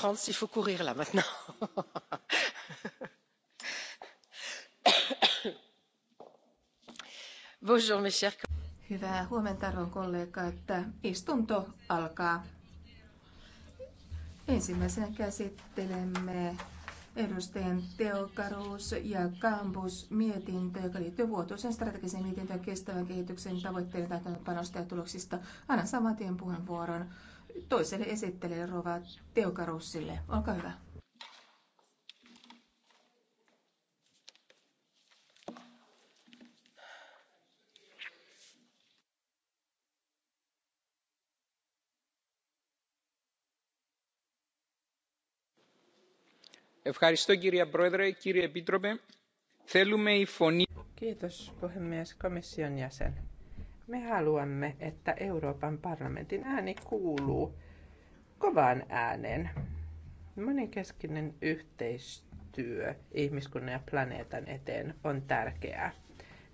Hyvää huomenta, arvon kollegat. Istunto alkaa. Ensimmäisenä käsittelemme edustajien teokaruus ja kampus mietintö, joka liittyy vuotuisen strategisen mietintöön kestävän kehityksen tavoitteiden täytäntöönpanosta ja tuloksista. Annan saman tien puheenvuoron toiselle esittelijälle Rova Teokarussille. Olkaa hyvä. Kiitos puhemies komission jäsen. Me haluamme, että Euroopan parlamentin ääni kuuluu kovaan ääneen. Monenkeskinen yhteistyö ihmiskunnan ja planeetan eteen on tärkeää.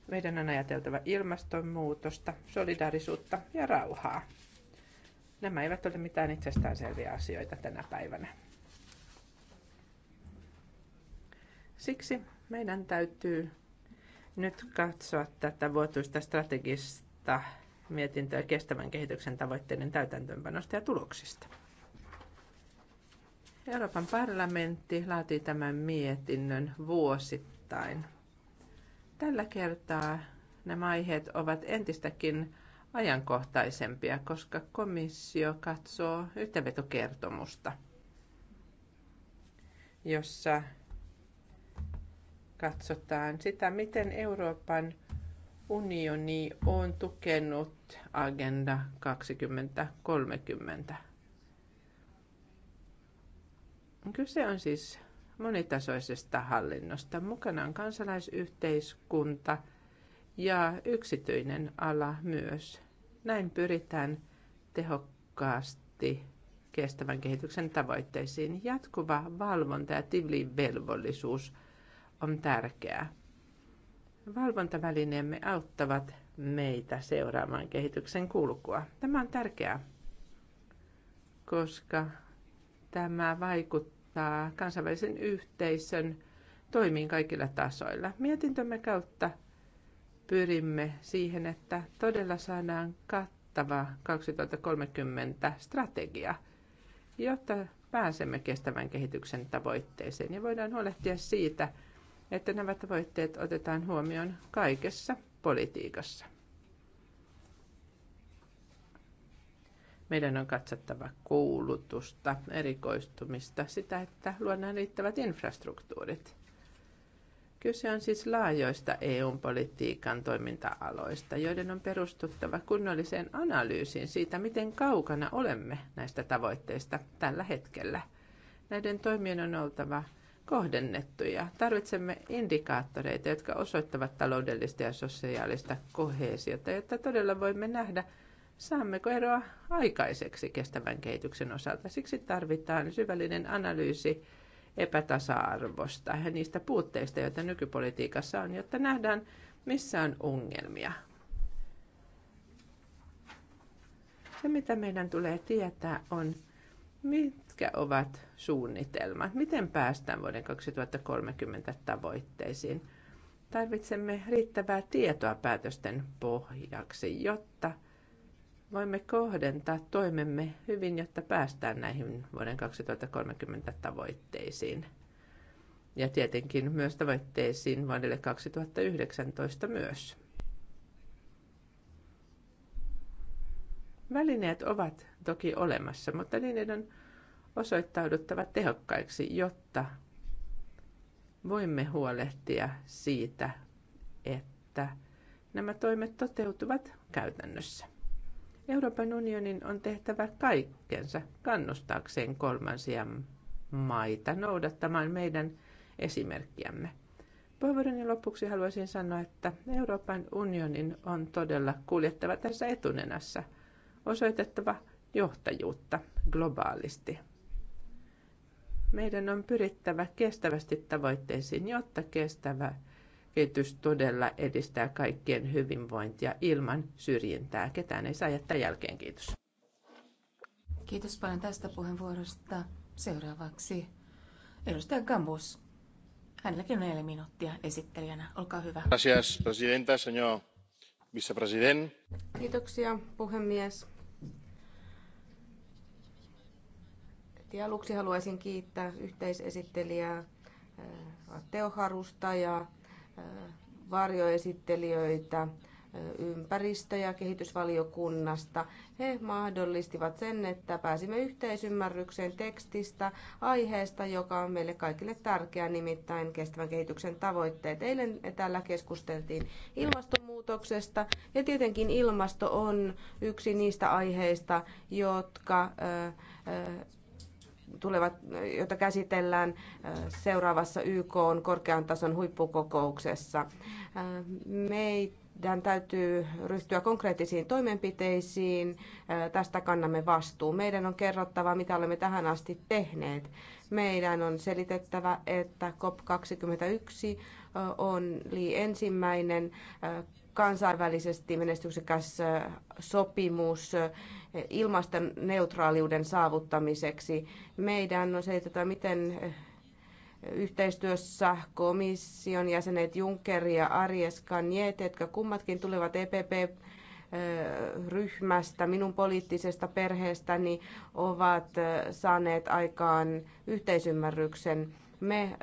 Meidän on ajateltava ilmastonmuutosta, solidaarisuutta ja rauhaa. Nämä eivät ole mitään itsestäänselviä asioita tänä päivänä. Siksi meidän täytyy nyt katsoa tätä vuotuista strategista kahta mietintöä kestävän kehityksen tavoitteiden täytäntöönpanosta ja tuloksista. Euroopan parlamentti laatii tämän mietinnön vuosittain. Tällä kertaa nämä aiheet ovat entistäkin ajankohtaisempia, koska komissio katsoo yhteenvetokertomusta, jossa katsotaan sitä, miten Euroopan – unioni on tukenut Agenda 2030. Kyse on siis monitasoisesta hallinnosta. Mukana on kansalaisyhteiskunta ja yksityinen ala myös. Näin pyritään tehokkaasti kestävän kehityksen tavoitteisiin. Jatkuva valvonta ja tilivelvollisuus on tärkeää. Valvontavälineemme auttavat meitä seuraamaan kehityksen kulkua. Tämä on tärkeää, koska tämä vaikuttaa kansainvälisen yhteisön toimiin kaikilla tasoilla. Mietintömme kautta pyrimme siihen, että todella saadaan kattava 2030 strategia, jotta pääsemme kestävän kehityksen tavoitteeseen ja voidaan huolehtia siitä, että nämä tavoitteet otetaan huomioon kaikessa politiikassa. Meidän on katsottava koulutusta, erikoistumista, sitä, että luodaan riittävät infrastruktuurit. Kyse on siis laajoista EU-politiikan toiminta-aloista, joiden on perustuttava kunnolliseen analyysiin siitä, miten kaukana olemme näistä tavoitteista tällä hetkellä. Näiden toimien on oltava kohdennettuja. Tarvitsemme indikaattoreita, jotka osoittavat taloudellista ja sosiaalista kohesiota, jotta todella voimme nähdä, saammeko eroa aikaiseksi kestävän kehityksen osalta. Siksi tarvitaan syvällinen analyysi epätasa-arvosta ja niistä puutteista, joita nykypolitiikassa on, jotta nähdään, missä on ongelmia. Se, mitä meidän tulee tietää, on, Mitkä ovat suunnitelmat? Miten päästään vuoden 2030 tavoitteisiin? Tarvitsemme riittävää tietoa päätösten pohjaksi, jotta voimme kohdentaa toimemme hyvin, jotta päästään näihin vuoden 2030 tavoitteisiin. Ja tietenkin myös tavoitteisiin vuodelle 2019 myös. Välineet ovat toki olemassa, mutta niiden on osoittauduttava tehokkaiksi, jotta voimme huolehtia siitä, että nämä toimet toteutuvat käytännössä. Euroopan unionin on tehtävä kaikkensa kannustaakseen kolmansia maita noudattamaan meidän esimerkkiämme. Puheenvuoroni lopuksi haluaisin sanoa, että Euroopan unionin on todella kuljettava tässä etunenässä – osoitettava johtajuutta globaalisti. Meidän on pyrittävä kestävästi tavoitteisiin, jotta kestävä kehitys todella edistää kaikkien hyvinvointia ilman syrjintää. Ketään ei saa jättää jälkeen. Kiitos. Kiitos paljon tästä puheenvuorosta. Seuraavaksi edustaja Gambus. Hänelläkin on neljä minuuttia esittelijänä. Olkaa hyvä. Gracias, presidenta, señor vicepresident. Kiitoksia, puhemies. budjetti. Aluksi haluaisin kiittää yhteisesittelijää äh, Teo Harusta ja äh, varjoesittelijöitä äh, ympäristö- ja kehitysvaliokunnasta. He mahdollistivat sen, että pääsimme yhteisymmärrykseen tekstistä, aiheesta, joka on meille kaikille tärkeä, nimittäin kestävän kehityksen tavoitteet. Eilen täällä keskusteltiin ilmastonmuutoksesta ja tietenkin ilmasto on yksi niistä aiheista, jotka tulevat, joita käsitellään äh, seuraavassa YK on korkean tason huippukokouksessa. Äh, meidän täytyy ryhtyä konkreettisiin toimenpiteisiin. Äh, tästä kannamme vastuu. Meidän on kerrottava, mitä olemme tähän asti tehneet. Meidän on selitettävä, että COP21 on ensimmäinen kansainvälisesti menestyksekäs sopimus, Ilmaston neutraaliuden saavuttamiseksi. Meidän on se, että miten eh, yhteistyössä komission jäsenet Juncker ja Aries Kanjet, jotka kummatkin tulevat EPP eh, ryhmästä, minun poliittisesta perheestäni, ovat eh, saaneet aikaan yhteisymmärryksen. Me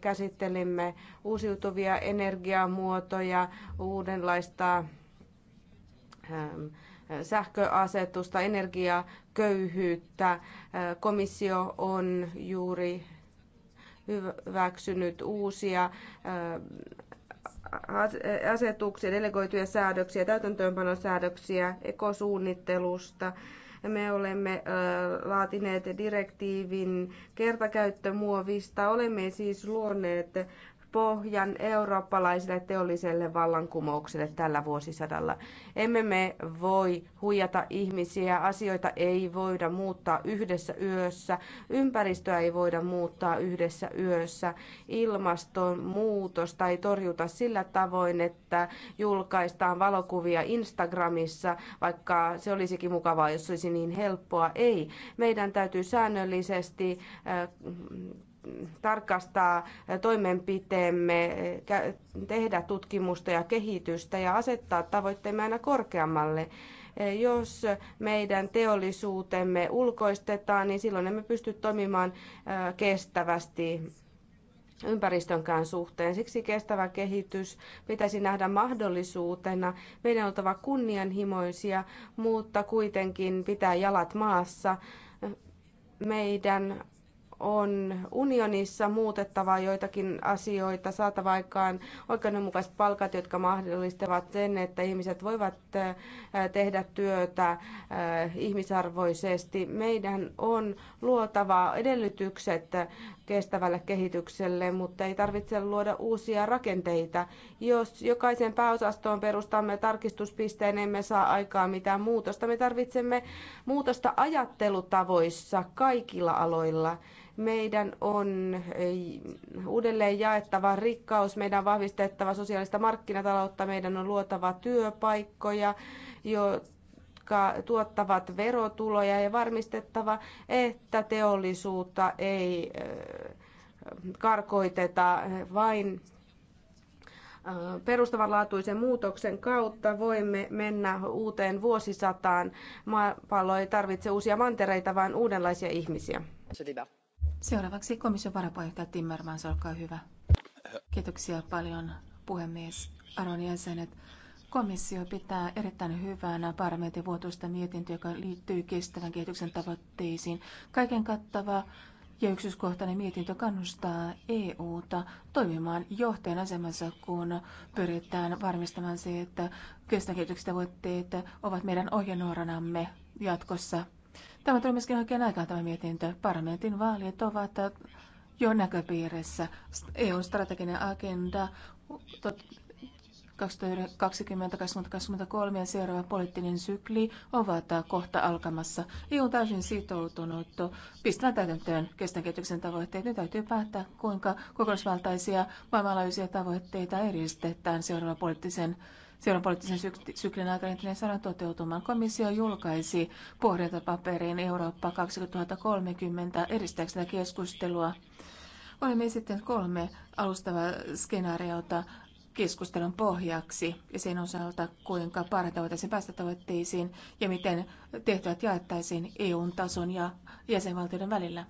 käsittelimme uusiutuvia energiamuotoja, uudenlaista sähköasetusta, energiaköyhyyttä. Komissio on juuri hyväksynyt uusia asetuksia, delegoituja säädöksiä, täytäntöönpanosäädöksiä ekosuunnittelusta. Me olemme laatineet direktiivin kertakäyttömuovista. Olemme siis luoneet pohjan eurooppalaiselle teolliselle vallankumoukselle tällä vuosisadalla. Emme me voi huijata ihmisiä, asioita ei voida muuttaa yhdessä yössä, ympäristöä ei voida muuttaa yhdessä yössä, ilmastonmuutosta ei torjuta sillä tavoin, että julkaistaan valokuvia Instagramissa, vaikka se olisikin mukavaa, jos olisi niin helppoa. Ei, meidän täytyy säännöllisesti äh, tarkastaa toimenpiteemme, tehdä tutkimusta ja kehitystä ja asettaa tavoitteemme aina korkeammalle. Jos meidän teollisuutemme ulkoistetaan, niin silloin emme pysty toimimaan kestävästi ympäristönkään suhteen. Siksi kestävä kehitys pitäisi nähdä mahdollisuutena. Meidän on oltava kunnianhimoisia, mutta kuitenkin pitää jalat maassa. Meidän on unionissa muutettava joitakin asioita, saatava aikaan oikeudenmukaiset palkat, jotka mahdollistavat sen, että ihmiset voivat tehdä työtä ihmisarvoisesti. Meidän on luotava edellytykset kestävälle kehitykselle, mutta ei tarvitse luoda uusia rakenteita. Jos jokaisen pääosastoon perustamme tarkistuspisteen, niin emme saa aikaa mitään muutosta. Me tarvitsemme muutosta ajattelutavoissa kaikilla aloilla meidän on uudelleen jaettava rikkaus, meidän on vahvistettava sosiaalista markkinataloutta, meidän on luotava työpaikkoja, jo jotka tuottavat verotuloja ja varmistettava, että teollisuutta ei karkoiteta vain perustavanlaatuisen muutoksen kautta voimme mennä uuteen vuosisataan. Maapallo ei tarvitse uusia mantereita, vaan uudenlaisia ihmisiä. Seuraavaksi komission varapuheenjohtaja Timmermans, olkaa hyvä. Kiitoksia paljon puhemies. Aron jäsenet, Komissio pitää erittäin hyvänä parlamentin vuotuista mietintöä, joka liittyy kestävän kehityksen tavoitteisiin. Kaiken kattava ja yksityiskohtainen mietintö kannustaa EUta toimimaan johtajan asemassa, kun pyritään varmistamaan se, että kestävän kehityksen tavoitteet ovat meidän ohjenuoranamme jatkossa. Tämä tulee myöskin oikein aikaan tämä mietintö. Parlamentin vaalit ovat jo näköpiirissä. EUn strateginen agenda 2020-2023 ja seuraava poliittinen sykli ovat kohta alkamassa. EU on täysin sitoutunut pistämään täytäntöön kestävän kehityksen tavoitteet. Nyt täytyy päättää, kuinka kokonaisvaltaisia maailmanlaajuisia tavoitteita eristetään seuraavan poliittisen Seuraavan poliittisen syklin aikana ne saadaan toteutumaan. Komissio julkaisi pohdintapaperin Eurooppa 2030 edistääkseen keskustelua Olemme esittäneet kolme alustavaa skenaariota keskustelun pohjaksi ja sen osalta, kuinka parhaita voitaisiin päästä tavoitteisiin ja miten tehtävät jaettaisiin EUn tason ja jäsenvaltioiden välillä.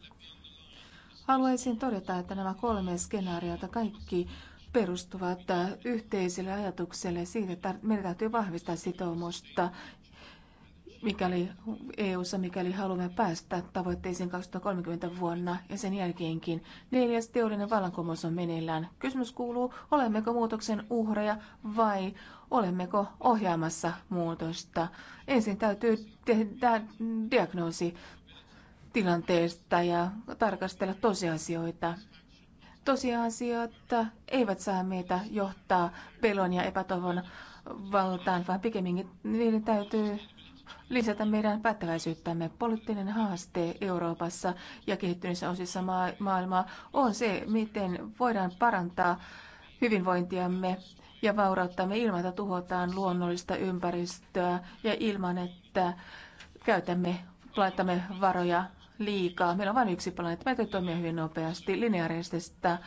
Haluaisin todeta, että nämä kolme skenaariota kaikki perustuvat yhteiselle ajatukselle siitä, että meidän täytyy vahvistaa sitoumusta mikäli EU-ssa, mikäli haluamme päästä tavoitteisiin 2030 vuonna ja sen jälkeenkin. Neljäs teollinen vallankumous on meneillään. Kysymys kuuluu, olemmeko muutoksen uhreja vai olemmeko ohjaamassa muutosta. Ensin täytyy tehdä diagnoosi tilanteesta ja tarkastella tosiasioita. Tosiasiat eivät saa meitä johtaa pelon ja epätoivon valtaan, vaan pikemminkin niiden täytyy lisätä meidän päättäväisyyttämme. Poliittinen haaste Euroopassa ja kehittyneissä osissa ma- maailmaa on se, miten voidaan parantaa hyvinvointiamme ja vaurauttamme ilman, että tuhotaan luonnollista ympäristöä ja ilman, että käytämme, laitamme varoja liikaa. Meillä on vain yksi planeetta. Meidän täytyy toimia hyvin nopeasti lineaarisesta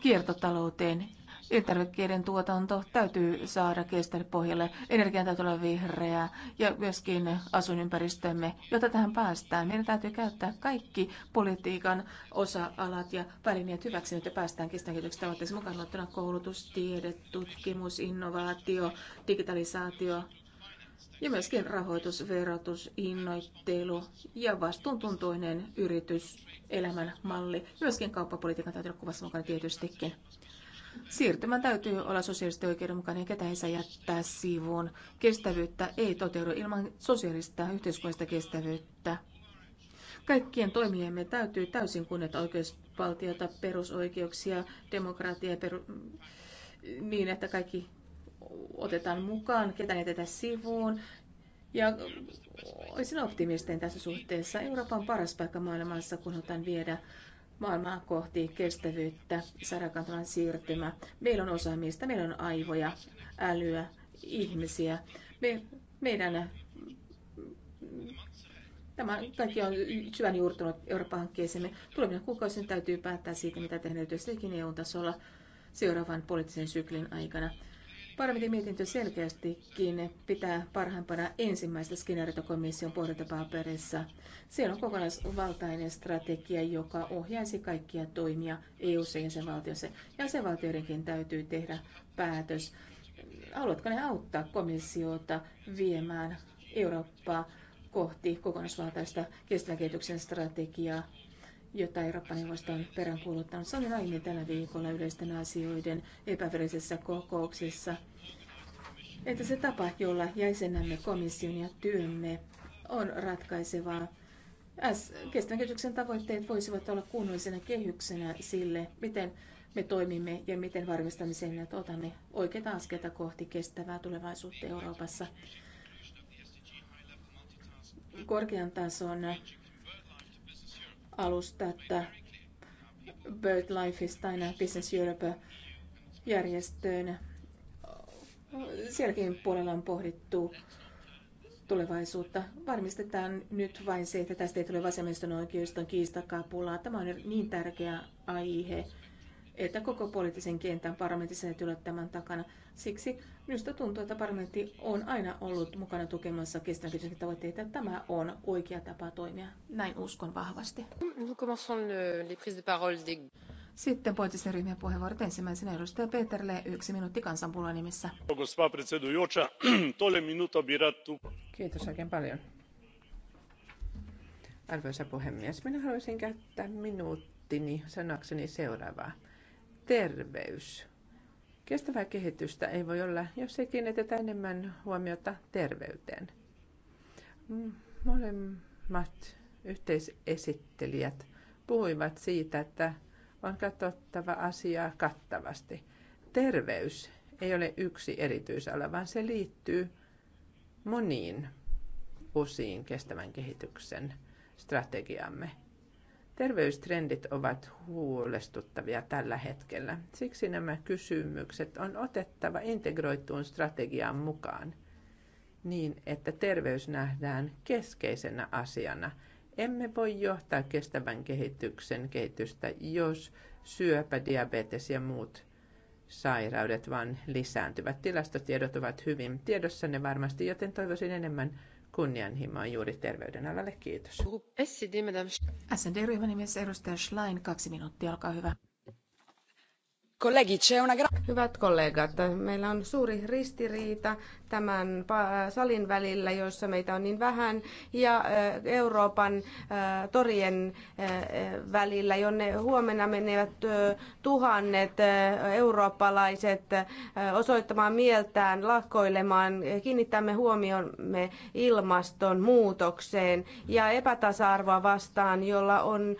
kiertotalouteen Elintarvikkeiden tuotanto täytyy saada kestävälle pohjalle, energian täytyy olla vihreää ja myöskin asuinympäristömme. Jotta tähän päästään, meidän täytyy käyttää kaikki politiikan osa-alat ja välineet hyväksi, että päästään kestävän kehityksen tavoitteeseen mukaan luottuna koulutus, tiede, tutkimus, innovaatio, digitalisaatio, ja myöskin rahoitus, verotus, innoittelu ja vastuuntuntoinen yrityselämän malli. Myöskin kauppapolitiikan täytyy olla kuvassa mukana tietystikin. Siirtymän täytyy olla sosiaalisesti oikeudenmukainen, ketä ei saa jättää sivuun. Kestävyyttä ei toteudu ilman sosiaalista yhteiskunnallista kestävyyttä. Kaikkien toimijamme täytyy täysin kunnioittaa oikeusvaltiota, perusoikeuksia, demokratiaa peru- niin, että kaikki otetaan mukaan, ketä ei jätetä sivuun. Ja olisin optimistinen tässä suhteessa. Euroopan paras paikka maailmassa, kun otan viedä maailmaa kohti kestävyyttä, sarakantavan siirtymä. Meillä on osaamista, meillä on aivoja, älyä, ihmisiä. Me, meidän Tämä kaikki on syvän juurtunut Euroopan hankkeeseemme. Tulevina kuukausina täytyy päättää siitä, mitä tehdään erityisesti eu tasolla seuraavan poliittisen syklin aikana. Parlamentin mietintö selkeästikin pitää parhaimpana ensimmäistä komission pohdintapaperissa. Siellä on kokonaisvaltainen strategia, joka ohjaisi kaikkia toimia EU-ssa ja jäsenvaltiossa. Jäsenvaltioidenkin täytyy tehdä päätös. Haluatko ne auttaa komissiota viemään Eurooppaa kohti kokonaisvaltaista kestävän kehityksen strategiaa jota Eurooppa-neuvosto on peräänkuuluttanut. Se oli aiemmin tällä viikolla yleisten asioiden epävirallisessa kokouksessa. Että se tapa, jolla jäsenämme komission ja työmme, on ratkaisevaa. Kestävän kehityksen tavoitteet voisivat olla kunnollisena kehyksenä sille, miten me toimimme ja miten varmistamme sen, että otamme oikeita askelta kohti kestävää tulevaisuutta Euroopassa. Korkean tason Alusta, alustat BirdLifeista aina Business Europe-järjestöön. Sielläkin puolella on pohdittu tulevaisuutta. Varmistetaan nyt vain se, että tästä ei tule vasemmiston oikeuston kiistakapulaa. Tämä on niin tärkeä aihe, että koko poliittisen kentän parlamentissa täytyy tämän takana. Siksi minusta tuntuu, että parlamentti on aina ollut mukana tukemassa kestävän kehityksen tavoitteita. Tämä on oikea tapa toimia. Näin uskon vahvasti. Sitten poliittisen ryhmän puheenvuorot ensimmäisenä edustaja Peterle, yksi minuutti kansanpuolueen nimissä. Kiitos oikein paljon. Arvoisa puhemies, minä haluaisin käyttää minuuttini sanakseni seuraavaa terveys. Kestävää kehitystä ei voi olla, jos ei kiinnitetä enemmän huomiota terveyteen. Molemmat yhteisesittelijät puhuivat siitä, että on katsottava asiaa kattavasti. Terveys ei ole yksi erityisala, vaan se liittyy moniin osiin kestävän kehityksen strategiamme. Terveystrendit ovat huolestuttavia tällä hetkellä. Siksi nämä kysymykset on otettava integroituun strategiaan mukaan niin, että terveys nähdään keskeisenä asiana. Emme voi johtaa kestävän kehityksen kehitystä, jos syöpä, diabetes ja muut sairaudet vaan lisääntyvät. Tilastotiedot ovat hyvin tiedossanne varmasti, joten toivoisin enemmän kunnianhimoa juuri terveydenalalle. Kiitos. sd ryhmän nimessä edustaja Schlein, kaksi minuuttia, olkaa hyvä. Hyvät kollegat, meillä on suuri ristiriita tämän salin välillä, joissa meitä on niin vähän, ja Euroopan torien välillä, jonne huomenna menevät tuhannet eurooppalaiset osoittamaan mieltään, lakkoilemaan. Kiinnittämme huomiomme ilmastonmuutokseen ja epätasa-arvoa vastaan, jolla on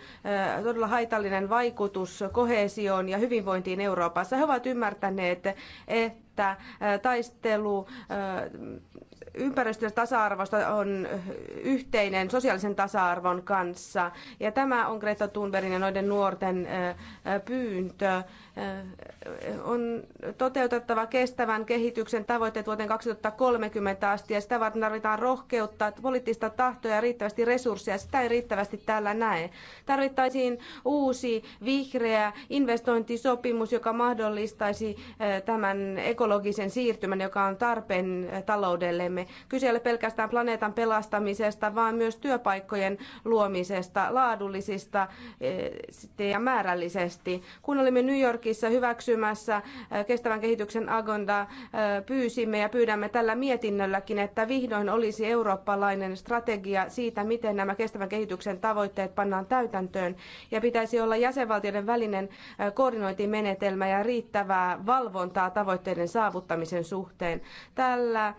todella haitallinen vaikutus kohesioon ja hyvinvointiin Euroopassa. He ovat ymmärtäneet, että että taistelu ympäristön tasa-arvosta on yhteinen sosiaalisen tasa-arvon kanssa. Ja tämä on Greta Thunbergin ja noiden nuorten pyyntö. On toteutettava kestävän kehityksen tavoitteet vuoteen 2030 asti ja sitä varten tarvitaan rohkeutta, poliittista tahtoa ja riittävästi resursseja. Sitä ei riittävästi täällä näe. Tarvittaisiin uusi vihreä investointisopimus, joka mahdollistaisi tämän ekologisen siirtymän, joka on tarpeen taloudellemme teemme. Kyse ei ole pelkästään planeetan pelastamisesta, vaan myös työpaikkojen luomisesta, laadullisista eh, ja määrällisesti. Kun olimme New Yorkissa hyväksymässä eh, kestävän kehityksen agendaa, eh, pyysimme ja pyydämme tällä mietinnölläkin, että vihdoin olisi eurooppalainen strategia siitä, miten nämä kestävän kehityksen tavoitteet pannaan täytäntöön. Ja pitäisi olla jäsenvaltioiden välinen koordinointimenetelmä ja riittävää valvontaa tavoitteiden saavuttamisen suhteen. Tällä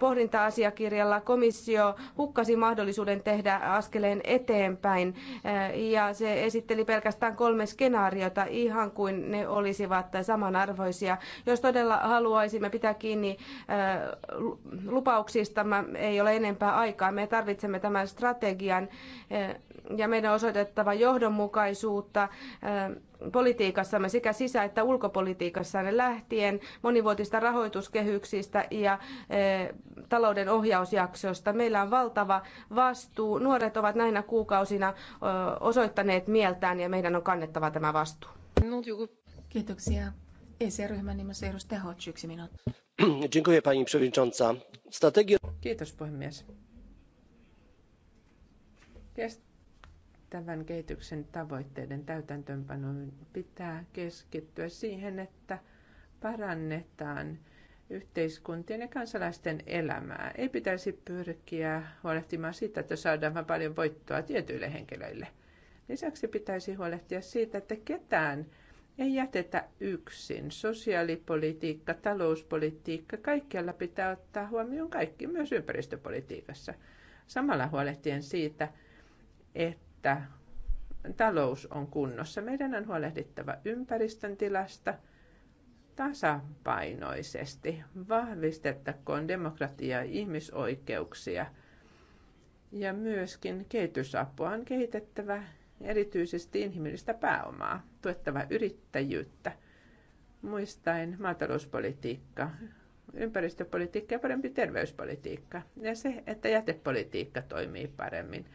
pohdin hallinta-asiakirjalla komissio hukkasi mahdollisuuden tehdä askeleen eteenpäin eh, ja se esitteli pelkästään kolme skenaariota ihan kuin ne olisivat samanarvoisia. Jos todella haluaisimme pitää kiinni eh, lupauksista, ei ole enempää aikaa. Me tarvitsemme tämän strategian Eh, ja meidän on osoitettava johdonmukaisuutta eh, politiikassamme sekä sisä- että ulkopolitiikassamme lähtien monivuotista rahoituskehyksistä ja eh, talouden ohjausjaksosta. Meillä on valtava vastuu. Nuoret ovat näinä kuukausina osoittaneet mieltään ja meidän on kannettava tämä vastuu. Kiitoksia. ecr ryhmän nimessä edustaja Hodge, yksi minuutti. Kiitos puhemies Kestävän kehityksen tavoitteiden täytäntöönpanoon pitää keskittyä siihen, että parannetaan yhteiskuntien ja kansalaisten elämää. Ei pitäisi pyrkiä huolehtimaan siitä, että saadaan vain paljon voittoa tietyille henkilöille. Lisäksi pitäisi huolehtia siitä, että ketään ei jätetä yksin. Sosiaalipolitiikka, talouspolitiikka, kaikkialla pitää ottaa huomioon kaikki, myös ympäristöpolitiikassa. Samalla huolehtien siitä, että talous on kunnossa. Meidän on huolehdittava ympäristön tilasta tasapainoisesti, vahvistettakoon demokratiaa ja ihmisoikeuksia ja myöskin kehitysapua on kehitettävä erityisesti inhimillistä pääomaa, tuettava yrittäjyyttä, muistaen maatalouspolitiikka, ympäristöpolitiikka ja parempi terveyspolitiikka. Ja se, että jätepolitiikka toimii paremmin –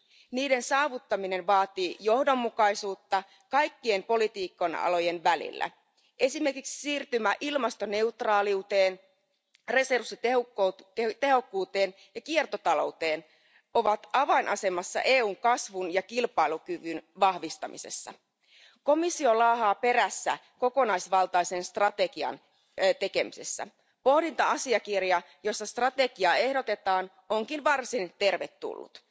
niiden saavuttaminen vaatii johdonmukaisuutta kaikkien politiikka alojen välillä esimerkiksi siirtymää ilmastoneutraaliuteen resurssitehokkuuteen ja kiertotalouteen ovat avainasemassa eun kasvun ja kilpailukyvyn vahvistamisessa. komissio laahaa perässä kokonaisvaltaisen strategian tekemisessä. pohdinta asiakirja jossa strategiaa ehdotetaan onkin varsin tervetullut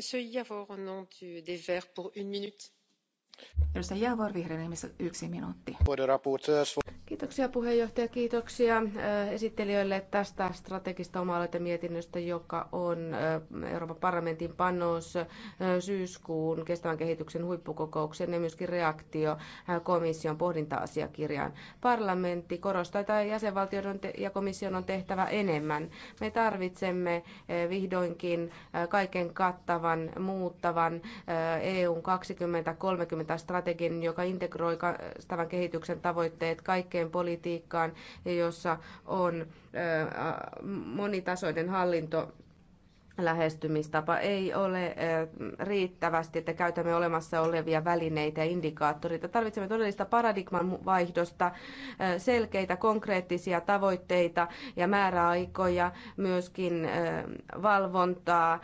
arvoisa puhemies Kiitoksia puheenjohtaja, kiitoksia äh, esittelijöille tästä strategista oma mietinnöstä, joka on äh, Euroopan parlamentin panos äh, syyskuun kestävän kehityksen huippukokouksen ja myöskin reaktio komission pohdinta-asiakirjaan. Parlamentti korostaa, että jäsenvaltioiden ja komission on tehtävä enemmän. Me tarvitsemme vihdoinkin kaiken kattavan, muuttavan EUn 2030 tai strategin, joka integroi kestävän kehityksen tavoitteet kaikkeen politiikkaan ja jossa on monitasoinen hallinto lähestymistapa ei ole eh, riittävästi, että käytämme olemassa olevia välineitä ja indikaattoreita. Tarvitsemme todellista paradigman vaihdosta, eh, selkeitä konkreettisia tavoitteita ja määräaikoja, myöskin eh, valvontaa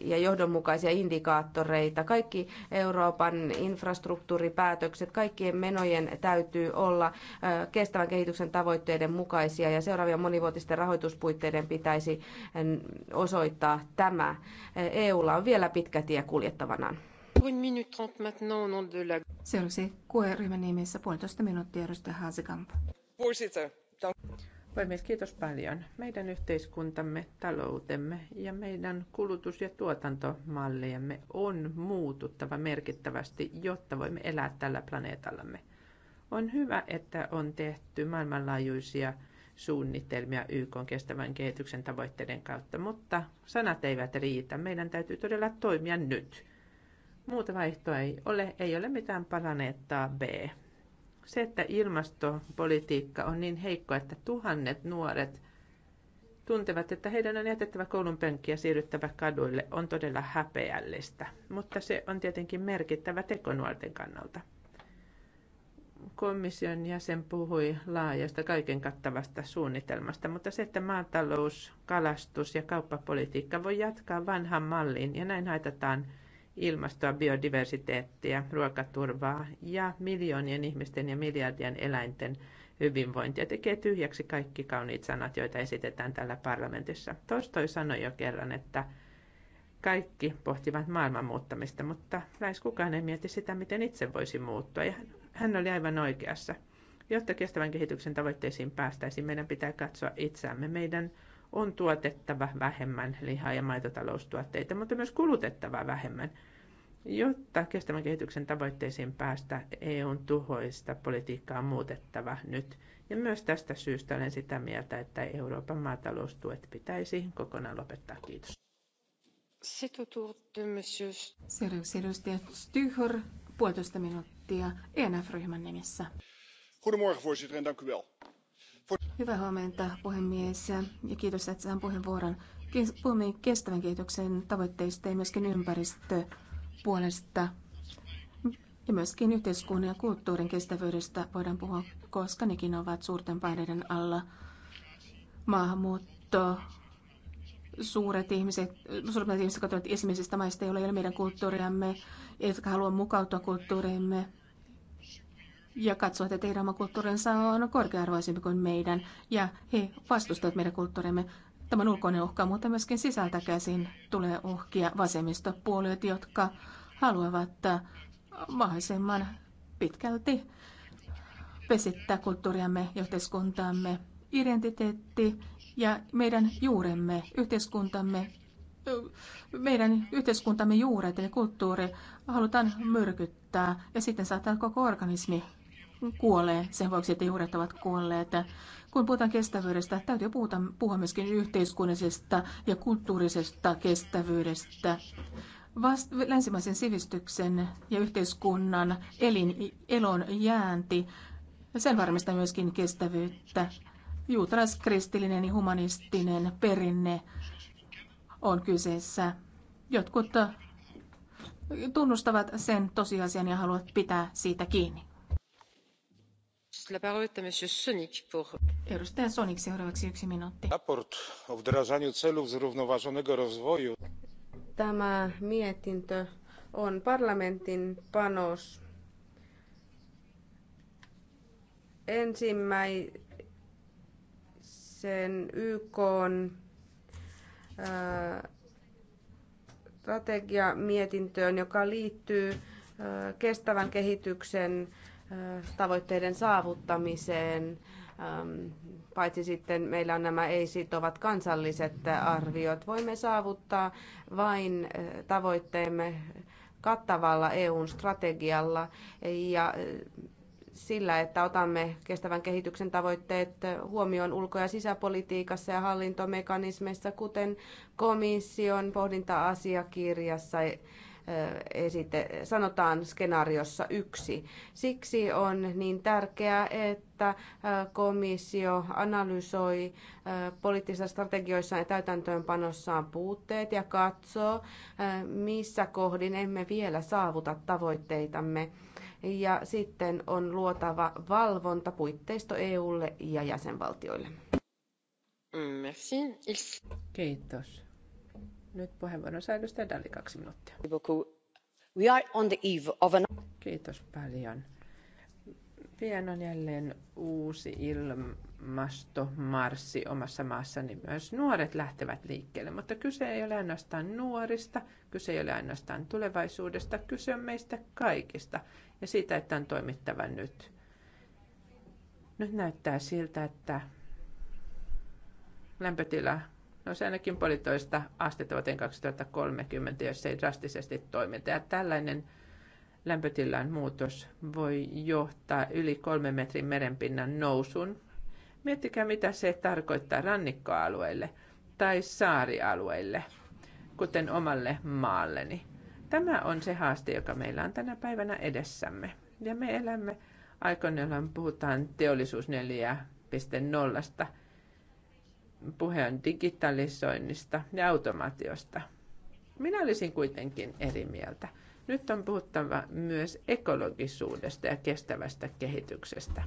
ja johdonmukaisia indikaattoreita. Kaikki Euroopan infrastruktuuripäätökset, kaikkien menojen täytyy olla kestävän kehityksen tavoitteiden mukaisia ja seuraavien monivuotisten rahoituspuitteiden pitäisi osoittaa toteuttaa tämä. EUlla on vielä pitkä tie kuljettavanaan. Seuraavaksi QE-ryhmän nimissä puolitoista minuuttia edustaja Haasikamp. Puhemies, kiitos paljon. Meidän yhteiskuntamme, taloutemme ja meidän kulutus- ja tuotantomallejamme on muututtava merkittävästi, jotta voimme elää tällä planeetallamme. On hyvä, että on tehty maailmanlaajuisia suunnitelmia YK kestävän kehityksen tavoitteiden kautta, mutta sanat eivät riitä. Meidän täytyy todella toimia nyt. Muuta vaihtoa ei ole, ei ole mitään planeettaa B. Se, että ilmastopolitiikka on niin heikko, että tuhannet nuoret tuntevat, että heidän on jätettävä koulun penkki ja siirryttävä kaduille, on todella häpeällistä. Mutta se on tietenkin merkittävä teko nuorten kannalta komission jäsen puhui laajasta kaiken kattavasta suunnitelmasta, mutta se, että maatalous, kalastus ja kauppapolitiikka voi jatkaa vanhan malliin ja näin haitataan ilmastoa, biodiversiteettiä, ruokaturvaa ja miljoonien ihmisten ja miljardien eläinten hyvinvointia tekee tyhjäksi kaikki kauniit sanat, joita esitetään täällä parlamentissa. Tostoi sanoi jo kerran, että kaikki pohtivat maailman muuttamista, mutta lähes kukaan ei mieti sitä, miten itse voisi muuttua. Ja hän oli aivan oikeassa. Jotta kestävän kehityksen tavoitteisiin päästäisiin, meidän pitää katsoa itseämme. Meidän on tuotettava vähemmän lihaa ja maitotaloustuotteita, mutta myös kulutettava vähemmän. Jotta kestävän kehityksen tavoitteisiin päästä, EUn tuhoista politiikkaa on muutettava nyt. Ja myös tästä syystä olen sitä mieltä, että Euroopan maataloustuet pitäisi kokonaan lopettaa. Kiitos. Seuraavaksi edustaja Styhor, puolitoista minuuttia minuuttia ENF-ryhmän nimissä. Goedemorgen, voorzitter, en dank u wel. Hyvää huomenta, puhemies, ja kiitos, että saan puheenvuoron. Puhumme kestävän kehityksen tavoitteista ja myöskin ympäristöpuolesta ja myöskin yhteiskunnan ja kulttuurin kestävyydestä voidaan puhua, koska nekin ovat suurten paineiden alla. Maahanmuutto, suuret ihmiset, suuret ihmiset katsovat esimerkiksi maista, ei ole meidän kulttuuriamme, eivätkä halua mukautua kulttuuriimme ja katsovat, että heidän oma kulttuurinsa on korkearvoisempi kuin meidän, ja he vastustavat meidän kulttuurimme. Tämä on ulkoinen uhka, mutta myöskin sisältä käsin tulee uhkia vasemmistopuolueet, jotka haluavat mahdollisimman pitkälti vesittää kulttuuriamme, yhteiskuntaamme. Identiteetti ja meidän juuremme, yhteiskuntamme, meidän yhteiskuntamme juuret ja kulttuuri halutaan myrkyttää ja sitten saattaa koko organismi kuolee sen vuoksi, että juuret ovat kuolleet. Kun puhutaan kestävyydestä, täytyy puhuta, puhua myöskin yhteiskunnallisesta ja kulttuurisesta kestävyydestä. Vast, länsimaisen sivistyksen ja yhteiskunnan elin, elon jäänti, sen varmistaa myöskin kestävyyttä juutalaiskristillinen ja humanistinen perinne on kyseessä. Jotkut tunnustavat sen tosiasian ja haluavat pitää siitä kiinni. Edustaja sonic seuraavaksi yksi minuutti. Raport o wdrażaniu celów zrównoważonego rozwoju. Tämä mietintö on parlamentin panos ensimmäinen sen YK on, ää, äh, strategiamietintöön, joka liittyy äh, kestävän kehityksen äh, tavoitteiden saavuttamiseen. Ähm, paitsi sitten meillä on nämä ei-sitovat kansalliset arviot. Voimme saavuttaa vain tavoitteemme kattavalla EUn strategialla ja sillä, että otamme kestävän kehityksen tavoitteet huomioon ulko- ja sisäpolitiikassa ja hallintomekanismeissa, kuten komission pohdinta-asiakirjassa eh, esite, sanotaan skenaariossa yksi. Siksi on niin tärkeää, että eh, komissio analysoi eh, poliittisissa strategioissa ja täytäntöönpanossaan puutteet ja katsoo, missä kohdin emme vielä saavuta tavoitteitamme ja sitten on luotava valvonta puitteisto EUlle ja jäsenvaltioille. Mm, merci. Kiitos. Nyt puheenvuoron saa edustaja Dalli kaksi minuuttia. We are on the eve of an... Kiitos paljon. Pian on jälleen uusi ilmasto marssi omassa maassani. Myös nuoret lähtevät liikkeelle, mutta kyse ei ole ainoastaan nuorista, kyse ei ole ainoastaan tulevaisuudesta, kyse on meistä kaikista ja siitä, että on toimittava nyt. Nyt näyttää siltä, että lämpötila no se ainakin puolitoista astetta vuoteen 2030, jos ei drastisesti toimita. Ja tällainen lämpötilan muutos voi johtaa yli kolme metrin merenpinnan nousun. Miettikää, mitä se tarkoittaa rannikkoalueille tai saarialueille, kuten omalle maalleni. Tämä on se haaste, joka meillä on tänä päivänä edessämme. Ja me elämme aikoina, jolloin puhutaan teollisuus 4.0. Puhe on digitalisoinnista ja automaatiosta. Minä olisin kuitenkin eri mieltä nyt on puhuttava myös ekologisuudesta ja kestävästä kehityksestä.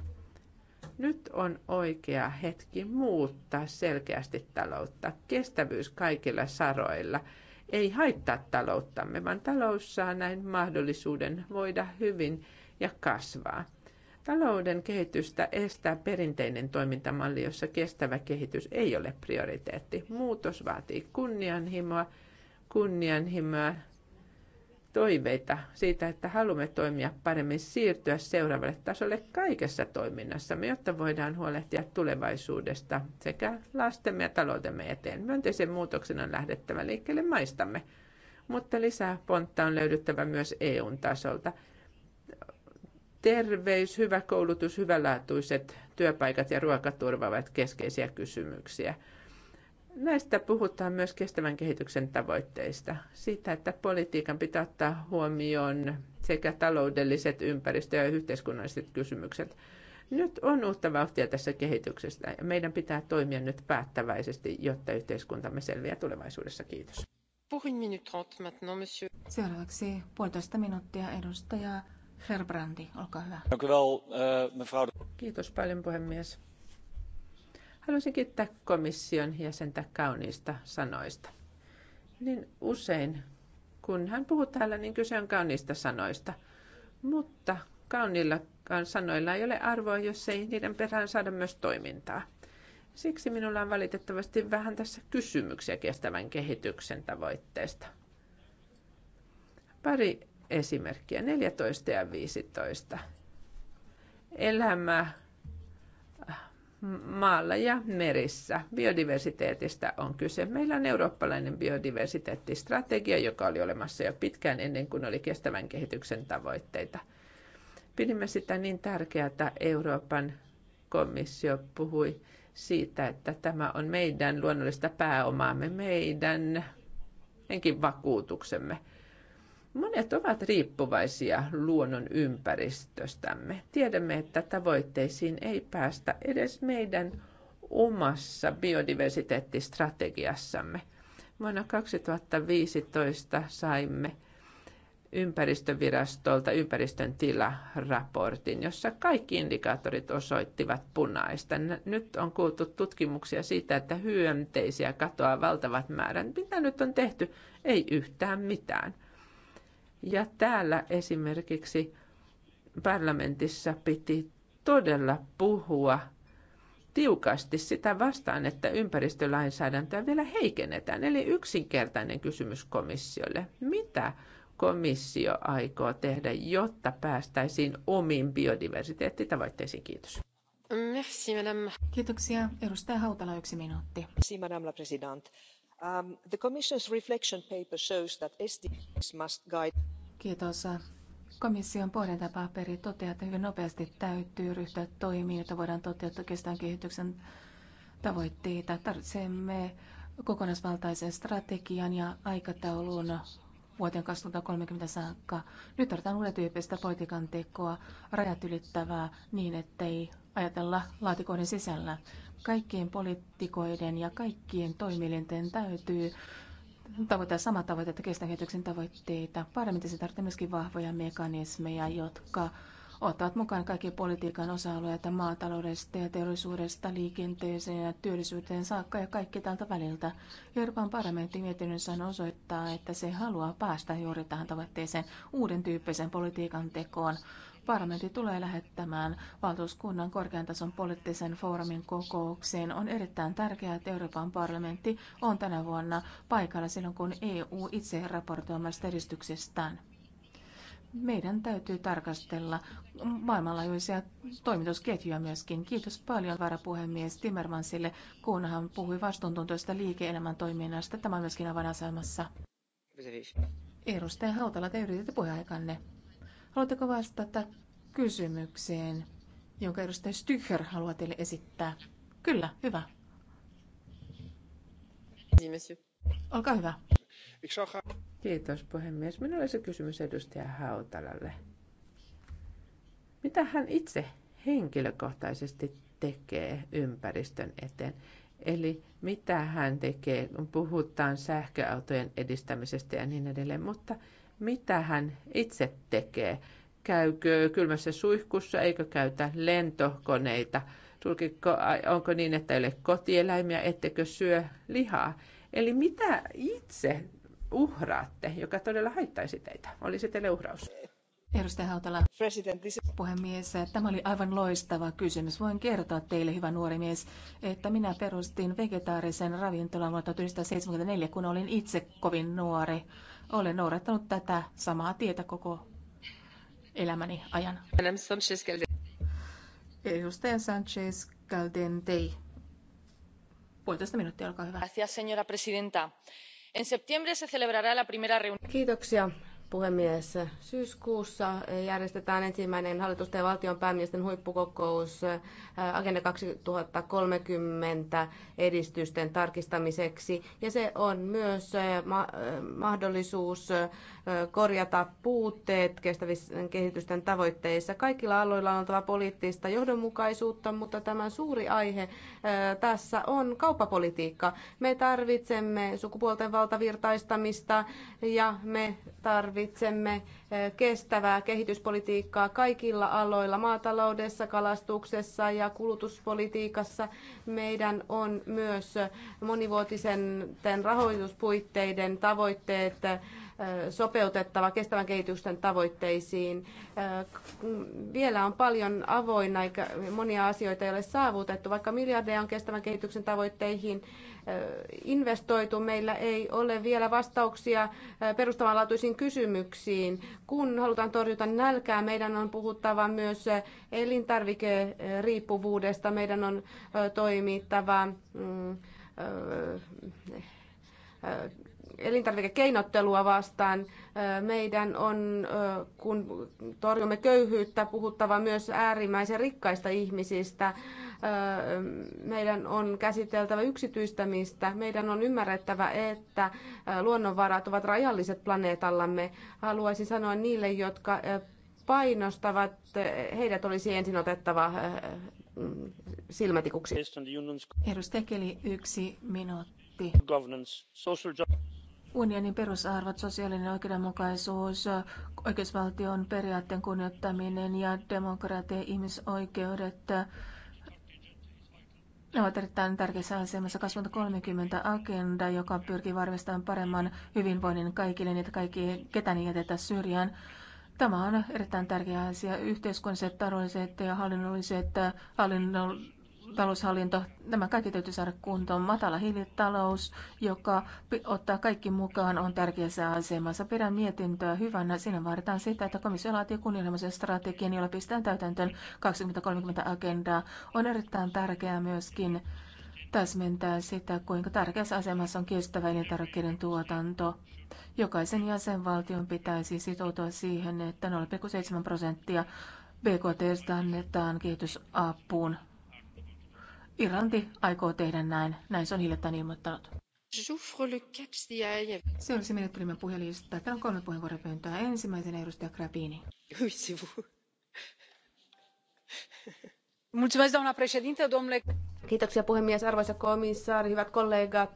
Nyt on oikea hetki muuttaa selkeästi taloutta. Kestävyys kaikilla saroilla ei haittaa talouttamme, vaan talous saa näin mahdollisuuden voida hyvin ja kasvaa. Talouden kehitystä estää perinteinen toimintamalli, jossa kestävä kehitys ei ole prioriteetti. Muutos vaatii kunnianhimoa, kunnianhimoa toiveita siitä, että haluamme toimia paremmin, siirtyä seuraavalle tasolle kaikessa toiminnassamme, jotta voidaan huolehtia tulevaisuudesta sekä lastemme ja taloutemme eteen. Myönteisen muutoksen on lähdettävä liikkeelle maistamme, mutta lisää pontta on löydyttävä myös EUn tasolta. Terveys, hyvä koulutus, hyvälaatuiset työpaikat ja ruokaturva ovat keskeisiä kysymyksiä – Näistä puhutaan myös kestävän kehityksen tavoitteista. Siitä, että politiikan pitää ottaa huomioon sekä taloudelliset, ympäristö- ja yhteiskunnalliset kysymykset. Nyt on uutta vauhtia tässä kehityksestä ja meidän pitää toimia nyt päättäväisesti, jotta yhteiskuntamme selviää tulevaisuudessa. Kiitos. Seuraavaksi puolitoista minuuttia edustaja Herbrandi, olkaa hyvä. Eh, Kiitos paljon puhemies. Haluaisin kiittää komission jäsentä kauniista sanoista. Niin usein, kun hän puhuu täällä, niin kyse on kauniista sanoista. Mutta kauniilla sanoilla ei ole arvoa, jos ei niiden perään saada myös toimintaa. Siksi minulla on valitettavasti vähän tässä kysymyksiä kestävän kehityksen tavoitteesta. Pari esimerkkiä, 14 ja 15. Elämä maalla ja merissä. Biodiversiteetistä on kyse. Meillä on eurooppalainen biodiversiteettistrategia, joka oli olemassa jo pitkään ennen kuin oli kestävän kehityksen tavoitteita. Pidimme sitä niin tärkeää, että Euroopan komissio puhui siitä, että tämä on meidän luonnollista pääomaamme, meidän henkin vakuutuksemme – Monet ovat riippuvaisia luonnon ympäristöstämme. Tiedämme, että tavoitteisiin ei päästä edes meidän omassa biodiversiteettistrategiassamme. Vuonna 2015 saimme ympäristövirastolta ympäristön tilaraportin, jossa kaikki indikaattorit osoittivat punaista. Nyt on kuultu tutkimuksia siitä, että hyönteisiä katoaa valtavat määrät. Mitä nyt on tehty? Ei yhtään mitään. Ja täällä esimerkiksi parlamentissa piti todella puhua tiukasti sitä vastaan, että ympäristölainsäädäntöä vielä heikennetään. Eli yksinkertainen kysymys komissiolle. Mitä komissio aikoo tehdä, jotta päästäisiin omiin biodiversiteettitavoitteisiin? Kiitos. Merci, madame. Kiitoksia. Edustaja Hautala, yksi minuutti. Merci, madame la présidente. Um, the commission's reflection paper shows that SDGs must guide... Kiitos. Komission pohdintapaperi toteaa, että hyvin nopeasti täytyy ryhtyä toimiin, jotta voidaan toteuttaa kestävän kehityksen tavoitteita. Tarvitsemme kokonaisvaltaisen strategian ja aikataulun vuoteen 2030 saakka. Nyt tarvitaan uuden tyyppistä politiikan tekoa, rajat ylittävää niin, ettei ajatella laatikoiden sisällä. Kaikkien poliitikoiden ja kaikkien toimielinten täytyy tavoittaa sama tavoite, että kestävän kehityksen tavoitteita. se tarvitsee myöskin vahvoja mekanismeja, jotka ottavat mukaan kaikki politiikan osa-alueita maataloudesta ja teollisuudesta, liikenteeseen ja työllisyyteen saakka ja kaikki tältä väliltä. Euroopan parlamentti mietinnössään osoittaa, että se haluaa päästä juuri tähän tavoitteeseen uuden tyyppisen politiikan tekoon Parlamentti tulee lähettämään valtuuskunnan korkean tason poliittisen foorumin kokoukseen. On erittäin tärkeää, että Euroopan parlamentti on tänä vuonna paikalla silloin, kun EU itse raportoi omasta edistyksestään. Meidän täytyy tarkastella maailmanlaajuisia toimitusketjuja myöskin. Kiitos paljon varapuhemies Timmermansille, kun hän puhui vastuuntuntoista liike-elämän toiminnasta. Tämä on myöskin avainasemassa. Edustaja Hautala, te yritätte puheaikanne. Haluatteko vastata kysymykseen, jonka edustaja Stücher haluaa teille esittää? Kyllä, hyvä. Olkaa hyvä. Kiitos puhemies. Minulla olisi kysymys edustaja Hautalalle. Mitä hän itse henkilökohtaisesti tekee ympäristön eteen? Eli mitä hän tekee, kun puhutaan sähköautojen edistämisestä ja niin edelleen, mutta – mitä hän itse tekee. Käykö kylmässä suihkussa, eikö käytä lentokoneita? Sulkiko, onko niin, että ei ole kotieläimiä, ettekö syö lihaa? Eli mitä itse uhraatte, joka todella haittaisi teitä? se teille uhraus. Edustaja Hautala, puhemies, tämä oli aivan loistava kysymys. Voin kertoa teille, hyvä nuori mies, että minä perustin vegetaarisen ravintolan vuonna 1974, kun olin itse kovin nuori. Olen noudattanut tätä samaa tietä koko elämäni ajan. Edustaja Sanchez Caldentei. Puolitoista minuuttia, olkaa hyvä. Gracias, señora presidenta. En septiembre se celebrará la primera reunión. Kiitoksia, puhemies. Syyskuussa järjestetään ensimmäinen hallitusten ja valtion päämiesten huippukokous äh, Agenda 2030 edistysten tarkistamiseksi. Ja se on myös äh, äh, mahdollisuus korjata puutteet kestävien kehitysten tavoitteissa. Kaikilla aloilla on oltava poliittista johdonmukaisuutta, mutta tämä suuri aihe tässä on kauppapolitiikka. Me tarvitsemme sukupuolten valtavirtaistamista ja me tarvitsemme tarvitsemme eh, kestävää kehityspolitiikkaa kaikilla aloilla, maataloudessa, kalastuksessa ja kulutuspolitiikassa. Meidän on myös monivuotisen rahoituspuitteiden tavoitteet eh, sopeutettava kestävän kehityksen tavoitteisiin. Eh, vielä on paljon avoinna, eikä monia asioita ei ole saavutettu, vaikka miljardeja on kestävän kehityksen tavoitteihin investoitu. Meillä ei ole vielä vastauksia perustavanlaatuisiin kysymyksiin. Kun halutaan torjuta nälkää, meidän on puhuttava myös elintarvikeriippuvuudesta. Meidän on toimittava mm, elintarvikekeinottelua vastaan. Meidän on, kun torjumme köyhyyttä, puhuttava myös äärimmäisen rikkaista ihmisistä meidän on käsiteltävä yksityistämistä. Meidän on ymmärrettävä, että luonnonvarat ovat rajalliset planeetallamme. Haluaisin sanoa niille, jotka painostavat, heidät olisi ensin otettava silmätikuksi. Edustaja Keli, yksi minuutti. Unionin perusarvot, sosiaalinen oikeudenmukaisuus, oikeusvaltion periaatteen kunnioittaminen ja demokratia, ihmisoikeudet ne ovat erittäin tärkeässä asemassa 2030-agenda, joka pyrkii varmistamaan paremman hyvinvoinnin kaikille, niitä kaikki, ketään jätetä syrjään. Tämä on erittäin tärkeä asia. Yhteiskunnalliset, taloudelliset ja hallinnolliset äh, hallinnolliset taloushallinto, nämä kaikki täytyy saada kuntoon. Matala hiilitalous, joka ottaa kaikki mukaan, on tärkeässä asemassa. Pidän mietintöä hyvänä. Siinä vaaditaan sitä, että komissio laatii kunnianhimoisen strategian, jolla pistetään täytäntöön 2030-agendaa. On erittäin tärkeää myöskin täsmentää sitä, kuinka tärkeässä asemassa on kestävä elintarvikkeiden tuotanto. Jokaisen jäsenvaltion pitäisi sitoutua siihen, että 0,7 prosenttia BKT annetaan kehitysapuun Irlanti aikoo tehdä näin. Näin se on hiljattain ilmoittanut. Se olisi tulimme puhelista. Täällä on kolme puheenvuoropyyntöä. Ensimmäisenä edustaja Krapini. doamnă președintă domnule Kiitoksia puhemies, arvoisa komissaari, hyvät kollegat.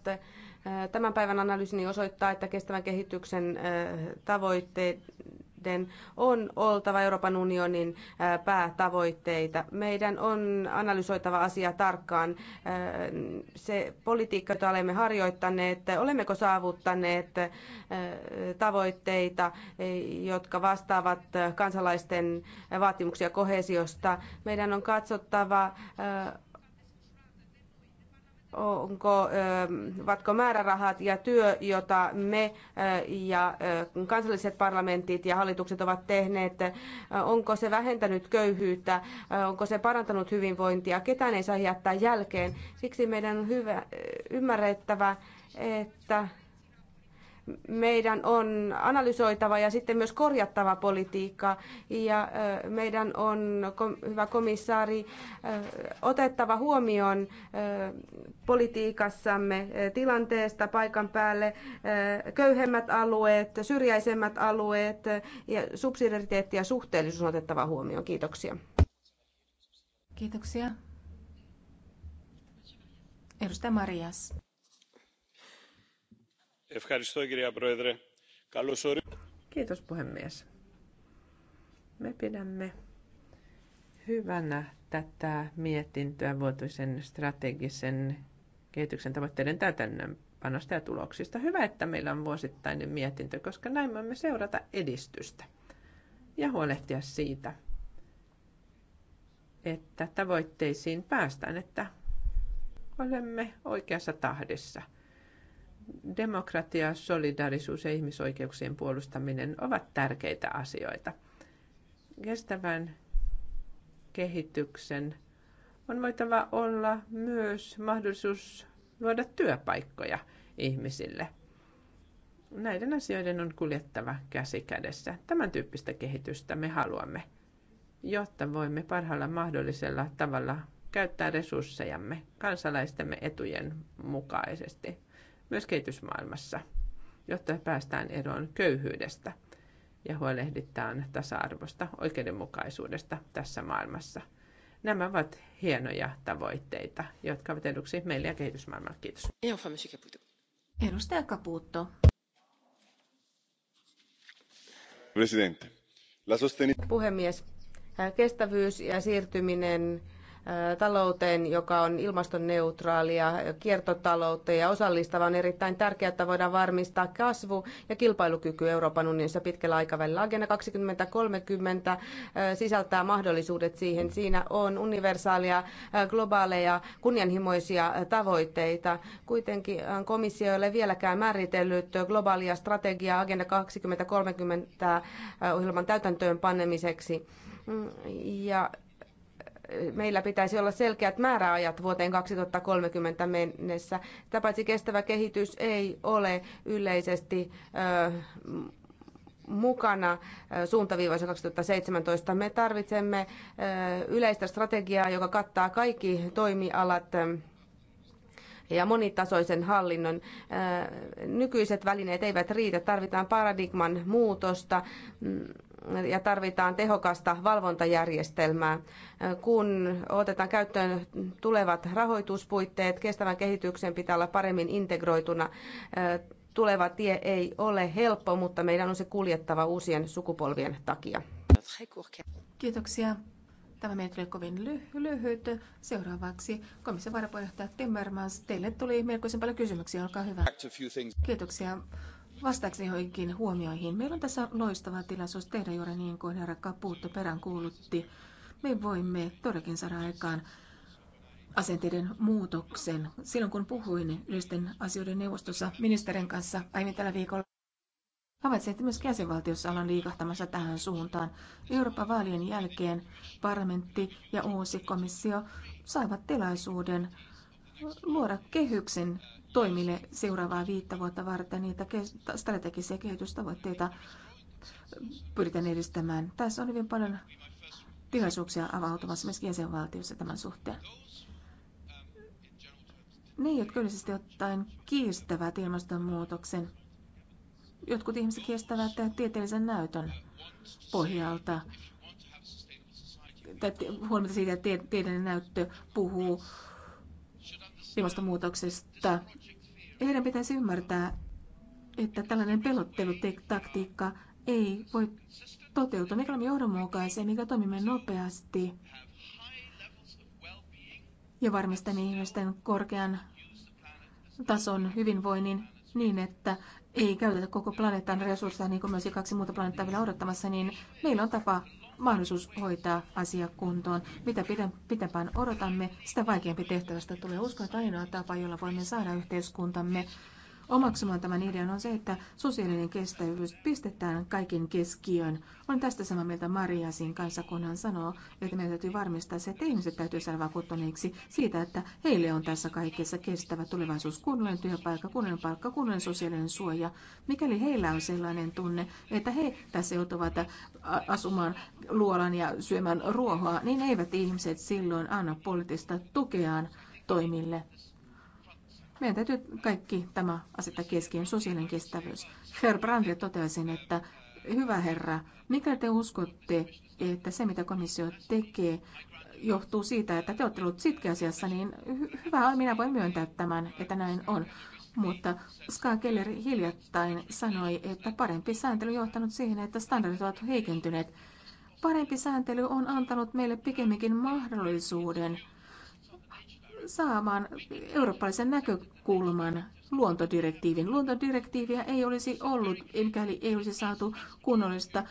Tämän päivän analyysini osoittaa, että kestävän kehityksen eh, tavoitteet näiden on oltava Euroopan unionin päätavoitteita. Meidän on analysoitava asia tarkkaan. Se politiikka, jota olemme harjoittaneet, olemmeko saavuttaneet tavoitteita, jotka vastaavat kansalaisten vaatimuksia kohesiosta. Meidän on katsottava, onko, ähm, ovatko määrärahat ja työ, jota me äh, ja äh, kansalliset parlamentit ja hallitukset ovat tehneet, äh, onko se vähentänyt köyhyyttä, onko se parantanut hyvinvointia, ketään ei saa jättää jälkeen. Siksi meidän on hyvä, ymmärrettävä, että meidän on analysoitava ja sitten myös korjattava politiikka. Ja meidän on, hyvä komissaari, otettava huomioon politiikassamme tilanteesta paikan päälle köyhemmät alueet, syrjäisemmät alueet ja subsidiariteetti ja suhteellisuus on otettava huomioon. Kiitoksia. Kiitoksia. Edustaja Marias. Kiitos puhemies. Me pidämme hyvänä tätä mietintöä vuotuisen strategisen kehityksen tavoitteiden täytännönpanosta ja tuloksista. Hyvä, että meillä on vuosittainen mietintö, koska näin voimme seurata edistystä ja huolehtia siitä, että tavoitteisiin päästään, että olemme oikeassa tahdissa. Demokratia, solidaarisuus ja ihmisoikeuksien puolustaminen ovat tärkeitä asioita. Kestävän kehityksen on voitava olla myös mahdollisuus luoda työpaikkoja ihmisille. Näiden asioiden on kuljettava käsi kädessä. Tämän tyyppistä kehitystä me haluamme, jotta voimme parhaalla mahdollisella tavalla käyttää resurssejamme kansalaistemme etujen mukaisesti myös kehitysmaailmassa, jotta päästään eroon köyhyydestä ja huolehditaan tasa-arvosta, oikeudenmukaisuudesta tässä maailmassa. Nämä ovat hienoja tavoitteita, jotka ovat eduksi meille ja kehitysmaailmalle. Kiitos. Edustaja Caputo. Puhemies, kestävyys ja siirtyminen talouteen, joka on ilmastoneutraalia, kiertotaloutta ja osallistava, on erittäin tärkeää, että voidaan varmistaa kasvu ja kilpailukyky Euroopan unionissa pitkällä aikavälillä. Agenda 2030 sisältää mahdollisuudet siihen. Siinä on universaalia, globaaleja, kunnianhimoisia tavoitteita. Kuitenkin komissio ei ole vieläkään määritellyt globaalia strategiaa Agenda 2030 ohjelman täytäntöön panemiseksi. Mm, ja meillä pitäisi olla selkeät määräajat vuoteen 2030 mennessä. Sitä paitsi kestävä kehitys ei ole yleisesti mukana suuntaviivoissa 2017. Me tarvitsemme yleistä strategiaa, joka kattaa kaikki toimialat ja monitasoisen hallinnon. Nykyiset välineet eivät riitä, tarvitaan paradigman muutosta mm, ja tarvitaan tehokasta valvontajärjestelmää. Kun otetaan käyttöön tulevat rahoituspuitteet, kestävän kehityksen pitää olla paremmin integroituna. Tuleva tie ei ole helppo, mutta meidän on se kuljettava uusien sukupolvien takia. Kiitoksia. Tämä meiltä oli kovin lyhy- lyhyt. Seuraavaksi komission varapuheenjohtaja Timmermans, teille tuli melkoisen paljon kysymyksiä, olkaa hyvä. Kiitoksia. Vastaaksi joihinkin huomioihin, meillä on tässä loistava tilaisuus tehdä juuri niin kuin herra Caputo peräänkuulutti. Me voimme todellakin saada aikaan asenteiden muutoksen. Silloin kun puhuin yleisten asioiden neuvostossa ministerin kanssa aiemmin tällä viikolla, havaitsin, että myös jäsenvaltiossa ollaan liikahtamassa tähän suuntaan. Euroopan vaalien jälkeen parlamentti ja uusi komissio saivat tilaisuuden luoda kehyksen toimille seuraavaa viittä vuotta varten niitä strategisia kehitystavoitteita pyritään edistämään. Tässä on hyvin paljon tilaisuuksia avautumassa myös jäsenvaltiossa tämän suhteen. Ne, jotka yleisesti ottaen kiistävät ilmastonmuutoksen, jotkut ihmiset kiistävät tieteellisen näytön pohjalta tai huolimatta siitä, että tieteellinen näyttö puhuu ilmastonmuutoksesta. Heidän pitäisi ymmärtää, että tällainen pelottelutaktiikka ei voi toteutua. Mikä olemme johdonmukaisia, mikä toimimme nopeasti ja varmistamme ihmisten korkean tason hyvinvoinnin niin, että ei käytetä koko planeetan resursseja, niin kuin myös kaksi muuta planeettaa vielä odottamassa, niin meillä on tapa mahdollisuus hoitaa asia kuntoon. Mitä pitempään odotamme, sitä vaikeampi tehtävästä tulee. Uskon, että ainoa tapa, jolla voimme saada yhteiskuntamme omaksumaan tämän idean on se, että sosiaalinen kestävyys pistetään kaiken keskiöön. On tästä samaa mieltä Mariasin kanssa, kun hän sanoo, että meidän täytyy varmistaa se, että ihmiset täytyy saada vakuuttuneiksi siitä, että heille on tässä kaikessa kestävä tulevaisuus, kunnollinen työpaikka, kunnollinen palkka, kunnollinen sosiaalinen suoja. Mikäli heillä on sellainen tunne, että he tässä joutuvat äh, asumaan luolan ja syömään ruohoa, niin eivät ihmiset silloin anna poliittista tukeaan toimille. Meidän täytyy kaikki tämä asettaa keskiön sosiaalinen kestävyys. Brandt totesi, että hyvä herra, mikä te uskotte, että se mitä komissio tekee johtuu siitä, että te olette sitkeä asiassa, niin hy- hyvä on, minä voin myöntää tämän, että näin on. Mutta Ska Keller hiljattain sanoi, että parempi sääntely johtanut siihen, että standardit ovat heikentyneet. Parempi sääntely on antanut meille pikemminkin mahdollisuuden – saamaan eurooppalaisen näkökulman luontodirektiivin. Luontodirektiiviä ei olisi ollut, mikäli ei olisi saatu kunnollista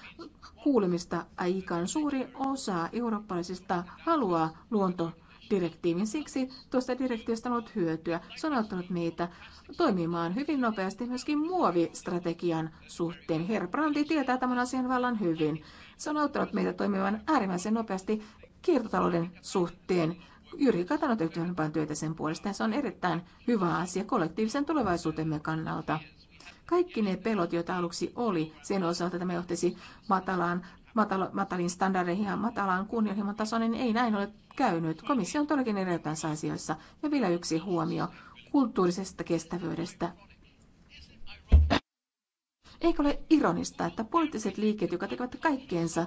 kuulemista aikaan. Suuri osa eurooppalaisista haluaa luontodirektiivin. Siksi tuosta direktiivistä on ollut hyötyä. Se on auttanut meitä toimimaan hyvin nopeasti myöskin muovistrategian suhteen. Herra Brandi tietää tämän asian vallan hyvin. Se on auttanut meitä toimimaan äärimmäisen nopeasti kiertotalouden suhteen Jyri Katalan tehnyt työtä sen puolesta ja se on erittäin hyvä asia kollektiivisen tulevaisuutemme kannalta. Kaikki ne pelot, joita aluksi oli, sen osalta tämä johtaisi matalaan, matala, matalin standardeihin ja matalaan kunnianhimon tasoon, niin ei näin ole käynyt. Komissio on todellakin erilaisissa asioissa. Ja vielä yksi huomio kulttuurisesta kestävyydestä. Eikö ole ironista, että poliittiset liikkeet, jotka tekevät kaikkeensa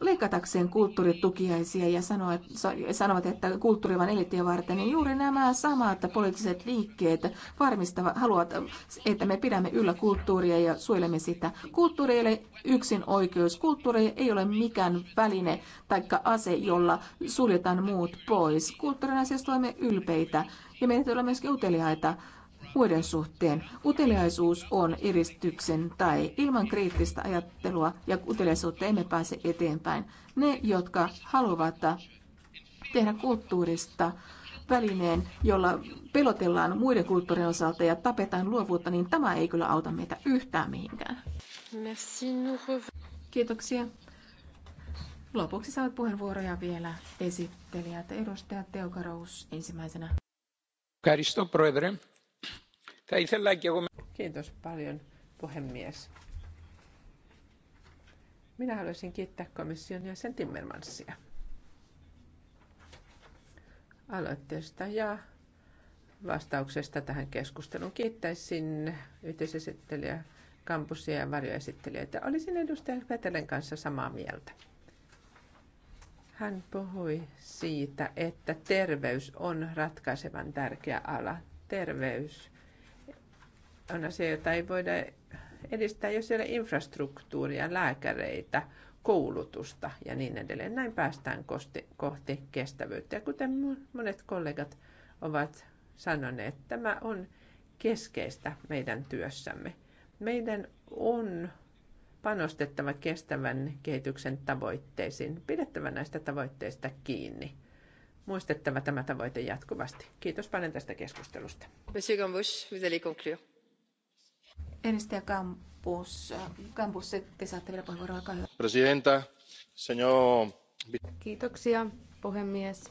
leikatakseen kulttuuritukiaisia ja sanovat, sanovat että kulttuuri on elittiä varten, niin juuri nämä samat poliittiset liikkeet varmistavat, haluavat, että me pidämme yllä kulttuuria ja suojelemme sitä. Kulttuuri ei ole yksin oikeus. Kulttuuri ei ole mikään väline tai ase, jolla suljetaan muut pois. Kulttuurin asiassa olemme ylpeitä ja meidän tulee myöskin uteliaita muiden suhteen. Uteliaisuus on eristyksen tai ilman kriittistä ajattelua ja uteliaisuutta emme pääse eteenpäin. Ne, jotka haluavat tehdä kulttuurista välineen, jolla pelotellaan muiden kulttuurien osalta ja tapetaan luovuutta, niin tämä ei kyllä auta meitä yhtään mihinkään. Kiitoksia. Lopuksi saavat puheenvuoroja vielä esittelijät. Edustaja Teokarous ensimmäisenä. Karisto, proedere. Kiitos paljon, puhemies. Minä haluaisin kiittää komission ja sen Timmermansia aloitteesta ja vastauksesta tähän keskusteluun. Kiittäisin yhteisesittelijä kampusia ja varjoesittelijöitä. Olisin edustaja Petelen kanssa samaa mieltä. Hän puhui siitä, että terveys on ratkaisevan tärkeä ala. Terveys on asia, jota ei voida edistää, jos ei ole infrastruktuuria, lääkäreitä, koulutusta ja niin edelleen. Näin päästään kohti, kohti kestävyyttä. Ja kuten monet kollegat ovat sanoneet, tämä on keskeistä meidän työssämme. Meidän on panostettava kestävän kehityksen tavoitteisiin, pidettävä näistä tavoitteista kiinni. Muistettava tämä tavoite jatkuvasti. Kiitos paljon tästä keskustelusta. Monsieur Gambus, vous allez conclure. Edustaja Kampus, Kampus, te saatte vielä puheenvuoron, olkaa hyvä. Presidenta, senor... Kiitoksia, puhemies.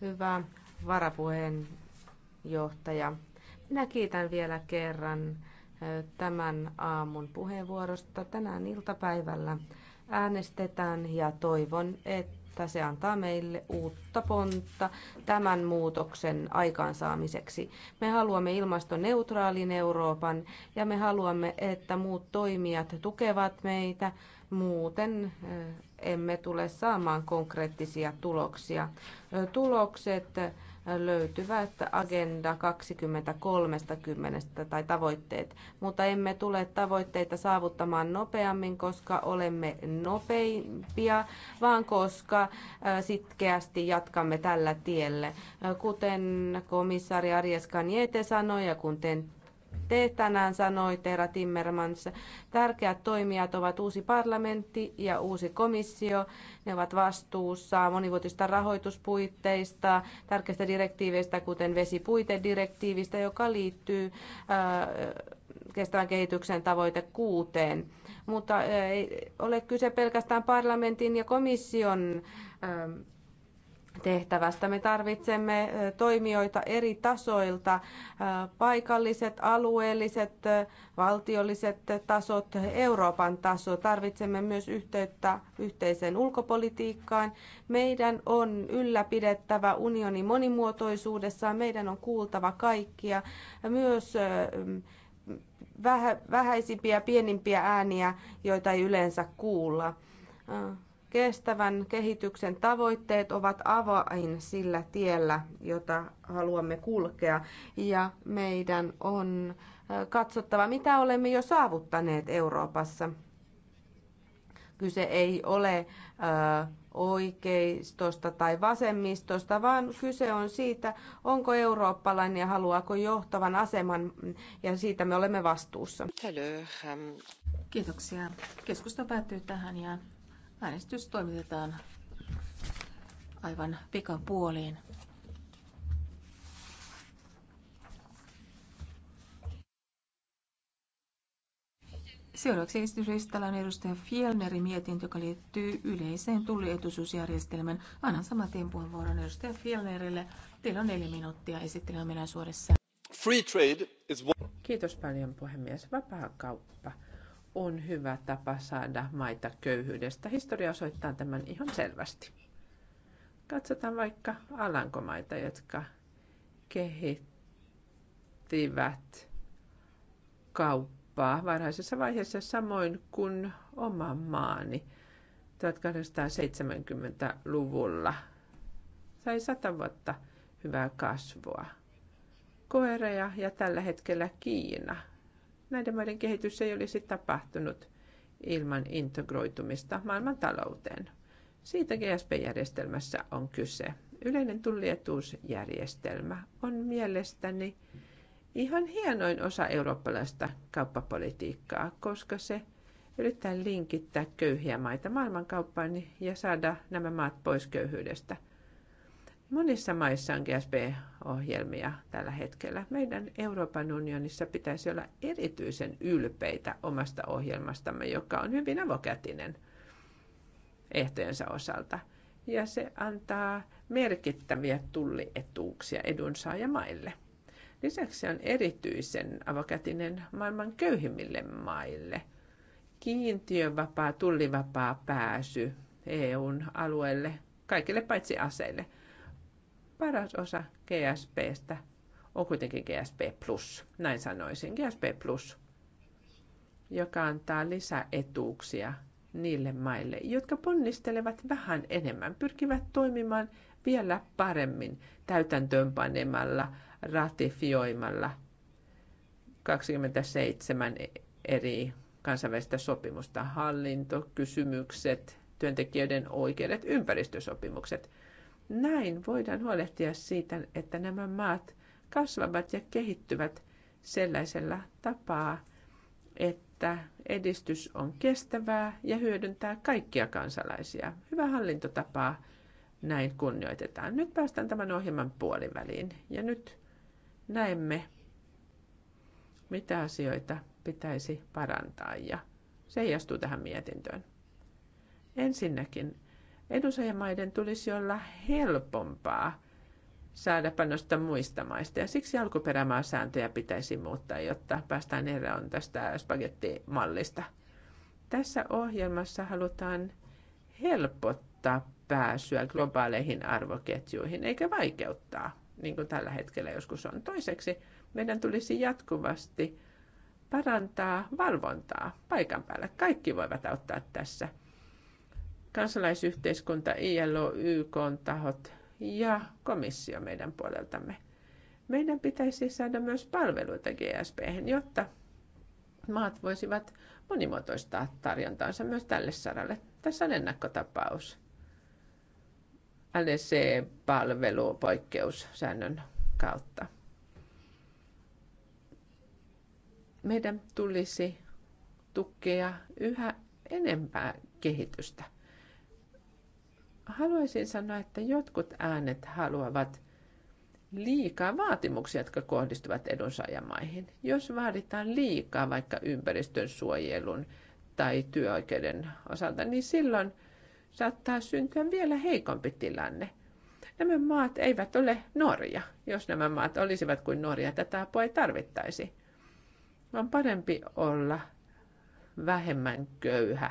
Hyvä varapuheenjohtaja. Minä kiitän vielä kerran tämän aamun puheenvuorosta. Tänään iltapäivällä äänestetään ja toivon, että että se antaa meille uutta pontta tämän muutoksen aikaansaamiseksi. Me haluamme ilmastoneutraalin Euroopan ja me haluamme, että muut toimijat tukevat meitä, muuten eh, emme tule saamaan konkreettisia tuloksia. Tulokset löytyvät Agenda 2030 tai tavoitteet, mutta emme tule tavoitteita saavuttamaan nopeammin, koska olemme nopeimpia, vaan koska äh, sitkeästi jatkamme tällä tiellä. Äh, kuten komissaari Arias Kaniete sanoi ja kuten te tänään sanoitte, herra Timmermans. Tärkeät toimijat ovat uusi parlamentti ja uusi komissio. Ne ovat vastuussa monivuotista rahoituspuitteista, tärkeistä direktiiveistä, kuten vesipuitedirektiivistä, joka liittyy äh, kestävän kehityksen tavoite kuuteen. Mutta äh, ei ole kyse pelkästään parlamentin ja komission äh, tehtävästä. Me tarvitsemme toimijoita eri tasoilta, paikalliset, alueelliset, valtiolliset tasot, Euroopan taso. Tarvitsemme myös yhteyttä yhteiseen ulkopolitiikkaan. Meidän on ylläpidettävä unioni monimuotoisuudessaan, meidän on kuultava kaikkia, myös vähäisimpiä, pienimpiä ääniä, joita ei yleensä kuulla Kestävän kehityksen tavoitteet ovat avain sillä tiellä, jota haluamme kulkea, ja meidän on katsottava, mitä olemme jo saavuttaneet Euroopassa. Kyse ei ole oikeistosta tai vasemmistosta, vaan kyse on siitä, onko eurooppalainen ja haluaako johtavan aseman, ja siitä me olemme vastuussa. Um, Kiitoksia. Keskustelu päättyy tähän ja Äänestys toimitetaan aivan pikapuoliin. Seuraavaksi esityslistalla on edustaja Fielneri mietintö, joka liittyy yleiseen tullietuisuusjärjestelmään. Annan saman tien puheenvuoron edustaja Fielnerille. Teillä on neljä minuuttia esittelyn ominaisuudessa. Free trade is... Kiitos paljon puhemies. Vapaa kauppa on hyvä tapa saada maita köyhyydestä. Historia osoittaa tämän ihan selvästi. Katsotaan vaikka Alankomaita, jotka kehittivät kauppaa varhaisessa vaiheessa samoin kuin oma maani 1870-luvulla. Sai sata vuotta hyvää kasvua. Koereja ja tällä hetkellä Kiina – näiden maiden kehitys ei olisi tapahtunut ilman integroitumista maailman talouteen. Siitä GSP-järjestelmässä on kyse. Yleinen tullietuusjärjestelmä on mielestäni ihan hienoin osa eurooppalaista kauppapolitiikkaa, koska se yrittää linkittää köyhiä maita maailmankauppaan ja saada nämä maat pois köyhyydestä. Monissa maissa on GSP-ohjelmia tällä hetkellä. Meidän Euroopan unionissa pitäisi olla erityisen ylpeitä omasta ohjelmastamme, joka on hyvin avokätinen ehtojensa osalta. Ja se antaa merkittäviä tullietuuksia edunsaajamaille. Lisäksi se on erityisen avokätinen maailman köyhimmille maille. Kiintiövapaa, tullivapaa pääsy EUn alueelle, kaikille paitsi aseille paras osa GSPstä on kuitenkin GSP+, näin sanoisin, GSP+, joka antaa lisäetuuksia niille maille, jotka ponnistelevat vähän enemmän, pyrkivät toimimaan vielä paremmin täytäntöönpanemalla, ratifioimalla 27 eri kansainvälistä sopimusta, hallintokysymykset, työntekijöiden oikeudet, ympäristösopimukset – näin voidaan huolehtia siitä, että nämä maat kasvavat ja kehittyvät sellaisella tapaa, että edistys on kestävää ja hyödyntää kaikkia kansalaisia. Hyvä hallintotapaa näin kunnioitetaan. Nyt päästään tämän ohjelman puoliväliin ja nyt näemme, mitä asioita pitäisi parantaa ja se heijastuu tähän mietintöön. Ensinnäkin Edusajamaiden tulisi olla helpompaa saada panosta muista maista. Ja siksi alkuperämaa sääntöjä pitäisi muuttaa, jotta päästään eroon tästä spagettimallista. Tässä ohjelmassa halutaan helpottaa pääsyä globaaleihin arvoketjuihin, eikä vaikeuttaa, niin kuin tällä hetkellä joskus on. Toiseksi meidän tulisi jatkuvasti parantaa valvontaa paikan päällä. Kaikki voivat auttaa tässä – kansalaisyhteiskunta, ILO, YK-tahot ja komissio meidän puoleltamme. Meidän pitäisi saada myös palveluita GSP, jotta maat voisivat monimuotoistaa tarjontaansa myös tälle saralle. Tässä on ennakkotapaus. LEC-palvelupoikkeussäännön kautta. Meidän tulisi tukea yhä enempää kehitystä haluaisin sanoa, että jotkut äänet haluavat liikaa vaatimuksia, jotka kohdistuvat edunsaajamaihin. Jos vaaditaan liikaa vaikka ympäristön suojelun tai työoikeuden osalta, niin silloin saattaa syntyä vielä heikompi tilanne. Nämä maat eivät ole Norja. Jos nämä maat olisivat kuin Norja, tätä apua ei tarvittaisi. On parempi olla vähemmän köyhä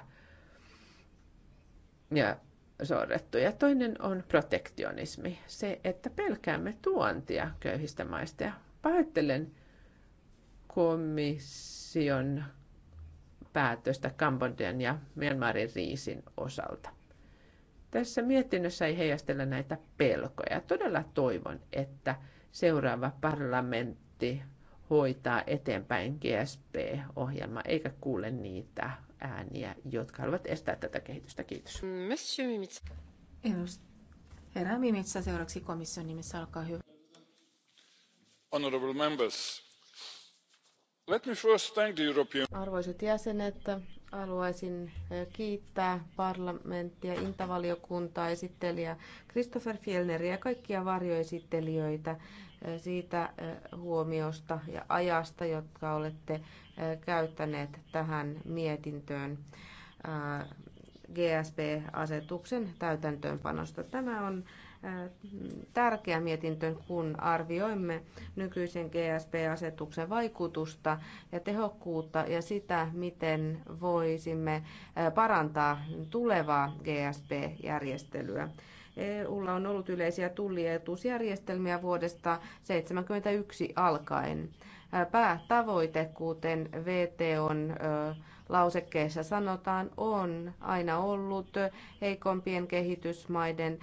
ja sorrettu. Ja toinen on protektionismi, se, että pelkäämme tuontia köyhistä maista. Ja pahoittelen komission päätöstä Kambodjan ja Myanmarin riisin osalta. Tässä mietinnössä ei heijastella näitä pelkoja. Todella toivon, että seuraava parlamentti hoitaa eteenpäin GSP-ohjelma, eikä kuule niitä ääniä, jotka haluavat estää tätä kehitystä. Kiitos. Monsieur Mimitsa. Herra Mimitsa, seuraavaksi komission nimessä, olkaa hyvä. Honorable members, let me first thank the European... Arvoisat jäsenet, haluaisin eh, kiittää parlamenttia, intavaliokuntaa, esittelijä Christopher Fielneriä ja kaikkia varjoesittelijöitä siitä huomiosta ja ajasta, jotka olette käyttäneet tähän mietintöön GSP-asetuksen täytäntöönpanosta. Tämä on tärkeä mietintö, kun arvioimme nykyisen GSP-asetuksen vaikutusta ja tehokkuutta ja sitä, miten voisimme parantaa tulevaa GSP-järjestelyä. EUlla on ollut yleisiä tullietuusjärjestelmiä vuodesta 1971 alkaen. Päätavoite, kuten VTOn lausekkeessa sanotaan, on aina ollut heikompien kehitysmaiden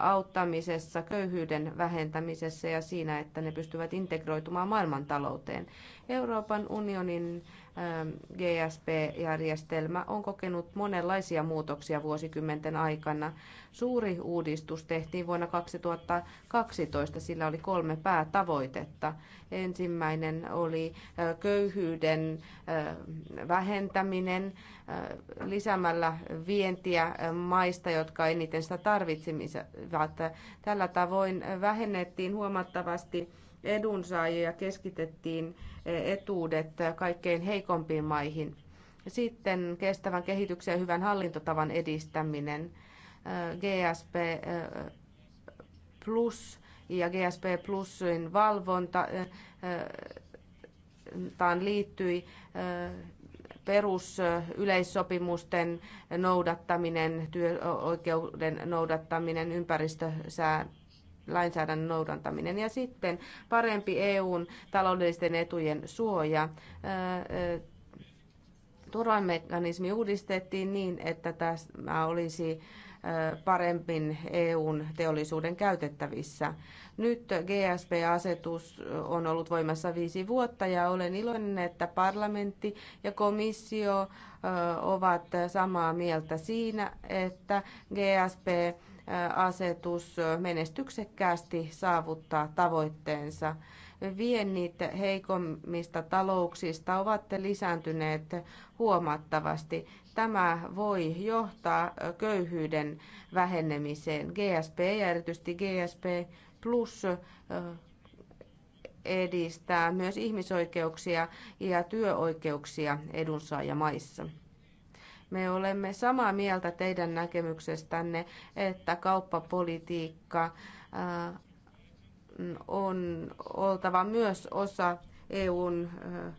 auttamisessa, köyhyyden vähentämisessä ja siinä, että ne pystyvät integroitumaan maailmantalouteen. Euroopan unionin Ähm, GSP-järjestelmä on kokenut monenlaisia muutoksia vuosikymmenten aikana. Suuri uudistus tehtiin vuonna 2012, sillä oli kolme päätavoitetta. Ensimmäinen oli köyhyyden vähentäminen lisäämällä vientiä maista, jotka eniten sitä tarvitsivat. Tällä tavoin vähennettiin huomattavasti edunsaajia ja keskitettiin etuudet kaikkein heikompiin maihin. Sitten kestävän kehityksen ja hyvän hallintotavan edistäminen, GSP eh, Plus ja GSP Plusin valvonta eh, taan liittyi eh, perusyleissopimusten noudattaminen, työoikeuden noudattaminen, ympäristösään lainsäädännön noudantaminen ja sitten parempi EUn taloudellisten etujen suoja turvamekanismi uudistettiin niin, että tämä olisi paremmin EUn teollisuuden käytettävissä. Nyt GSP-asetus on ollut voimassa viisi vuotta ja olen iloinen, että parlamentti ja komissio ovat samaa mieltä siinä, että GSP asetus menestyksekkäästi saavuttaa tavoitteensa. Viennit heikommista talouksista ovat lisääntyneet huomattavasti. Tämä voi johtaa köyhyyden vähenemiseen. GSP ja erityisesti GSP plus edistää myös ihmisoikeuksia ja työoikeuksia edunsaajamaissa. Me olemme samaa mieltä teidän näkemyksestänne, että kauppapolitiikka äh, on oltava myös osa EUn äh,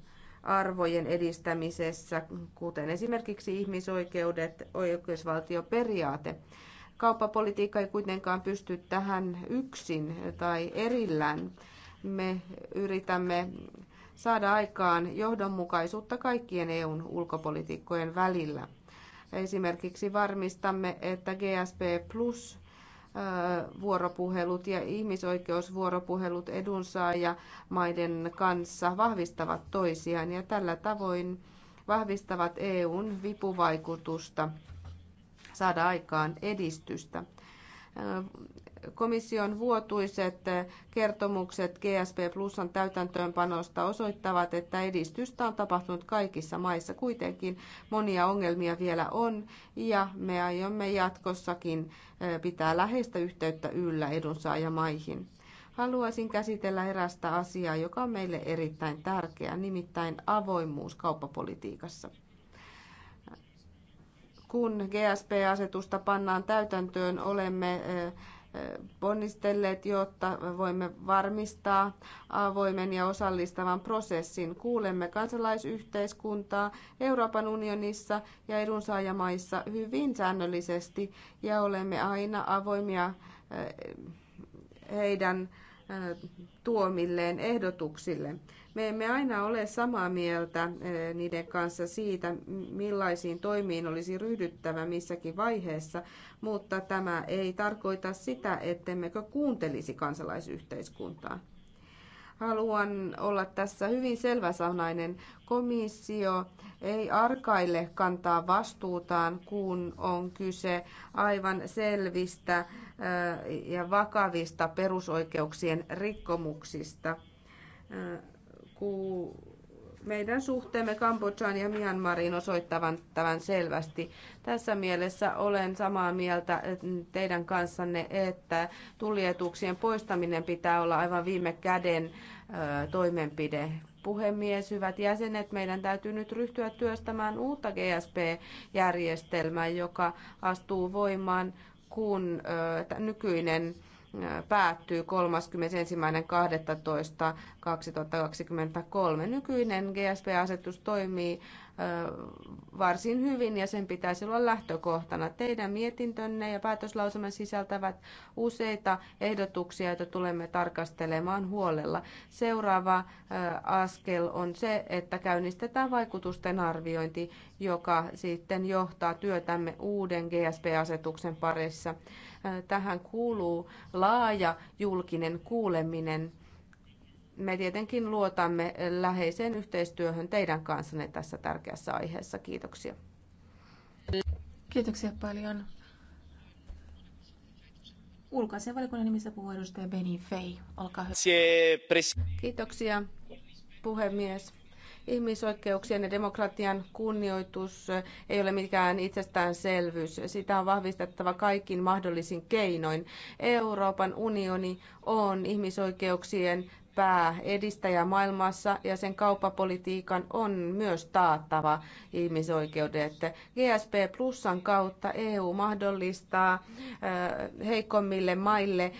arvojen edistämisessä, kuten esimerkiksi ihmisoikeudet, oikeusvaltioperiaate. Kauppapolitiikka ei kuitenkaan pysty tähän yksin tai erillään. Me yritämme saada aikaan johdonmukaisuutta kaikkien EUn ulkopolitiikkojen välillä. Esimerkiksi varmistamme, että GSP Plus vuoropuhelut ja ihmisoikeusvuoropuhelut edunsaaja maiden kanssa vahvistavat toisiaan ja tällä tavoin vahvistavat EUn vipuvaikutusta saada aikaan edistystä. Komission vuotuiset kertomukset GSP Plusan täytäntöönpanosta osoittavat, että edistystä on tapahtunut kaikissa maissa. Kuitenkin monia ongelmia vielä on ja me aiomme jatkossakin eh, pitää läheistä yhteyttä yllä edunsaajamaihin. Haluaisin käsitellä erästä asiaa, joka on meille erittäin tärkeä, nimittäin avoimuus kauppapolitiikassa kun GSP-asetusta pannaan täytäntöön, olemme eh, ponnistelleet, jotta voimme varmistaa avoimen ja osallistavan prosessin. Kuulemme kansalaisyhteiskuntaa Euroopan unionissa ja edunsaajamaissa hyvin säännöllisesti ja olemme aina avoimia eh, heidän tuomilleen ehdotuksille. Me emme aina ole samaa mieltä niiden kanssa siitä, millaisiin toimiin olisi ryhdyttävä missäkin vaiheessa, mutta tämä ei tarkoita sitä, ettemmekö kuuntelisi kansalaisyhteiskuntaa. Haluan olla tässä hyvin selväsanainen. Komissio ei arkaille kantaa vastuutaan, kun on kyse aivan selvistä ja vakavista perusoikeuksien rikkomuksista. Meidän suhteemme Kambodžaan ja Myanmariin osoittavan tämän selvästi. Tässä mielessä olen samaa mieltä teidän kanssanne, että tulietuuksien poistaminen pitää olla aivan viime käden toimenpide puhemies, hyvät jäsenet, meidän täytyy nyt ryhtyä työstämään uutta GSP-järjestelmää, joka astuu voimaan kun nykyinen päättyy 31.12.2023. Nykyinen GSP-asetus toimii varsin hyvin ja sen pitäisi olla lähtökohtana. Teidän mietintönne ja päätöslausuman sisältävät useita ehdotuksia, joita tulemme tarkastelemaan huolella. Seuraava askel on se, että käynnistetään vaikutusten arviointi, joka sitten johtaa työtämme uuden GSP-asetuksen parissa. Tähän kuuluu laaja julkinen kuuleminen me tietenkin luotamme läheiseen yhteistyöhön teidän kanssanne tässä tärkeässä aiheessa. Kiitoksia. Kiitoksia paljon. valikunnan nimissä puhuu edustaja Beni Fei. Olkaa hyvä. Kiitoksia, puhemies ihmisoikeuksien ja demokratian kunnioitus ei ole mikään itsestäänselvyys. Sitä on vahvistettava kaikin mahdollisin keinoin. Euroopan unioni on ihmisoikeuksien pääedistäjä maailmassa ja sen kauppapolitiikan on myös taattava ihmisoikeudet. GSP Plusan kautta EU mahdollistaa heikommille maille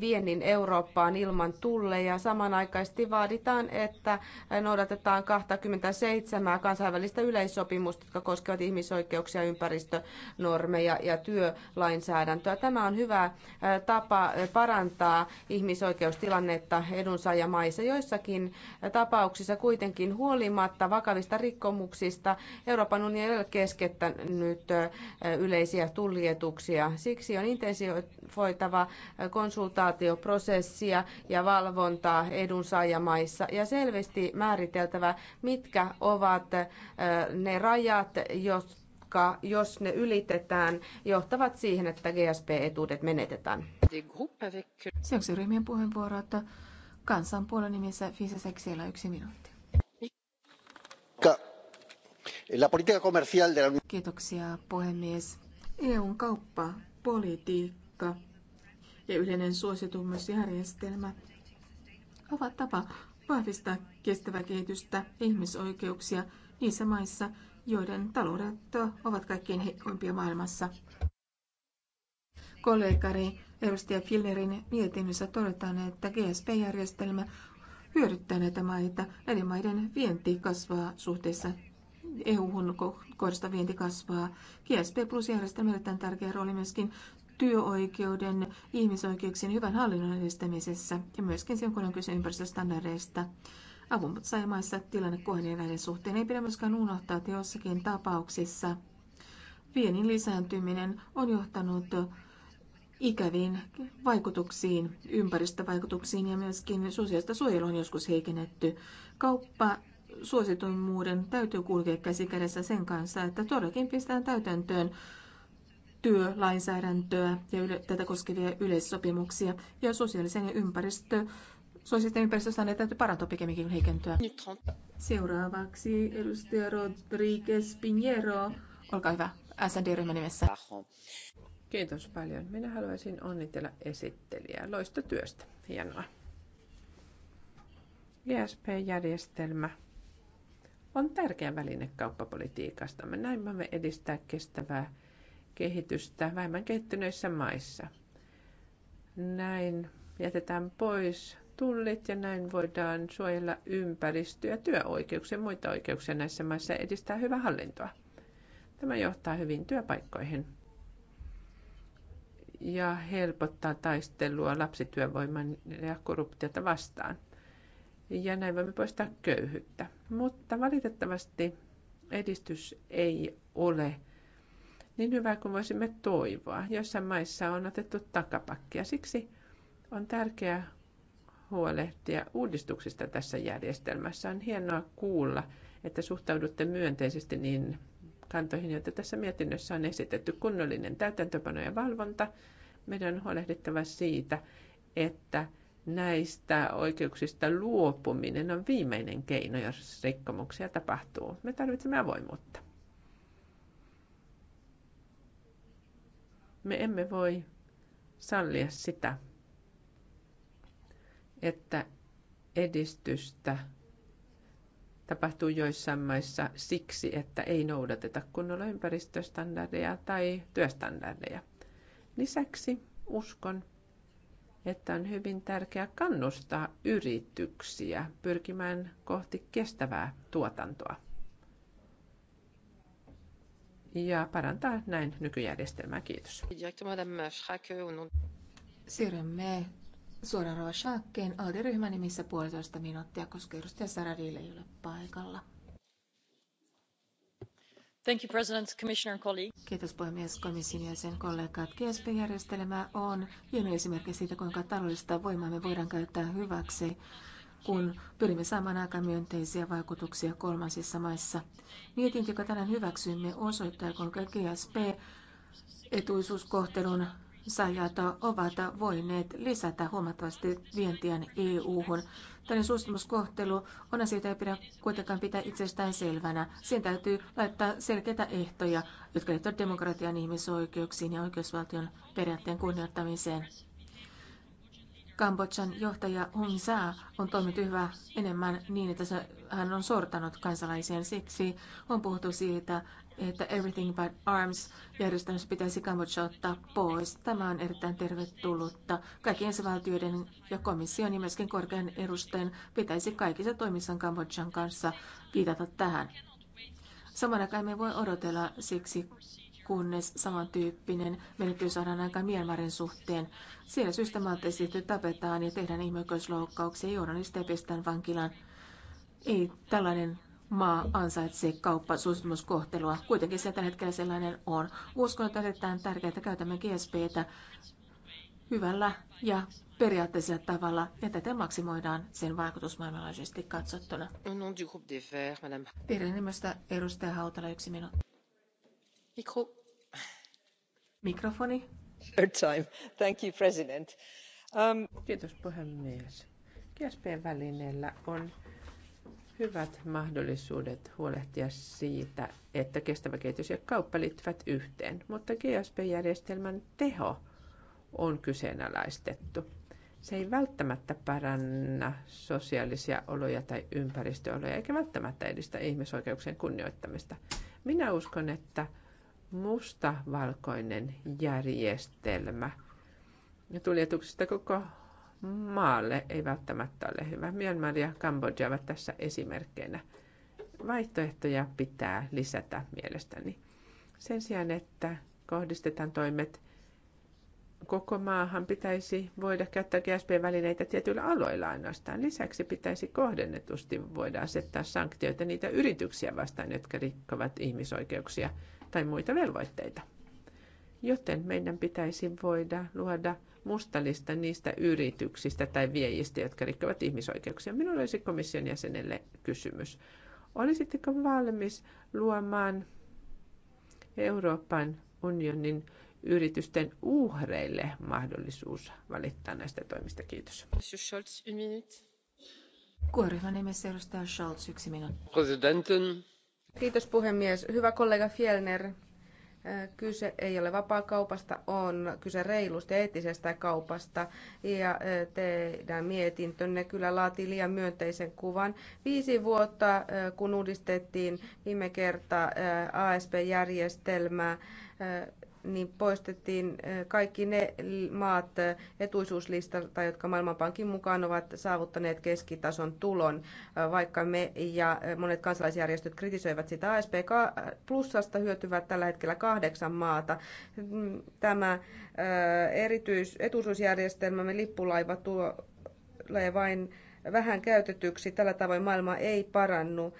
viennin Eurooppaan ilman tulleja. Samanaikaisesti vaaditaan, että noudatetaan 27 kansainvälistä yleissopimusta, jotka koskevat ihmisoikeuksia, ympäristönormeja ja työlainsäädäntöä. Tämä on hyvä tapa parantaa ihmisoikeustilannetta edunsaajan maissa. Joissakin tapauksissa kuitenkin huolimatta vakavista rikkomuksista Euroopan unioni ei ole keskettänyt yleisiä tullietuksia. Siksi on intensivoitava konsultaatioprosessia ja valvontaa edunsaajamaissa ja selvästi määriteltävä, mitkä ovat ne rajat, jos jotka, jos ne ylitetään, johtavat siihen, että GSP-etuudet menetetään. Seuraavaksi ryhmien puheenvuoro, että Kansanpuolen nimissä Fisa Seksiellä yksi minuutti. La Kiitoksia puhemies. EUn kauppa, politiikka ja yleinen suositumusjärjestelmä ovat tapa vahvistaa kestävää kehitystä ihmisoikeuksia niissä maissa, joiden taloudet ovat kaikkein heikoimpia maailmassa kollegani edustaja Fillerin mietinnössä todetaan, että GSP-järjestelmä hyödyttää näitä maita. Näiden maiden vienti kasvaa suhteessa EU-hun kohdista vienti kasvaa. GSP plus järjestelmän on tärkeä rooli myöskin työoikeuden, ihmisoikeuksien hyvän hallinnon edistämisessä ja myöskin sen, kun on kyse ympäristöstandardeista. Avunsaajamaissa tilanne kohenee näiden suhteen. Ei pidä myöskään unohtaa, että jossakin tapauksissa viennin lisääntyminen on johtanut ikäviin vaikutuksiin, ympäristövaikutuksiin ja myöskin sosiaalista suojelua on joskus heikennetty. Kauppa suosituimmuuden täytyy kulkea kädessä sen kanssa, että todellakin pistetään täytäntöön työlainsäädäntöä ja yle, tätä koskevia yleissopimuksia ja sosiaalisen ja ympäristö, ympäristössä ympäristöstandardit täytyy parantaa pikemminkin heikentyä. Seuraavaksi edustaja Rodriguez Pinheiro, olkaa hyvä, SND-ryhmän nimessä. Kiitos paljon. Minä haluaisin onnitella esittelijää. Loista työstä. Hienoa. GSP-järjestelmä on tärkeä väline kauppapolitiikasta, Me Näin voimme edistää kestävää kehitystä vähemmän kehittyneissä maissa. Näin jätetään pois tullit ja näin voidaan suojella ympäristöä, työoikeuksia ja muita oikeuksia näissä maissa ja edistää hyvää hallintoa. Tämä johtaa hyvin työpaikkoihin ja helpottaa taistelua lapsityövoiman ja korruptiota vastaan. Ja näin voimme poistaa köyhyyttä. Mutta valitettavasti edistys ei ole niin hyvä kuin voisimme toivoa. Jossain maissa on otettu takapakkia. Siksi on tärkeää huolehtia uudistuksista tässä järjestelmässä. On hienoa kuulla, että suhtaudutte myönteisesti niin kantoihin, joita tässä mietinnössä on esitetty. Kunnollinen täytäntöpano ja valvonta – meidän on huolehdittava siitä, että näistä oikeuksista luopuminen on viimeinen keino, jos rikkomuksia tapahtuu. Me tarvitsemme avoimuutta. Me emme voi sallia sitä, että edistystä tapahtuu joissain maissa siksi, että ei noudateta kunnolla ympäristöstandardeja tai työstandardeja. Lisäksi uskon, että on hyvin tärkeää kannustaa yrityksiä pyrkimään kohti kestävää tuotantoa ja parantaa näin nykyjärjestelmää. Kiitos. Siirrymme suoraan Rova Shakkeen alde nimissä puolitoista minuuttia, koska edustaja Saradille ei ole paikalla. Kiitos puhemies komission jäsen kollegat. GSP-järjestelmä on hieno esimerkki siitä, kuinka taloudellista voimaa me voidaan käyttää hyväksi, kun pyrimme saamaan aikaan myönteisiä vaikutuksia kolmansissa maissa. Mietintö, joka tänään hyväksyimme, osoittaa, kuinka GSP-etuisuuskohtelun saajat ovat voineet lisätä huomattavasti vientiä EU:hun. Tällainen suostumuskohtelu on asia, jota ei pidä kuitenkaan pitää itsestään selvänä. Siihen täytyy laittaa selkeitä ehtoja, jotka liittyvät demokratian, ihmisoikeuksiin ja oikeusvaltion periaatteen kunnioittamiseen. Kambodjan johtaja Hun Saa on toiminut yhä enemmän niin, että hän on sortanut kansalaisia. Siksi on puhuttu siitä, että Everything But Arms järjestelmässä pitäisi Kambodža ottaa pois. Tämä on erittäin tervetullutta. Kaikkien jäsenvaltioiden ja komission ja myöskin korkean edustajan pitäisi kaikissa toimissaan Kambodžan kanssa viitata tähän. Saman aikaan me voi odotella siksi, kunnes samantyyppinen menettely saadaan aikaan Myanmarin suhteen. Siellä systemaattisesti tapetaan ja tehdään ihmisoikeusloukkauksia, journalisteja pestään vankilaan. Ei tällainen maa ansaitsee kauppasuositumuskohtelua. Kuitenkin se tällä hetkellä sellainen on. Uskon, että erittäin tärkeää, että käytämme GSPtä hyvällä ja periaatteisella tavalla, ja täten maksimoidaan sen vaikutus maailmanlaajuisesti katsottuna. Vihreän nimestä edustaja Hautala, yksi minuutti. Mikro. Mikrofoni. Third time. Thank you, President. Um... Kiitos puhemies. GSP-välineellä on hyvät mahdollisuudet huolehtia siitä, että kestävä kehitys ja kauppa liittyvät yhteen, mutta GSP-järjestelmän teho on kyseenalaistettu. Se ei välttämättä paranna sosiaalisia oloja tai ympäristöoloja, eikä välttämättä edistä ihmisoikeuksien kunnioittamista. Minä uskon, että mustavalkoinen järjestelmä tuljetuksista koko maalle ei välttämättä ole hyvä. Myanmar ja Kambodja ovat tässä esimerkkeinä. Vaihtoehtoja pitää lisätä mielestäni. Sen sijaan, että kohdistetaan toimet koko maahan, pitäisi voida käyttää GSP-välineitä tietyillä aloilla ainoastaan. Lisäksi pitäisi kohdennetusti voida asettaa sanktioita niitä yrityksiä vastaan, jotka rikkovat ihmisoikeuksia tai muita velvoitteita. Joten meidän pitäisi voida luoda mustalista niistä yrityksistä tai viejistä, jotka rikkovat ihmisoikeuksia. Minulla olisi komission jäsenelle kysymys. Olisitteko valmis luomaan Euroopan unionin yritysten uhreille mahdollisuus valittaa näistä toimista? Kiitos. Scholz, Kuoryhmän nimessä edustaja Scholz, yksi minuutti. Kiitos puhemies. Hyvä kollega Fjellner. Kyse ei ole vapaakaupasta, on kyse reilusta ja eettisestä kaupasta. Ja teidän mietintönne kyllä laati liian myönteisen kuvan. Viisi vuotta, kun uudistettiin viime kertaa ASP-järjestelmää, niin poistettiin kaikki ne maat etuisuuslistalta, jotka Maailmanpankin mukaan ovat saavuttaneet keskitason tulon, vaikka me ja monet kansalaisjärjestöt kritisoivat sitä. ASP plussasta hyötyvät tällä hetkellä kahdeksan maata. Mm, tämä erityis, etuisuusjärjestelmämme lippulaiva tuo tulee vain vähän käytetyksi. Tällä tavoin maailma ei parannu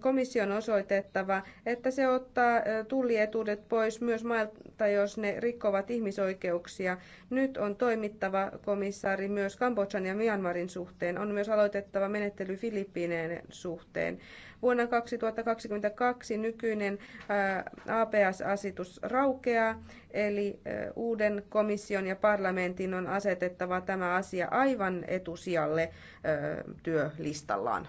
komission osoitettava, että se ottaa tullietuudet pois myös mailta, jos ne rikkovat ihmisoikeuksia. Nyt on toimittava komissaari myös Kambodžan ja Myanmarin suhteen. On myös aloitettava menettely Filippiineen suhteen. Vuonna 2022 nykyinen APS-asitus raukeaa, eli uuden komission ja parlamentin on asetettava tämä asia aivan etusijalle työlistallaan.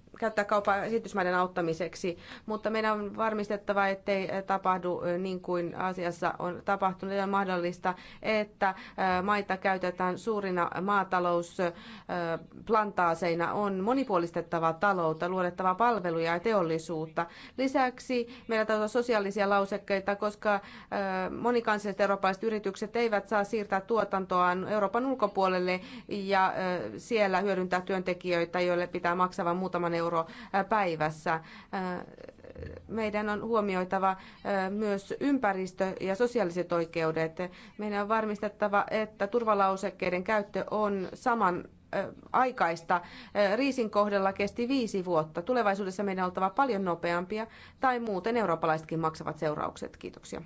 käyttää kaupan esitysmaiden auttamiseksi, mutta meidän on varmistettava, ettei eh, tapahdu eh, niin kuin asiassa on tapahtunut. On mahdollista, että eh, maita käytetään suurina maatalousplantaaseina. On monipuolistettava taloutta, luodettava palveluja ja teollisuutta. Lisäksi meillä täytyy olla sosiaalisia lausekkeita, koska monikansalliset eurooppalaiset yritykset eivät saa siirtää tuotantoaan Euroopan ulkopuolelle ja siellä hyödyntää työntekijöitä, joille pitää maksaa muutaman euro päivässä. Meidän on huomioitava myös ympäristö- ja sosiaaliset oikeudet. Meidän on varmistettava, että turvalausekkeiden käyttö on saman aikaista. Riisin kohdalla kesti viisi vuotta. Tulevaisuudessa meidän on oltava paljon nopeampia, tai muuten eurooppalaisetkin maksavat seuraukset. Kiitoksia.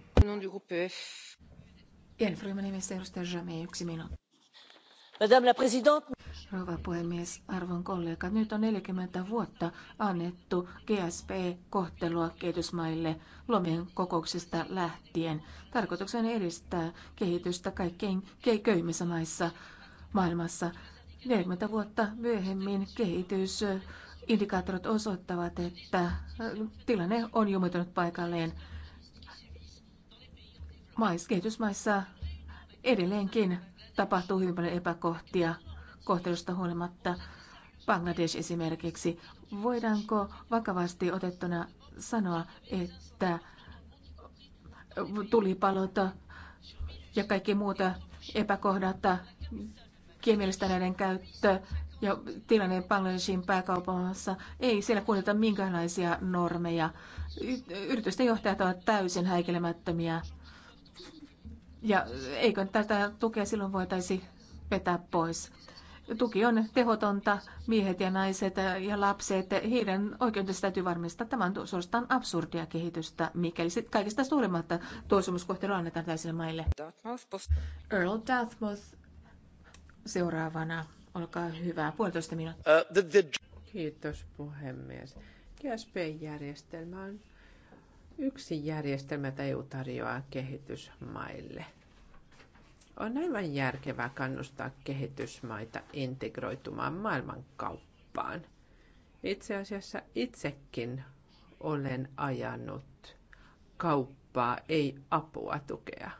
Madame la Présidente, Rouva puhemies, arvon kollega, nyt on 40 vuotta annettu GSP-kohtelua kehitysmaille lomien kokouksista lähtien. Tarkoituksena edistää kehitystä kaikkein köyhimmissä maissa maailmassa. 40 vuotta myöhemmin kehitys Indikaattorit osoittavat, että tilanne on jumitunut paikalleen. Mais, kehitysmaissa edelleenkin tapahtuu hyvin paljon epäkohtia kohtelusta huolimatta. Bangladesh esimerkiksi. Voidaanko vakavasti otettuna sanoa, että tulipalot ja kaikki muuta epäkohdat, kemiallista näiden käyttö ja tilanne Bangladeshin pääkaupungissa ei siellä kuunnelta minkäänlaisia normeja. Yritysten johtajat ovat täysin häikelemättömiä. Ja eikö tätä tukea silloin voitaisi vetää pois? tuki on tehotonta, miehet ja naiset ja lapset, heidän oikeutensa täytyy varmistaa. Tämä on suorastaan absurdia kehitystä, mikäli kaikista suurimatta tuosumiskohtelu annetaan täysille maille. Earl Dartmouth seuraavana. Olkaa hyvä, puolitoista minuuttia. Uh, the, the... Kiitos puhemies. GSP-järjestelmä on yksi järjestelmä, jota EU tarjoaa kehitysmaille – on aivan järkevää kannustaa kehitysmaita integroitumaan maailmankauppaan. Itse asiassa itsekin olen ajanut kauppaa, ei apua tukea.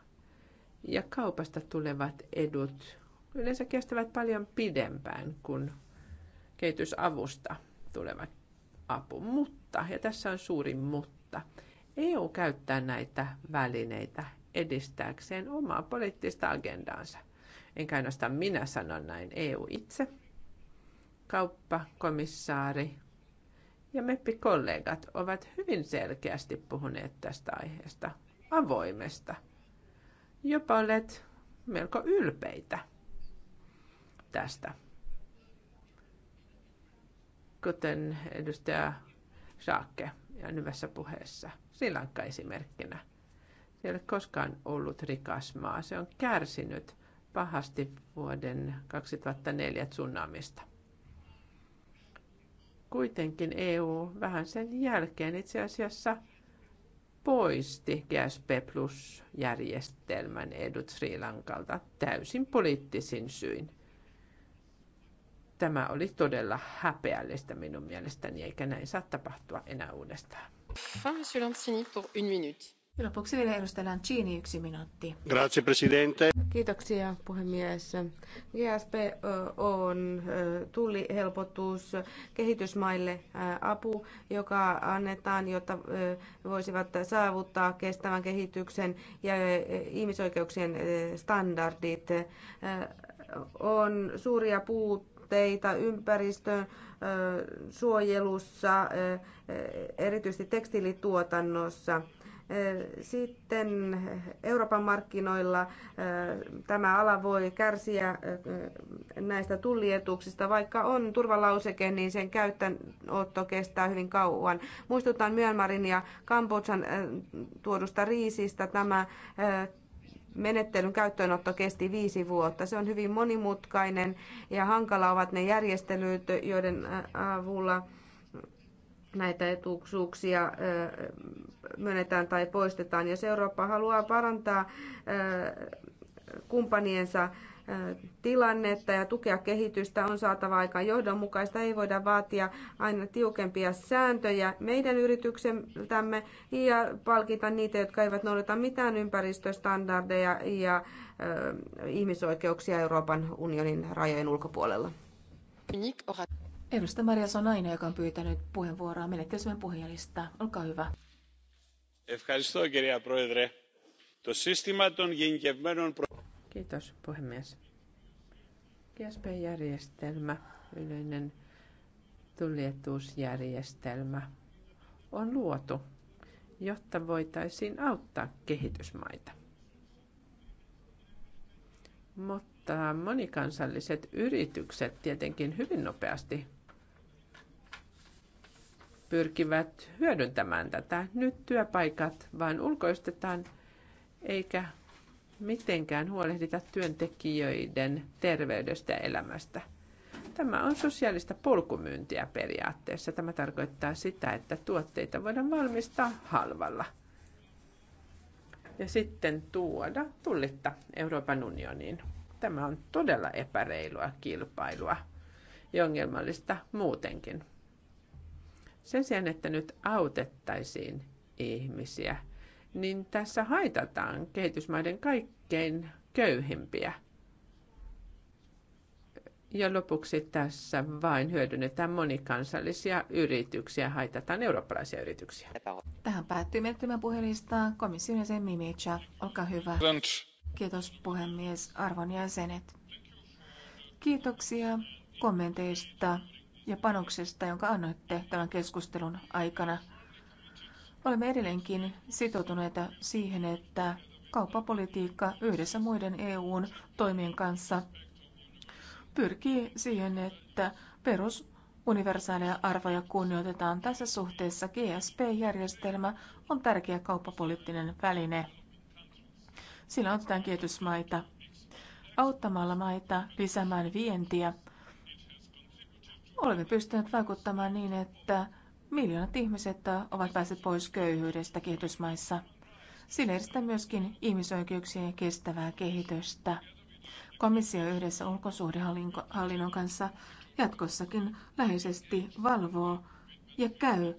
Ja kaupasta tulevat edut yleensä kestävät paljon pidempään kuin kehitysavusta tulevat apu. Mutta, ja tässä on suuri mutta, EU käyttää näitä välineitä edistääkseen omaa poliittista agendaansa. Enkä ainoastaan minä sanon näin, EU itse, kauppakomissaari ja meppikollegat ovat hyvin selkeästi puhuneet tästä aiheesta, avoimesta. Jopa olet melko ylpeitä tästä. Kuten edustaja Saake ja hyvässä puheessa Sri Lanka esimerkkinä – ei ole koskaan ollut rikas maa. Se on kärsinyt pahasti vuoden 2004 tsunamista. Kuitenkin EU vähän sen jälkeen itse asiassa poisti GSP Plus-järjestelmän edut Sri Lankalta täysin poliittisin syin. Tämä oli todella häpeällistä minun mielestäni, eikä näin saa tapahtua enää uudestaan. Fin, pour une minute. Lopuksi vielä edustaja Lancini yksi minuutti. Grazie, presidente. Kiitoksia, puhemies. GSP on tullihelpotus kehitysmaille apu, joka annetaan, jotta voisivat saavuttaa kestävän kehityksen ja ihmisoikeuksien standardit. On suuria puutteita ympäristön suojelussa, erityisesti tekstiilituotannossa – Eh, sitten Euroopan markkinoilla eh, tämä ala voi kärsiä eh, näistä tullietuuksista. Vaikka on turvalauseke, niin sen käyttöönotto kestää hyvin kauan. Muistutan Myanmarin ja Kambodžan tuodusta riisistä. Tämä menettelyn käyttöönotto kesti viisi vuotta. Se on hyvin monimutkainen ja hankala ovat ne järjestelyt, joiden avulla näitä etuuksia myönnetään tai poistetaan. Jos Eurooppa haluaa parantaa kumppaniensa tilannetta ja tukea kehitystä on saatava aika johdonmukaista. Ei voida vaatia aina tiukempia sääntöjä meidän yrityksemme ja palkita niitä, jotka eivät noudata mitään ympäristöstandardeja ja ihmisoikeuksia Euroopan unionin rajojen ulkopuolella. Edustaja Maria on aina, joka on pyytänyt puheenvuoroa. Menettelysemme puhujalista. Olkaa hyvä. Kiitos puhemies. GSP-järjestelmä, yleinen tuljetusjärjestelmä, on luotu, jotta voitaisiin auttaa kehitysmaita. Mutta monikansalliset yritykset tietenkin hyvin nopeasti pyrkivät hyödyntämään tätä. Nyt työpaikat vain ulkoistetaan eikä mitenkään huolehdita työntekijöiden terveydestä ja elämästä. Tämä on sosiaalista polkumyyntiä periaatteessa. Tämä tarkoittaa sitä, että tuotteita voidaan valmistaa halvalla ja sitten tuoda tullitta Euroopan unioniin. Tämä on todella epäreilua kilpailua ja ongelmallista muutenkin. Sen sijaan, että nyt autettaisiin ihmisiä, niin tässä haitataan kehitysmaiden kaikkein köyhimpiä. Ja lopuksi tässä vain hyödynnetään monikansallisia yrityksiä, haitataan eurooppalaisia yrityksiä. Tähän päättyy menettelymän puhelista komission jäsen Mimicha. Olkaa hyvä. Kiitos puhemies, arvon jäsenet. Kiitoksia kommenteista ja panoksesta, jonka annoitte tämän keskustelun aikana. Olemme edelleenkin sitoutuneita siihen, että kauppapolitiikka yhdessä muiden EUn toimien kanssa pyrkii siihen, että perus universaaleja arvoja kunnioitetaan tässä suhteessa. GSP-järjestelmä on tärkeä kauppapoliittinen väline. Sillä otetaan kehitysmaita auttamalla maita lisäämään vientiä Olemme pystyneet vaikuttamaan niin, että miljoonat ihmiset ovat päässeet pois köyhyydestä kehitysmaissa. Sillä edistää myöskin ihmisoikeuksien kestävää kehitystä. Komissio yhdessä ulkosuhdehallinnon kanssa jatkossakin läheisesti valvoo ja käy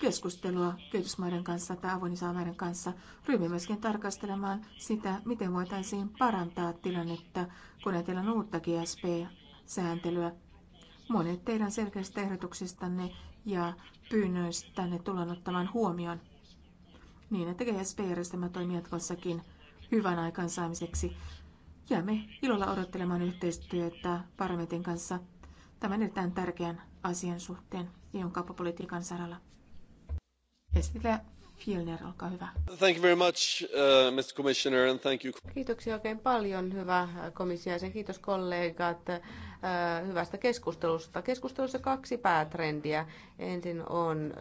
keskustelua kehitysmaiden kanssa tai avunisaamaiden kanssa. Ryhmä myöskin tarkastelemaan sitä, miten voitaisiin parantaa tilannetta, kun ajatellaan uutta GSP-sääntelyä Monet teidän selkeistä ehdotuksistanne ja pyynnöistänne tullaan ottamaan huomioon niin, että GSP-järjestelmä toimii jatkossakin hyvän aikaansaamiseksi. Jäämme ilolla odottelemaan yhteistyötä parlamentin kanssa tämän erittäin tärkeän asian suhteen EUn kauppapolitiikan saralla. Fjellner, olkaa hyvä. Thank you very much, uh, Mr. Commissioner, and thank you. Kiitoksia oikein paljon, hyvä komissio, ja kiitos kollegat uh, hyvästä keskustelusta. Keskustelussa kaksi päätrendiä. Ensin on,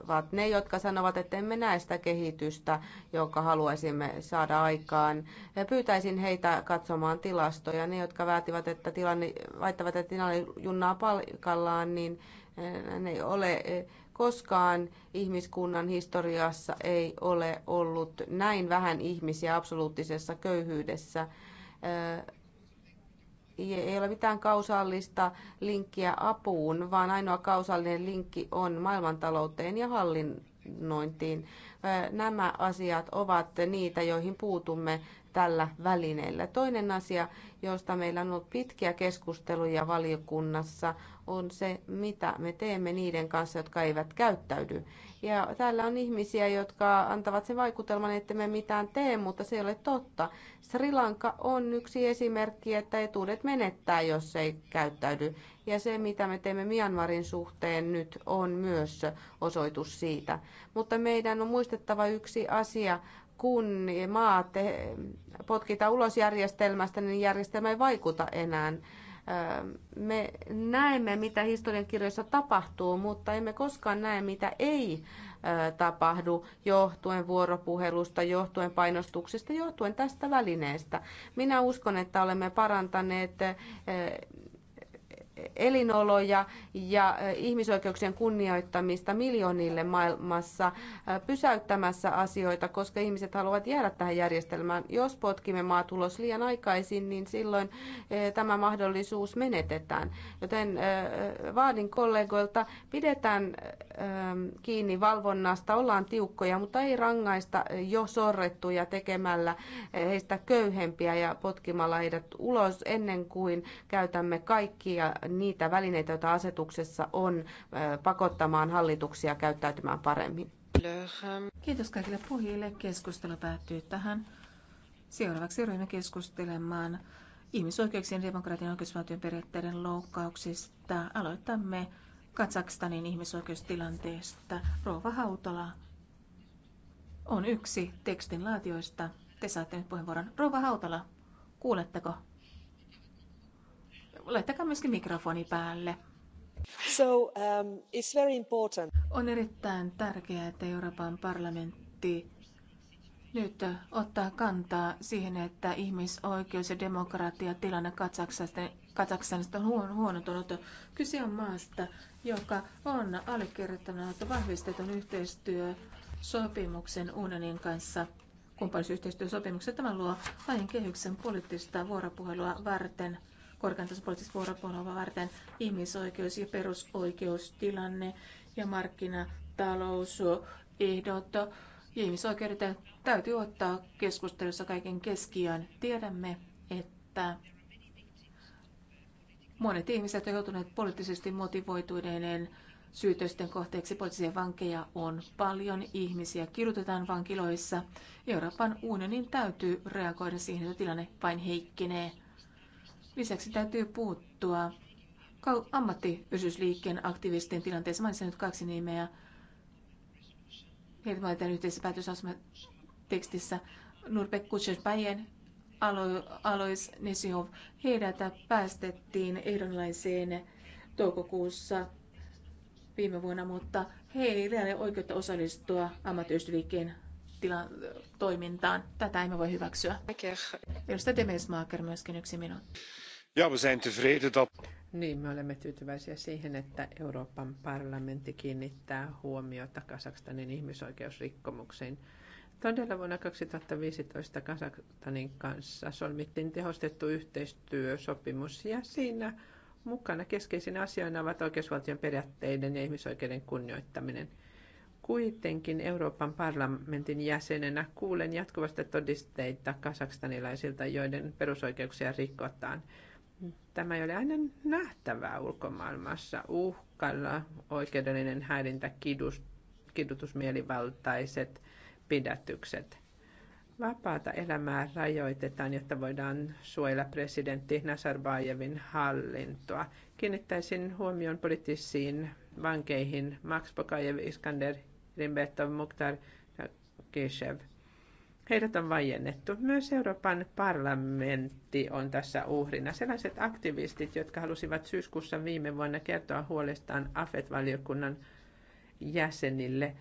uh, ovat ne, jotka sanovat, että emme näe sitä kehitystä, jonka haluaisimme saada aikaan. Pyytäisin heitä katsomaan tilastoja. Ne, jotka väittävät, että tilanne, väittävät, että tilanne junnaa palkallaan, niin uh, ne ei ole uh, Koskaan ihmiskunnan historiassa ei ole ollut näin vähän ihmisiä absoluuttisessa köyhyydessä ei ole mitään kausaalista linkkiä apuun, vaan ainoa kausaalinen linkki on maailmantalouteen ja hallinnointiin. Nämä asiat ovat niitä, joihin puutumme tällä välineellä. Toinen asia, josta meillä on ollut pitkiä keskusteluja valiokunnassa, on se, mitä me teemme niiden kanssa, jotka eivät käyttäydy. Ja täällä on ihmisiä, jotka antavat sen vaikutelman, että me mitään tee, mutta se ei ole totta. Sri Lanka on yksi esimerkki, että etuudet menettää, jos ei käyttäydy. Ja se, mitä me teemme Myanmarin suhteen nyt, on myös osoitus siitä. Mutta meidän on muistettava yksi asia kun maat potkitaan ulos järjestelmästä, niin järjestelmä ei vaikuta enää. Me näemme, mitä historiankirjoissa tapahtuu, mutta emme koskaan näe, mitä ei tapahdu johtuen vuoropuhelusta, johtuen painostuksesta, johtuen tästä välineestä. Minä uskon, että olemme parantaneet elinoloja ja ihmisoikeuksien kunnioittamista miljoonille maailmassa pysäyttämässä asioita, koska ihmiset haluavat jäädä tähän järjestelmään. Jos potkimme ulos liian aikaisin, niin silloin tämä mahdollisuus menetetään. Joten vaadin kollegoilta, pidetään kiinni valvonnasta, ollaan tiukkoja, mutta ei rangaista jo sorrettuja tekemällä heistä köyhempiä ja potkimalla heidät ulos ennen kuin käytämme kaikkia niitä välineitä, joita asetuksessa on pakottamaan hallituksia käyttäytymään paremmin. Kiitos kaikille puhujille. Keskustelu päättyy tähän. Seuraavaksi ryhmä keskustelemaan ihmisoikeuksien ja demokratian oikeusvaltion periaatteiden loukkauksista. Aloitamme Kazakstanin ihmisoikeustilanteesta. Rova Hautala on yksi tekstin laatioista. Te saatte nyt puheenvuoron. Rova Hautala, kuuletteko? laittakaa myöskin mikrofoni päälle. So, um, it's very important. On erittäin tärkeää, että Euroopan parlamentti nyt ottaa kantaa siihen, että ihmisoikeus- ja demokratiatilanne Kazakstanista on huon, huonontunut. Kyse on maasta, joka on allekirjoittanut vahvistetun yhteistyösopimuksen unionin kanssa. Kumppanuusyhteistyösopimukset tämä luo laajan kehyksen poliittista vuoropuhelua varten – korkeantasopoliittista vuoropuhelua varten ihmisoikeus- ja perusoikeustilanne ja markkinatalousehdot ja ihmisoikeudet täytyy ottaa keskustelussa kaiken keskiöön. Tiedämme, että monet ihmiset ovat joutuneet poliittisesti motivoituneiden syytösten kohteeksi. Poliittisia vankeja on paljon, ihmisiä kirjoitetaan vankiloissa. Euroopan unionin täytyy reagoida siihen, että tilanne vain heikkenee. Lisäksi täytyy puuttua ammattiyhdysliikkeen aktivistien tilanteessa. Mainitsen nyt kaksi nimeä. Heidän mainitaan yhteisessä päätösasematekstissä. Nurbek Kutschesbayen, Alois Nesihov, heidät päästettiin ehdonlaiseen toukokuussa viime vuonna, mutta heillä ei ole oikeutta osallistua ammattiyhdysliikkeen tilan toimintaan. Tätä emme voi hyväksyä. Edustaja Demesmaaker myöskin yksi minuutti. Ja, we zijn tevreden dat... Niin, me olemme tyytyväisiä siihen, että Euroopan parlamentti kiinnittää huomiota Kasakstanin ihmisoikeusrikkomuksiin. Todella vuonna 2015 Kasakstanin kanssa solmittiin tehostettu yhteistyösopimus ja siinä mukana keskeisinä asioina ovat oikeusvaltion periaatteiden ja ihmisoikeuden kunnioittaminen. Kuitenkin Euroopan parlamentin jäsenenä kuulen jatkuvasti todisteita kasakstanilaisilta, joiden perusoikeuksia rikotaan – tämä ei ole aina nähtävää ulkomaailmassa. Uhkalla oikeudellinen häirintä, kidus, kidutus, pidätykset. Vapaata elämää rajoitetaan, jotta voidaan suojella presidentti Nazarbayevin hallintoa. Kiinnittäisin huomion poliittisiin vankeihin Max Pokajev, Iskander, Rimbetov, Mukhtar, Kishev – Heidät on vajennettu. Myös Euroopan parlamentti on tässä uhrina. Sellaiset aktivistit, jotka halusivat syyskuussa viime vuonna kertoa huolestaan AFET-valiokunnan jäsenille,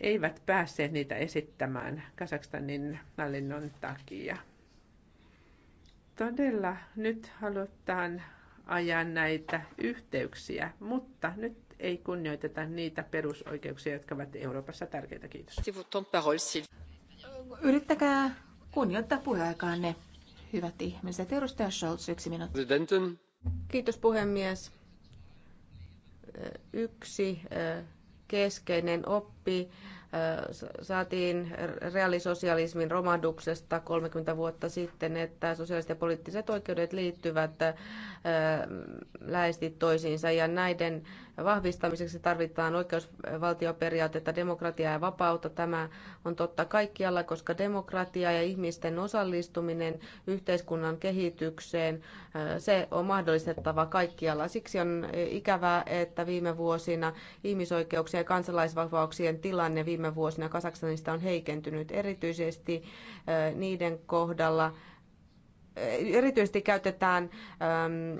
eivät päässeet niitä esittämään Kasakstanin hallinnon takia. Todella nyt halutaan ajaa näitä yhteyksiä, mutta nyt ei kunnioiteta niitä perusoikeuksia, jotka ovat Euroopassa tärkeitä. Kiitos. Yrittäkää kunnioittaa puheaikaanne, hyvät ihmiset. Edustaja Scholz, yksi minuutti. Kiitos puhemies. Yksi eh, keskeinen oppi eh, saatiin reaalisosialismin romahduksesta 30 vuotta sitten, että sosiaaliset ja poliittiset oikeudet liittyvät eh, läheisesti toisiinsa ja näiden vahvistamiseksi tarvitaan oikeusvaltioperiaatetta, demokratiaa ja vapautta. Tämä on totta kaikkialla, koska demokratia ja ihmisten osallistuminen yhteiskunnan kehitykseen, se on mahdollistettava kaikkialla. Siksi on ikävää, että viime vuosina ihmisoikeuksien ja kansalaisvapauksien tilanne viime vuosina Kazakstanista on heikentynyt, erityisesti eh, niiden kohdalla, eh, erityisesti käytetään ehm,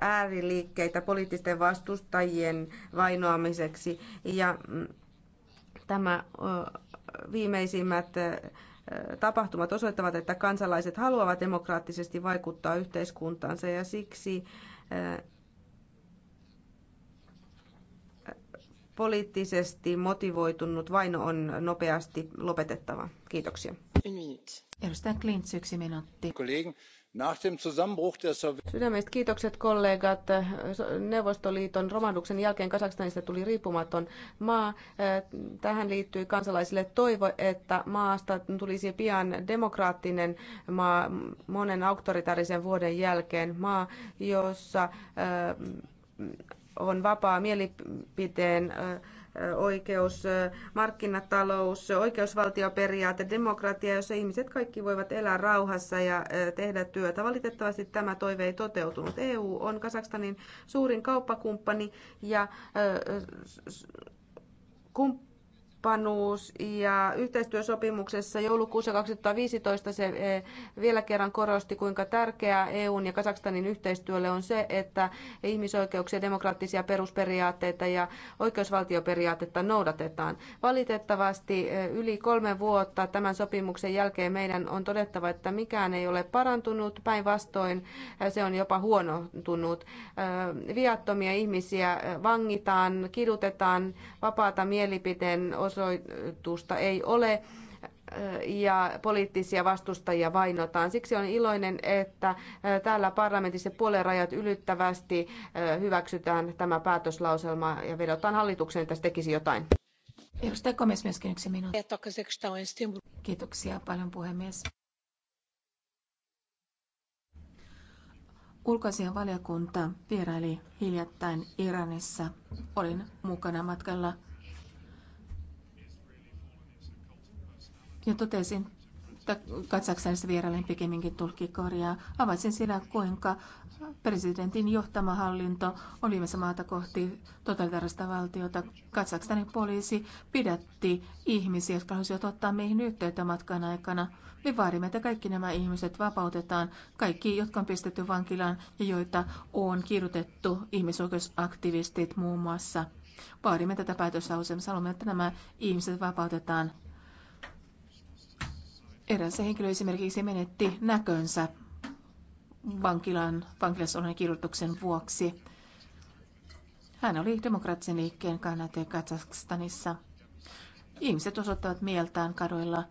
ääriliikkeitä poliittisten vastustajien vainoamiseksi ja mm, tämä viimeisimmät tapahtumat osoittavat, että kansalaiset haluavat demokraattisesti vaikuttaa yhteiskuntaansa ja siksi poliittisesti motivoitunut vaino on nopeasti lopetettava. Kiitoksia. Edustaja Klintz, yksi minuutti. Kollegen. Sydämestä kiitokset kollegat. Neuvostoliiton romahduksen jälkeen Kazakstanista tuli riippumaton maa. Tähän liittyi kansalaisille toivo, että maasta tulisi pian demokraattinen maa monen auktoritarisen vuoden jälkeen. Maa, jossa on vapaa mielipiteen oikeus, markkinatalous, oikeusvaltioperiaate, demokratia, jossa ihmiset kaikki voivat elää rauhassa ja tehdä työtä. Valitettavasti tämä toive ei toteutunut. EU on Kasakstanin suurin kauppakumppani ja kumppani kumppanuus- ja yhteistyösopimuksessa joulukuussa 2015 se eh, vielä kerran korosti, kuinka tärkeää EUn ja Kazakstanin yhteistyölle on se, että ihmisoikeuksia, demokraattisia perusperiaatteita ja oikeusvaltioperiaatetta noudatetaan. Valitettavasti eh, yli kolme vuotta tämän sopimuksen jälkeen meidän on todettava, että mikään ei ole parantunut, päinvastoin eh, se on jopa huonontunut. Viattomia ihmisiä vangitaan, kidutetaan, vapaata mielipiteen mielenosoitusta ei ole ja poliittisia vastustajia vainotaan. Siksi on iloinen, että täällä parlamentissa rajat ylittävästi hyväksytään tämä päätöslauselma ja vedotaan hallitukseen, että se tekisi jotain. Edustaja Komes myöskin yksi minuutti. Kiitoksia paljon puhemies. Ulkoasian valiokunta vieraili hiljattain Iranissa. Olin mukana matkalla ja totesin, että se vierailin pikemminkin tulkikorjaa. Avasin siellä, kuinka presidentin johtama hallinto oli viemässä maata kohti totalitaarista valtiota. Katsakstanin poliisi pidätti ihmisiä, jotka halusivat ottaa meihin yhteyttä matkan aikana. Me vaadimme, että kaikki nämä ihmiset vapautetaan, kaikki, jotka on pistetty vankilaan ja joita on kirjoitettu ihmisoikeusaktivistit muun muassa. Vaadimme tätä päätöslauseen. Sanomme, että nämä ihmiset vapautetaan Eräs henkilö esimerkiksi menetti näkönsä vankilan, vankilassa olevan kirjoituksen vuoksi. Hän oli demokraattisen liikkeen kannattaja Kazakstanissa. Ihmiset osoittavat mieltään kaduilla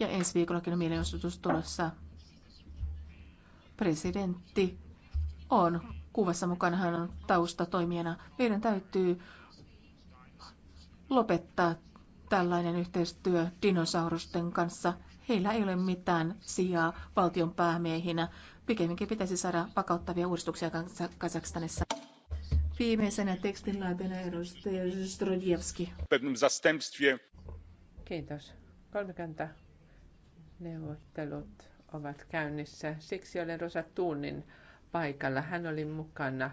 ja ensi viikollakin on mielenosoitus tulossa. Presidentti on kuvassa mukana, hän on taustatoimijana. Meidän täytyy lopettaa tällainen yhteistyö dinosaurusten kanssa – heillä ei ole mitään sijaa valtion päämiehinä. Pikemminkin pitäisi saada vakauttavia uudistuksia Kazakstanissa. Viimeisenä tekstinlaatena edustaja Strodjevski. Kiitos. Kolmikanta neuvottelut ovat käynnissä. Siksi olen Rosa Tuunin paikalla. Hän oli mukana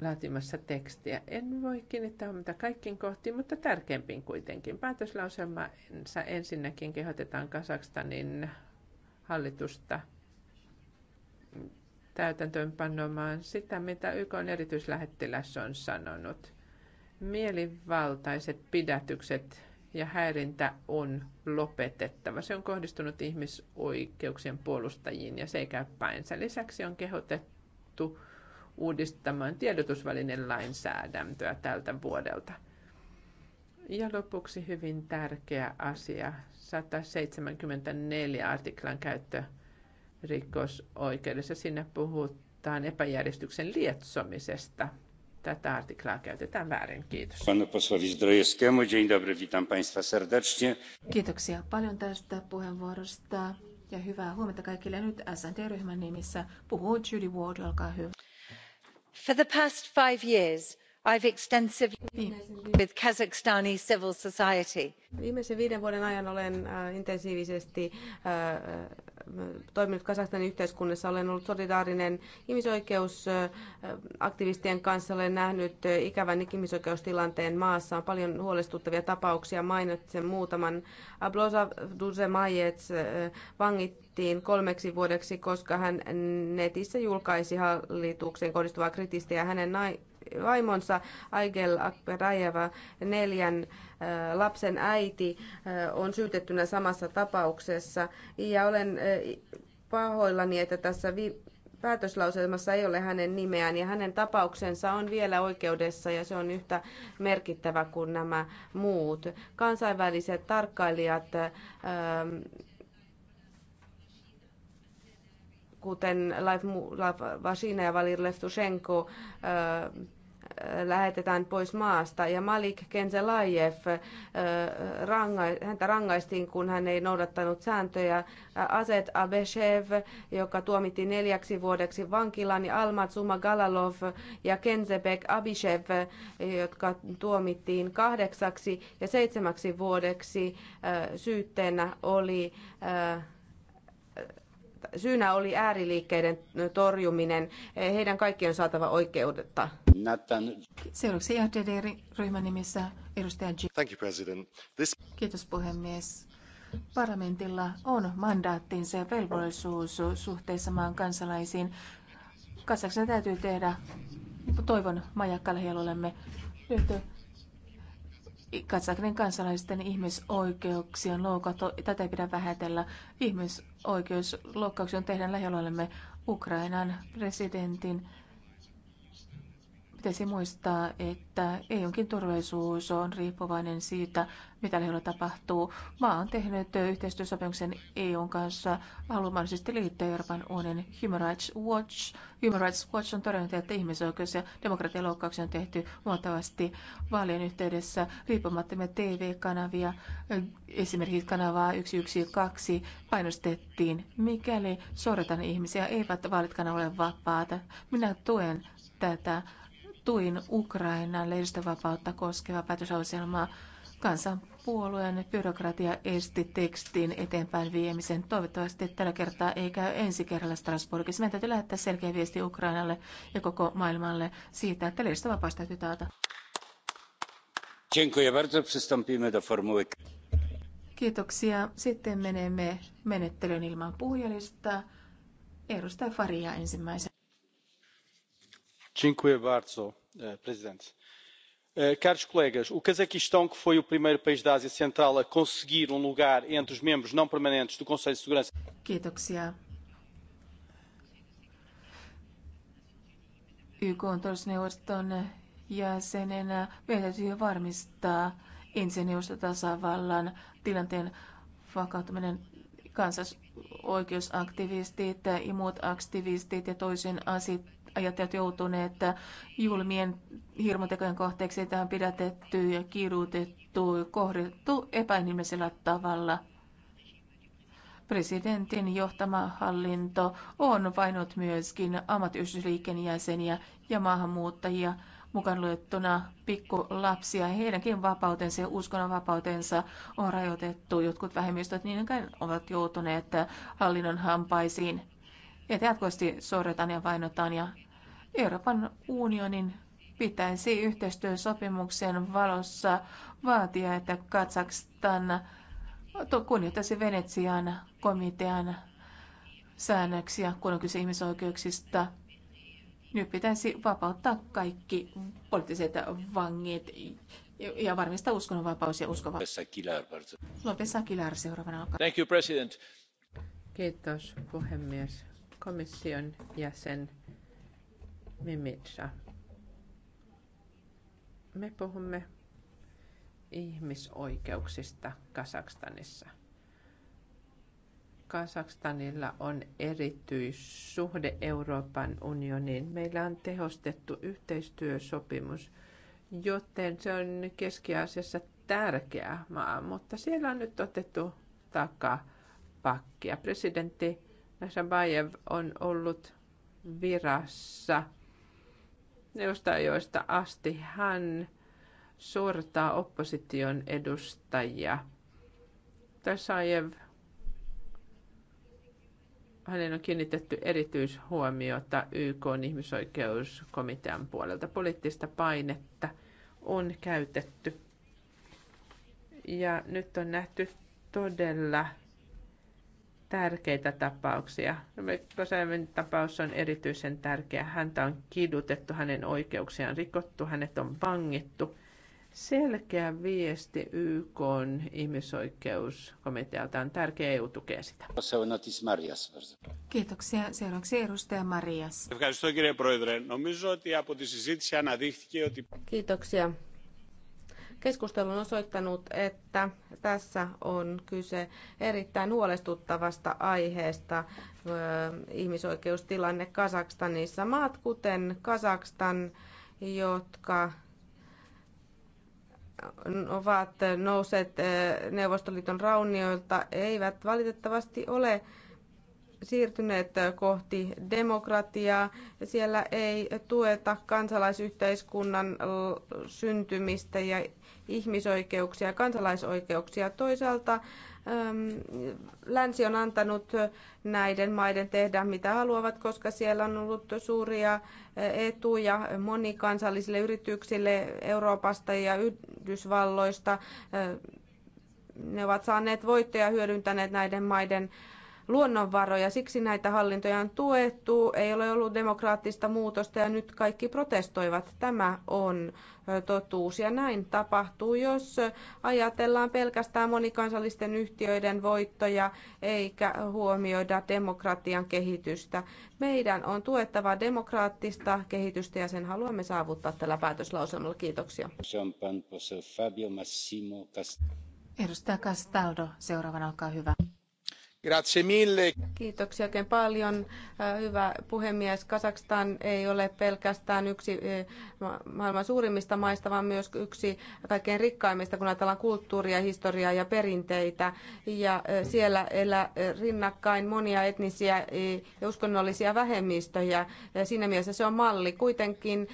laatimassa tekstiä. En voi kiinnittää huomiota kaikkiin kohtiin, mutta tärkeimpiin kuitenkin. Päätöslauselmassa ensinnäkin kehotetaan Kasakstanin hallitusta täytäntöönpanomaan sitä, mitä YK on erityislähettiläs on sanonut. Mielivaltaiset pidätykset ja häirintä on lopetettava. Se on kohdistunut ihmisoikeuksien puolustajiin ja se ei käy päinsä. Lisäksi on kehotettu uudistamaan lainsäädäntöä tältä vuodelta. Ja lopuksi hyvin tärkeä asia, 174 artiklan käyttö rikosoikeudessa. Siinä puhutaan epäjärjestyksen lietsomisesta. Tätä artiklaa käytetään väärin. Kiitos. Dzień dobry, witam państwa serdecznie. Kiitoksia paljon tästä puheenvuorosta ja hyvää huomenta kaikille. Nyt SNT-ryhmän nimissä puhuu Judy Ward, olkaa hyvä for the past five years I've extensively with Kazakhstani civil society. Viimeisen viiden vuoden ajan olen äh, intensiivisesti äh, toiminut kazakhstanin yhteiskunnassa. Olen ollut solidaarinen ihmisoikeusaktivistien äh, kanssa. Olen nähnyt ikävän ihmisoikeustilanteen maassa. On paljon huolestuttavia tapauksia. Mainitsen muutaman. Abloza Duzemajets vangittiin kolmeksi vuodeksi, koska hän netissä julkaisi hallitukseen kohdistuvaa kritiikkiä ja Hänen vaimonsa Aigel Akberajeva, neljän äh, lapsen äiti, äh, on syytettynä samassa tapauksessa. Ja olen äh, pahoillani, että tässä vi- päätöslauselmassa ei ole hänen nimeään ja hänen tapauksensa on vielä oikeudessa ja se on yhtä merkittävä kuin nämä muut. Kansainväliset tarkkailijat ähm, kuten Life Vasina ja Valir Leftushenko lähetetään pois maasta. Ja Malik Kenzelayev, häntä rangaistiin, kun hän ei noudattanut sääntöjä. Azet Abeshev, joka tuomittiin neljäksi vuodeksi vankilaan, ja Almat Suma Galalov ja Kenzebek Abishev, jotka tuomittiin kahdeksaksi ja seitsemäksi vuodeksi. Syytteenä oli syynä oli ääriliikkeiden torjuminen. Heidän kaikkien on saatava oikeudetta. Seuraavaksi RTD-ryhmän nimissä edustaja G. Thank you, President. This... Kiitos puhemies. Parlamentilla on mandaattinsa ja velvollisuus suhteessa maan kansalaisiin. Kansaksen täytyy tehdä niin toivon majakkalle hielollemme. Kazakinin kansalaisten ihmisoikeuksia on loukattu. Tätä ei pidä vähätellä. Ihmisoikeusloukkauksia on tehdään lähialueellemme Ukrainan presidentin Pitäisi muistaa, että EUnkin turvallisuus on riippuvainen siitä, mitä lähellä tapahtuu. Maa on tehnyt yhteistyösopimuksen EUn kanssa halumallisesti liittyä Euroopan unionin Human Rights Watch. Human Rights Watch on todennut, että ihmisoikeus- ja demokratialoukkauksia on tehty huomattavasti vaalien yhteydessä riippumattomia TV-kanavia, esimerkiksi kanavaa 112, painostettiin. Mikäli sorretaan ihmisiä, eivät vaalitkaan ole vapaata. Minä tuen tätä tuin Ukrainan lehdistövapautta koskeva päätösohjelmaa kansanpuolueen byrokratia esti tekstin eteenpäin viemisen. Toivottavasti tällä kertaa ei käy ensi kerralla Strasbourgissa. Meidän täytyy lähettää selkeä viesti Ukrainalle ja koko maailmalle siitä, että lehdistövapaus täytyy taata. Kiitoksia. Sitten menemme menettelyyn ilman puhujalistaa. Edustaja Faria ensimmäisenä. E, e, caros colegas o cazaquistão que foi o primeiro país da ásia central a conseguir um lugar entre os membros não permanentes do conselho de segurança. Kiitoksia. YK turvallisuusneuvoston jäsenenä meidän täytyy varmistaa entisen neuvostotasavallan tilanteen vakautuminen kansalaisoikeusaktivistit ja muut aktivistit ja toisen asitteet Ajattelut joutuneet julmien hirmutekojen kohteeksi. että on pidätetty ja kidutettu, kohdettu epäinhimillisellä tavalla. Presidentin johtama hallinto on vainot myöskin ammattiyhdistysliikkeen jäseniä ja maahanmuuttajia mukaan luettuna pikkulapsia. Heidänkin vapautensa ja uskonnonvapautensa on rajoitettu. Jotkut vähemmistöt niinkään ovat joutuneet hallinnon hampaisiin että jatkuvasti sorretaan ja vainotaan ja Euroopan unionin pitäisi yhteistyösopimuksen valossa vaatia, että Kazakstan kunnioittaisi Venetsian komitean säännöksiä, kun on kyse ihmisoikeuksista. Nyt pitäisi vapauttaa kaikki poliittiset vangit ja varmistaa uskonnonvapaus ja uskonvapaus. Lopes Aguilar seuraavana alkaa. Thank you, President. Kiitos, puhemies komission jäsen Mimitsa. Me puhumme ihmisoikeuksista Kasakstanissa. Kasakstanilla on erityissuhde Euroopan unioniin. Meillä on tehostettu yhteistyösopimus, joten se on keskiasiassa tärkeä maa, mutta siellä on nyt otettu takapakkia. Presidentti Nazarbayev on ollut virassa joista asti. Hän suorittaa opposition edustajia. Tasajev, hänen on kiinnitetty erityishuomiota YK ihmisoikeuskomitean puolelta. Poliittista painetta on käytetty. Ja nyt on nähty todella tärkeitä tapauksia. Kosevin tapaus on erityisen tärkeä. Häntä on kidutettu, hänen oikeuksiaan rikottu, hänet on vangittu. Selkeä viesti YK on ihmisoikeuskomitealta on tärkeä. EU tukee sitä. Kiitoksia. Seuraavaksi edustaja Marias. Kiitoksia. Keskustelu on osoittanut, että tässä on kyse erittäin huolestuttavasta aiheesta ihmisoikeustilanne Kazakstanissa. Maat kuten Kazakstan, jotka ovat nousseet Neuvostoliiton raunioilta, eivät valitettavasti ole siirtyneet kohti demokratiaa. Siellä ei tueta kansalaisyhteiskunnan syntymistä ja ihmisoikeuksia ja kansalaisoikeuksia. Toisaalta länsi on antanut näiden maiden tehdä mitä haluavat, koska siellä on ollut suuria etuja monikansallisille yrityksille Euroopasta ja Yhdysvalloista. Ne ovat saaneet voittoja hyödyntäneet näiden maiden luonnonvaroja. Siksi näitä hallintoja on tuettu, ei ole ollut demokraattista muutosta ja nyt kaikki protestoivat. Tämä on totuus ja näin tapahtuu, jos ajatellaan pelkästään monikansallisten yhtiöiden voittoja eikä huomioida demokratian kehitystä. Meidän on tuettava demokraattista kehitystä ja sen haluamme saavuttaa tällä päätöslauselmalla. Kiitoksia. Edustaja Castaldo, seuraavan olkaa hyvä. Kiitoksia Hyvä puhemies, Kazakstan ei ole pelkästään yksi maailman suurimmista maista, vaan myös yksi kaikkein rikkaimmista, kun ajatellaan kulttuuria, historiaa ja perinteitä. Ja siellä elää rinnakkain monia etnisiä ja uskonnollisia vähemmistöjä. Siinä mielessä se on malli. Kuitenkin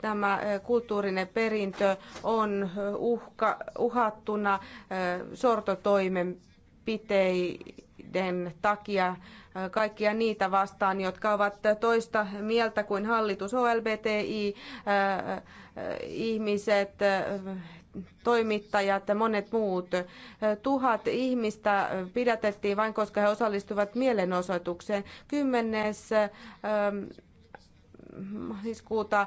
tämä kulttuurinen perintö on uhka, uhattuna sortotoimenpiteisiin näiden takia äh, kaikkia niitä vastaan, jotka ovat toista mieltä kuin hallitus, OLBTI-ihmiset, äh, äh, toimittajat ja monet muut. Tuhat ihmistä pidätettiin vain, koska he osallistuivat mielenosoitukseen. Kymmenes ähm, maaliskuuta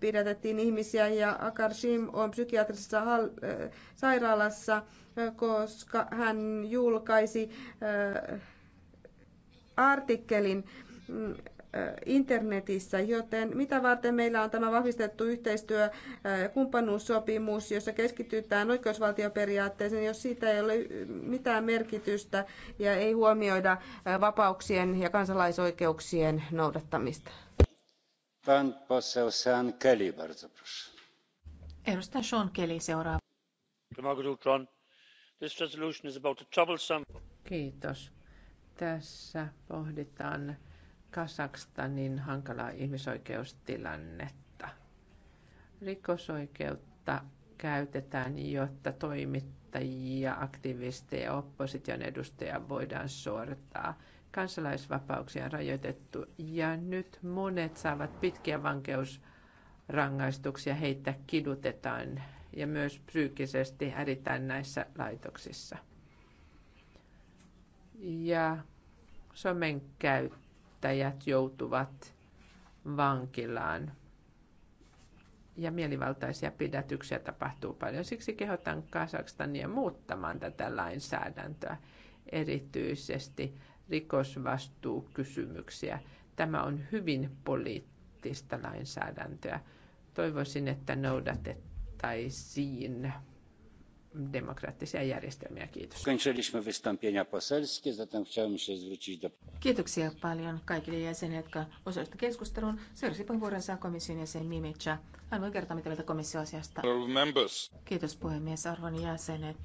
pidätettiin ihmisiä ja Akar Shim on psykiatrisessa sairaalassa, koska hän julkaisi artikkelin mm, internetissä, joten mitä varten meillä on tämä vahvistettu yhteistyö, kumppanuussopimus, jossa keskitytään oikeusvaltioperiaatteeseen, jos siitä ei ole mitään merkitystä ja ei huomioida vapauksien ja kansalaisoikeuksien noudattamista. Pan poseł Kelly, seuraava. This resolution is about the troublesome... Kiitos. Tässä pohditaan Kasakstanin hankalaa ihmisoikeustilannetta. Rikosoikeutta käytetään, jotta toimittajia, aktivisteja ja opposition edustajia voidaan sortaa – kansalaisvapauksia on rajoitettu ja nyt monet saavat pitkiä vankeusrangaistuksia, heitä kidutetaan ja myös psyykkisesti häiritään näissä laitoksissa. Ja somen käyttäjät joutuvat vankilaan ja mielivaltaisia pidätyksiä tapahtuu paljon. Siksi kehotan Kasakstania muuttamaan tätä lainsäädäntöä erityisesti rikosvastuukysymyksiä. Tämä on hyvin poliittista lainsäädäntöä. Toivoisin, että noudatettaisiin demokraattisia järjestelmiä. Kiitos. Kończyliśmy wystąpienia poselskie, zatem chciałem się zwrócić do... Kiitoksia paljon kaikille jäsenille, jotka osallistuivat keskusteluun. Seuraavaksi puheenvuoron saa komission jäsen Mimica. Hän voi kertoa, mitä asiasta. Kiitos puhemies, arvon jäsenet.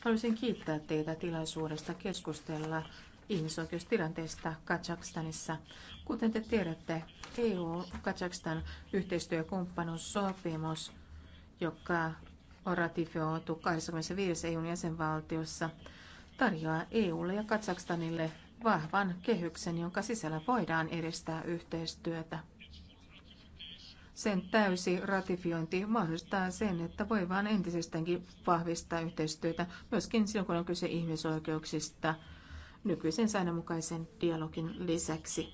Haluaisin kiittää teitä tilaisuudesta keskustella ihmisoikeustilanteesta Kazakstanissa. Kuten te tiedätte, EU-Kazakstan yhteistyökumppanuussopimus, joka on ratifioitu 25 EUn jäsenvaltiossa, tarjoaa EUlle ja Kazakstanille vahvan kehyksen, jonka sisällä voidaan edistää yhteistyötä. Sen täysi ratifiointi mahdollistaa sen, että voi vain entisestäänkin vahvistaa yhteistyötä myöskin silloin, kun on kyse ihmisoikeuksista – nykyisen säännönmukaisen dialogin lisäksi.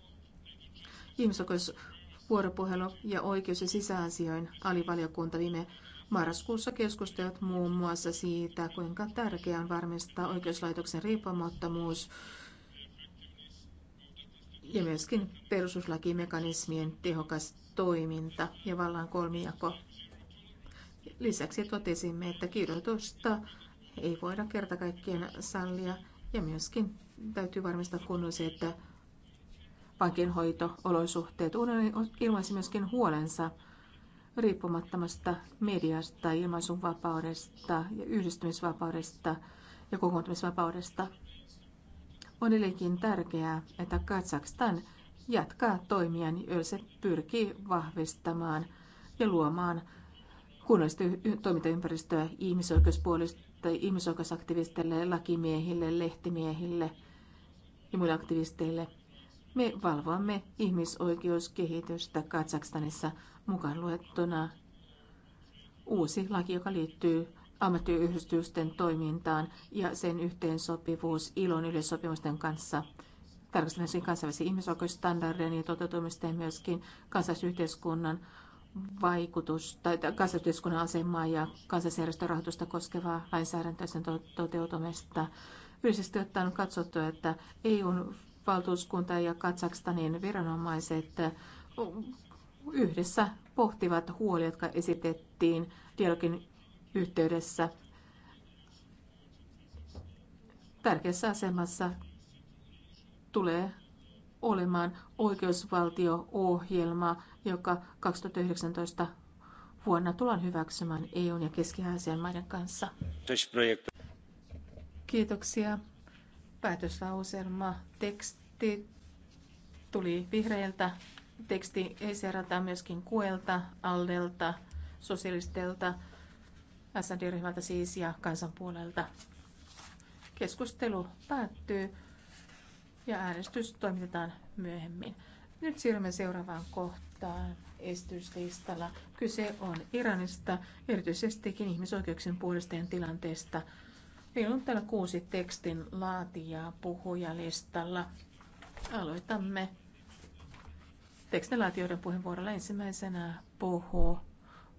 Ihmisoikeusvuoropuhelu ja oikeus- ja sisäasioin alivaliokunta viime marraskuussa keskustelivat muun muassa siitä, kuinka tärkeää on varmistaa oikeuslaitoksen riippumattomuus ja myöskin perustuslakimekanismien tehokas toiminta ja vallan kolmijako. Lisäksi totesimme, että kidutusta ei voida kerta sallia ja myöskin täytyy varmistaa että vankinhoito-olosuhteet. Unioni ilmaisi myöskin huolensa riippumattomasta mediasta, ilmaisunvapaudesta ja yhdistymisvapaudesta ja kokoontumisvapaudesta. On edelleenkin tärkeää, että Kazakstan jatkaa toimia, joilla se pyrkii vahvistamaan ja luomaan kunnollista toimintaympäristöä ihmisoikeuspuolista ihmisoikeusaktivisteille, lakimiehille, lehtimiehille ja muille aktivisteille. Me valvomme ihmisoikeuskehitystä Kazakstanissa mukaan luettuna uusi laki, joka liittyy ammattiyhdistysten toimintaan ja sen yhteensopivuus ilon yleissopimusten kanssa. Tarkastellaan myöskin kansainvälisiä ihmisoikeusstandardeja, ja toteutumista ja myöskin kansalaisyhteiskunnan vaikutus tai kansallisyhteiskunnan asemaa ja kansallisjärjestön rahoitusta koskevaa lainsäädäntöä sen toteutumista. Yleisesti ottaen on katsottu, että EUn valtuuskunta ja Kazakstanin viranomaiset yhdessä pohtivat huolia, jotka esitettiin dialogin yhteydessä tärkeässä asemassa tulee olemaan oikeusvaltio-ohjelma, joka 2019 vuonna tullaan hyväksymään EUn ja Keski-Aasian maiden kanssa. Kiitoksia. Päätöslauselma, teksti tuli vihreiltä, teksti ei seurata myöskin kuelta, aldelta, sosialistelta, SD-ryhmältä siis ja kansanpuolelta. Keskustelu päättyy ja äänestys toimitetaan myöhemmin. Nyt siirrymme seuraavaan kohtaan esityslistalla. Kyse on Iranista, erityisestikin ihmisoikeuksien puolestaan tilanteesta. Meillä on täällä kuusi tekstin laatijaa puhujalistalla. Aloitamme laatijoiden puheenvuorolla. Ensimmäisenä puhuu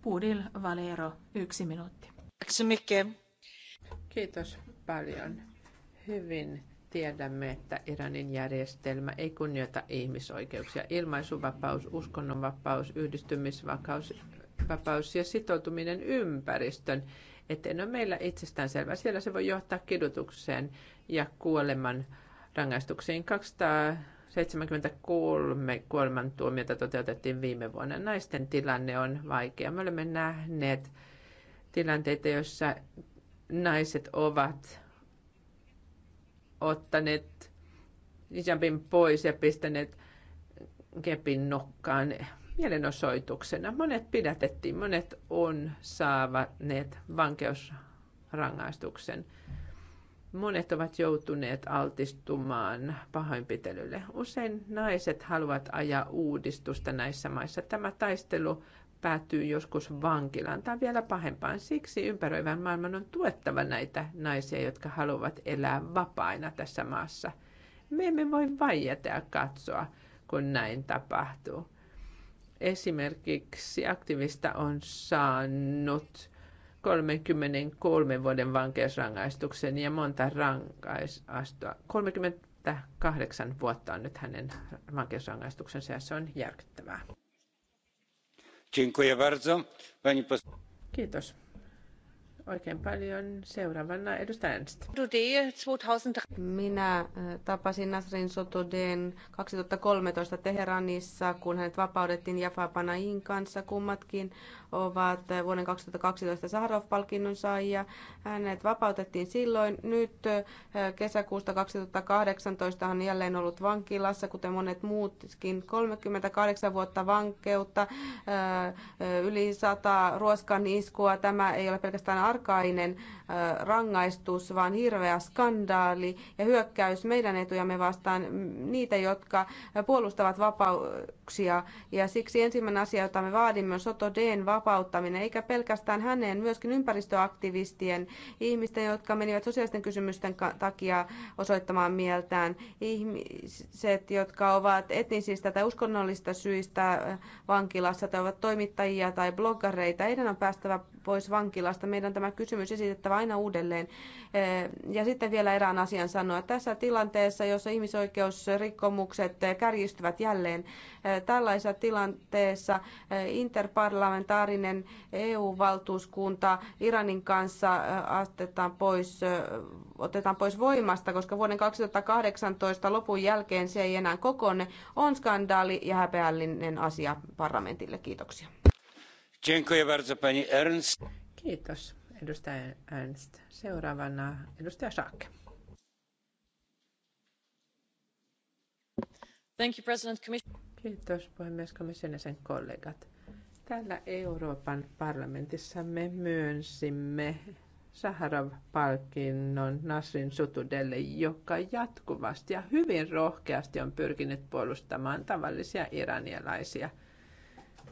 Pudil Valero, yksi minuutti. Kiitos paljon. Hyvin tiedämme, että Iranin järjestelmä ei kunnioita ihmisoikeuksia. Ilmaisuvapaus, uskonnonvapaus, yhdistymisvapaus vapaus ja sitoutuminen ympäristön eteen on meillä itsestään selvä. Siellä se voi johtaa kidutukseen ja kuoleman rangaistuksiin. 273 kuolemantuomiota toteutettiin viime vuonna. Naisten tilanne on vaikea. Me olemme nähneet tilanteita, joissa naiset ovat ottaneet hijabin pois ja pistäneet kepin nokkaan mielenosoituksena. Monet pidätettiin, monet on saavaneet vankeusrangaistuksen. Monet ovat joutuneet altistumaan pahoinpitelylle. Usein naiset haluavat ajaa uudistusta näissä maissa. Tämä taistelu päätyy joskus vankilaan tai vielä pahempaan. Siksi ympäröivän maailman on tuettava näitä naisia, jotka haluavat elää vapaina tässä maassa. Me emme voi vaijata ja katsoa, kun näin tapahtuu. Esimerkiksi aktivista on saanut 33 vuoden vankeusrangaistuksen ja monta rangaistusta. 38 vuotta on nyt hänen vankeusrangaistuksensa ja se on järkyttävää. Kiitos Seuraavana Minä eh, tapasin Nasrin kaksituhatta kolmetoista Teheranissa, kun hänet vapautettiin jafar Panahin kanssa. Kummatkin ovat vuoden 2012 Saharov-palkinnon saajia. Hänet vapautettiin silloin. Nyt kesäkuusta 2018 on jälleen ollut vankilassa, kuten monet muutkin. 38 vuotta vankeutta, yli 100 ruoskan iskua. Tämä ei ole pelkästään arkainen rangaistus, vaan hirveä skandaali ja hyökkäys meidän etujamme vastaan niitä, jotka puolustavat vapauksia. Ja siksi ensimmäinen asia, jota me vaadimme, on Soto d vapaus vapauttaminen, eikä pelkästään häneen, myöskin ympäristöaktivistien, ihmisten, jotka menivät sosiaalisten kysymysten takia osoittamaan mieltään, ihmiset, jotka ovat etnisistä tai uskonnollista syistä vankilassa, tai ovat toimittajia tai bloggareita, heidän on päästävä pois vankilasta. Meidän on tämä kysymys esitettävä aina uudelleen. Eh, ja sitten vielä erään asian sanoa. Tässä tilanteessa, jossa ihmisoikeusrikkomukset kärjistyvät jälleen, Tällaisessa tilanteessa interparlamentaarinen EU-valtuuskunta Iranin kanssa astetaan pois, otetaan pois voimasta, koska vuoden 2018 lopun jälkeen se ei enää kokoonne. On skandaali ja häpeällinen asia parlamentille. Kiitoksia. Kiitos, edustaja Ernst. Seuraavana edustaja Saakke. Thank you, President. Kiitos puhemies komission sen kollegat. Täällä Euroopan parlamentissa me myönsimme Saharov-palkinnon Nasrin Sutudelle, joka jatkuvasti ja hyvin rohkeasti on pyrkinyt puolustamaan tavallisia iranialaisia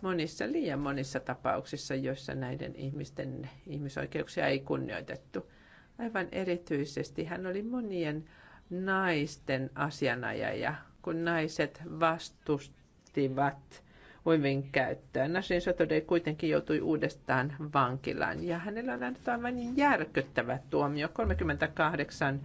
monissa, liian monissa tapauksissa, joissa näiden ihmisten ihmisoikeuksia ei kunnioitettu. Aivan erityisesti hän oli monien naisten asianajaja, kun naiset vastustivat ostivat huivin käyttöön. Nasrin no, Sotode kuitenkin joutui uudestaan vankilaan ja hänellä on annettu aivan järkyttävä tuomio, 38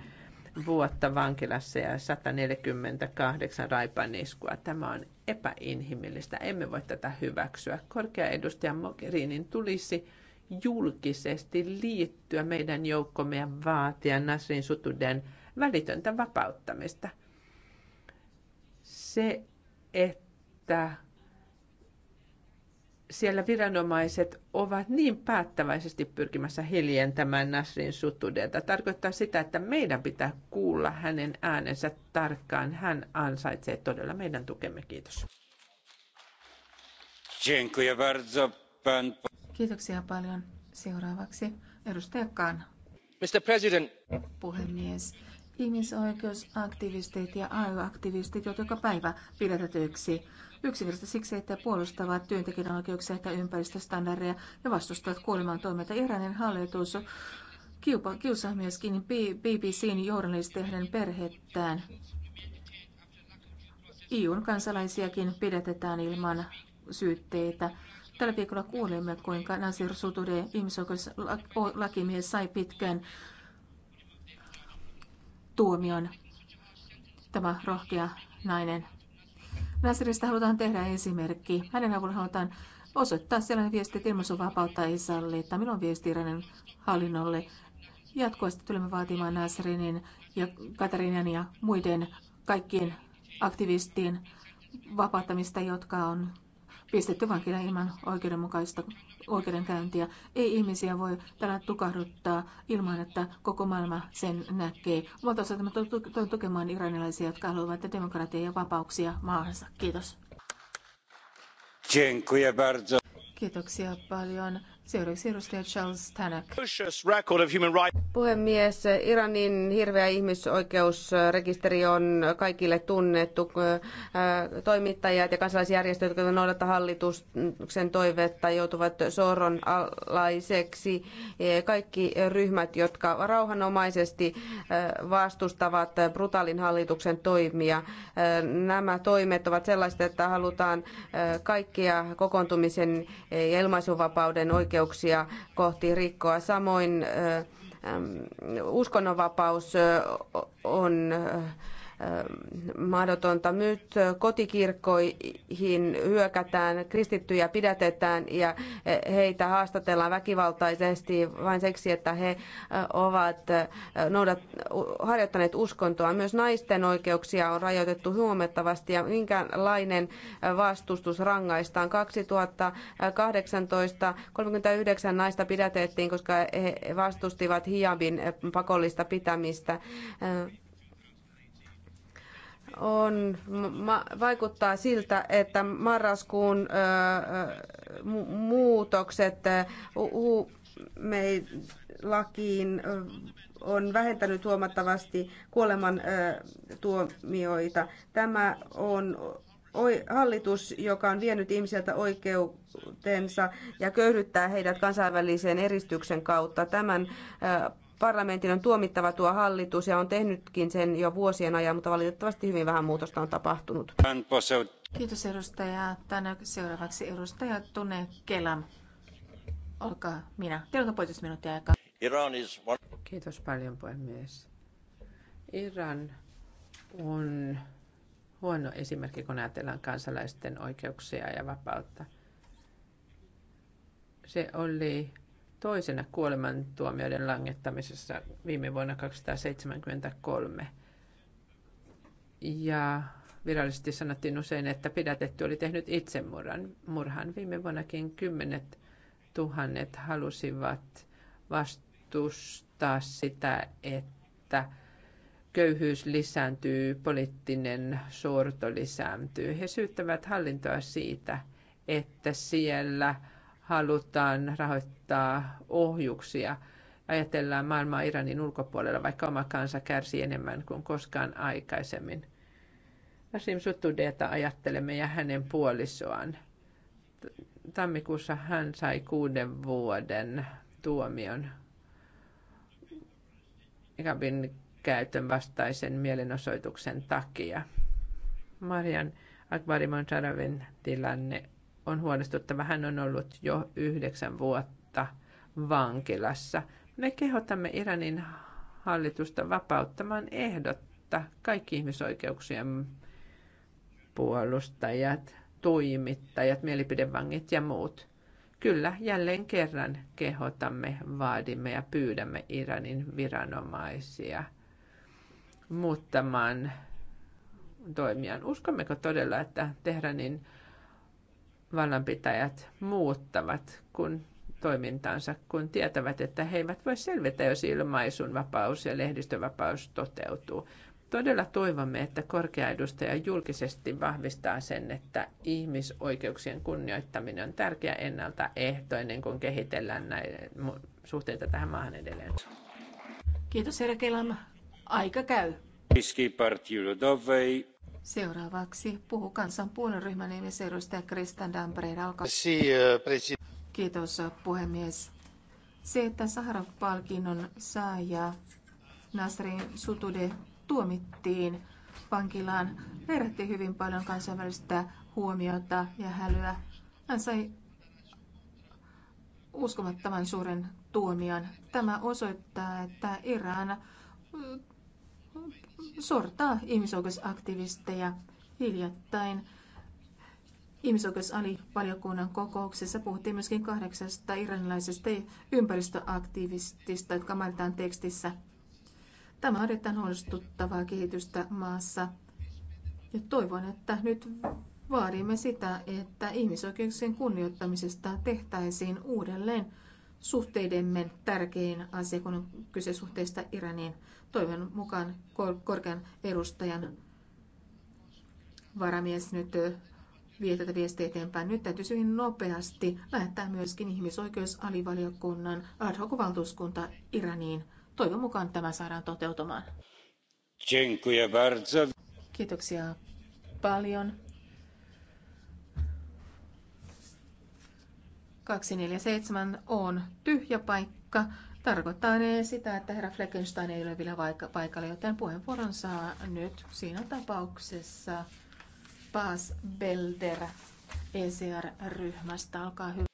vuotta vankilassa ja 148 raipan iskua. Tämä on epäinhimillistä. Emme voi tätä hyväksyä. Korkea edustaja Mogherinin tulisi julkisesti liittyä meidän joukkomme ja vaatia Nasrin Sutuden välitöntä vapauttamista. Se, että että siellä viranomaiset ovat niin päättäväisesti pyrkimässä hiljentämään Nasrin sutudelta. Tarkoittaa sitä, että meidän pitää kuulla hänen äänensä tarkkaan. Hän ansaitsee todella meidän tukemme. Kiitos. Kiitoksia paljon. Seuraavaksi edustaja Kan. Mr. President. Puhemies, ihmisoikeusaktivistit ja AY-aktivistit joutuvat joka päivä pidätetyiksi. Yksinkertaisesti siksi, että puolustavat työntekijän oikeuksia ja ympäristöstandardeja ja vastustavat kuolemaan toimintaa. Iranin hallitus kiupa, kiusaa myöskin BBCn journalistien perhettään. EUn kansalaisiakin pidätetään ilman syytteitä. Tällä viikolla kuulimme, kuinka Nasir Sutude, ihmisoikeuslakimies, sai pitkän tuomion tämä rohkea nainen. Nasirista halutaan tehdä esimerkki. Hänen avulla halutaan osoittaa sellainen viesti, että vapautta ei että Minun viesti Iranin hallinnolle. Jatkuvasti tulemme vaatimaan Nasrinin ja Katarinan ja muiden kaikkien aktivistien vapauttamista, jotka on pistetty vankila ilman oikeudenmukaista oikeudenkäyntiä. Ei ihmisiä voi tällä tukahduttaa ilman, että koko maailma sen näkee. Mutta osaltamme tulen tukemaan iranilaisia, jotka haluavat demokratiaa ja vapauksia maahansa. Kiitos. Kiitoksia paljon. Seuraavaksi edustaja Charles Tanak. Puhemies, Iranin hirveä ihmisoikeusrekisteri on kaikille tunnettu. Äh, toimittajat ja kansalaisjärjestöt, jotka noudattavat hallituksen toivetta, joutuvat soron alaiseksi. Äh, kaikki ryhmät, jotka rauhanomaisesti äh, vastustavat brutaalin hallituksen toimia. Nämä toimet ovat sellaiset, että halutaan kaikkia kokoontumisen ja ilmaisuvapauden oikeuksia ihmisoikeuksia kohti rikkoa. Samoin uskonnonvapaus on mahdotonta. Nyt kotikirkkoihin hyökätään, kristittyjä pidätetään ja heitä haastatellaan väkivaltaisesti vain seksi, että he ovat noudat, harjoittaneet uskontoa. Myös naisten oikeuksia on rajoitettu huomattavasti ja minkälainen vastustus rangaistaan. 2018 39 naista pidätettiin, koska he vastustivat hijabin pakollista pitämistä on, ma, vaikuttaa siltä, että marraskuun ö, mu, muutokset huumelakiin on vähentänyt huomattavasti kuoleman ö, tuomioita. Tämä on hallitus, joka on vienyt ihmisiltä oikeutensa ja köyhdyttää heidät kansainvälisen eristyksen kautta. Tämän ö, parlamentin on tuomittava tuo hallitus ja on tehnytkin sen jo vuosien ajan, mutta valitettavasti hyvin vähän muutosta on tapahtunut. Kiitos edustaja tänä Seuraavaksi edustaja Tune Kelam. Olkaa minä. Teillä on minuuttia aikaa. Kiitos paljon puhemies. Iran on huono esimerkki, kun ajatellaan kansalaisten oikeuksia ja vapautta. Se oli toisena kuolemantuomioiden langettamisessa viime vuonna 273. Ja virallisesti sanottiin usein, että pidätetty oli tehnyt itsemurhan. Murhan viime vuonnakin kymmenet tuhannet halusivat vastustaa sitä, että köyhyys lisääntyy, poliittinen sorto lisääntyy. He syyttävät hallintoa siitä, että siellä – halutaan rahoittaa ohjuksia. Ajatellaan maailmaa Iranin ulkopuolella, vaikka oma kansa kärsii enemmän kuin koskaan aikaisemmin. Asim Sutudeta ajattelemme ja hänen puolisoaan. Tammikuussa hän sai kuuden vuoden tuomion Gabin käytön vastaisen mielenosoituksen takia. Marian Akbarimon Saravin tilanne on huolestuttava. Hän on ollut jo yhdeksän vuotta vankilassa. Me kehotamme Iranin hallitusta vapauttamaan ehdotta kaikki ihmisoikeuksien puolustajat, toimittajat, mielipidevangit ja muut. Kyllä, jälleen kerran kehotamme, vaadimme ja pyydämme Iranin viranomaisia muuttamaan toimiaan. Uskommeko todella, että Tehranin vallanpitäjät muuttavat kun toimintaansa, kun tietävät, että he eivät voi selvitä, jos ilmaisun vapaus ja lehdistövapaus toteutuu. Todella toivomme, että korkea edustaja julkisesti vahvistaa sen, että ihmisoikeuksien kunnioittaminen on tärkeä ennen kun kehitellään näitä suhteita tähän maahan edelleen. Kiitos, herra Aika käy. Seuraavaksi puhuu kansan ryhmän nimessä edustaja Kristan Dambreen alkaa. Eh, Kiitos puhemies. Se, että Saharov-palkinnon saaja Nasrin Sutude tuomittiin vankilaan, herätti hyvin paljon kansainvälistä huomiota ja hälyä. Hän sai uskomattoman suuren tuomion. Tämä osoittaa, että Iran sortaa ihmisoikeusaktivisteja hiljattain. Ihmisoikeusalivaliokunnan kokouksessa puhuttiin myöskin kahdeksasta iranilaisesta ympäristöaktivistista, jotka mainitaan tekstissä. Tämä on erittäin huolestuttavaa kehitystä maassa. Ja toivon, että nyt vaadimme sitä, että ihmisoikeuksien kunnioittamisesta tehtäisiin uudelleen suhteidemme tärkein asia, kun on kyse suhteista Iraniin. Toivon mukaan korkean edustajan varamies nyt vie tätä viestiä eteenpäin. Nyt täytyy hyvin nopeasti lähettää myöskin ihmisoikeusalivaliokunnan ad hoc valtuuskunta Iraniin. Toivon mukaan tämä saadaan toteutumaan. Kiitoksia paljon. 247 on tyhjä paikka. Tarkoittaa sitä, että herra Fleckenstein ei ole vielä paikalla, joten puheenvuoron saa nyt siinä tapauksessa Paas Belder ECR-ryhmästä. Olkaa hyvä.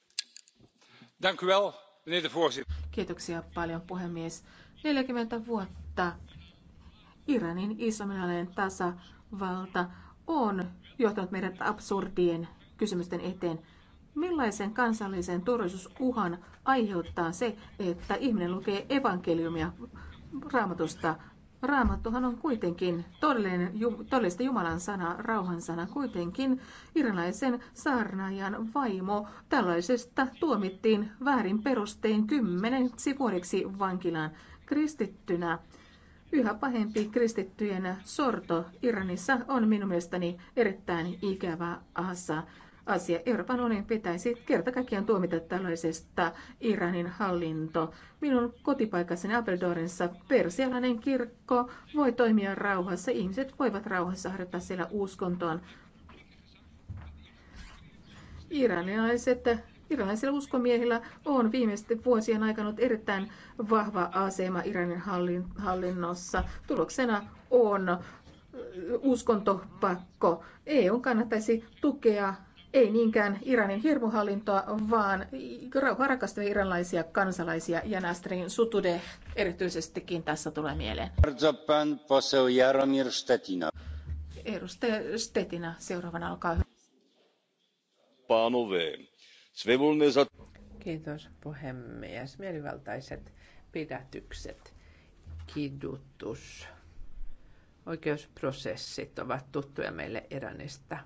Dank u wel, meneer de voorzitter. Kiitoksia paljon puhemies. 40 vuotta Iranin islamilainen tasavalta on johtanut meidät absurdien kysymysten eteen. Millaisen kansallisen turvallisuusuhan aiheuttaa se, että ihminen lukee evankeliumia raamatusta? Raamattuhan on kuitenkin todellinen, todellista Jumalan sana, rauhan sana. Kuitenkin iranilaisen saarnaajan vaimo tällaisesta tuomittiin väärin perustein kymmeneksi vuodeksi vankilaan kristittynä. Yhä pahempi kristittyjen sorto Iranissa on minun mielestäni erittäin ikävä asia asia. Euroopan unionin pitäisi kerta kaikkiaan tuomita tällaisesta Iranin hallinto. Minun kotipaikassani Apeldorinsa persialainen kirkko voi toimia rauhassa. Ihmiset voivat rauhassa harjoittaa siellä uskontoon. Iranilaiset Iranilaisilla uskomiehillä on viimeisten vuosien aikana ollut erittäin vahva asema Iranin hallinnossa. Tuloksena on uskontopakko. EU kannattaisi tukea ei niinkään Iranin hirmuhallintoa, vaan rauhaa rakastavia iranlaisia kansalaisia ja Nastrin Sutude erityisestikin tässä tulee mieleen. Edustaja Stetina, seuraavana olkaa hyvä. Kiitos puhemies. Mielivaltaiset pidätykset, kidutus, oikeusprosessit ovat tuttuja meille Iranista –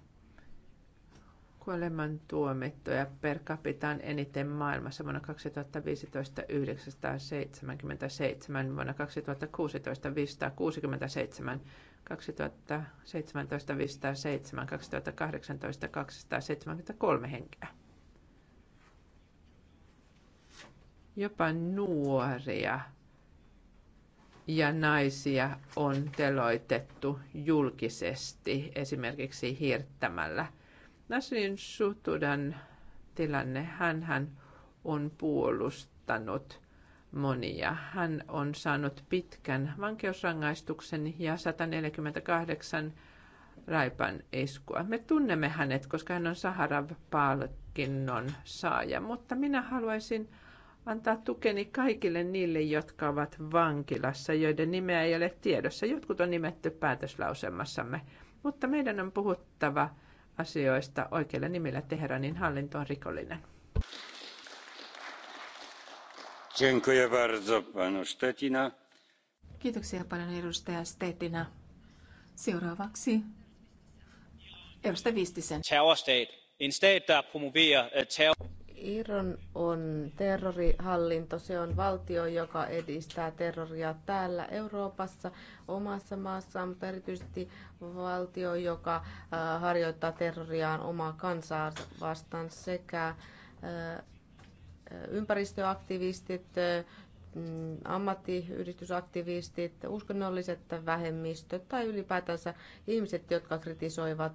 kuolemantuomittuja per capita on eniten maailmassa vuonna 2015 977, vuonna 2016 567, 2017 507, 2018 273 henkeä. Jopa nuoria ja naisia on teloitettu julkisesti esimerkiksi hirttämällä – Nasrin Sutudan tilanne, hän on puolustanut monia. Hän on saanut pitkän vankeusrangaistuksen ja 148 raipan iskua. Me tunnemme hänet, koska hän on Saharav-palkinnon saaja, mutta minä haluaisin antaa tukeni kaikille niille, jotka ovat vankilassa, joiden nimeä ei ole tiedossa. Jotkut on nimetty päätöslausemassamme, mutta meidän on puhuttava – asioista oikeilla nimillä Teheranin hallinto on rikollinen. Kiitoksia paljon edustaja Stetina. Seuraavaksi edustaja Vistisen. Terrorstat. En stat, der promoverer øh, terror Iran on terrorihallinto, se on valtio, joka edistää terroria täällä Euroopassa, omassa maassaan, mutta erityisesti valtio, joka äh, harjoittaa terroriaan omaa kansaa vastaan sekä äh, äh, ympäristöaktivistit, Mm, ammattiyhdistysaktivistit, uskonnolliset vähemmistöt tai ylipäätänsä ihmiset, jotka kritisoivat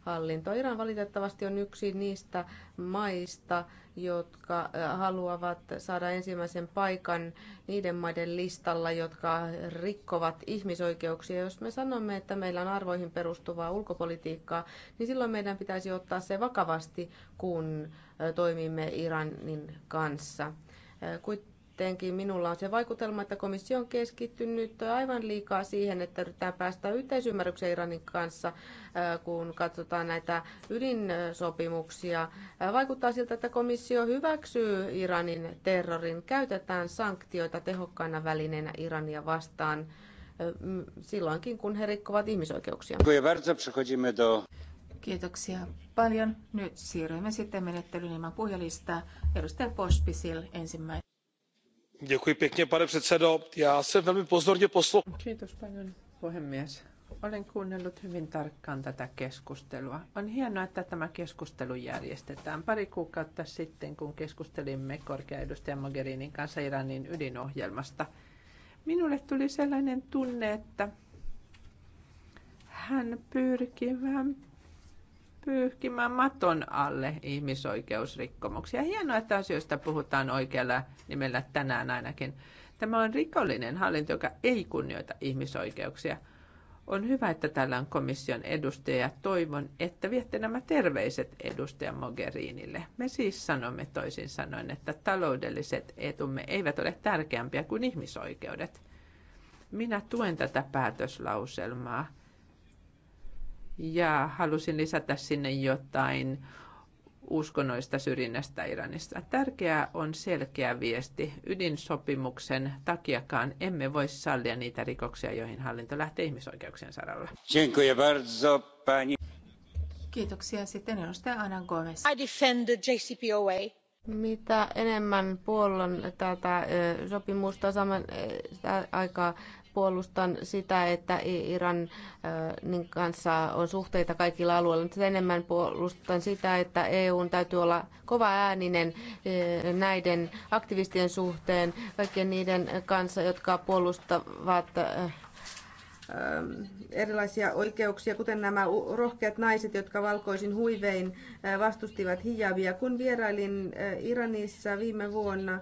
hallintoa. Iran valitettavasti on yksi niistä maista, jotka äh, haluavat saada ensimmäisen paikan niiden maiden listalla, jotka rikkovat ihmisoikeuksia. Jos me sanomme, että meillä on arvoihin perustuvaa ulkopolitiikkaa, niin silloin meidän pitäisi ottaa se vakavasti, kun äh, toimimme Iranin kanssa äh, Kuitenkin minulla on se vaikutelma, että komissio on keskittynyt aivan liikaa siihen, että yritetään päästä yhteisymmärrykseen Iranin kanssa, kun katsotaan näitä ydinsopimuksia. Vaikuttaa siltä, että komissio hyväksyy Iranin terrorin, käytetään sanktioita tehokkaana välineenä Irania vastaan silloinkin, kun he rikkovat ihmisoikeuksia. Kiitoksia paljon. Nyt siirrymme sitten menettelyyn ilman puhujalistaa. Edustaja Pospisil ensimmäinen pane předsedající já jsem velmi pozorně poslouchal. On hienoa, että tämä keskustelu järjestetään. Pari kuukautta sitten, kun keskustelimme korkea edustaja Mogherinin kanssa Iranin ydinohjelmasta, minulle tuli sellainen tunne, että hän pyrki vähän pyyhkimään maton alle ihmisoikeusrikkomuksia. Hienoa, että asioista puhutaan oikealla nimellä tänään ainakin. Tämä on rikollinen hallinto, joka ei kunnioita ihmisoikeuksia. On hyvä, että täällä on komission edustaja ja toivon, että viette nämä terveiset edustaja Mogherinille. Me siis sanomme toisin sanoen, että taloudelliset etumme eivät ole tärkeämpiä kuin ihmisoikeudet. Minä tuen tätä päätöslauselmaa ja halusin lisätä sinne jotain uskonnoista syrjinnästä Iranissa. Tärkeää on selkeä viesti. Ydinsopimuksen takiakaan emme voi sallia niitä rikoksia, joihin hallinto lähtee ihmisoikeuksien saralla. Kiitoksia. Sitten edustaja Anna Gomez. I defend the JCPOA. Mitä enemmän puollon tätä sopimusta saman sitä aikaa puolustan sitä, että Iranin kanssa on suhteita kaikilla alueilla, mutta enemmän puolustan sitä, että EUn täytyy olla kova ääninen näiden aktivistien suhteen, kaikkien niiden kanssa, jotka puolustavat erilaisia oikeuksia, kuten nämä rohkeat naiset, jotka valkoisin huivein vastustivat hijavia, Kun vierailin Iranissa viime vuonna,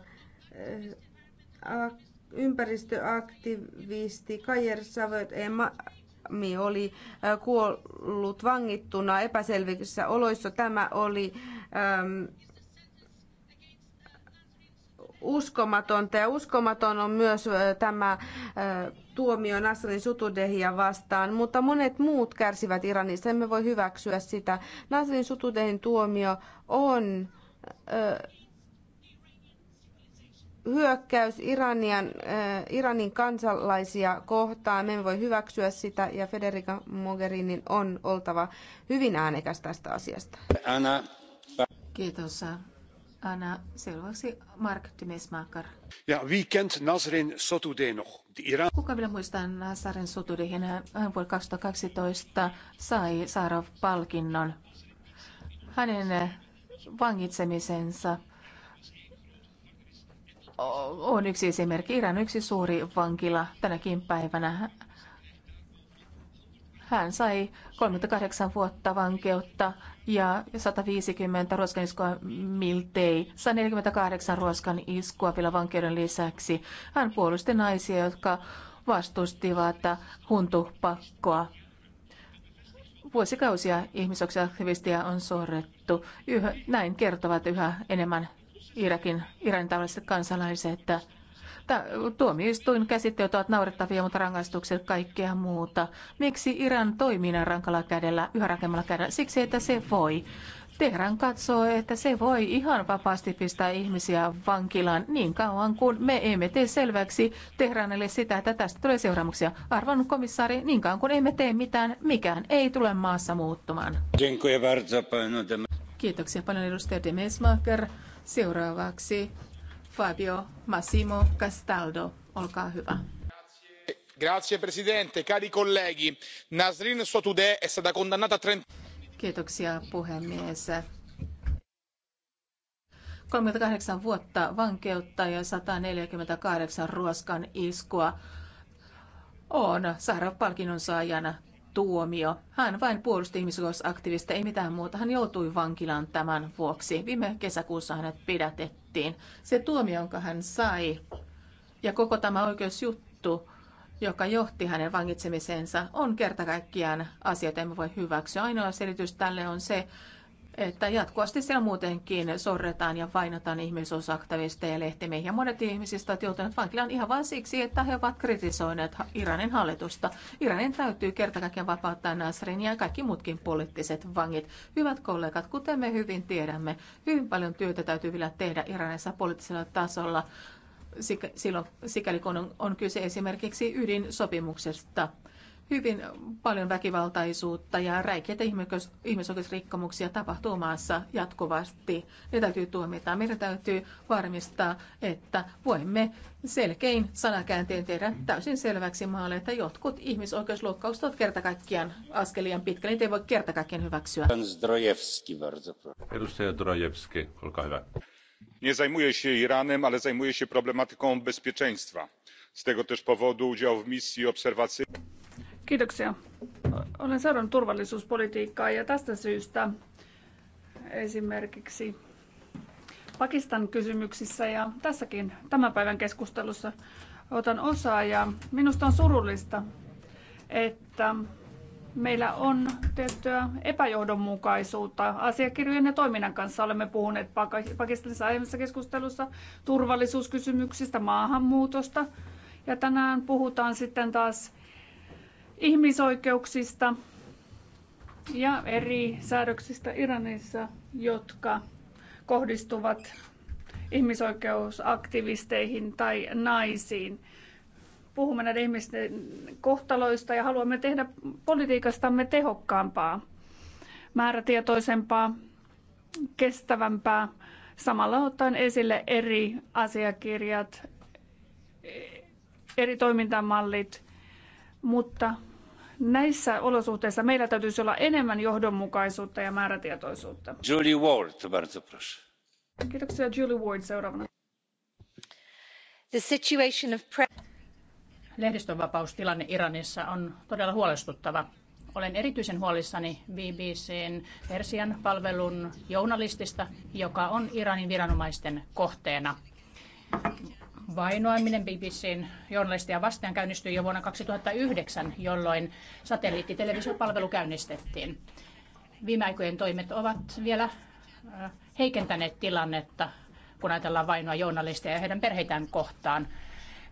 ympäristöaktivisti Kajer Savet Emami oli äh, kuollut vangittuna epäselvissä oloissa. Tämä oli ähm, uskomatonta ja uskomaton on myös äh, tämä äh, tuomio Nasrin Sutudehia vastaan, mutta monet muut kärsivät Iranissa. Emme voi hyväksyä sitä. Nasrin Sutudehin tuomio on äh, hyökkäys Iranian, äh, Iranin kansalaisia kohtaan. Me emme voi hyväksyä sitä ja Federica Mogherinin on oltava hyvin äänekäs tästä asiasta. Anna. Kiitos. Anna, seuraavaksi Mark Tymesmaker. Ja weekend Nasrin Sotudenoh. Iran... Kuka vielä muistaa Nasrin Sotudenohin? Hän vuonna 2012 sai Saarov-palkinnon. Hänen vangitsemisensa on yksi esimerkki. Iran yksi suuri vankila tänäkin päivänä. Hän sai 38 vuotta vankeutta ja 150 ruoskan iskua miltei, 148 ruoskan iskua vielä vankeuden lisäksi. Hän puolusti naisia, jotka vastustivat huntupakkoa. Vuosikausia ihmisoksiaktivistia on sorrettu. Yhä, näin kertovat yhä enemmän Irakin, Iranin tavalliset kansalaiset. Tuomioistuin käsitteet ovat naurettavia, mutta rangaistukset kaikkea muuta. Miksi Iran toimii näin rankalla kädellä, yhä rankemmalla kädellä? Siksi, että se voi. Tehran katsoo, että se voi ihan vapaasti pistää ihmisiä vankilaan niin kauan kuin me emme tee selväksi Tehranille sitä, että tästä tulee seuraamuksia. Arvon komissaari, niin kauan kuin emme tee mitään, mikään ei tule maassa muuttumaan. Kiitoksia paljon edustaja Demesmaker. Seuraavaksi Fabio Massimo Castaldo, olkaa hyvä signor presidente onorevoli colleghi nasrin sotoudeh è stata condannata a trenta. kiitoksia puhemies kolmekymmentäkahdeksan vuotta vankeutta ja sataneljäkymmentäkahdeksan ruoskan iskua on saharov palkinnon saajana tuomio. Hän vain puolusti ihmisoikeusaktivista, ei mitään muuta. Hän joutui vankilaan tämän vuoksi. Viime kesäkuussa hänet pidätettiin. Se tuomio, jonka hän sai, ja koko tämä oikeusjuttu, joka johti hänen vangitsemisensa, on kertakaikkiaan asioita, emme voi hyväksyä. Ainoa selitys tälle on se, että jatkuvasti siellä muutenkin sorretaan ja vainotaan ihmisosaaktivisteja ja lehtimiehiä. Monet ihmisistä ovat joutuneet vankilaan ihan vain siksi, että he ovat kritisoineet Iranin hallitusta. Iranin täytyy kerta vapauttaa Nasrin ja kaikki muutkin poliittiset vangit. Hyvät kollegat, kuten me hyvin tiedämme, hyvin paljon työtä täytyy vielä tehdä Iranissa poliittisella tasolla, sikäli kun on kyse esimerkiksi ydinsopimuksesta – hyvin paljon väkivaltaisuutta ja räikeitä ihmisoikeusrikkomuksia tapahtuu maassa jatkuvasti. Ne täytyy tuomita. Meidän täytyy varmistaa, että voimme selkein sanakääntein tehdä täysin selväksi maalle, että jotkut ihmisoikeusloukkaukset ovat kertakaikkiaan askelien pitkälle. Niitä ei voi kertakaikkiaan hyväksyä. Edustaja Drojewski, olkaa hyvä. Nie zajmuje się Iranem, ale zajmuje się problematyką bezpieczeństwa. Z tego też powodu udział w misji obserwacyjnej Kiitoksia. Olen seurannut turvallisuuspolitiikkaa ja tästä syystä esimerkiksi Pakistan kysymyksissä ja tässäkin tämän päivän keskustelussa otan osaa ja minusta on surullista, että meillä on tiettyä epäjohdonmukaisuutta asiakirjojen ja toiminnan kanssa. Olemme puhuneet Pakistanissa aiemmassa keskustelussa turvallisuuskysymyksistä, maahanmuutosta ja tänään puhutaan sitten taas ihmisoikeuksista ja eri säädöksistä Iranissa, jotka kohdistuvat ihmisoikeusaktivisteihin tai naisiin. Puhumme näiden ihmisten kohtaloista ja haluamme tehdä politiikastamme tehokkaampaa, määrätietoisempaa, kestävämpää, samalla ottaen esille eri asiakirjat, eri toimintamallit mutta näissä olosuhteissa meillä täytyisi olla enemmän johdonmukaisuutta ja määrätietoisuutta. Julie Ward, bardzo proszę. Kiitoksia Julie Ward seuraavana. The situation of Lehdistönvapaustilanne Iranissa on todella huolestuttava. Olen erityisen huolissani BBCn Persian palvelun journalistista, joka on Iranin viranomaisten kohteena vainoaminen BBCn journalistia vastaan käynnistyi jo vuonna 2009, jolloin satelliittitelevisiopalvelu käynnistettiin. Viime aikojen toimet ovat vielä äh, heikentäneet tilannetta, kun ajatellaan vainoa journalisteja ja heidän perheitään kohtaan.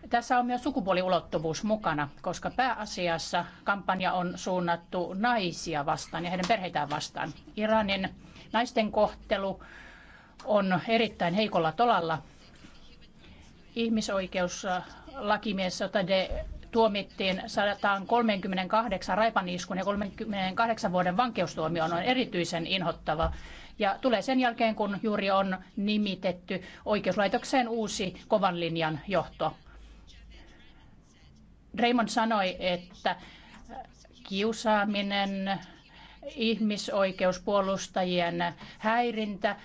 Tässä on myös sukupuoliulottuvuus mukana, koska pääasiassa kampanja on suunnattu naisia vastaan ja heidän perheitään vastaan. Iranin naisten kohtelu on erittäin heikolla tolalla ihmisoikeuslakimies de tuomittiin 138 raipaniskun ja 38 vuoden vankeustuomioon on erityisen inhottava. Ja tulee sen jälkeen, kun juuri on nimitetty oikeuslaitokseen uusi kovan linjan johto. Raymond sanoi, että kiusaaminen, ihmisoikeuspuolustajien häirintä, äh,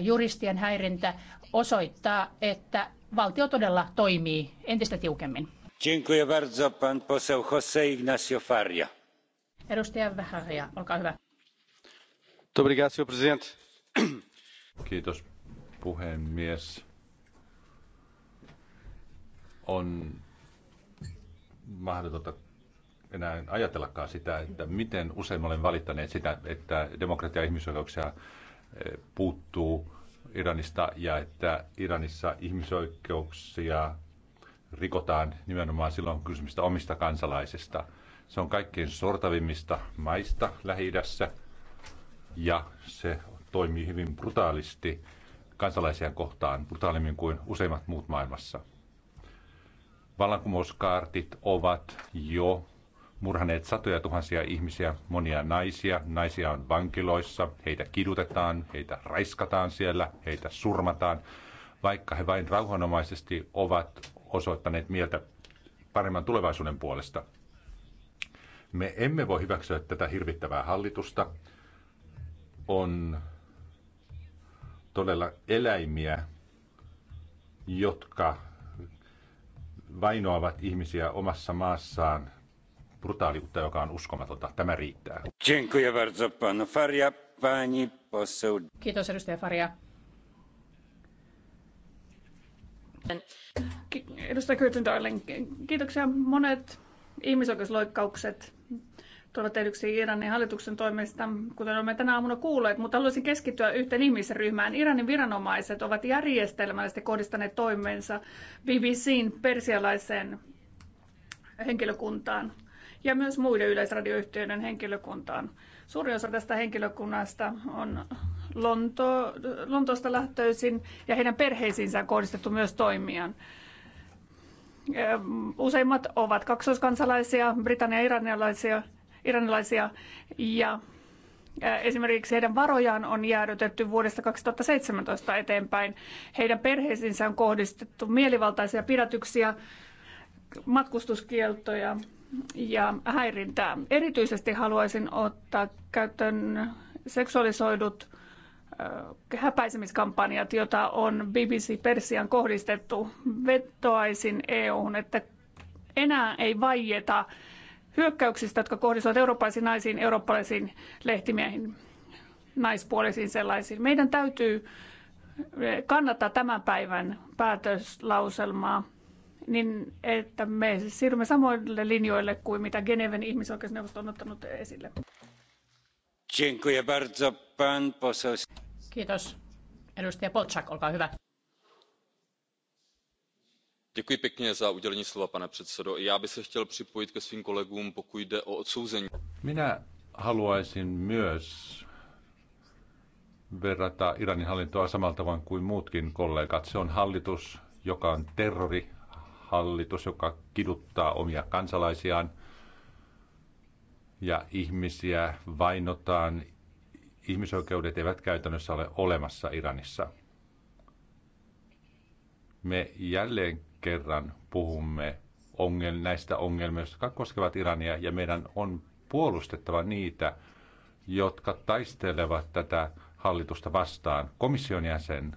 juristien häirintä osoittaa, että valtio todella toimii entistä tiukemmin. Dziękuję bardzo, pan poseł Ignacio Faria. Edustaja Vähäriä, olkaa hyvä. Obrigado, president. Kiitos, puhemies. On mahdotonta enää ajatellakaan sitä, että miten usein olen valittaneet sitä, että demokratia ja ihmisoikeuksia eh, puuttuu Iranista ja että Iranissa ihmisoikeuksia rikotaan nimenomaan silloin, kun kysymistä omista kansalaisista. Se on kaikkein sortavimmista maista lähi ja se toimii hyvin brutaalisti kansalaisia kohtaan, brutaalimmin kuin useimmat muut maailmassa. Vallankumouskaartit ovat jo murhaneet satoja tuhansia ihmisiä, monia naisia. Naisia on vankiloissa, heitä kidutetaan, heitä raiskataan siellä, heitä surmataan, vaikka he vain rauhanomaisesti ovat osoittaneet mieltä paremman tulevaisuuden puolesta. Me emme voi hyväksyä tätä hirvittävää hallitusta. On todella eläimiä, jotka vainoavat ihmisiä omassa maassaan brutaaliutta, joka on uskomatonta. Tämä riittää. Kiitos edustaja Faria. edustaja Kyrtsintoilen, kiitoksia. Monet ihmisoikeusloikkaukset tuolla tehdyksi Iranin hallituksen toimesta, kuten olemme tänä aamuna kuulleet, mutta haluaisin keskittyä yhteen ihmisryhmään. Iranin viranomaiset ovat järjestelmällisesti kohdistaneet toimensa BBCn persialaiseen henkilökuntaan ja myös muiden yleisradioyhtiöiden henkilökuntaan. Suuri osa tästä henkilökunnasta on Lonto, Lontoosta lähtöisin ja heidän perheisiinsä on kohdistettu myös toimiaan. Useimmat ovat kaksoiskansalaisia, britannia iranilaisia, iranilaisia ja Esimerkiksi heidän varojaan on jäädytetty vuodesta 2017 eteenpäin. Heidän perheisiinsä on kohdistettu mielivaltaisia pidätyksiä, matkustuskieltoja ja häirintää. Erityisesti haluaisin ottaa käyttöön seksuaalisoidut häpäisemiskampanjat, jota on BBC Persian kohdistettu. Vetoaisin EUhun, että enää ei vaieta hyökkäyksistä, jotka kohdistuvat eurooppalaisiin naisiin, eurooppalaisiin lehtimiehiin, naispuolisiin sellaisiin. Meidän täytyy kannattaa tämän päivän päätöslauselmaa niin että me siirrymme samoille linjoille kuin mitä Geneven ihmisoikeusneuvosto on ottanut esille. Kiitos. Edustaja Polczak, olkaa hyvä. Děkuji pěkně za udělení slova, pane předsedo. Já bych se chtěl připojit ke svým kolegům, pokud jde o odsouzení. Minä haluaisin myös verrata Iranin hallintoa samalla tavoin kuin muutkin kollegat. Se on hallitus, joka on terrori hallitus, joka kiduttaa omia kansalaisiaan ja ihmisiä vainotaan. Ihmisoikeudet eivät käytännössä ole olemassa Iranissa. Me jälleen kerran puhumme ongel- näistä ongelmista, jotka koskevat Irania, ja meidän on puolustettava niitä, jotka taistelevat tätä hallitusta vastaan. Komission jäsen,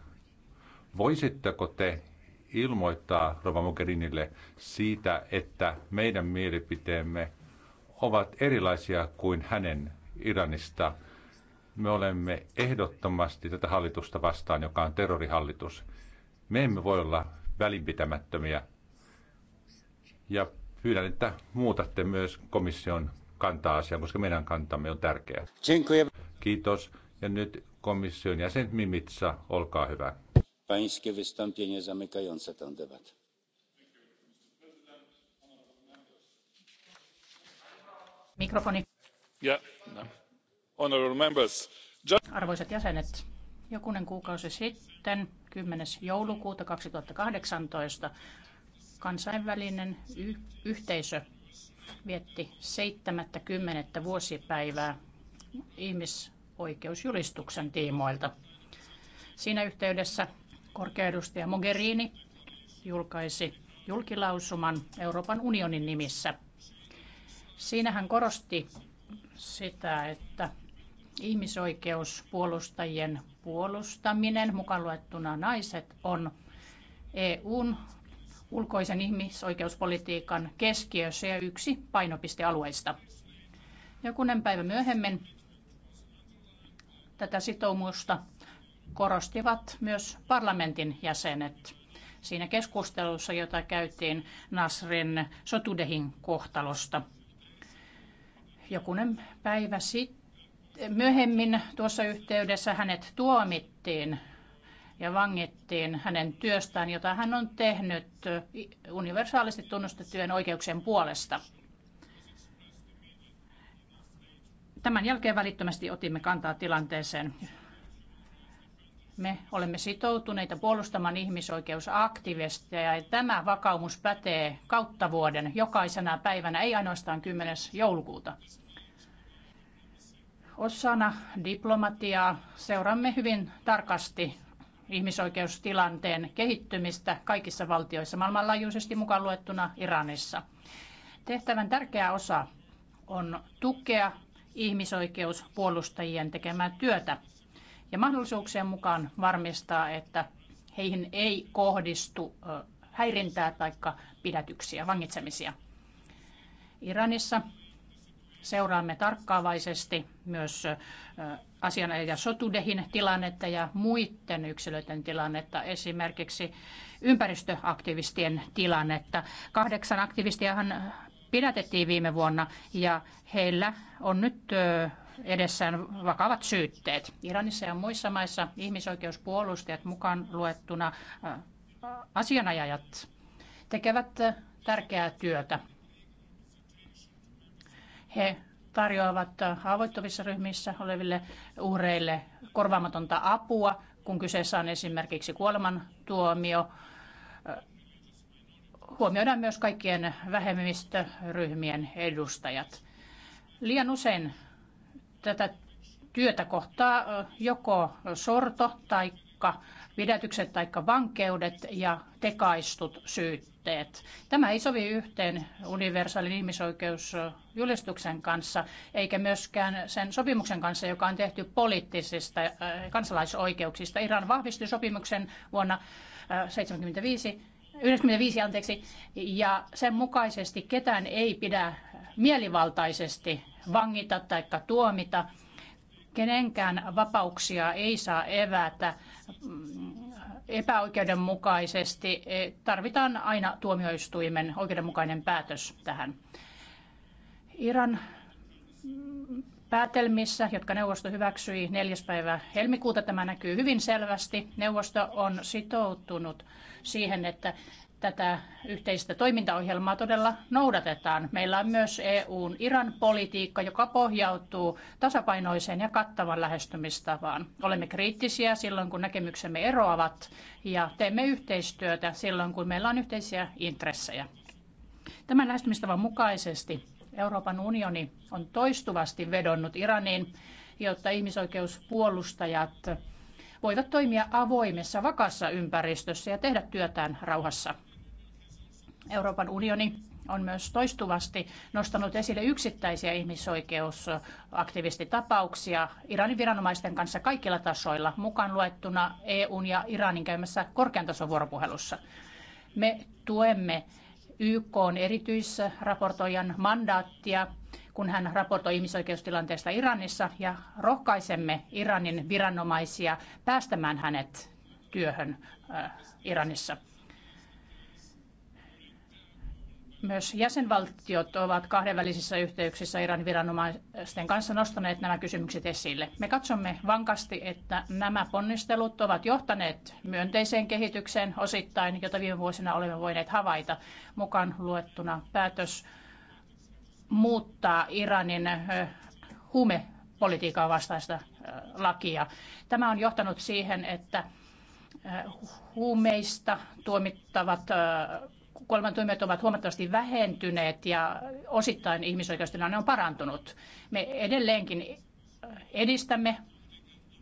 voisitteko te ilmoittaa Rova Mogherinille siitä, että meidän mielipiteemme ovat erilaisia kuin hänen Iranista. Me olemme ehdottomasti tätä hallitusta vastaan, joka on terrorihallitus. Me emme voi olla välinpitämättömiä. Ja pyydän, että muutatte myös komission kantaa asiaan, koska meidän kantamme on tärkeä. Kiitos. Ja nyt komission jäsen Mimitsa, olkaa hyvä pańskie wystąpienie zamykające tę debatę. No. arvoisat jäsenet jokunen kuukausi sitten kymmenes joulukuuta kaksituhatta kahdeksantoista kansainvälinen yhteisö vietti seitsemättäkymmenettä vuosipäivää ihmisoikeusjulistuksen tiimoilta. siinä yhteydessä korkea edustaja Mogherini julkaisi julkilausuman Euroopan unionin nimissä. Siinä hän korosti sitä, että ihmisoikeuspuolustajien puolustaminen, mukaan luettuna naiset, on EUn ulkoisen ihmisoikeuspolitiikan keskiössä ja yksi painopistealueista. Jokunen päivä myöhemmin tätä sitoumusta korostivat myös parlamentin jäsenet siinä keskustelussa, jota käytiin Nasrin Sotudehin kohtalosta. Jokunen päivä sitten myöhemmin tuossa yhteydessä hänet tuomittiin ja vangittiin hänen työstään, jota hän on tehnyt universaalisti tunnustettujen oikeuksien puolesta. Tämän jälkeen välittömästi otimme kantaa tilanteeseen me olemme sitoutuneita puolustamaan ihmisoikeusaktivisteja ja tämä vakaumus pätee kautta vuoden jokaisena päivänä, ei ainoastaan 10. joulukuuta. Osana diplomatiaa seuraamme hyvin tarkasti ihmisoikeustilanteen kehittymistä kaikissa valtioissa maailmanlaajuisesti mukaan luettuna Iranissa. Tehtävän tärkeä osa on tukea ihmisoikeuspuolustajien tekemää työtä ja mahdollisuuksien mukaan varmistaa, että heihin ei kohdistu häirintää tai pidätyksiä, vangitsemisia. Iranissa seuraamme tarkkaavaisesti myös asianajaja Sotudehin tilannetta ja muiden yksilöiden tilannetta, esimerkiksi ympäristöaktivistien tilannetta. Kahdeksan aktivistiahan pidätettiin viime vuonna ja heillä on nyt edessään vakavat syytteet. Iranissa ja muissa maissa ihmisoikeuspuolustajat mukaan luettuna äh, asianajajat tekevät äh, tärkeää työtä. He tarjoavat äh, haavoittuvissa ryhmissä oleville uhreille korvaamatonta apua, kun kyseessä on esimerkiksi kuolemantuomio. Huomioidaan myös kaikkien vähemmistöryhmien edustajat. Liian usein tätä työtä kohtaa joko sorto tai pidätykset tai vankeudet ja tekaistut syytteet. Tämä ei sovi yhteen universaalin ihmisoikeusjulistuksen kanssa, eikä myöskään sen sopimuksen kanssa, joka on tehty poliittisista kansalaisoikeuksista. Iran vahvisti sopimuksen vuonna 1975 95 anteeksi, ja sen mukaisesti ketään ei pidä mielivaltaisesti vangita tai tuomita. Kenenkään vapauksia ei saa evätä epäoikeudenmukaisesti. Tarvitaan aina tuomioistuimen oikeudenmukainen päätös tähän. Iran päätelmissä, jotka neuvosto hyväksyi 4. päivä helmikuuta. Tämä näkyy hyvin selvästi. Neuvosto on sitoutunut siihen, että tätä yhteistä toimintaohjelmaa todella noudatetaan. Meillä on myös EUn Iran politiikka, joka pohjautuu tasapainoiseen ja kattavan lähestymistavaan. Olemme kriittisiä silloin, kun näkemyksemme eroavat ja teemme yhteistyötä silloin, kun meillä on yhteisiä intressejä. Tämän lähestymistavan mukaisesti Euroopan unioni on toistuvasti vedonnut Iraniin, jotta ihmisoikeuspuolustajat voivat toimia avoimessa, vakassa ympäristössä ja tehdä työtään rauhassa. Euroopan unioni on myös toistuvasti nostanut esille yksittäisiä ihmisoikeusaktivistitapauksia Iranin viranomaisten kanssa kaikilla tasoilla, mukaan luettuna EUn ja Iranin käymässä korkean tason vuoropuhelussa. Me tuemme YK on erityisraportoijan mandaattia, kun hän raportoi ihmisoikeustilanteesta Iranissa ja rohkaisemme Iranin viranomaisia päästämään hänet työhön äh, Iranissa. Myös jäsenvaltiot ovat kahdenvälisissä yhteyksissä Iranin viranomaisten kanssa nostaneet nämä kysymykset esille. Me katsomme vankasti, että nämä ponnistelut ovat johtaneet myönteiseen kehitykseen osittain, jota viime vuosina olemme voineet havaita, mukaan luettuna päätös muuttaa Iranin huumepolitiikan vastaista lakia. Tämä on johtanut siihen, että huumeista tuomittavat kuolemantuomiot ovat huomattavasti vähentyneet ja osittain ihmisoikeustilanne on parantunut. Me edelleenkin edistämme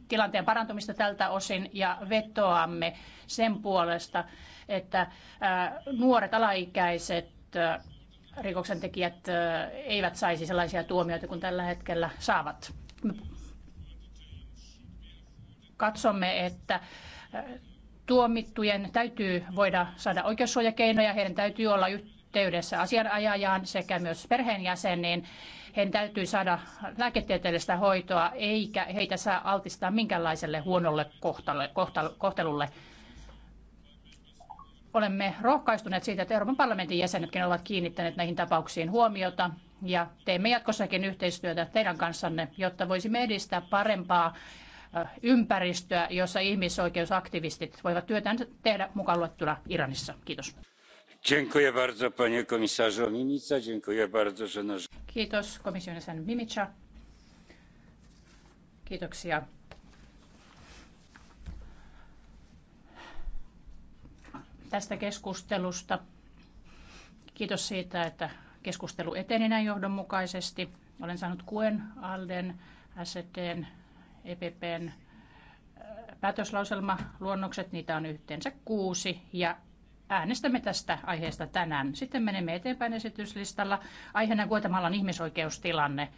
tilanteen parantumista tältä osin ja vetoamme sen puolesta, että nuoret alaikäiset rikoksentekijät eivät saisi sellaisia tuomioita kuin tällä hetkellä saavat. Katsomme, että Tuomittujen täytyy voida saada oikeussuojakeinoja, heidän täytyy olla yhteydessä asianajajaan sekä myös perheenjäseniin. Heidän täytyy saada lääketieteellistä hoitoa, eikä heitä saa altistaa minkäänlaiselle huonolle kohtelulle olemme rohkaistuneet siitä, että Euroopan parlamentin jäsenetkin ovat kiinnittäneet näihin tapauksiin huomiota ja teemme jatkossakin yhteistyötä teidän kanssanne, jotta voisimme edistää parempaa ympäristöä, jossa ihmisoikeusaktivistit voivat työtään tehdä mukaan luettuna Iranissa. Kiitos. Kiitos komission jäsen Mimica. Kiitoksia. tästä keskustelusta. Kiitos siitä, että keskustelu eteni näin johdonmukaisesti. Olen saanut Kuen, Alden, SDn EPPn äh, päätöslauselma luonnokset, niitä on yhteensä kuusi ja äänestämme tästä aiheesta tänään. Sitten menemme eteenpäin esityslistalla. Aiheena Guatemalan ihmisoikeustilanne.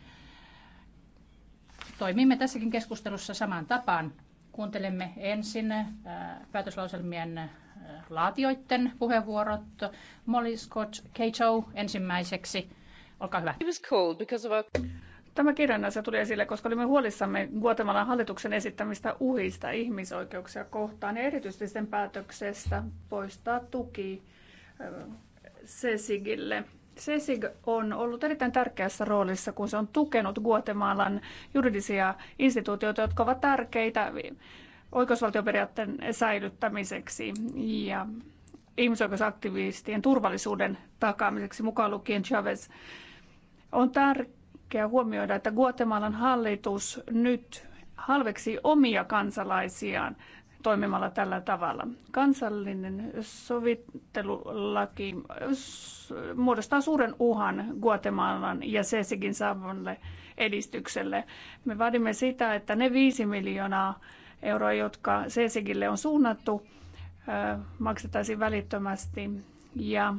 Toimimme tässäkin keskustelussa samaan tapaan. Kuuntelemme ensin äh, päätöslauselmien äh, laatioiden puheenvuorot. Molly Scott Cato ensimmäiseksi. Olkaa hyvä. It was cold because of our... Tämä kirjan asia tuli esille, koska olimme huolissamme Guatemalan hallituksen esittämistä uhista ihmisoikeuksia kohtaan ja erityisesti sen päätöksestä poistaa tuki Sesigille. Sesig on ollut erittäin tärkeässä roolissa, kun se on tukenut Guatemalan juridisia instituutioita, jotka ovat tärkeitä oikeusvaltioperiaatteen säilyttämiseksi ja ihmisoikeusaktivistien turvallisuuden takaamiseksi, mukaan lukien Chavez. On tärkeää, tärkeää huomioida, että Guatemalan hallitus nyt halveksi omia kansalaisiaan toimimalla tällä tavalla. Kansallinen sovittelulaki muodostaa suuren uhan Guatemalan ja Sesikin saavalle edistykselle. Me vaadimme sitä, että ne viisi miljoonaa euroa, jotka Sesikille on suunnattu, maksettaisiin välittömästi. Ja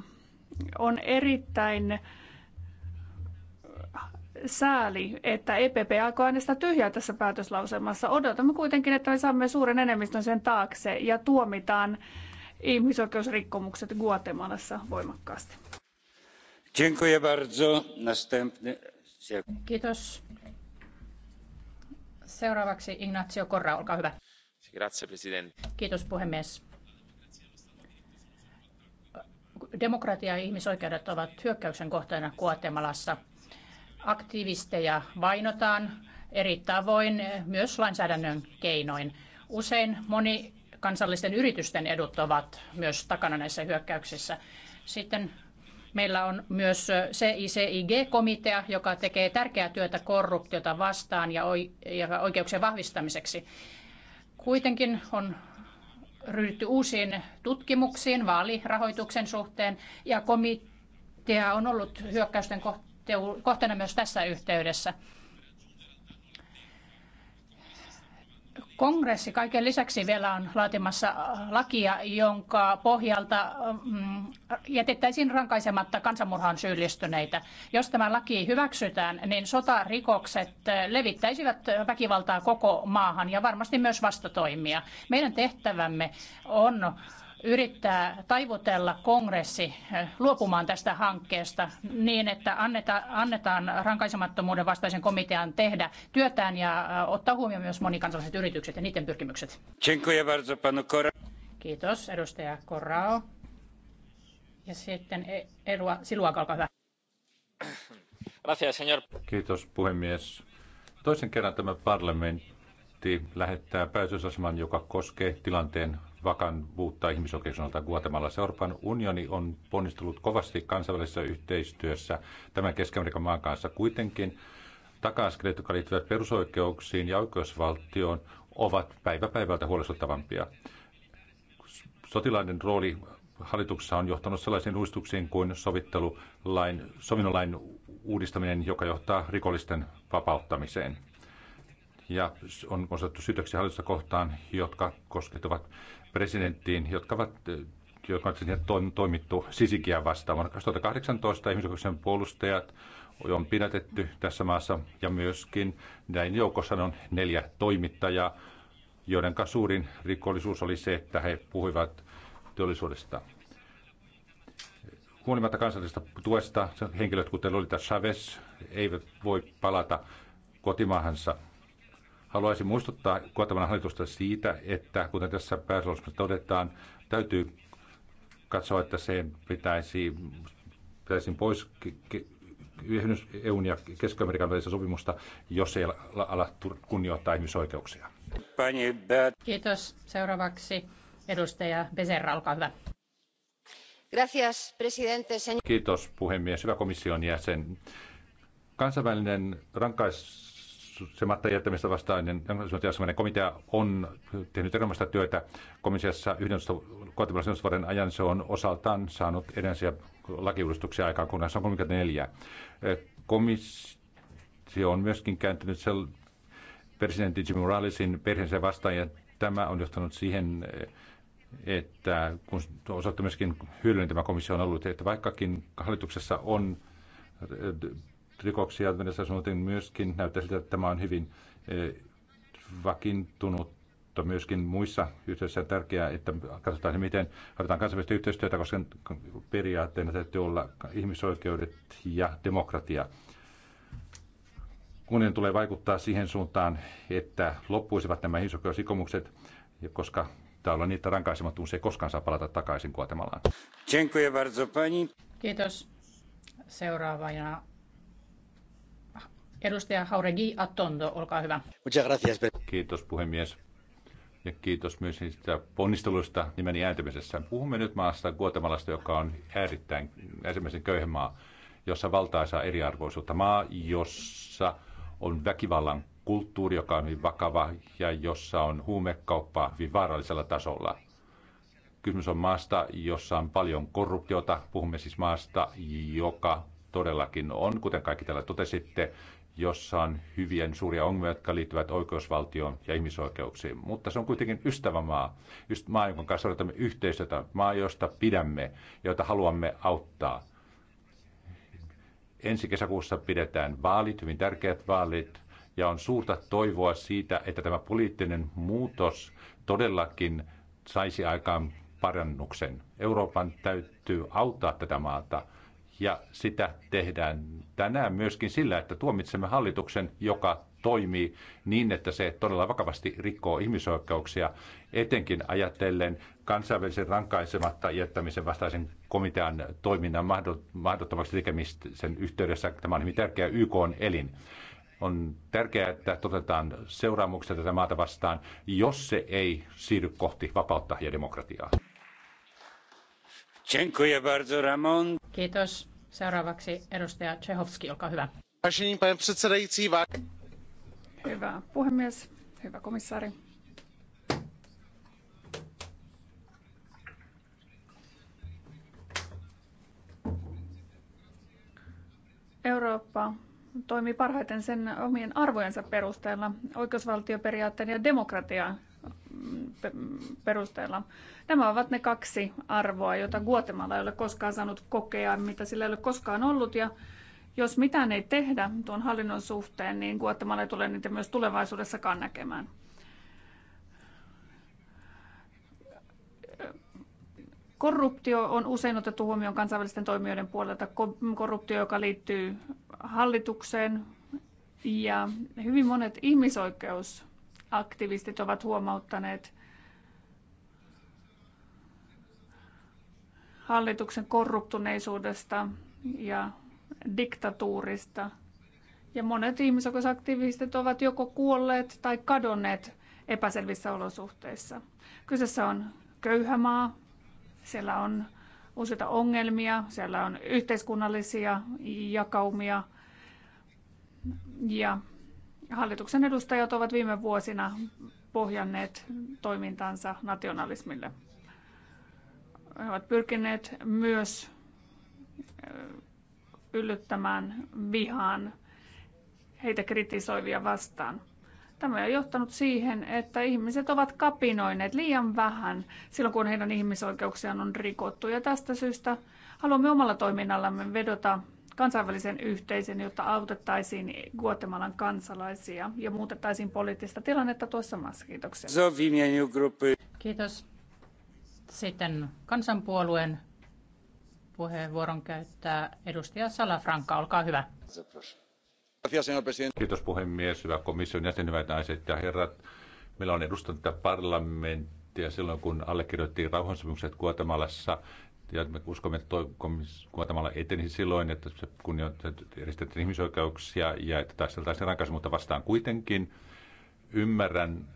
on erittäin sääli, että EPP alkoi äänestää tyhjää tässä päätöslauselmassa. Odotamme kuitenkin, että me saamme suuren enemmistön sen taakse ja tuomitaan ihmisoikeusrikkomukset Guatemalassa voimakkaasti. Kiitos. Seuraavaksi Ignacio Korra, olkaa hyvä. Kiitos puhemies. Demokratia ja ihmisoikeudet ovat hyökkäyksen kohteena Guatemalassa. Aktivisteja vainotaan eri tavoin, eh, myös lainsäädännön keinoin. Usein moni kansallisten yritysten edut ovat myös takana näissä hyökkäyksissä. Sitten meillä on myös eh, CICIG-komitea, joka tekee tärkeää työtä korruptiota vastaan ja oikeuksien vahvistamiseksi. Kuitenkin on ryhdytty uusiin tutkimuksiin vaalirahoituksen suhteen ja komitea on ollut hyökkäysten kohteena kohteena myös tässä yhteydessä. Kongressi kaiken lisäksi vielä on laatimassa äh, lakia, jonka pohjalta mm, jätettäisiin rankaisematta kansanmurhaan syyllistyneitä. Jos tämä laki hyväksytään, niin sotarikokset äh, levittäisivät väkivaltaa koko maahan ja varmasti myös vastatoimia. Meidän tehtävämme on yrittää taivutella kongressi eh, luopumaan tästä hankkeesta niin, että annetaan rankaisemattomuuden vastaisen komitean tehdä työtään ja eh, ottaa huomioon myös monikansalliset yritykset ja niiden pyrkimykset. Kiitos, edustaja Korrao. Ja sitten Erua Siluaka, olkaa hyvä. Kiitos, puhemies. Toisen kerran tämä parlamentti lähettää päätösaseman, joka koskee tilanteen vakavuutta ihmisoikeuksien osalta Guatemalassa. Euroopan unioni on ponnistellut kovasti kansainvälisessä yhteistyössä tämän Keski-Amerikan maan kanssa. Kuitenkin takaiskelet, jotka liittyvät perusoikeuksiin ja oikeusvaltioon, ovat päivä päivältä huolestuttavampia. Sotilaiden rooli hallituksessa on johtanut sellaisiin uudistuksiin kuin sovittelulain, sovinnonlain uudistaminen, joka johtaa rikollisten vapauttamiseen. Ja on osattu syytöksiä hallitusta kohtaan, jotka koskettavat presidenttiin, jotka ovat eh, jotka on toimittu sisikiä vastaan. Vuonna 2018 ihmisoikeuksien puolustajat on pidätetty tässä maassa ja myöskin näin joukossa on neljä toimittajaa, joiden suurin rikollisuus oli se, että he puhuivat teollisuudesta. Huolimatta kansallisesta tuesta henkilöt, kuten Lolita Chavez, eivät voi palata kotimaahansa. Haluaisin muistuttaa Kuotavan hallitusta siitä, että kuten tässä pääsolossa todetaan, täytyy katsoa, että se pitäisi, pitäisi pois EUn e ja Keski-Amerikan välisestä sopimusta, jos ei ala kunnioittaa ihmisoikeuksia. Kiitos. Seuraavaksi edustaja Becerra, olkaa hyvä. Gracias, presidente. Kiitos puhemies. Hyvä komission jäsen. Kansainvälinen rankais rankaisematta jättämistä vastaan, niin komitea on tehnyt erinomaista työtä komissiossa 11 vuoden ajan. Se on osaltaan saanut edellisiä lakiuudistuksia aikaan, se on 34. Komissio on myöskin kääntynyt sel- presidentti Jim Moralesin perheensä vastaan, ja tämä on johtanut siihen, että kun osoitti myöskin hyödyllinen tämä komissio on ollut, että vaikkakin hallituksessa on rikoksia mennessä sanotin myöskin näyttää siltä, että tämä on hyvin eh, vakiintunut mutta myöskin muissa yhteydessä on tärkeää, että katsotaan, miten otetaan kansainvälistä yhteistyötä, koska periaatteena täytyy olla ihmisoikeudet ja demokratia. Unionin tulee vaikuttaa siihen suuntaan, että loppuisivat nämä ihmisoikeusikomukset, koska täällä on niitä se ei koskaan saa palata takaisin Kuotemalaan. Kiitos. Seuraavana Edustaja Hauregi Attondo, olkaa hyvä. Kiitos puhemies. Ja kiitos myös niistä ponnisteluista nimeni ääntämisessä. Puhumme nyt maasta Guatemalasta, joka on äärittäin ensimmäisen köyhä maa, jossa valtaisaa eriarvoisuutta. Maa, jossa on väkivallan kulttuuri, joka on hyvin vakava ja jossa on huumekauppaa hyvin vaarallisella tasolla. Kysymys on maasta, jossa on paljon korruptiota. Puhumme siis maasta, joka todellakin on, kuten kaikki täällä totesitte, jossa on hyvien niin suuria ongelmia, jotka liittyvät oikeusvaltioon ja ihmisoikeuksiin. Mutta se on kuitenkin maa, Yst- maa, jonka kanssa odotamme yhteistyötä, maa, josta pidämme, jota haluamme auttaa. Ensi kesäkuussa pidetään vaalit, hyvin tärkeät vaalit, ja on suurta toivoa siitä, että tämä poliittinen muutos todellakin saisi aikaan parannuksen. Euroopan täytyy auttaa tätä maata – ja sitä tehdään tänään myöskin sillä, että tuomitsemme hallituksen, joka toimii niin, että se todella vakavasti rikkoo ihmisoikeuksia, etenkin ajatellen kansainvälisen rankaisematta jättämisen vastaisen komitean toiminnan mahdottomaksi tekemisen yhteydessä. Tämä on hyvin tärkeä YK-elin. On tärkeää, että toteutetaan seuraamuksia tätä maata vastaan, jos se ei siirry kohti vapautta ja demokratiaa. Kiitos. Seuraavaksi edustaja Tsehovski, olkaa hyvä. Hyvä puhemies, hyvä komissaari. Eurooppa toimii parhaiten sen omien arvojensa perusteella, oikeusvaltioperiaatteen ja demokratian perusteella. Nämä ovat ne kaksi arvoa, joita Guatemala ei ole koskaan saanut kokea, mitä sillä ei ole koskaan ollut. Ja jos mitään ei tehdä tuon hallinnon suhteen, niin Guatemala ei tule niitä myös tulevaisuudessakaan näkemään. Korruptio on usein otettu huomioon kansainvälisten toimijoiden puolelta. Korruptio, joka liittyy hallitukseen ja hyvin monet ihmisoikeus aktivistit ovat huomauttaneet hallituksen korruptuneisuudesta ja diktatuurista. Ja monet ihmisoikeusaktivistit ovat joko kuolleet tai kadonneet epäselvissä olosuhteissa. Kyseessä on köyhä maa, siellä on useita ongelmia, siellä on yhteiskunnallisia jakaumia ja Hallituksen edustajat ovat viime vuosina pohjanneet toimintansa nationalismille. He ovat pyrkineet myös yllyttämään vihaan heitä kritisoivia vastaan. Tämä on johtanut siihen, että ihmiset ovat kapinoineet liian vähän silloin, kun heidän ihmisoikeuksiaan on rikottu. Ja tästä syystä haluamme omalla toiminnallamme vedota kansainvälisen yhteisön, jotta autettaisiin Guatemalan kansalaisia ja muutettaisiin poliittista tilannetta tuossa maassa. Kiitoksia. Kiitos. Sitten kansanpuolueen puheenvuoron käyttää edustaja Salafranka. Olkaa hyvä. Kiitos puhemies, hyvä komission jäsen, hyvät naiset ja herrat. Meillä on edustanut parlamenttia silloin, kun allekirjoittiin rauhansopimukset Guatemalassa ja me uskomme, että Guatemala etenisi silloin, että se kunnioitettiin ihmisoikeuksia ja että taisteltaisiin mutta vastaan. Kuitenkin ymmärrän,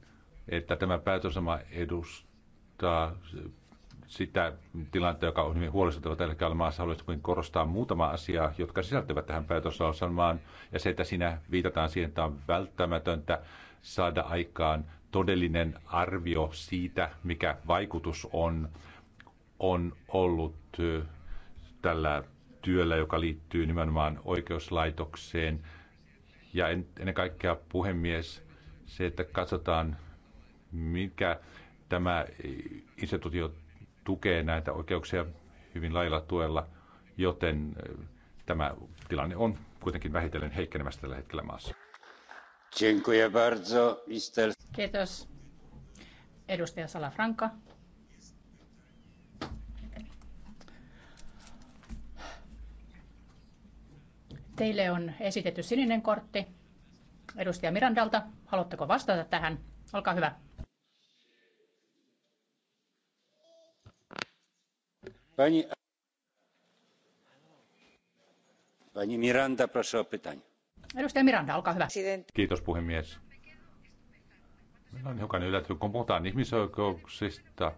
että tämä päätösoma edustaa sitä tilannetta, joka on hyvin huolestuttava tällä hetkellä maassa. Haluaisin korostaa muutama asia, jotka sisältyvät tähän päätöslauselmaan ja se, että siinä viitataan siihen, että on välttämätöntä saada aikaan todellinen arvio siitä, mikä vaikutus on on ollut tällä työllä, joka liittyy nimenomaan oikeuslaitokseen. Ja ennen kaikkea puhemies, se, että katsotaan, mikä tämä instituutio tukee näitä oikeuksia hyvin lailla tuella, joten tämä tilanne on kuitenkin vähitellen heikkenemässä tällä hetkellä maassa. Kiitos. Edustaja Salafranca. Teille on esitetty sininen kortti edustaja Mirandalta. Haluatteko vastata tähän? Olkaa hyvä. Pani, Pani Miranda, proszę o pytanie. Edustaja Miranda, olkaa hyvä. Kiitos puhemies. Minä olen hiukan yllättynyt, kun puhutaan ihmisoikeuksista.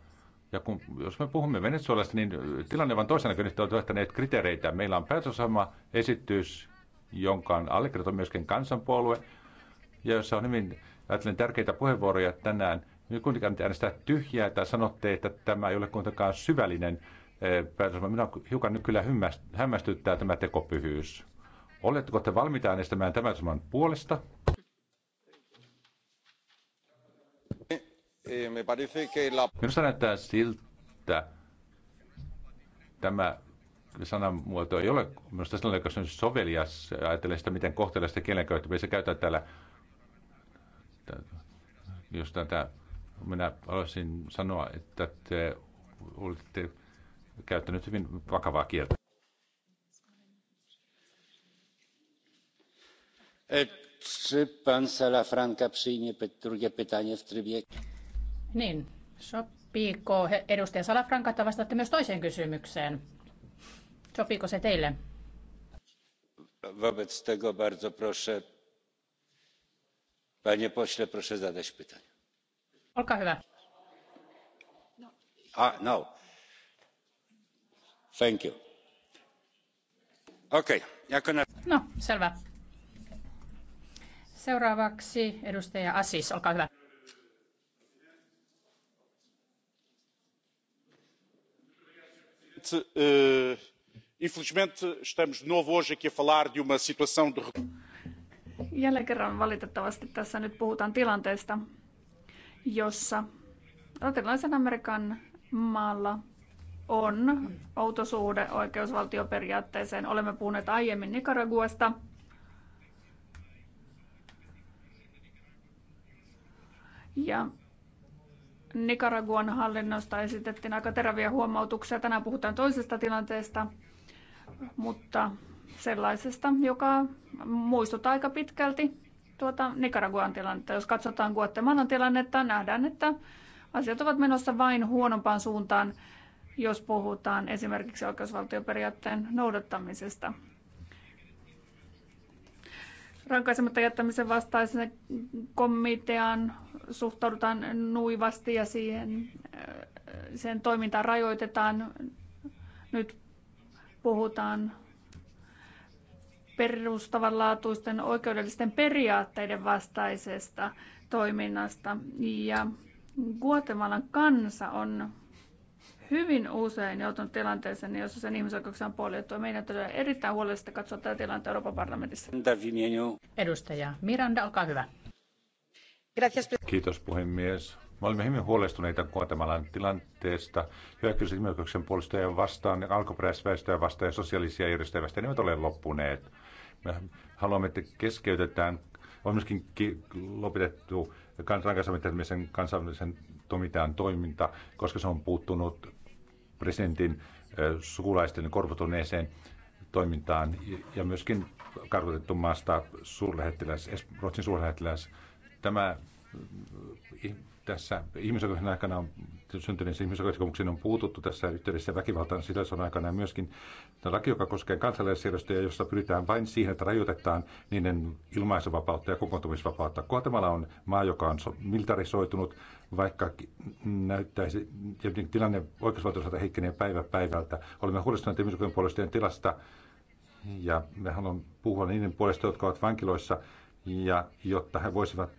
Ja kun, jos me puhumme Venezuelasta, niin tilanne on toisena, kun on yhtäneet kriteereitä. Meillä on päätösohjelma, esitys, jonka on allekirjoittanut myöskin kansanpuolue, ja jossa on hyvin ajattelen tärkeitä puheenvuoroja tänään. Nyt kuitenkaan äänestää tyhjää tai sanotte, että tämä ei ole kuitenkaan syvällinen eh, päätös. Minä hiukan nyt kyllä hämmästyttää tämä tekopyhyys. Oletteko te valmiita äänestämään tämän puolesta? Eh, eh, Minusta näyttää siltä tämä niin sanamuoto ei ole minusta sellainen, joka on sovelias, ajatellen sitä, miten kohtelee sitä Se käytetään täällä, jos tätä, minä haluaisin sanoa, että te olette käyttänyt hyvin vakavaa kieltä. Czy pan Salafranca przyjmie drugie pytanie w trybie? Niin, sopiiko edustaja Salafranca, että vastaatte myös toiseen kysymykseen? Sopiiko se teille? Wobec tego bardzo proszę, panie pośle, proszę zadać pytanie. Olkaa hyvä. Ah, no. Thank you. Okei, okay. jako na... No, selvä. Seuraavaksi edustaja Assis, olkaa hyvä. Äh, Infelizmente estamos de novo hoje aqui a falar de uma situação de... Jälleen kerran valitettavasti tässä nyt puhutaan tilanteesta, jossa Latinalaisen Amerikan maalla on outo suhde oikeusvaltioperiaatteeseen. Olemme puhuneet aiemmin Nicaraguasta. Ja Nicaraguan hallinnosta esitettiin aika teräviä huomautuksia. Tänään puhutaan toisesta tilanteesta, mutta sellaisesta, joka muistuttaa aika pitkälti tuota Nicaraguan tilannetta. Jos katsotaan Guatemalan tilannetta, nähdään, että asiat ovat menossa vain huonompaan suuntaan, jos puhutaan esimerkiksi oikeusvaltioperiaatteen noudattamisesta. Rankaisematta jättämisen vastaisen komitean suhtaudutaan nuivasti ja siihen, äh, sen toimintaa rajoitetaan. Nyt puhutaan perustavanlaatuisten oikeudellisten periaatteiden vastaisesta toiminnasta. Ja Guatemalan kansa on hyvin usein joutunut tilanteeseen, jossa sen ihmisoikeuksia on poljettu. Meidän täytyy erittäin huolellisesti katsoa tätä tilannetta Euroopan parlamentissa. Edustaja Miranda, olkaa hyvä. Kiitos puhemies. Me olimme hyvin huolestuneita Guatemalan tilanteesta. Hyökkäykset ihmisoikeuksien puolustajia vastaan, niin alkuperäisväestöä vastaan ja sosiaalisia järjestöjä vastaan ne eivät ole loppuneet. Me haluamme, että keskeytetään, on myöskin lopetettu kansainvälisen kansainvälisen komitean toiminta, koska se on puuttunut presidentin sukulaisten korvotuneeseen toimintaan ja myöskin karkotettu maasta suurlähettiläs, Ruotsin suurlähettiläs. Tämä Äh, tässä ihmisoikeuksien aikana on syntyneissä ihmisoikeusrikkomuksiin on puututtu tässä yhteydessä väkivaltaan sisällön aikana ja myöskin laki, joka koskee kansalaisjärjestöjä, jossa pyritään vain siihen, että rajoitetaan niiden ilmaisuvapautta ja kokoontumisvapautta. Kuotamalla on maa, joka on militarisoitunut, vaikka näyttäisi, ja niin tilanne oikeusvaltiosalta heikkenee päivä päivältä. Olemme huolestuneet ihmisoikeuksien puolustajien tilasta ja me haluamme puhua niiden puolesta, jotka ovat vankiloissa ja jotta he voisivat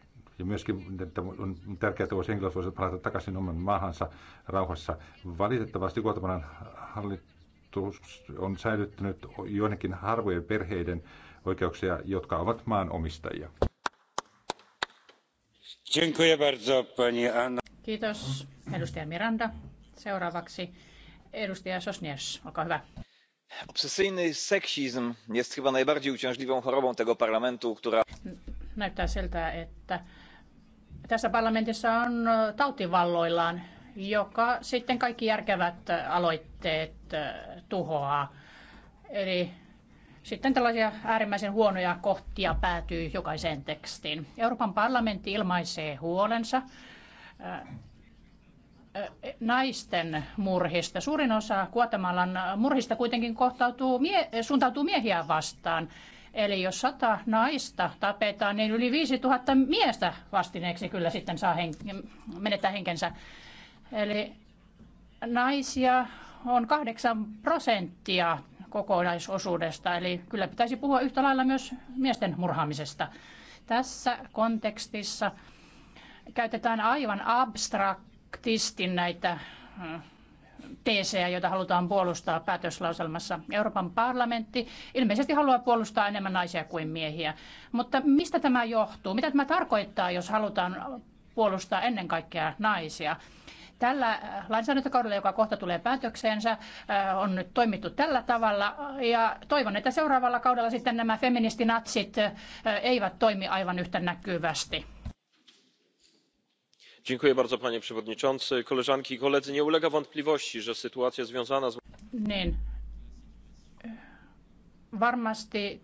ja myöskin että on tärkeää, että voisi henkilöt voisivat palata takaisin oman maahansa rauhassa. Valitettavasti Guatemalan hallitus on säilyttänyt joidenkin harvojen perheiden oikeuksia, jotka ovat maanomistajia. Kiitos, edustaja Miranda. Seuraavaksi edustaja Sosnies, olkaa hyvä obsesyjny seksizm jest chyba najbardziej uciążliwą chorobą tego parlamentu która. näyttää siltä että tässä parlamentissa on tautivalloillaan, joka sitten kaikki järkevät aloitteet tuhoaa. Eli sitten tällaisia äärimmäisen huonoja kohtia päätyy jokaiseen tekstiin. Euroopan parlamentti ilmaisee huolensa naisten murhista. Suurin osa Kuotamalan murhista kuitenkin kohtautuu, mie- suuntautuu miehiä vastaan. Eli jos sata naista tapetaan, niin yli 5000 miestä vastineeksi kyllä sitten saa hen- menettää henkensä. Eli naisia on 8 prosenttia kokonaisosuudesta, eli kyllä pitäisi puhua yhtä lailla myös miesten murhaamisesta. Tässä kontekstissa käytetään aivan abstraktisti näitä teesejä, joita halutaan puolustaa päätöslauselmassa. Euroopan parlamentti ilmeisesti haluaa puolustaa enemmän naisia kuin miehiä. Mutta mistä tämä johtuu? Mitä tämä tarkoittaa, jos halutaan puolustaa ennen kaikkea naisia? Tällä äh, lainsäädäntökaudella, joka kohta tulee päätökseensä, äh, on nyt toimittu tällä tavalla. Ja toivon, että seuraavalla kaudella sitten nämä feministinatsit äh, eivät toimi aivan yhtä näkyvästi panie przewodniczący! koleżanki i koledzy! nie ulega wątpliwości że sytuacja związana z. Niin. varmasti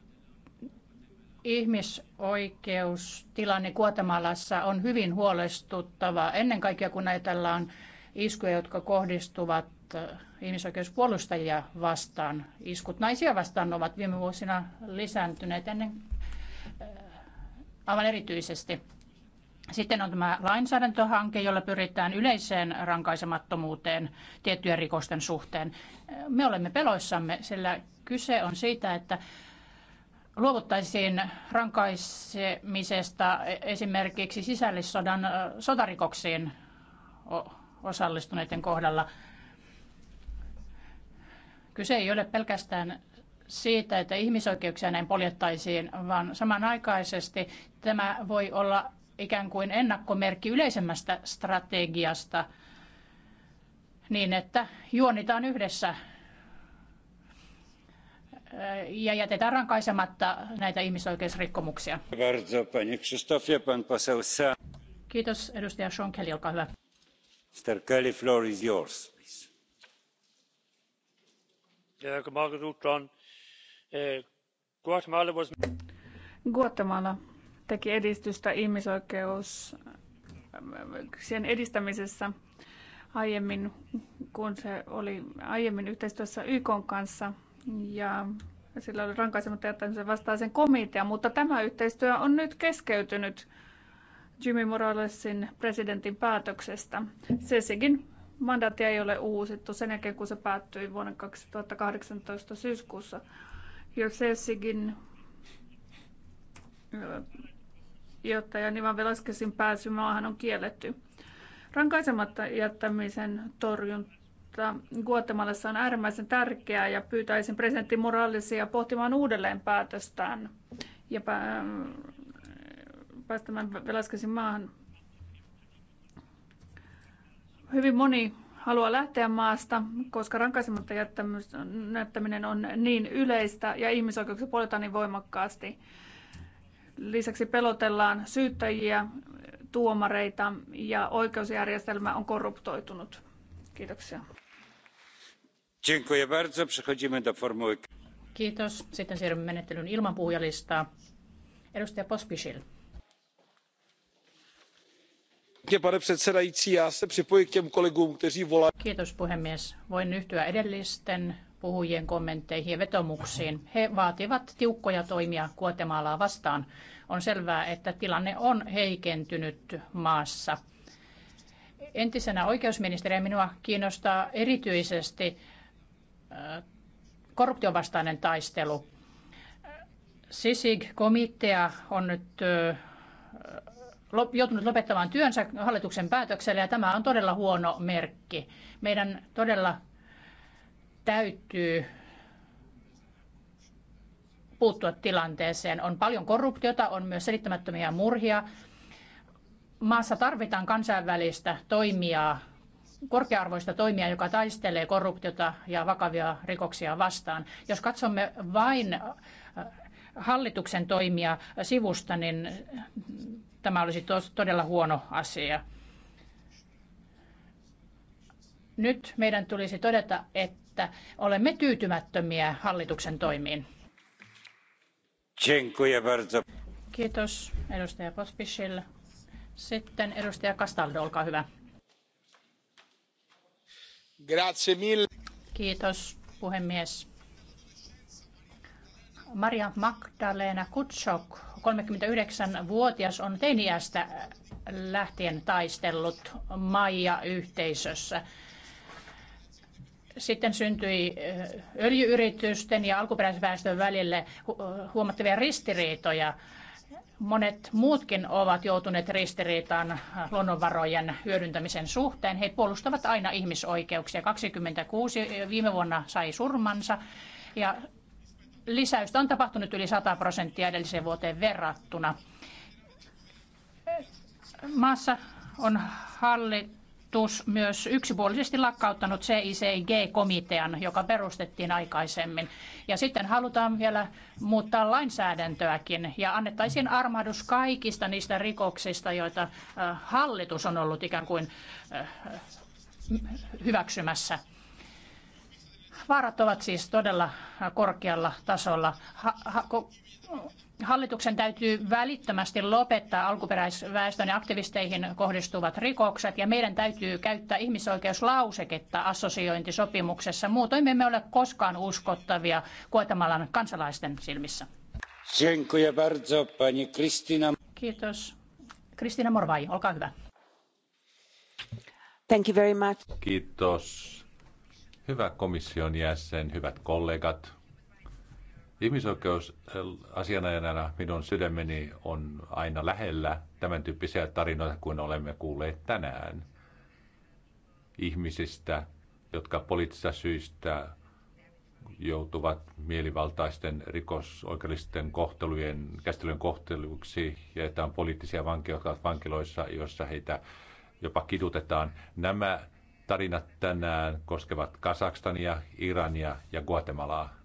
ihmisoikeustilanne guatemalassa on hyvin huolestuttava ennen kaikkea kun ajatellaan iskuja jotka kohdistuvat eh, ihmisoikeuspuolustajia vastaan. iskut naisia vastaan ovat viime vuosina lisääntyneet ennen eh, aivan erityisesti. Sitten on tämä lainsäädäntöhanke, jolla pyritään yleiseen rankaisemattomuuteen tiettyjen rikosten suhteen. Me olemme peloissamme, sillä kyse on siitä, että luovuttaisiin rankaisemisesta esimerkiksi sisällissodan sotarikoksiin osallistuneiden kohdalla. Kyse ei ole pelkästään siitä, että ihmisoikeuksia näin poljettaisiin, vaan samanaikaisesti tämä voi olla ikään kuin ennakkomerkki yleisemmästä strategiasta niin, että juonitaan yhdessä ja jätetään rankaisematta näitä ihmisoikeusrikkomuksia. Kiitos edustaja Schonkeli, olkaa hyvä. Mr. Kelly, floor is yours, please. Eh, Guatemala teki edistystä ihmisoikeuksien edistämisessä aiemmin, kun se oli aiemmin yhteistyössä YK kanssa ja sillä oli rankaisematta jättämisen vastaisen komitea, mutta tämä yhteistyö on nyt keskeytynyt Jimmy Moralesin presidentin päätöksestä. Sesikin mandaatti ei ole uusittu sen jälkeen, kun se päättyi vuonna 2018 syyskuussa. Ja Sessigin Jotta Nivan Velaskesin pääsy maahan on kielletty. Rankaisematta jättämisen torjunta Guatemalassa on äärimmäisen tärkeää ja pyytäisin presidentti Moralesia pohtimaan uudelleen päätöstään ja päästämään Velaskesin maahan. Hyvin moni haluaa lähteä maasta, koska rankaisematta jättäminen on niin yleistä ja ihmisoikeuksia puoletaan niin voimakkaasti. Lisäksi pelotellaan syyttäjiä, tuomareita ja oikeusjärjestelmä on korruptoitunut. Kiitoksia. Kiitos. Sitten siirrymme menettelyyn ilman puhujalistaa. Edustaja Pospisil. Kiitos puhemies. Voin yhtyä edellisten puhujien kommentteihin ja vetomuksiin. He vaativat tiukkoja toimia Guatemalaa vastaan. On selvää, että tilanne on heikentynyt maassa. Entisenä oikeusministeriä minua kiinnostaa erityisesti äh, korruptiovastainen taistelu. SISIG-komitea on nyt äh, joutunut lopettamaan työnsä hallituksen päätöksellä ja tämä on todella huono merkki. Meidän todella täytyy puuttua tilanteeseen. On paljon korruptiota, on myös selittämättömiä murhia. Maassa tarvitaan kansainvälistä toimijaa, korkearvoista toimijaa, joka taistelee korruptiota ja vakavia rikoksia vastaan. Jos katsomme vain äh, hallituksen toimia sivusta, niin tämä olisi todella huono asia. Nyt meidän tulisi todeta, että että olemme tyytymättömiä hallituksen toimiin. Kiitos edustaja Pospisil. Sitten edustaja Castaldo, olkaa hyvä. Grazie mille. Kiitos puhemies. Maria Magdalena Kutsok, 39-vuotias, on teiniästä lähtien taistellut Maija-yhteisössä sitten syntyi eh, öljyyritysten ja alkuperäisväestön välille eh, huomattavia ristiriitoja. Monet muutkin ovat joutuneet ristiriitaan luonnonvarojen hyödyntämisen suhteen. He puolustavat aina ihmisoikeuksia. 26 eh, viime vuonna sai surmansa ja lisäystä on tapahtunut yli 100 prosenttia edelliseen vuoteen verrattuna. Maassa on hallit hallitus myös yksipuolisesti lakkauttanut CICG-komitean, joka perustettiin aikaisemmin. Ja sitten halutaan vielä muuttaa lainsäädäntöäkin ja annettaisiin armahdus kaikista niistä rikoksista, joita hallitus on ollut ikään kuin hyväksymässä. Vaarat ovat siis todella korkealla tasolla. Ha- ha- Hallituksen täytyy välittömästi lopettaa alkuperäisväestön ja aktivisteihin kohdistuvat rikokset ja meidän täytyy käyttää ihmisoikeuslauseketta assosiointisopimuksessa. Muutoin me emme ole koskaan uskottavia Kuotamalan kansalaisten silmissä. Kiitos. Kristina Morvai, olkaa hyvä. Thank you very much. Kiitos. Hyvä komission jäsen, hyvät kollegat, Ihmisoikeusasianajana minun sydämeni on aina lähellä tämän tyyppisiä tarinoita kuin olemme kuulleet tänään. Ihmisistä, jotka poliittisista syistä joutuvat mielivaltaisten rikosoikeudellisten kohtelujen, käsittelyjen kohteluksi ja että on poliittisia vankeja, jotka ovat vankiloissa, joissa heitä jopa kidutetaan. Nämä tarinat tänään koskevat Kasakstania, Irania ja Guatemalaa.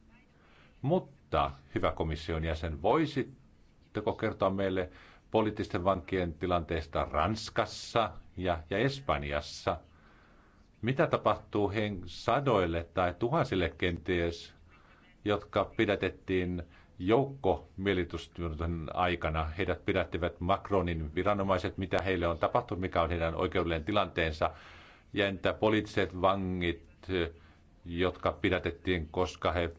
Mutta, hyvä komission jäsen, voisitteko kertoa meille poliittisten vankien tilanteesta Ranskassa ja, ja Espanjassa? Mitä tapahtuu hen sadoille tai tuhansille kenties, jotka pidätettiin joukko aikana. Heidät pidättivät Macronin viranomaiset, mitä heille on tapahtunut, mikä on heidän oikeudellinen tilanteensa. Ja entä poliittiset vangit, jotka pidätettiin, koska he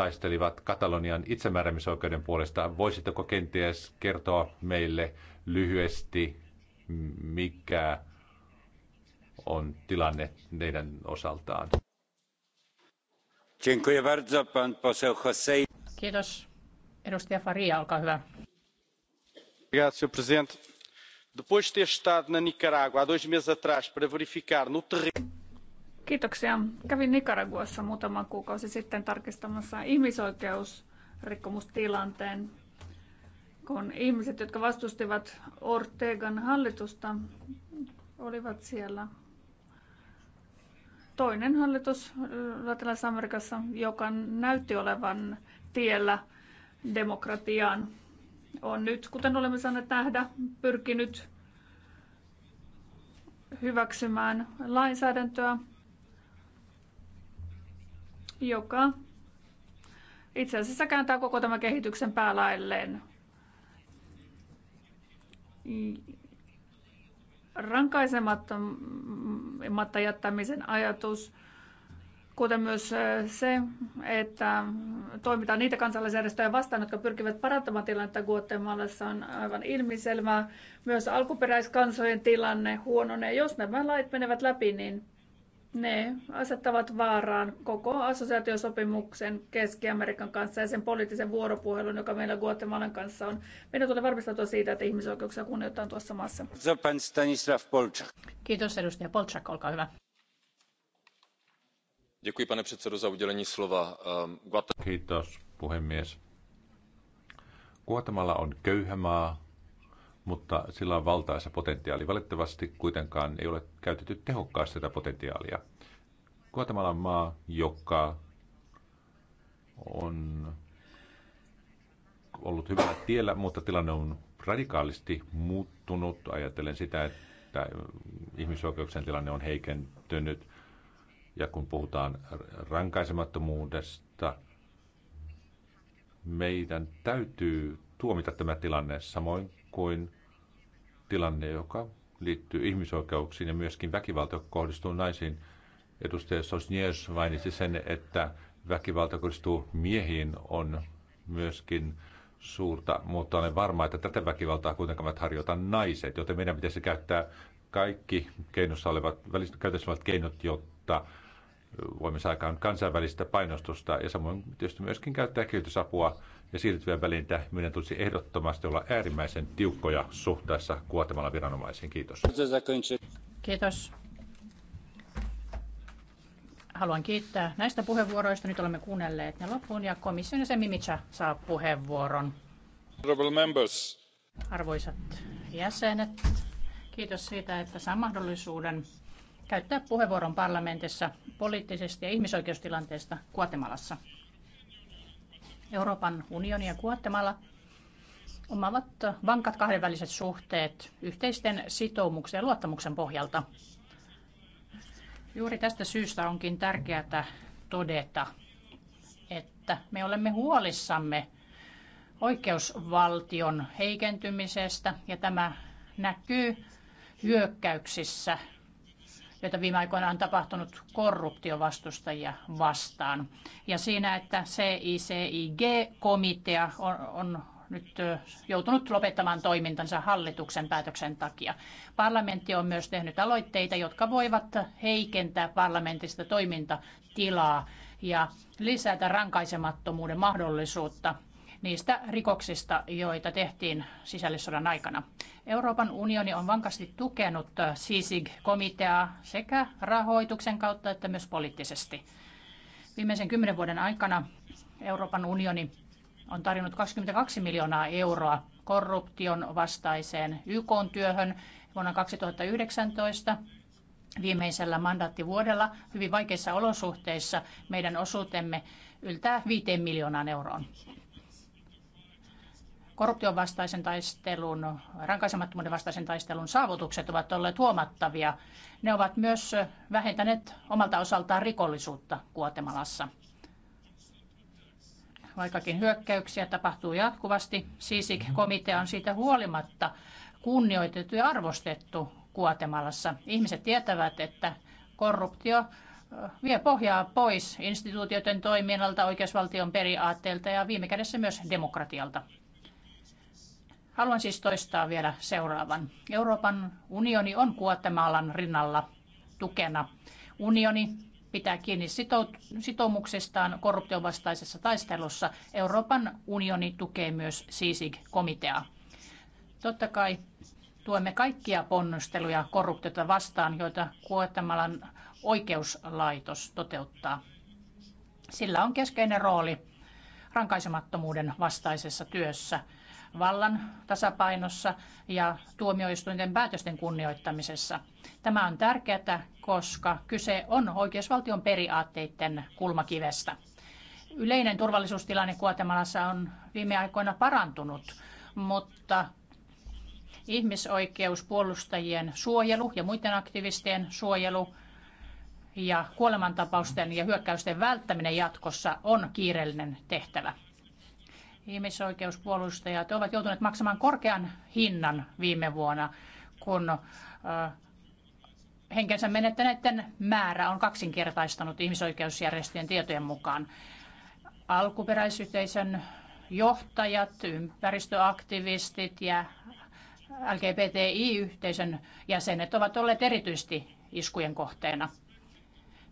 taistelivat Katalonian itsemääräämisoikeuden puolesta. Voisitteko kenties kertoa meille lyhyesti, mikä on tilanne meidän osaltaan? Kiitos. Edustaja Faria, olkaa hyvä. Grazie, presidente. Depois de ter estado na Nicarágua há dois meses atrás para verificar no terreno Kiitoksia. Kävin Nicaraguassa muutama kuukausi sitten tarkistamassa ihmisoikeusrikkomustilanteen, kun ihmiset, jotka vastustivat Ortegan hallitusta, olivat siellä. Toinen hallitus Latinalaisessa Amerikassa, joka näytti olevan tiellä demokratiaan, on nyt, kuten olemme saaneet nähdä, pyrkinyt hyväksymään lainsäädäntöä, joka itse asiassa kääntää koko tämän kehityksen päälailleen. Rankaisematta jättämisen ajatus, kuten myös se, että toimitaan niitä kansalaisjärjestöjä vastaan, jotka pyrkivät parantamaan tilannetta Guatemalassa, on aivan ilmiselvää. Myös alkuperäiskansojen tilanne huononee. Jos nämä lait menevät läpi, niin ne asettavat vaaraan koko assosiaatiosopimuksen Keski-Amerikan kanssa ja sen poliittisen vuoropuhelun, joka meillä Guatemalan kanssa on. Meidän tulee varmistautua siitä, että ihmisoikeuksia kunnioitetaan tuossa maassa. Stanislav Polčak. Kiitos edustaja Polčak, olkaa hyvä. Děkuji, pane předsedo, za udělení slova. Ehm, Kiitos, puhemies. Guatemala on köyhä maa, mutta sillä on valtaisa potentiaali. Valitettavasti kuitenkaan ei ole käytetty tehokkaasti tätä potentiaalia. Guatemala on maa, joka on ollut hyvällä tiellä, mutta tilanne on radikaalisti muuttunut. Ajatellen sitä, että ihmisoikeuksien tilanne on heikentynyt. Ja kun puhutaan rankaisemattomuudesta, meidän täytyy tuomita tämä tilanne. Samoin kuin tilanne, joka liittyy ihmisoikeuksiin ja myöskin väkivalta, joka kohdistuu naisiin. Edustaja Sosnies mainitsi sen, että väkivalta kohdistuu miehiin on myöskin suurta, mutta olen varma, että tätä väkivaltaa kuitenkaan eivät harjoita naiset, joten meidän pitäisi käyttää kaikki keinossa olevat, käytössä olevat keinot, jotta voimme saada kansainvälistä painostusta ja samoin tietysti myöskin käyttää kehitysapua ja siirtyvän välintä meidän tulisi ehdottomasti olla äärimmäisen tiukkoja suhteessa Guatemalan viranomaisiin. Kiitos. Kiitos. Haluan kiittää näistä puheenvuoroista. Nyt olemme kuunnelleet ne loppuun ja komission se Mimica saa puheenvuoron. Arvoisat jäsenet, kiitos siitä, että saan mahdollisuuden käyttää puheenvuoron parlamentissa poliittisesti ja ihmisoikeustilanteesta Guatemalassa. Euroopan unioni ja Guatemala omaavat vankat kahdenväliset suhteet yhteisten sitoumuksen ja luottamuksen pohjalta. Juuri tästä syystä onkin tärkeää todeta, että me olemme huolissamme oikeusvaltion heikentymisestä ja tämä näkyy hyökkäyksissä joita viime aikoina on tapahtunut korruptiovastustajia vastaan. Ja siinä, että CICIG-komitea on, on nyt joutunut lopettamaan toimintansa hallituksen päätöksen takia. Parlamentti on myös tehnyt aloitteita, jotka voivat heikentää parlamentista toimintatilaa ja lisätä rankaisemattomuuden mahdollisuutta niistä rikoksista, joita tehtiin sisällissodan aikana. Euroopan unioni on vankasti tukenut CISIG-komiteaa sekä rahoituksen kautta että myös poliittisesti. Viimeisen kymmenen vuoden aikana Euroopan unioni on tarjonnut 22 miljoonaa euroa korruption vastaiseen YK-työhön vuonna 2019 viimeisellä mandaattivuodella hyvin vaikeissa olosuhteissa meidän osuutemme yltää 5 miljoonaan euroon korruption vastaisen taistelun, rankaisemattomuuden vastaisen taistelun saavutukset ovat olleet huomattavia. Ne ovat myös vähentäneet omalta osaltaan rikollisuutta Kuotemalassa. Vaikkakin hyökkäyksiä tapahtuu jatkuvasti, Sisik-komitea on siitä huolimatta kunnioitettu ja arvostettu Kuotemalassa. Ihmiset tietävät, että korruptio vie pohjaa pois instituutioiden toiminnalta, oikeusvaltion periaatteelta ja viime kädessä myös demokratialta. Haluan siis toistaa vielä seuraavan. Euroopan unioni on Guatemalan rinnalla tukena. Unioni pitää kiinni sitoumuksestaan korruptiovastaisessa taistelussa. Euroopan unioni tukee myös CISIG-komiteaa. Totta kai tuemme kaikkia ponnisteluja korruptiota vastaan, joita Guatemalan oikeuslaitos toteuttaa. Sillä on keskeinen rooli rankaisemattomuuden vastaisessa työssä – vallan tasapainossa ja tuomioistuinten päätösten kunnioittamisessa. Tämä on tärkeää, koska kyse on oikeusvaltion periaatteiden kulmakivestä. Yleinen turvallisuustilanne Kuotemalassa on viime aikoina parantunut, mutta ihmisoikeuspuolustajien suojelu ja muiden aktivistien suojelu ja kuolemantapausten ja hyökkäysten välttäminen jatkossa on kiireellinen tehtävä. Ihmisoikeuspuolustajat ovat joutuneet maksamaan korkean hinnan viime vuonna, kun henkensä menettäneiden määrä on kaksinkertaistanut ihmisoikeusjärjestöjen tietojen mukaan. Alkuperäisyhteisön johtajat, ympäristöaktivistit ja LGBTI-yhteisön jäsenet ovat olleet erityisesti iskujen kohteena.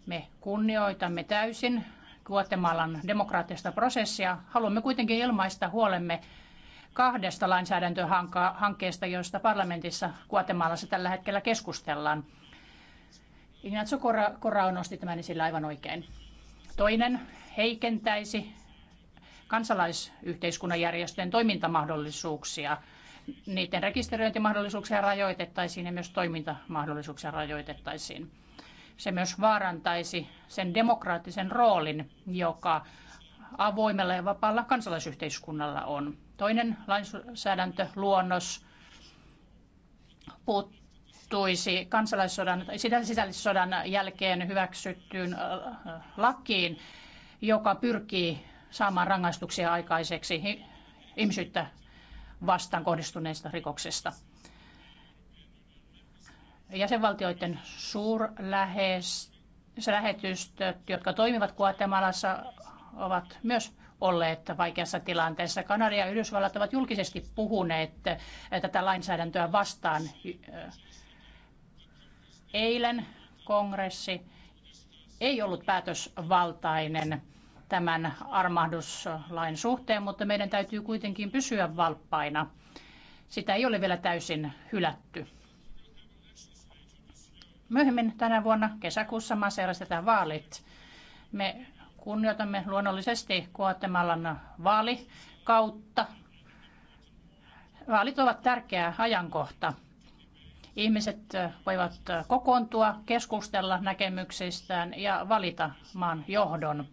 Me kunnioitamme täysin Guatemalan demokraattista prosessia. Haluamme kuitenkin ilmaista huolemme kahdesta lainsäädäntöhankkeesta, joista parlamentissa Guatemalassa tällä hetkellä keskustellaan. Ignacio Corrao nosti tämän esille aivan oikein. Toinen heikentäisi kansalaisyhteiskunnan järjestöjen toimintamahdollisuuksia. Niiden rekisteröintimahdollisuuksia rajoitettaisiin ja myös toimintamahdollisuuksia rajoitettaisiin. Se myös vaarantaisi sen demokraattisen roolin, joka avoimella ja vapaalla kansalaisyhteiskunnalla on. Toinen lainsäädäntöluonnos puuttuisi kansalaissodan, sisällissodan jälkeen hyväksyttyyn äh, äh, lakiin, joka pyrkii saamaan rangaistuksia aikaiseksi ihmisyyttä vastaan kohdistuneista rikoksista jäsenvaltioiden suurlähetystöt, jotka toimivat Guatemalassa, ovat myös olleet vaikeassa tilanteessa. Kanada ja Yhdysvallat ovat julkisesti puhuneet eh, tätä lainsäädäntöä vastaan. Eh, eilen kongressi ei ollut päätösvaltainen tämän armahduslain suhteen, mutta meidän täytyy kuitenkin pysyä valppaina. Sitä ei ole vielä täysin hylätty. Myöhemmin tänä vuonna kesäkuussa maassa järjestetään vaalit. Me kunnioitamme luonnollisesti vaali. vaalikautta. Vaalit ovat tärkeä ajankohta. Ihmiset voivat kokoontua, keskustella näkemyksistään ja valita maan johdon.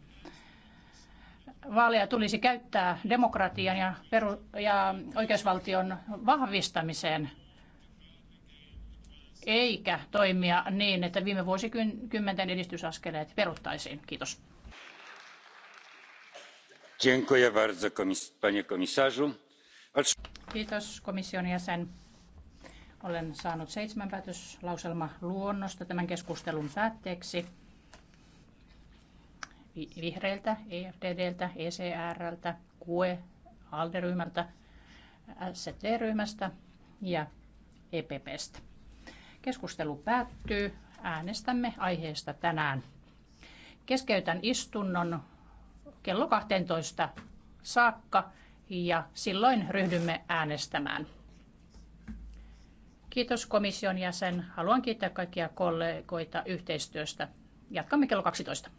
Vaaleja tulisi käyttää demokratian ja, peru- ja oikeusvaltion vahvistamiseen – eikä toimia niin, että viime vuosikymmenten edistysaskeleet peruttaisiin. Kiitos. Kiitos komission jäsen. Olen saanut seitsemän päätöslauselma luonnosta tämän keskustelun päätteeksi. Vihreiltä, EFDDltä, ECRltä, QE, ALDE-ryhmältä, ST-ryhmästä ja EPPstä. Keskustelu päättyy. Äänestämme aiheesta tänään. Keskeytän istunnon kello 12 saakka ja silloin ryhdymme äänestämään. Kiitos komission jäsen. Haluan kiittää kaikkia kollegoita yhteistyöstä. Jatkamme kello 12.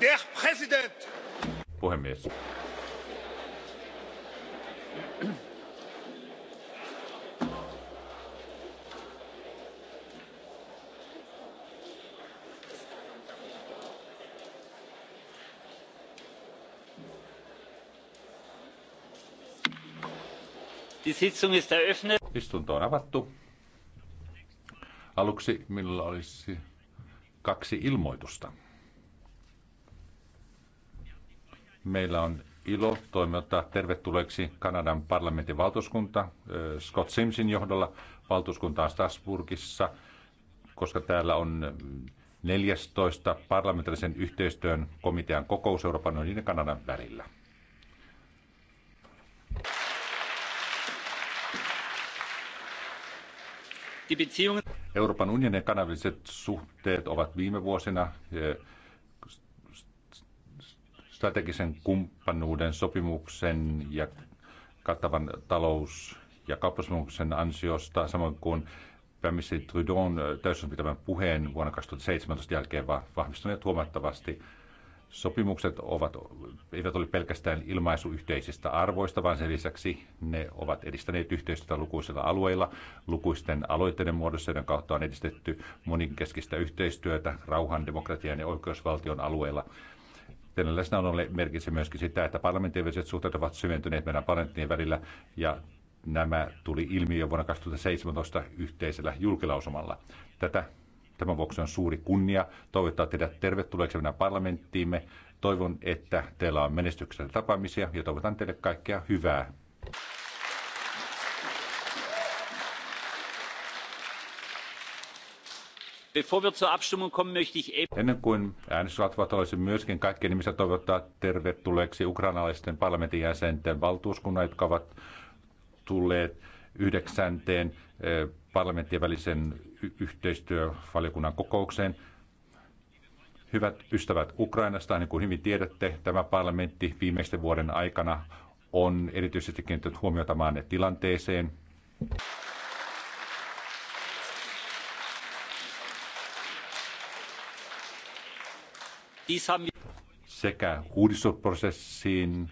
Der Präsident. Puhemies. Istunto on avattu. Aluksi minulla olisi kaksi ilmoitusta. Meillä on ilo toimittaa tervetulleeksi Kanadan parlamentin valtuuskunta Scott Simsin johdolla. valtuuskuntaan Strasbourgissa, koska täällä on 14 parlamentaarisen yhteistyön komitean kokous Euroopan unionin ja Kanadan välillä. Euroopan unionin ja kanaviset suhteet ovat viime vuosina strategisen kumppanuuden sopimuksen ja kattavan talous- ja kauppasopimuksen ansiosta, samoin kuin pääministeri Trudon täysin pitämän puheen vuonna 2017 jälkeen vahvistuneet huomattavasti. Sopimukset ovat, eivät ole pelkästään ilmaisu yhteisistä arvoista, vaan sen lisäksi ne ovat edistäneet yhteistyötä lukuisilla alueilla, lukuisten aloitteiden muodossa, joiden kautta on edistetty monikeskistä yhteistyötä rauhan, demokratian ja oikeusvaltion alueilla. Teidän läsnäololle merkitsee myöskin sitä, että parlamentin väliset suhteet ovat syventyneet meidän parlamenttien välillä ja nämä tuli ilmi jo vuonna 2017 yhteisellä julkilausumalla. Tätä Tämän vuoksi on suuri kunnia toivottaa teidät tervetulleeksi meidän parlamenttiimme. Toivon, että teillä on menestyksellä tapaamisia ja toivotan teille kaikkea hyvää. Ennen kuin ovat, olisin myöskin kaikkien nimissä toivottaa tervetulleeksi ukrainalaisten parlamentin jäsenten valtuuskunnan, jotka ovat tulleet yhdeksänteen eh, parlamenttien välisen yhteistyövaliokunnan kokoukseen. Hyvät ystävät Ukrainasta, niin kuin hyvin tiedätte, tämä parlamentti viimeisten vuoden aikana on erityisesti kiinnittänyt huomiota maanne tilanteeseen. sekä uudistusprosessiin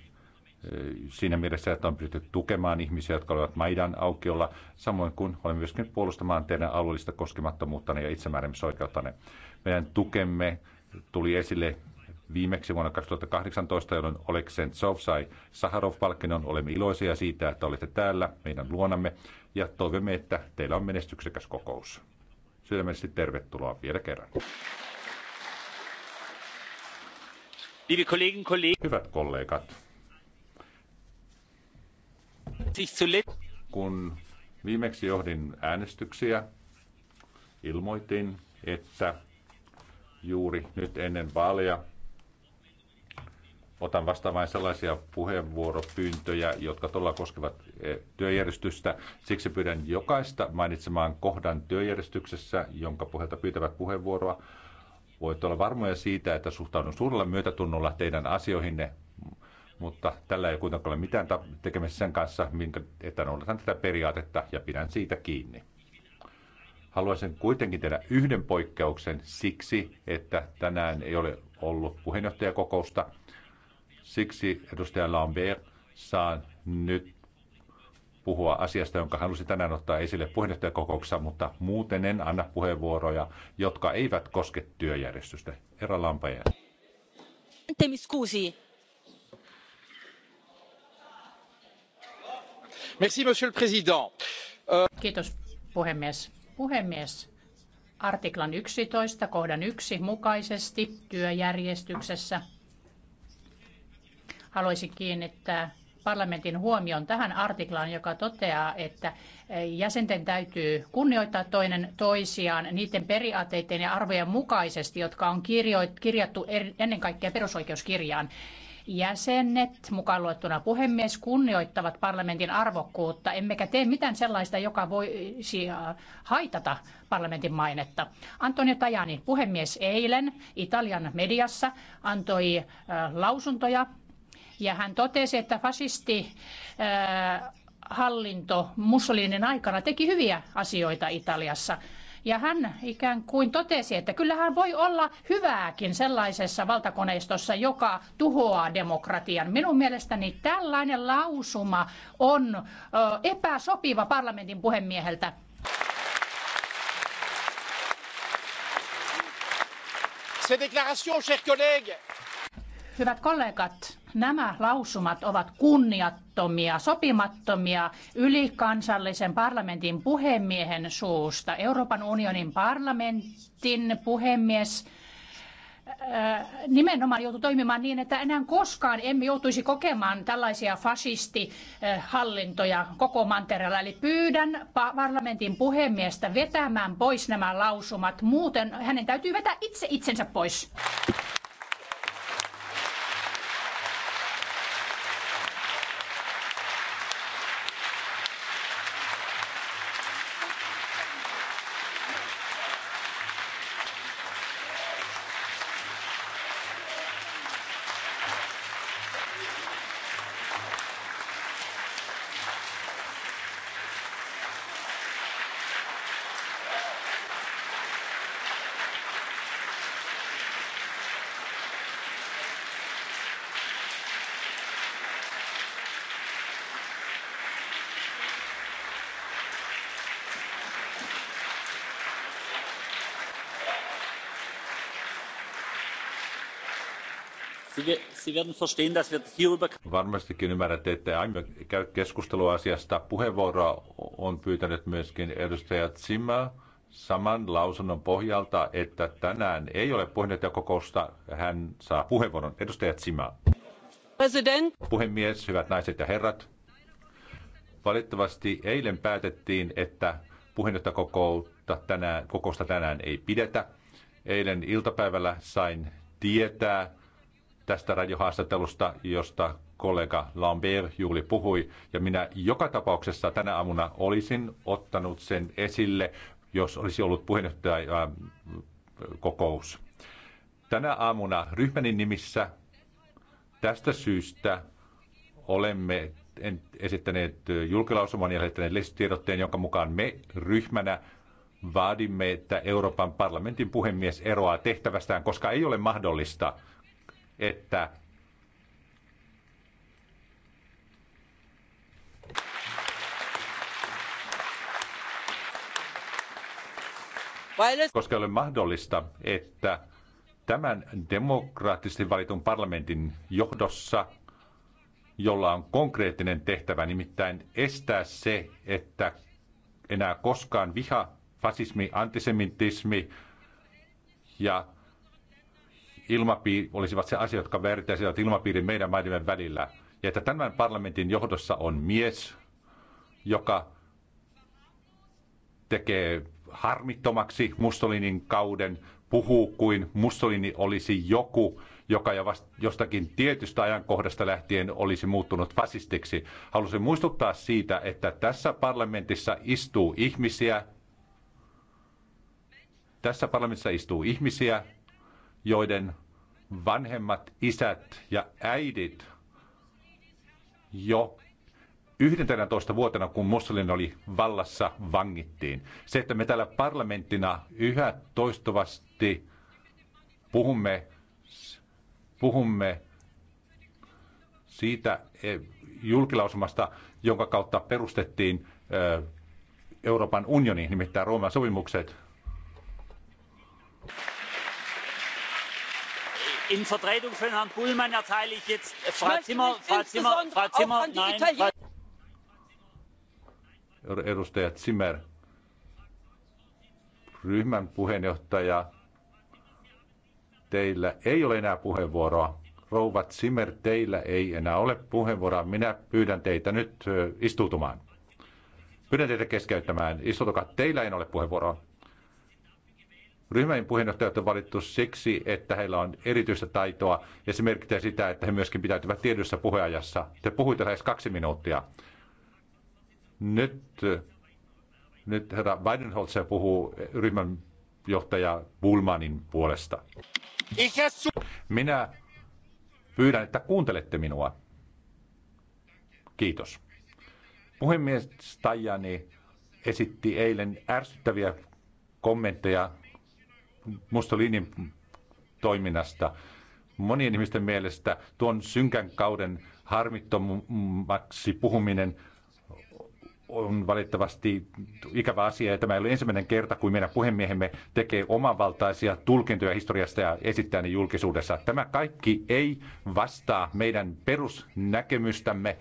eh, siinä mielessä, että on pyritty tukemaan ihmisiä, jotka olivat Maidan aukiolla, samoin kuin olemme myöskin puolustamaan teidän alueellista koskemattomuutta ja itsemääräämisoikeuttanne. Meidän tukemme tuli esille viimeksi vuonna 2018, jolloin Oleksen Tsov sai Saharov-palkinnon. Olemme iloisia siitä, että olette täällä meidän luonamme ja toivomme, että teillä on menestyksekäs kokous. Sydämellisesti tervetuloa vielä kerran. Hyvät kollegat, kun viimeksi johdin äänestyksiä, ilmoitin, että juuri nyt ennen vaaleja otan vastaan vain sellaisia puheenvuoropyyntöjä, jotka todella koskevat e, työjärjestystä. Siksi pyydän jokaista mainitsemaan kohdan työjärjestyksessä, jonka pohjalta pyytävät puheenvuoroa Voitte olla varmoja siitä, että suhtaudun suurella myötätunnolla teidän asioihinne, mutta tällä ei kuitenkaan ole mitään tekemistä sen kanssa, minkä, että noudatan tätä periaatetta ja pidän siitä kiinni. Haluaisin kuitenkin tehdä yhden poikkeuksen siksi, että tänään ei ole ollut puheenjohtajakokousta. Siksi edustaja Lambert saa nyt puhua asiasta, jonka halusin tänään ottaa esille puheenjohtajakokouksessa, mutta muuten en anna puheenvuoroja, jotka eivät koske työjärjestystä. Herra Lampaja. Temi scusi. Merci, monsieur le président. Euh, Kiitos puhemies. Puhemies, artiklan 11 kohdan 1 mukaisesti työjärjestyksessä haluaisin kiinnittää parlamentin huomion tähän artiklaan, joka toteaa, että jäsenten täytyy kunnioittaa toinen toisiaan niiden periaatteiden ja arvojen mukaisesti, jotka on kirjattu ennen kaikkea perusoikeuskirjaan jäsenet, mukaan luettuna puhemies, kunnioittavat parlamentin arvokkuutta, emmekä tee mitään sellaista, joka voisi haitata parlamentin mainetta. Antonio Tajani, puhemies eilen Italian mediassa, antoi lausuntoja ja hän totesi, että fasisti äh, hallinto Mussolinin aikana teki hyviä asioita Italiassa. Ja hän ikään kuin totesi, että kyllähän voi olla hyvääkin sellaisessa valtakoneistossa, joka tuhoaa demokratian. Minun mielestäni tällainen lausuma on epäsopiva parlamentin puhemieheltä. Hyvät kollegat, Nämä lausumat ovat kunniattomia, sopimattomia ylikansallisen parlamentin puhemiehen suusta. Euroopan unionin parlamentin puhemies äh, nimenomaan joutui toimimaan niin, että enää koskaan emme joutuisi kokemaan tällaisia fasistihallintoja äh, koko mantereella. Eli pyydän parlamentin puhemiestä vetämään pois nämä lausumat. Muuten hänen täytyy vetää itse itsensä pois. Varmastikin ymmärrätte, että aiemmin käy keskustelua asiasta. Puheenvuoroa on pyytänyt myöskin edustaja Zimmer saman lausunnon pohjalta, että tänään ei ole puheenjohtajakokousta. Hän saa puheenvuoron. Edustaja Zimmer. President. Puhemies, hyvät naiset ja herrat. Valitettavasti eilen päätettiin, että puheenjohtajakokousta tänään, kokousta tänään ei pidetä. Eilen iltapäivällä sain tietää, tästä radiohaastattelusta, josta kollega Lambert juuri puhui. Ja minä joka tapauksessa tänä aamuna olisin ottanut sen esille, jos olisi ollut puheenjohtaja kokous. Tänä aamuna ryhmäni nimissä tästä syystä olemme esittäneet julkilausuman ja lähettäneet lehtitiedotteen, jonka mukaan me ryhmänä vaadimme, että Euroopan parlamentin puhemies eroaa tehtävästään, koska ei ole mahdollista – että koska ei ole mahdollista, että tämän demokraattisesti valitun parlamentin johdossa, jolla on konkreettinen tehtävä, nimittäin estää se, että enää koskaan viha, fasismi, antisemitismi ja ilmapiiri, olisivat se asia, jotka määrittäisivät ilmapiirin meidän maidemme välillä. Ja että tämän parlamentin johdossa on mies, joka tekee harmittomaksi Mussolinin kauden, puhuu kuin Mussolini olisi joku, joka jo vast, jostakin tietystä ajankohdasta lähtien olisi muuttunut fasistiksi. Haluaisin muistuttaa siitä, että tässä parlamentissa istuu ihmisiä, tässä parlamentissa istuu ihmisiä, joiden vanhemmat isät ja äidit jo 11 vuotena, kun Mussolini oli vallassa, vangittiin. Se, että me täällä parlamenttina yhä toistuvasti puhumme, puhumme siitä e, julkilausumasta, jonka kautta perustettiin e, Euroopan unioni, nimittäin Rooman sopimukset in vertretung von herrn bullmann erteile ich jetzt frau zimmer frau zimmer frau zimmer nein edustaja Zimmer, ryhmän puheenjohtaja, teillä ei ole enää puheenvuoroa. Rouva Zimmer, teillä ei enää ole puheenvuoroa. Minä pyydän teitä nyt istuutumaan. Pyydän teitä keskeyttämään. Istutukaa. Teillä ei ole puheenvuoroa. Ryhmän puheenjohtajat on valittu siksi, että heillä on erityistä taitoa ja se merkitsee sitä, että he myöskin pitäytyvät tietyssä puheajassa. Te puhuitte lähes kaksi minuuttia. Nyt, nyt herra Weidenholzer puhuu ryhmän johtaja Bulmanin puolesta. Minä pyydän, että kuuntelette minua. Kiitos. Puhemies Tajani esitti eilen ärsyttäviä kommentteja Mussolinin toiminnasta. Monien ihmisten mielestä tuon synkän kauden harmittomaksi puhuminen on valitettavasti ikävä asia, ja tämä ei ole ensimmäinen kerta, kun meidän puhemiehemme tekee omanvaltaisia tulkintoja historiasta ja esittää ne julkisuudessa. Tämä kaikki ei vastaa meidän perusnäkemystämme,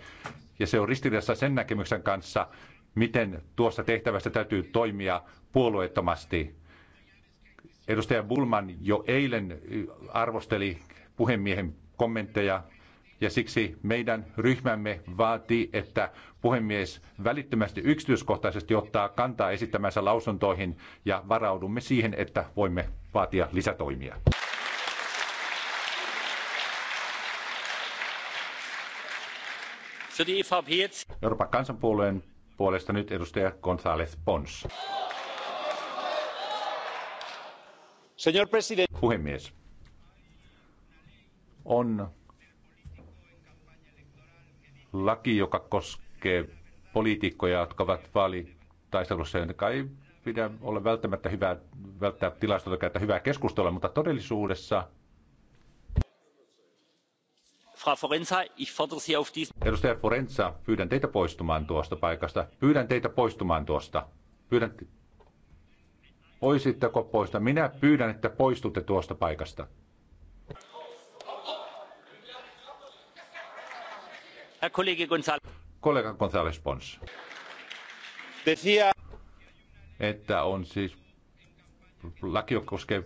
ja se on ristiriidassa sen näkemyksen kanssa, miten tuossa tehtävässä täytyy toimia puolueettomasti. Edustaja Bulman jo eilen äh, arvosteli puhemiehen kommentteja ja siksi meidän ryhmämme vaatii, että puhemies välittömästi yksityiskohtaisesti ottaa kantaa esittämänsä lausuntoihin ja varaudumme siihen, että voimme vaatia lisätoimia. Euroopan kansanpuolueen puolesta nyt edustaja González Pons. Puhemies. On laki, joka koskee poliitikkoja, jotka ovat vaalitaistelussa, jotka ei pidä olla välttämättä hyvää, välttää tilaisuutta käyttää hyvää keskustelua, mutta todellisuudessa Forenza, ich fordere Sie auf diesen... Edustaja Forenza, pyydän teitä poistumaan tuosta paikasta. Pyydän teitä poistumaan tuosta. Pyydän Voisitteko poista? Minä pyydän, että poistutte tuosta paikasta. Kollega González. Pons. Että on siis laki, joka koskee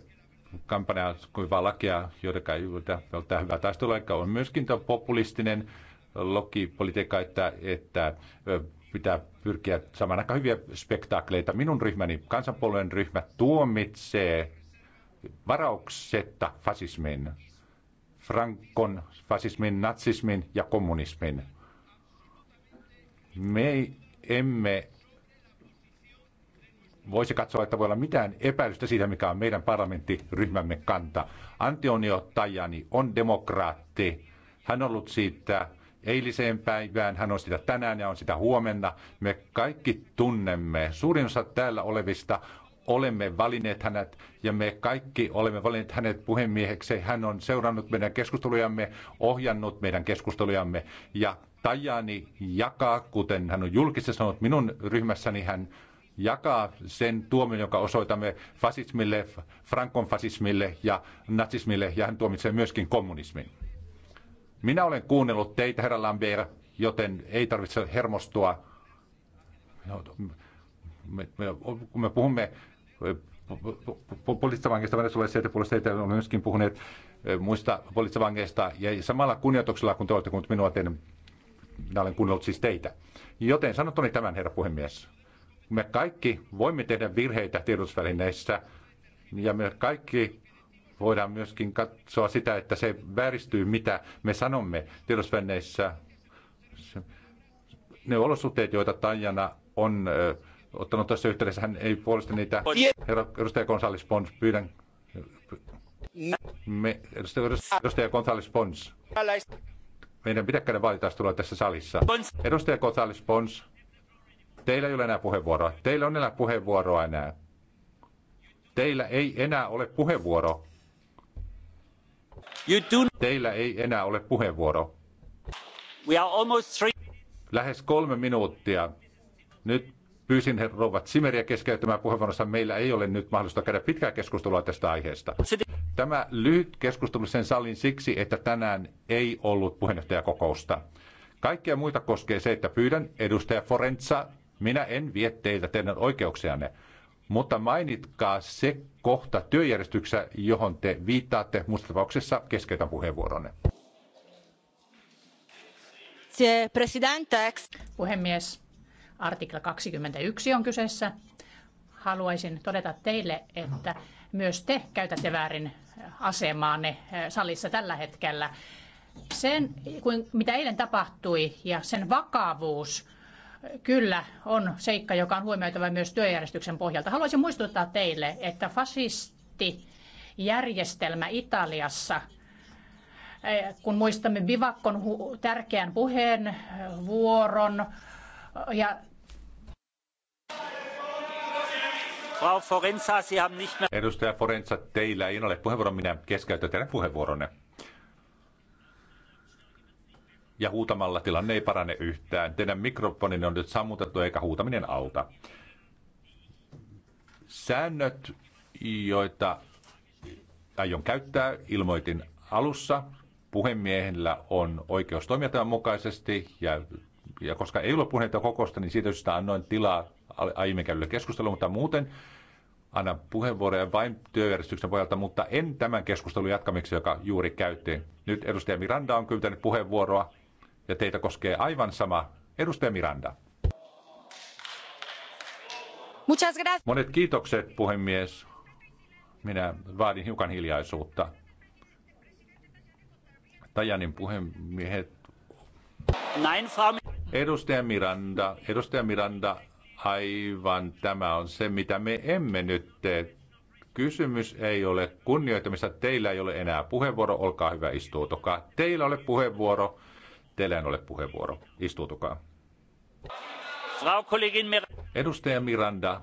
kampanjaa kuin vain lakia, joidenka ei välttää hyvää taistelua, on myöskin populistinen logipolitiikka, että, että pitää pyrkiä saamaan aika hyviä spektaakleita. Minun ryhmäni, kansanpuolueen ryhmä, tuomitsee varauksetta fasismin, frankon fasismin, natsismin ja kommunismin. Me emme voisi katsoa, että voi olla mitään epäilystä siitä, mikä on meidän parlamenttiryhmämme kanta. Antonio Tajani on demokraatti. Hän on ollut siitä eiliseen päivään, hän on sitä tänään ja on sitä huomenna. Me kaikki tunnemme, suurin osa täällä olevista olemme valinneet hänet ja me kaikki olemme valinneet hänet puhemieheksi. Hän on seurannut meidän keskustelujamme, ohjannut meidän keskustelujamme ja Tajani jakaa, kuten hän on julkisesti sanonut minun ryhmässäni, hän jakaa sen tuomion, jonka osoitamme fasismille, frankonfasismille ja natsismille, ja hän tuomitsee myöskin kommunismin. Minä olen kuunnellut teitä, herra Lambert, joten ei tarvitse hermostua. No, me, me, kun me puhumme poliittisista vangeista Venezuelassa ja puolesta teitä on myöskin puhuneet muista poliittisista vangeista. Ja samalla kunnioituksella, kun te olette kuunnellut minua, teidän, minä olen kuunnellut siis teitä. Joten sanottoni tämän, herra puhemies. Me kaikki voimme tehdä virheitä tiedotusvälineissä ja me kaikki voidaan myöskin katsoa sitä, että se vääristyy, mitä me sanomme tiedotusvälineissä. Ne olosuhteet, joita Tajana on ottanut tässä yhteydessä, hän ei puolesta niitä. Herra edustaja Gonzales Pons, pyydän. Me, edustaja, edustaja Gonzales Pons. Meidän pitää käydä tulla tässä salissa. Edustaja Gonzales Pons, teillä ei ole enää puheenvuoroa. Teillä on enää puheenvuoroa enää. Teillä ei enää ole puheenvuoro. Teillä ei enää ole puheenvuoro. Lähes kolme minuuttia. Nyt pyysin rouva Simeriä keskeyttämään puheenvuoronsa. Meillä ei ole nyt mahdollista käydä pitkää keskustelua tästä aiheesta. Tämä lyhyt keskustelu sen salin siksi, että tänään ei ollut puheenjohtajakokousta. Kaikkia muita koskee se, että pyydän edustaja Forenza, minä en vie teiltä teidän oikeuksianne mutta mainitkaa se kohta työjärjestyksessä, johon te viittaatte. Muussa tapauksessa keskeytän puheenvuoronne. Puhemies, artikla 21 on kyseessä. Haluaisin todeta teille, että myös te käytätte väärin asemaanne eh, salissa tällä hetkellä. Sen, mitä eilen tapahtui ja sen vakavuus kyllä on seikka, joka on huomioitava myös työjärjestyksen pohjalta. Haluaisin muistuttaa teille, että fasistijärjestelmä Italiassa eh, kun muistamme Bivakkon tärkeän puheen, eh, vuoron eh, ja Frau Forenza, Sie haben nicht mehr... Edustaja Forenza, teillä ei ole puheenvuoro, minä keskeytän teidän puheenvuoronne ja huutamalla tilanne ei parane yhtään. Teidän mikrofoninne on nyt sammutettu eikä huutaminen auta. Säännöt, joita aion käyttää, ilmoitin alussa. Puhemiehellä on oikeus toimia tämän mukaisesti ja, ja koska ei ole puheita kokosta, niin siitä syystä annoin tilaa aiemmin käydylle keskustelulle, mutta muuten anna puheenvuoroja vain työjärjestyksen pohjalta, mutta en tämän keskustelun jatkamiksi, joka juuri käytiin. Nyt edustaja Miranda on kyltänyt puheenvuoroa ja teitä koskee aivan sama. Edustaja Miranda. Monet kiitokset, puhemies. Minä vaadin hiukan hiljaisuutta. Tajanin puhemiehet. Näin, Edustaja Miranda, edustaja Miranda, aivan tämä on se, mitä me emme nyt tee. Kysymys ei ole kunnioitamista. Teillä ei ole enää puheenvuoro. Olkaa hyvä, istuutokaa. Teillä ole puheenvuoro. Teillä en ole puheenvuoro. Istuutukaa. Frau Kollegin Mir- Edustaja Miranda,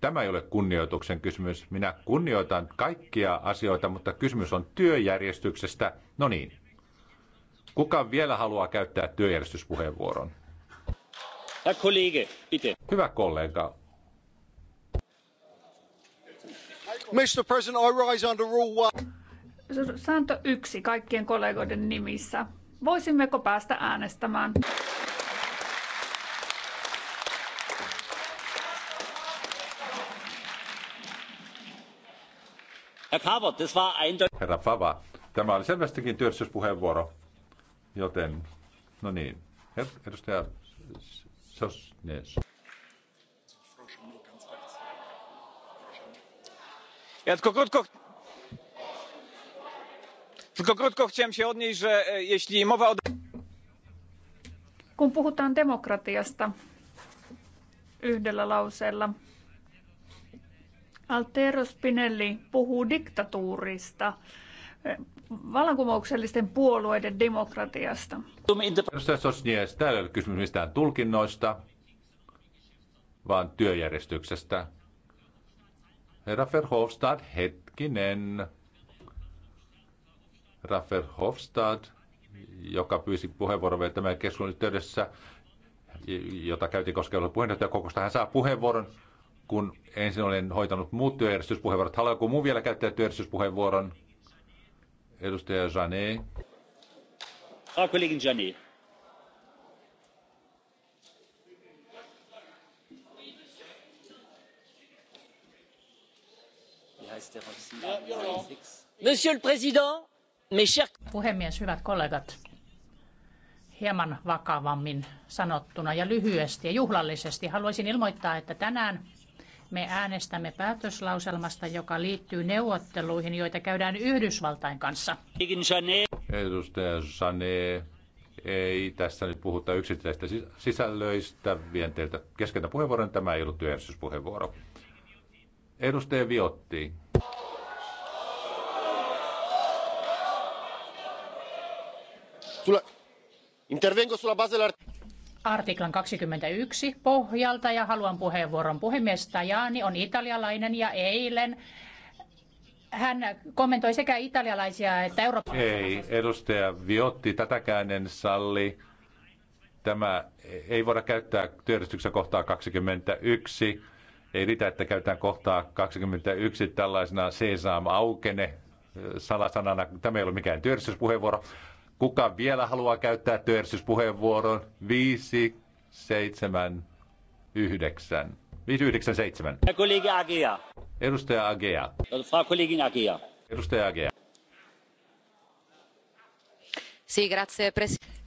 tämä ei ole kunnioituksen kysymys. Minä kunnioitan kaikkia asioita, mutta kysymys on työjärjestyksestä. No niin. Kuka vielä haluaa käyttää työjärjestyspuheenvuoron? Herr Kollege, bitte. Hyvä kollega. Mr. President, I rise under rule one. Sääntö yksi kaikkien kollegoiden nimissä. Voisimmeko päästä äänestämään? Herra Fava, tämä oli selvästikin työllisyyspuheenvuoro, joten no niin, edustaja Sosnes. Jatko, kutko, Tylko krótko chciałem się odnieść, że e, jeśli mowa o... Kun puhutaan demokratiasta yhdellä lauseella, Altero Spinelli puhuu diktatuurista, e, vallankumouksellisten puolueiden demokratiasta. Edustaja Sosnies, täällä ei ole kysymys mistään tulkinnoista, vaan työjärjestyksestä. Herra Verhofstadt, hetkinen. Rafael Hofstad, joka pyysi puheenvuoron vielä tämän keskustelun yhteydessä, jota käytiin koskevalla puheenjohtajakokousta. Hän saa puheenvuoron, kun ensin olen hoitanut muut työjärjestyspuheenvuorot. Haluaa muu vielä käyttää työjärjestyspuheenvuoron? Edustaja Jané. Frau Kollegin Jané. Monsieur le Président, Puhemies, hyvät kollegat, hieman vakavammin sanottuna ja lyhyesti ja juhlallisesti haluaisin ilmoittaa, että tänään me äänestämme päätöslauselmasta, joka liittyy neuvotteluihin, joita käydään Yhdysvaltain kanssa. Edustaja Sané, ei tässä nyt puhuta yksittäistä sisällöistä. Vien teiltä keskeltä puheenvuoron. Tämä ei ollut työjärjestyspuheenvuoro. Edustaja Viotti. Artiklan 21 pohjalta ja haluan puheenvuoron. Puhemies Tajani on italialainen ja eilen hän kommentoi sekä italialaisia että eurooppalaisia. Ei, edustaja Viotti, tätäkään en salli. Tämä ei voida käyttää työjärjestyksen kohtaa 21. Ei riitä, että käytetään kohtaa 21 tällaisena sesam aukene salasanana. Tämä ei ole mikään työjärjestyspuheenvuoro. Kuka vielä haluaa käyttää työjärjestyspuheenvuoron? 5, 7, 9. 597. Kollega Agea. Edustaja Agea. Äh, Frau Kollegin Agea. Edustaja Agea.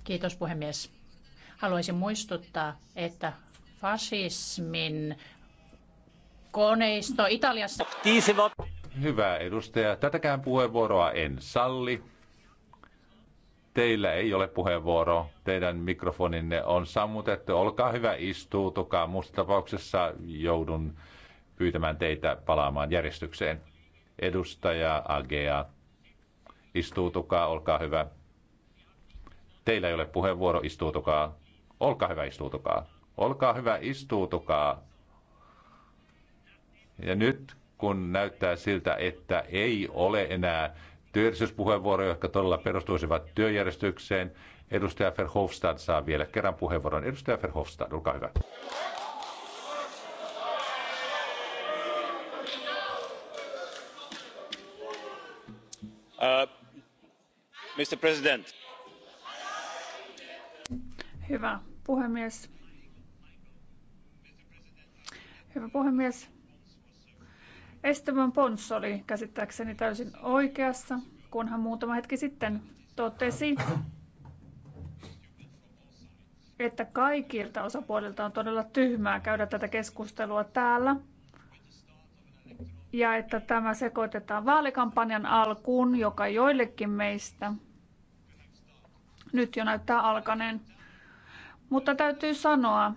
Kiitos puhemies. Haluaisin muistuttaa, että fasismin koneisto Italiassa... Hyvä edustaja. Tätäkään puheenvuoroa en salli. Teillä ei ole puheenvuoro. Teidän mikrofoninne on sammutettu. Olkaa hyvä, istuutukaa. Muussa tapauksessa joudun pyytämään teitä palaamaan järjestykseen. Edustaja Agea, istuutukaa, olkaa hyvä. Teillä ei ole puheenvuoro, istuutukaa. Olkaa hyvä, istuutukaa. Olkaa hyvä, istuutukaa. Ja nyt kun näyttää siltä, että ei ole enää työllisyyspuheenvuoroja, jotka todella perustuisivat työjärjestykseen. Edustaja Verhofstadt saa vielä kerran puheenvuoron. Edustaja Verhofstadt, olkaa hyvä. Uh, Mr. President. Hyvä puhemies. Hyvä puhemies. Esteban Pons oli käsittääkseni täysin oikeassa, kun hän muutama hetki sitten totesi, että kaikilta osapuolilta on todella tyhmää käydä tätä keskustelua täällä ja että tämä sekoitetaan vaalikampanjan alkuun, joka joillekin meistä nyt jo näyttää alkaneen. Mutta täytyy sanoa,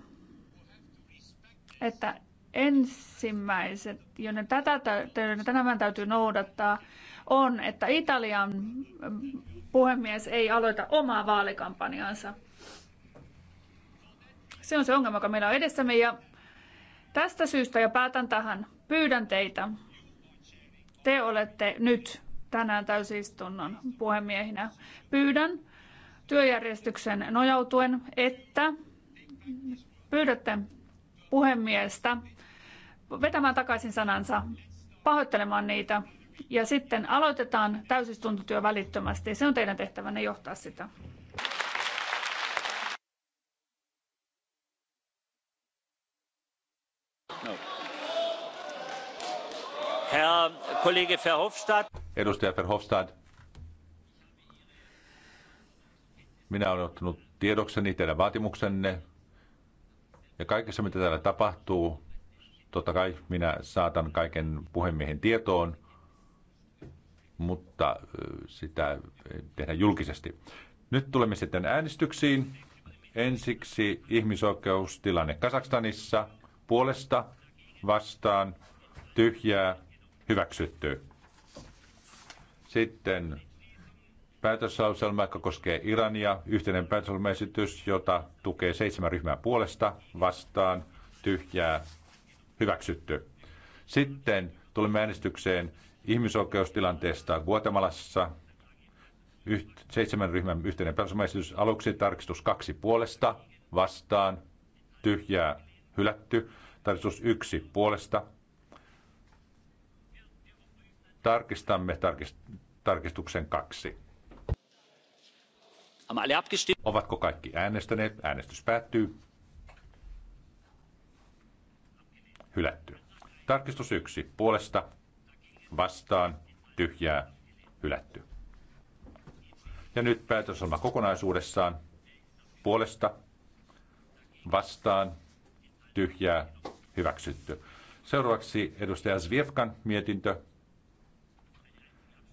että ensimmäiset, joiden tätä joiden tänään täytyy noudattaa, on, että Italian ähm, puhemies ei aloita omaa vaalikampanjaansa. Se on se ongelma, joka meillä on edessämme ja tästä syystä ja päätän tähän. Pyydän teitä. Te olette nyt tänään täysistunnon puhemiehinä. Pyydän työjärjestyksen nojautuen, että pyydätte puhemiestä vetämään takaisin sanansa, pahoittelemaan niitä ja sitten aloitetaan täysistuntotyö välittömästi. Se on teidän tehtävänne johtaa sitä. Herr Kollege Verhofstadt. Edustaja Verhofstadt. Minä olen ottanut tiedokseni teidän vaatimuksenne ja kaikessa mitä täällä tapahtuu, Totta kai minä saatan kaiken puhemiehen tietoon, mutta sitä tehdään julkisesti. Nyt tulemme sitten äänestyksiin. Ensiksi ihmisoikeustilanne Kasakstanissa puolesta vastaan tyhjää hyväksytty. Sitten päätöslauselma, joka koskee Irania, yhteinen päätöslauselmaesitys, jota tukee seitsemän ryhmää puolesta vastaan tyhjää Hyväksytty. Sitten tulimme äänestykseen ihmisoikeustilanteesta Guatemalassa. Yht, seitsemän ryhmän yhteinen perusmaisitys aluksi tarkistus kaksi puolesta vastaan tyhjää hylätty. Tarkistus yksi puolesta. Tarkistamme tarkist- tarkistuksen kaksi. Ovatko kaikki äänestäneet? Äänestys päättyy. hylätty. Tarkistus 1 puolesta vastaan tyhjää hylätty. Ja nyt päätösosama kokonaisuudessaan puolesta vastaan tyhjää hyväksytty. Seuraavaksi edustaja Zviefkan mietintö.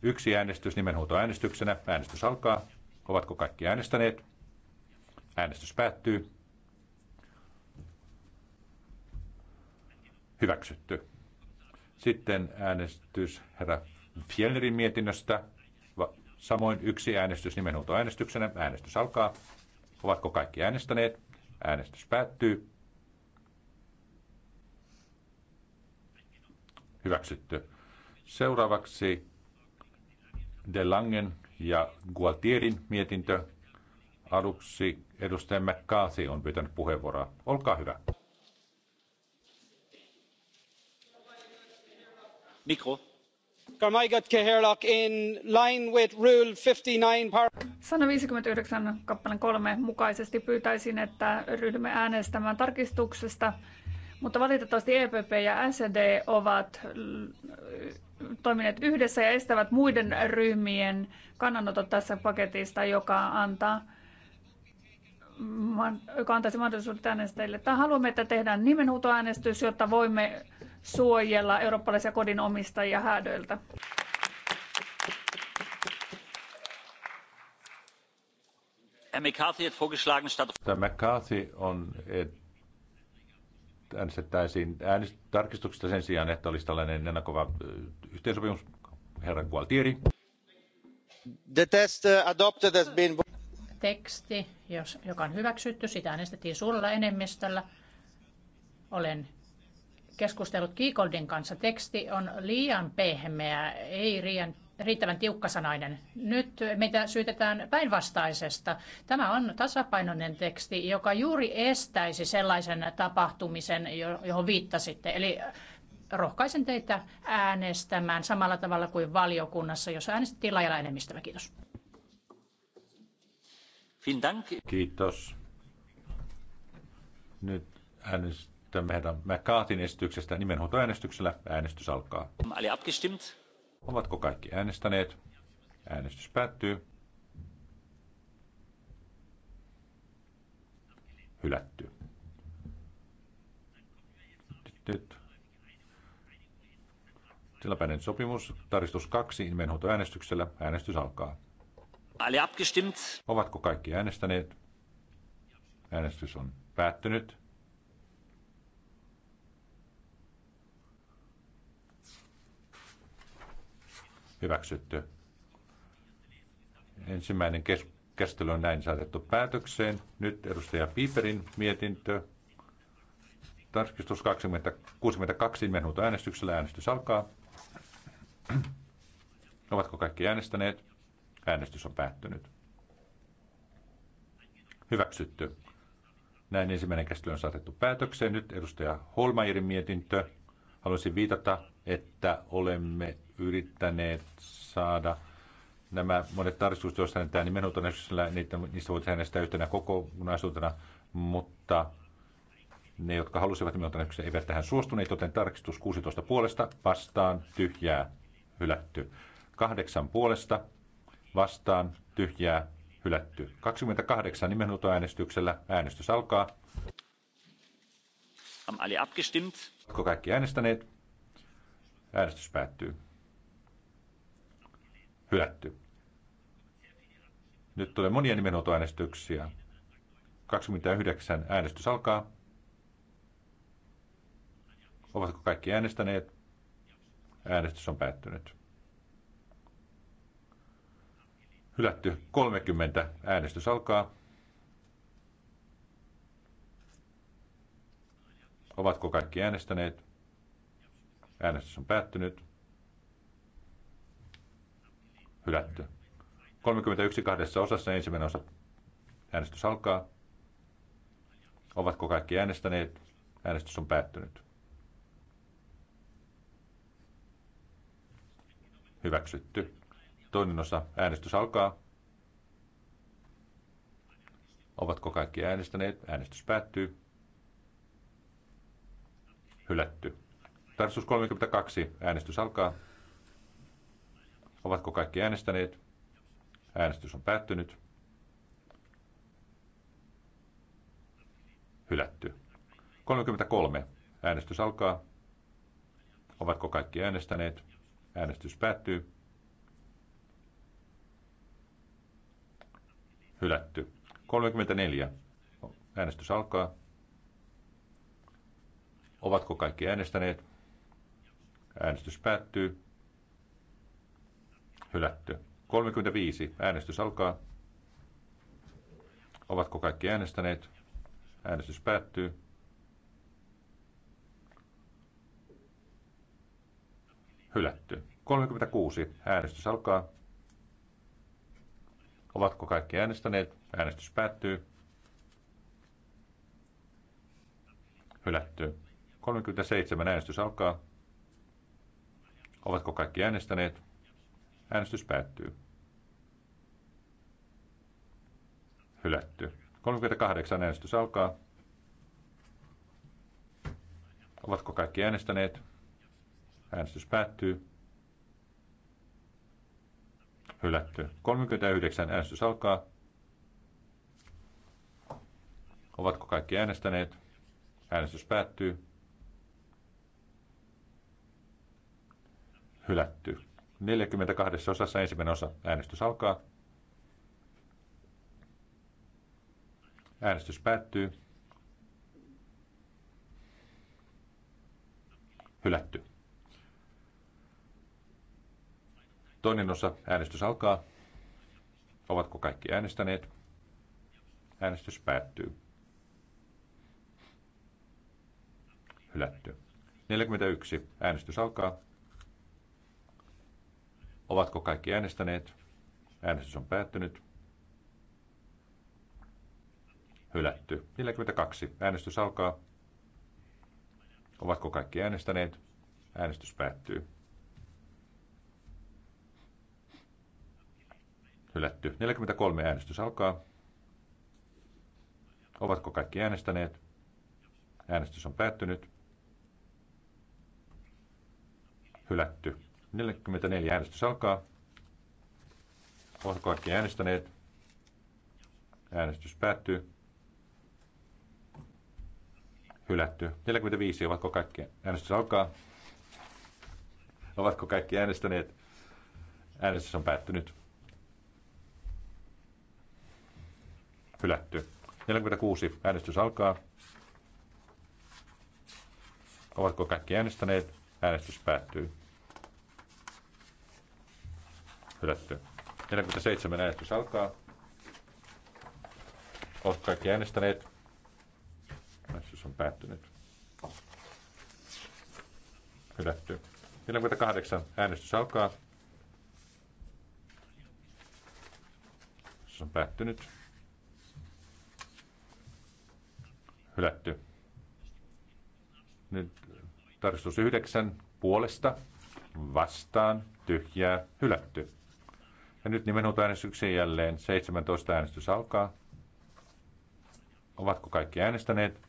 Yksi äänestys äänestyksenä. Äänestys alkaa. Ovatko kaikki äänestäneet? Äänestys päättyy. Hyväksytty. Sitten äänestys herra Fjellnerin mietinnöstä. Samoin yksi äänestys nimenhuutoäänestyksenä. Äänestys alkaa. Ovatko kaikki äänestäneet? Äänestys päättyy. Hyväksytty. Seuraavaksi De Langen ja Gualtierin mietintö. Aluksi edustaja McCarthy on pyytänyt puheenvuoroa. Olkaa hyvä. sataviisikymmentäyhdeksän kappaleen kolme mukaisesti pyytäisin että ryhdymme äänestämään tarkistuksesta mutta valitettavasti epp ja sd ovat toimineet yhdessä ja estävät muiden ryhmien kannanotot tästä paketista joka antaa joka antaisi mahdollisuuden äänestäjille. Tai haluamme, että tehdään nimenhuutoäänestys, jotta voimme suojella eurooppalaisia kodinomistajia häädöiltä. McCarthy on, että äänestettäisiin äänest- sen sijaan, että olisi tällainen ennakova yhteensopimus. Herra Gualtieri. The test uh, adopted has been teksti, jos, joka on hyväksytty, sitä äänestettiin suurella enemmistöllä. Olen keskustellut Kiikoldin kanssa. Teksti on liian pehmeä, ei riian, riittävän tiukkasanainen. Nyt meitä syytetään päinvastaisesta. Tämä on tasapainoinen teksti, joka juuri estäisi sellaisen tapahtumisen, johon viittasitte. Eli rohkaisen teitä äänestämään samalla tavalla kuin valiokunnassa, jos äänestettiin laajalla enemmistöllä. Kiitos. Kiitos. Nyt äänestämme herra McCartin esityksestä nimenhuutoäänestyksellä. Äänestys alkaa. Ovatko kaikki äänestäneet? Äänestys päättyy. Hylätty. tilapäinen sopimus, tarkistus 2, nimenhuutoäänestyksellä. Äänestys alkaa. Alle abgestimmt? Ovatko kaikki äänestäneet? Äänestys on päättynyt. Hyväksytty. Ensimmäinen kes- käsittely on näin saatettu päätökseen. Nyt edustaja Piiperin mietintö. Tarkistus 20, 62 nimenhuuto äänestyksellä. Äänestys alkaa. Ovatko kaikki äänestäneet? Äänestys on päättynyt. Hyväksytty. Näin ensimmäinen käsittely on saatettu päätökseen. Nyt edustaja Holmairin mietintö. Haluaisin viitata, että olemme yrittäneet saada nämä monet tarkistukset, joista näyttää, niin menut on niistä, niistä voitaisiin äänestää yhtenä kokonaisuutena, mutta ne, jotka halusivat minulta eivät tähän suostuneet, joten tarkistus 16 puolesta vastaan tyhjää hylätty. Kahdeksan puolesta vastaan, tyhjää, hylätty. 28 äänestyksellä. äänestys alkaa. Haben alle abgestimmt? Oletko kaikki äänestäneet? Äänestys päättyy. Hylätty. Nyt tulee monia nimenhuutoäänestyksiä. 29 äänestys alkaa. Ovatko kaikki äänestäneet? Äänestys on päättynyt. Hylätty 30. Äänestys alkaa. Ovatko kaikki äänestäneet? Äänestys on päättynyt. Hylätty. 31 kahdessa osassa ensimmäinen osa. Äänestys alkaa. Ovatko kaikki äänestäneet? Äänestys on päättynyt. Hyväksytty. Toinen osa. Äänestys alkaa. Ovatko kaikki äänestäneet? Äänestys päättyy. Hylätty. Tarkistus 32. Äänestys alkaa. Ovatko kaikki äänestäneet? Äänestys on päättynyt. Hylätty. 33. Äänestys alkaa. Ovatko kaikki äänestäneet? Äänestys päättyy. hylätty. 34. Äänestys alkaa. Ovatko kaikki äänestäneet? Äänestys päättyy. Hylätty. 35. Äänestys alkaa. Ovatko kaikki äänestäneet? Äänestys päättyy. Hylätty. 36. Äänestys alkaa. Ovatko kaikki äänestäneet? Äänestys päättyy. Hylätty. 37 äänestys alkaa. Ovatko kaikki äänestäneet? Äänestys päättyy. Hylätty. 38 äänestys alkaa. Ovatko kaikki äänestäneet? Äänestys päättyy hylätty. 39 äänestys alkaa. Ovatko kaikki äänestäneet? Äänestys päättyy. Hylätty. 42 osassa ensimmäinen osa. Äänestys alkaa. Äänestys päättyy. Hylätty. Toinen osa, äänestys alkaa. Ovatko kaikki äänestäneet? Äänestys päättyy. Hylätty. 41. Äänestys alkaa. Ovatko kaikki äänestäneet? Äänestys on päättynyt. Hylätty. 42. Äänestys alkaa. Ovatko kaikki äänestäneet? Äänestys päättyy. hylätty. 43 äänestys alkaa. Ovatko kaikki äänestäneet? Äänestys on päättynyt. Hylätty. 44 äänestys alkaa. Ovatko kaikki äänestäneet? Äänestys päättyy. Hylätty. 45. Ovatko kaikki? Äänestys alkaa. Ovatko kaikki äänestäneet? Äänestys on päättynyt. hylätty. 46. Äänestys alkaa. Ovatko kaikki äänestäneet? Äänestys päättyy. Hylätty. 47. Äänestys alkaa. ovatko kaikki äänestäneet? Äänestys on päättynyt. Hylätty. 48. Äänestys alkaa. Äänestys on päättynyt hylätty. Nyt tarkistus yhdeksän puolesta vastaan tyhjää hylätty. Ja nyt nimenhuutoäänestyksiin jälleen 17 äänestys alkaa. Ovatko kaikki äänestäneet?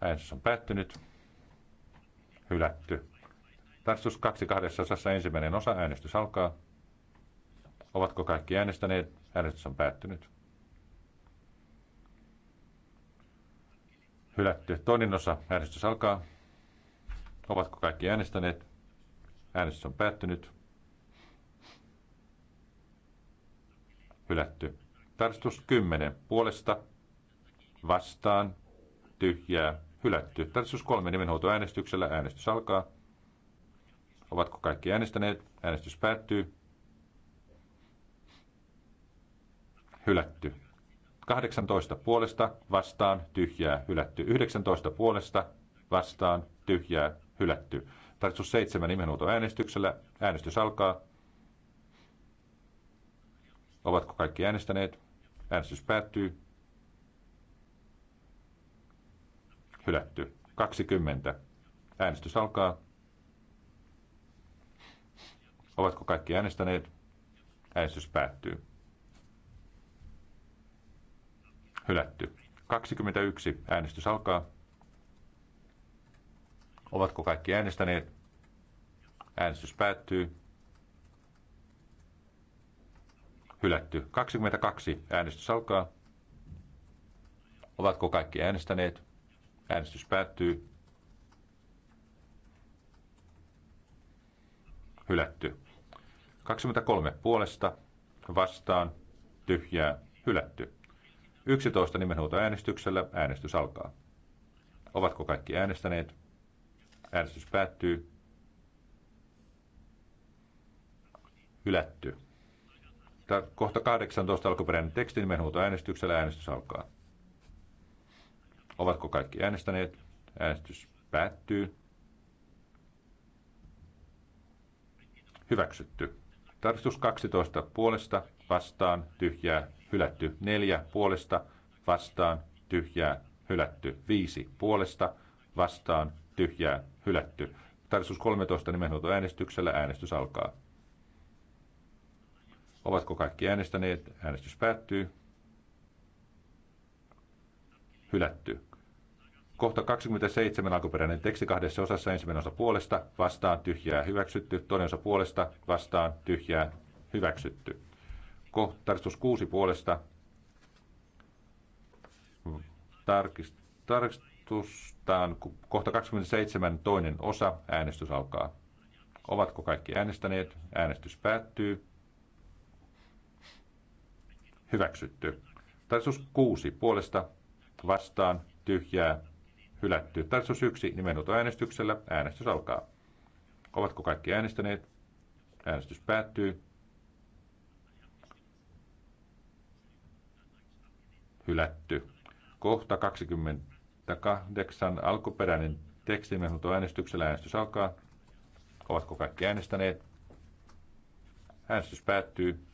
Äänestys on päättynyt. Hylätty. Tarkistus kaksi kahdessa osassa ensimmäinen osa. Äänestys alkaa. Ovatko kaikki äänestäneet? Äänestys on päättynyt. Hylätty. Toinen osa. Äänestys alkaa. Ovatko kaikki äänestäneet? Äänestys on päättynyt. Hylätty. Tarkistus 10. Puolesta. Vastaan. Tyhjää. Hylätty. Tarkistus 3. äänestyksellä. Äänestys alkaa. Ovatko kaikki äänestäneet? Äänestys päättyy. Hylätty. 18 puolesta vastaan tyhjää hylätty. 19 puolesta vastaan tyhjää hylätty. Tarkistus 7 nimenhuuto äänestyksellä. Äänestys alkaa. Ovatko kaikki äänestäneet? Äänestys päättyy. Hylätty. 20. Äänestys alkaa. Ovatko kaikki äänestäneet? Äänestys päättyy. hylätty. 21. Äänestys alkaa. Ovatko kaikki äänestäneet? Äänestys päättyy. Hylätty. 22. Äänestys alkaa. Ovatko kaikki äänestäneet? Äänestys päättyy. Hylätty. 23 puolesta vastaan tyhjää hylätty. 11 nimenhuutoäänestyksellä äänestys alkaa. Ovatko kaikki äänestäneet? Äänestys päättyy. Hylätty. Kohta 18 alkuperäinen teksti nimenhuutoäänestyksellä äänestys alkaa. Ovatko kaikki äänestäneet? Äänestys päättyy. Hyväksytty. Tarkistus 12 puolesta vastaan tyhjää hylätty. Neljä puolesta vastaan tyhjää hylätty. Viisi puolesta vastaan tyhjää hylätty. Tarkistus 13 äänestyksellä äänestys alkaa. Ovatko kaikki äänestäneet? Äänestys päättyy. Hylätty. Kohta 27 alkuperäinen teksti kahdessa osassa ensimmäinen osa puolesta, vastaan tyhjää hyväksytty, toinen osa puolesta, vastaan tyhjää hyväksytty. Tarkistus kuusi puolesta. Tarkist, on kohta 27 toinen osa. Äänestys alkaa. Ovatko kaikki äänestäneet? Äänestys päättyy. Hyväksytty. Tarkistus kuusi puolesta vastaan tyhjää hylätty. Tarkistus yksi nimenhuuto äänestyksellä. Äänestys alkaa. Ovatko kaikki äänestäneet? Äänestys päättyy. hylätty. Kohta 28 alkuperäinen teksti äänestyksellä äänestys alkaa. Ovatko kaikki äänestäneet? Äänestys päättyy.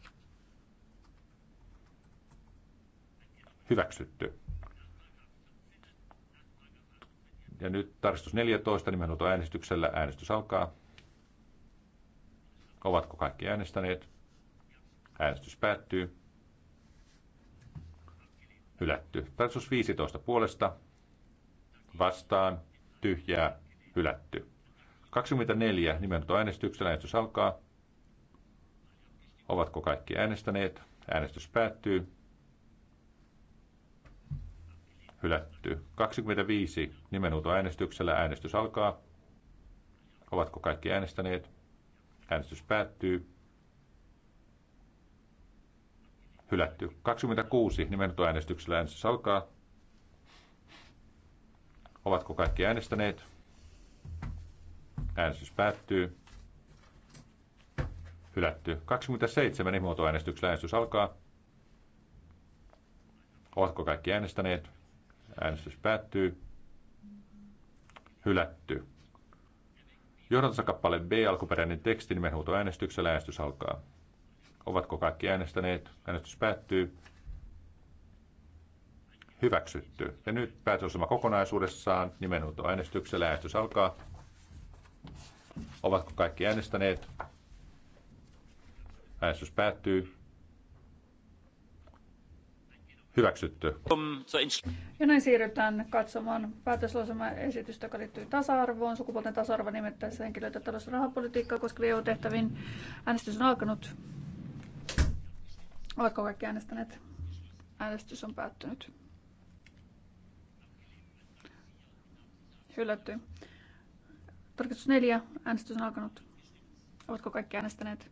Hyväksytty. Ja nyt tarkistus 14 äänestyksellä äänestys alkaa. Ovatko kaikki äänestäneet? Äänestys päättyy hylätty. Tarkistus 15 puolesta vastaan tyhjää hylätty. 24 nimenomaan äänestyksellä äänestys alkaa. Ovatko kaikki äänestäneet? Äänestys päättyy. Hylätty. 25 nimenomaan äänestyksellä äänestys alkaa. Ovatko kaikki äänestäneet? Äänestys päättyy hylätty. 26 äänestyksellä äänestys alkaa. Ovatko kaikki äänestäneet? Äänestys päättyy. Hylätty. 27 äänestyksellä äänestys alkaa. Ovatko kaikki äänestäneet? Äänestys päättyy. Hylätty. Johdantosakappale B alkuperäinen teksti äänestyksellä, äänestys alkaa. Ovatko kaikki äänestäneet? Äänestys päättyy. Hyväksytty. Ja nyt päätösosama kokonaisuudessaan nimenhuuto äänestyksellä. Äänestys alkaa. Ovatko kaikki äänestäneet? Äänestys päättyy. Hyväksytty. Ja näin siirrytään katsomaan päätöslauselman esitystä, joka liittyy tasa-arvoon, sukupuolten tasa-arvo nimettäessä henkilöitä talous- ja rahapolitiikkaa koskeviin EU-tehtäviin. Äänestys on alkanut. Ovatko kaikki äänestäneet? Äänestys on päättynyt. Hylätty. Tarkistus neljä. Äänestys on alkanut. Ovatko kaikki äänestäneet?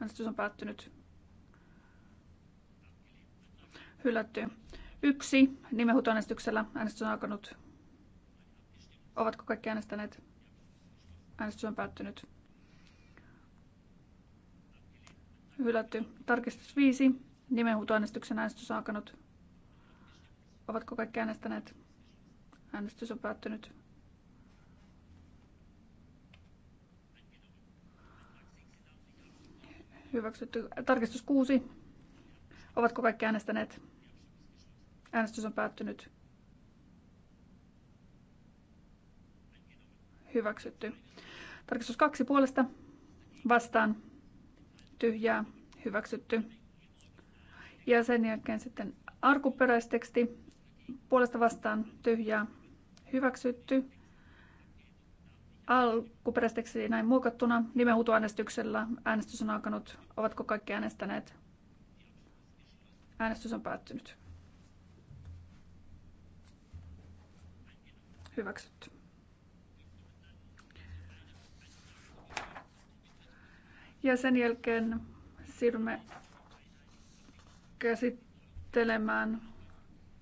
Äänestys on päättynyt. Hylätty. Yksi. äänestyksellä. Äänestys on alkanut. Ovatko kaikki äänestäneet? Äänestys on päättynyt. Hylätty. Tarkistus 5. Nimenhuutoäänestyksen äänestys alkanut. Ovatko kaikki äänestäneet? Äänestys on päättynyt. Hyväksytty. Tarkistus 6. Ovatko kaikki äänestäneet? Äänestys on päättynyt. Hyväksytty. Tarkistus 2 puolesta. Vastaan tyhjää, hyväksytty. Ja sen jälkeen sitten arkuperäisteksti puolesta vastaan, tyhjää, hyväksytty. Alkuperäisteksti näin muokattuna nimenhuutoäänestyksellä. Äänestys on alkanut. Ovatko kaikki äänestäneet? Äänestys on päättynyt. Hyväksytty. Ja sen jälkeen siirrymme käsittelemään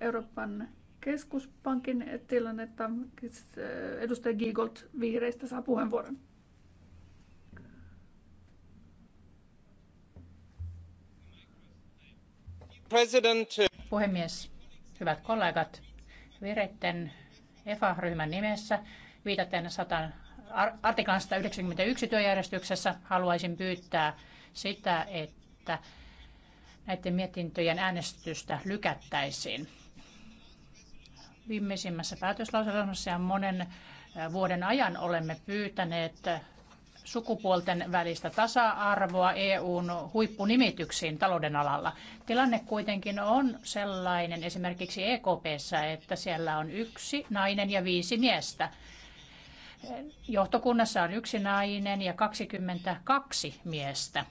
Euroopan keskuspankin tilannetta. Edustaja Giegold vihreistä saa puheenvuoron. President. Puhemies, hyvät kollegat, Vireitten EFA-ryhmän nimessä viitaten 100 artiklan 191 työjärjestyksessä haluaisin pyytää sitä, että näiden mietintöjen äänestystä lykättäisiin. Viimeisimmässä päätöslauselmassa ja monen vuoden ajan olemme pyytäneet sukupuolten välistä tasa-arvoa EUn huippunimityksiin talouden alalla. Tilanne kuitenkin on sellainen esimerkiksi EKPssä, että siellä on yksi nainen ja viisi miestä. Johtokunnassa on yksi nainen ja 22 miestä.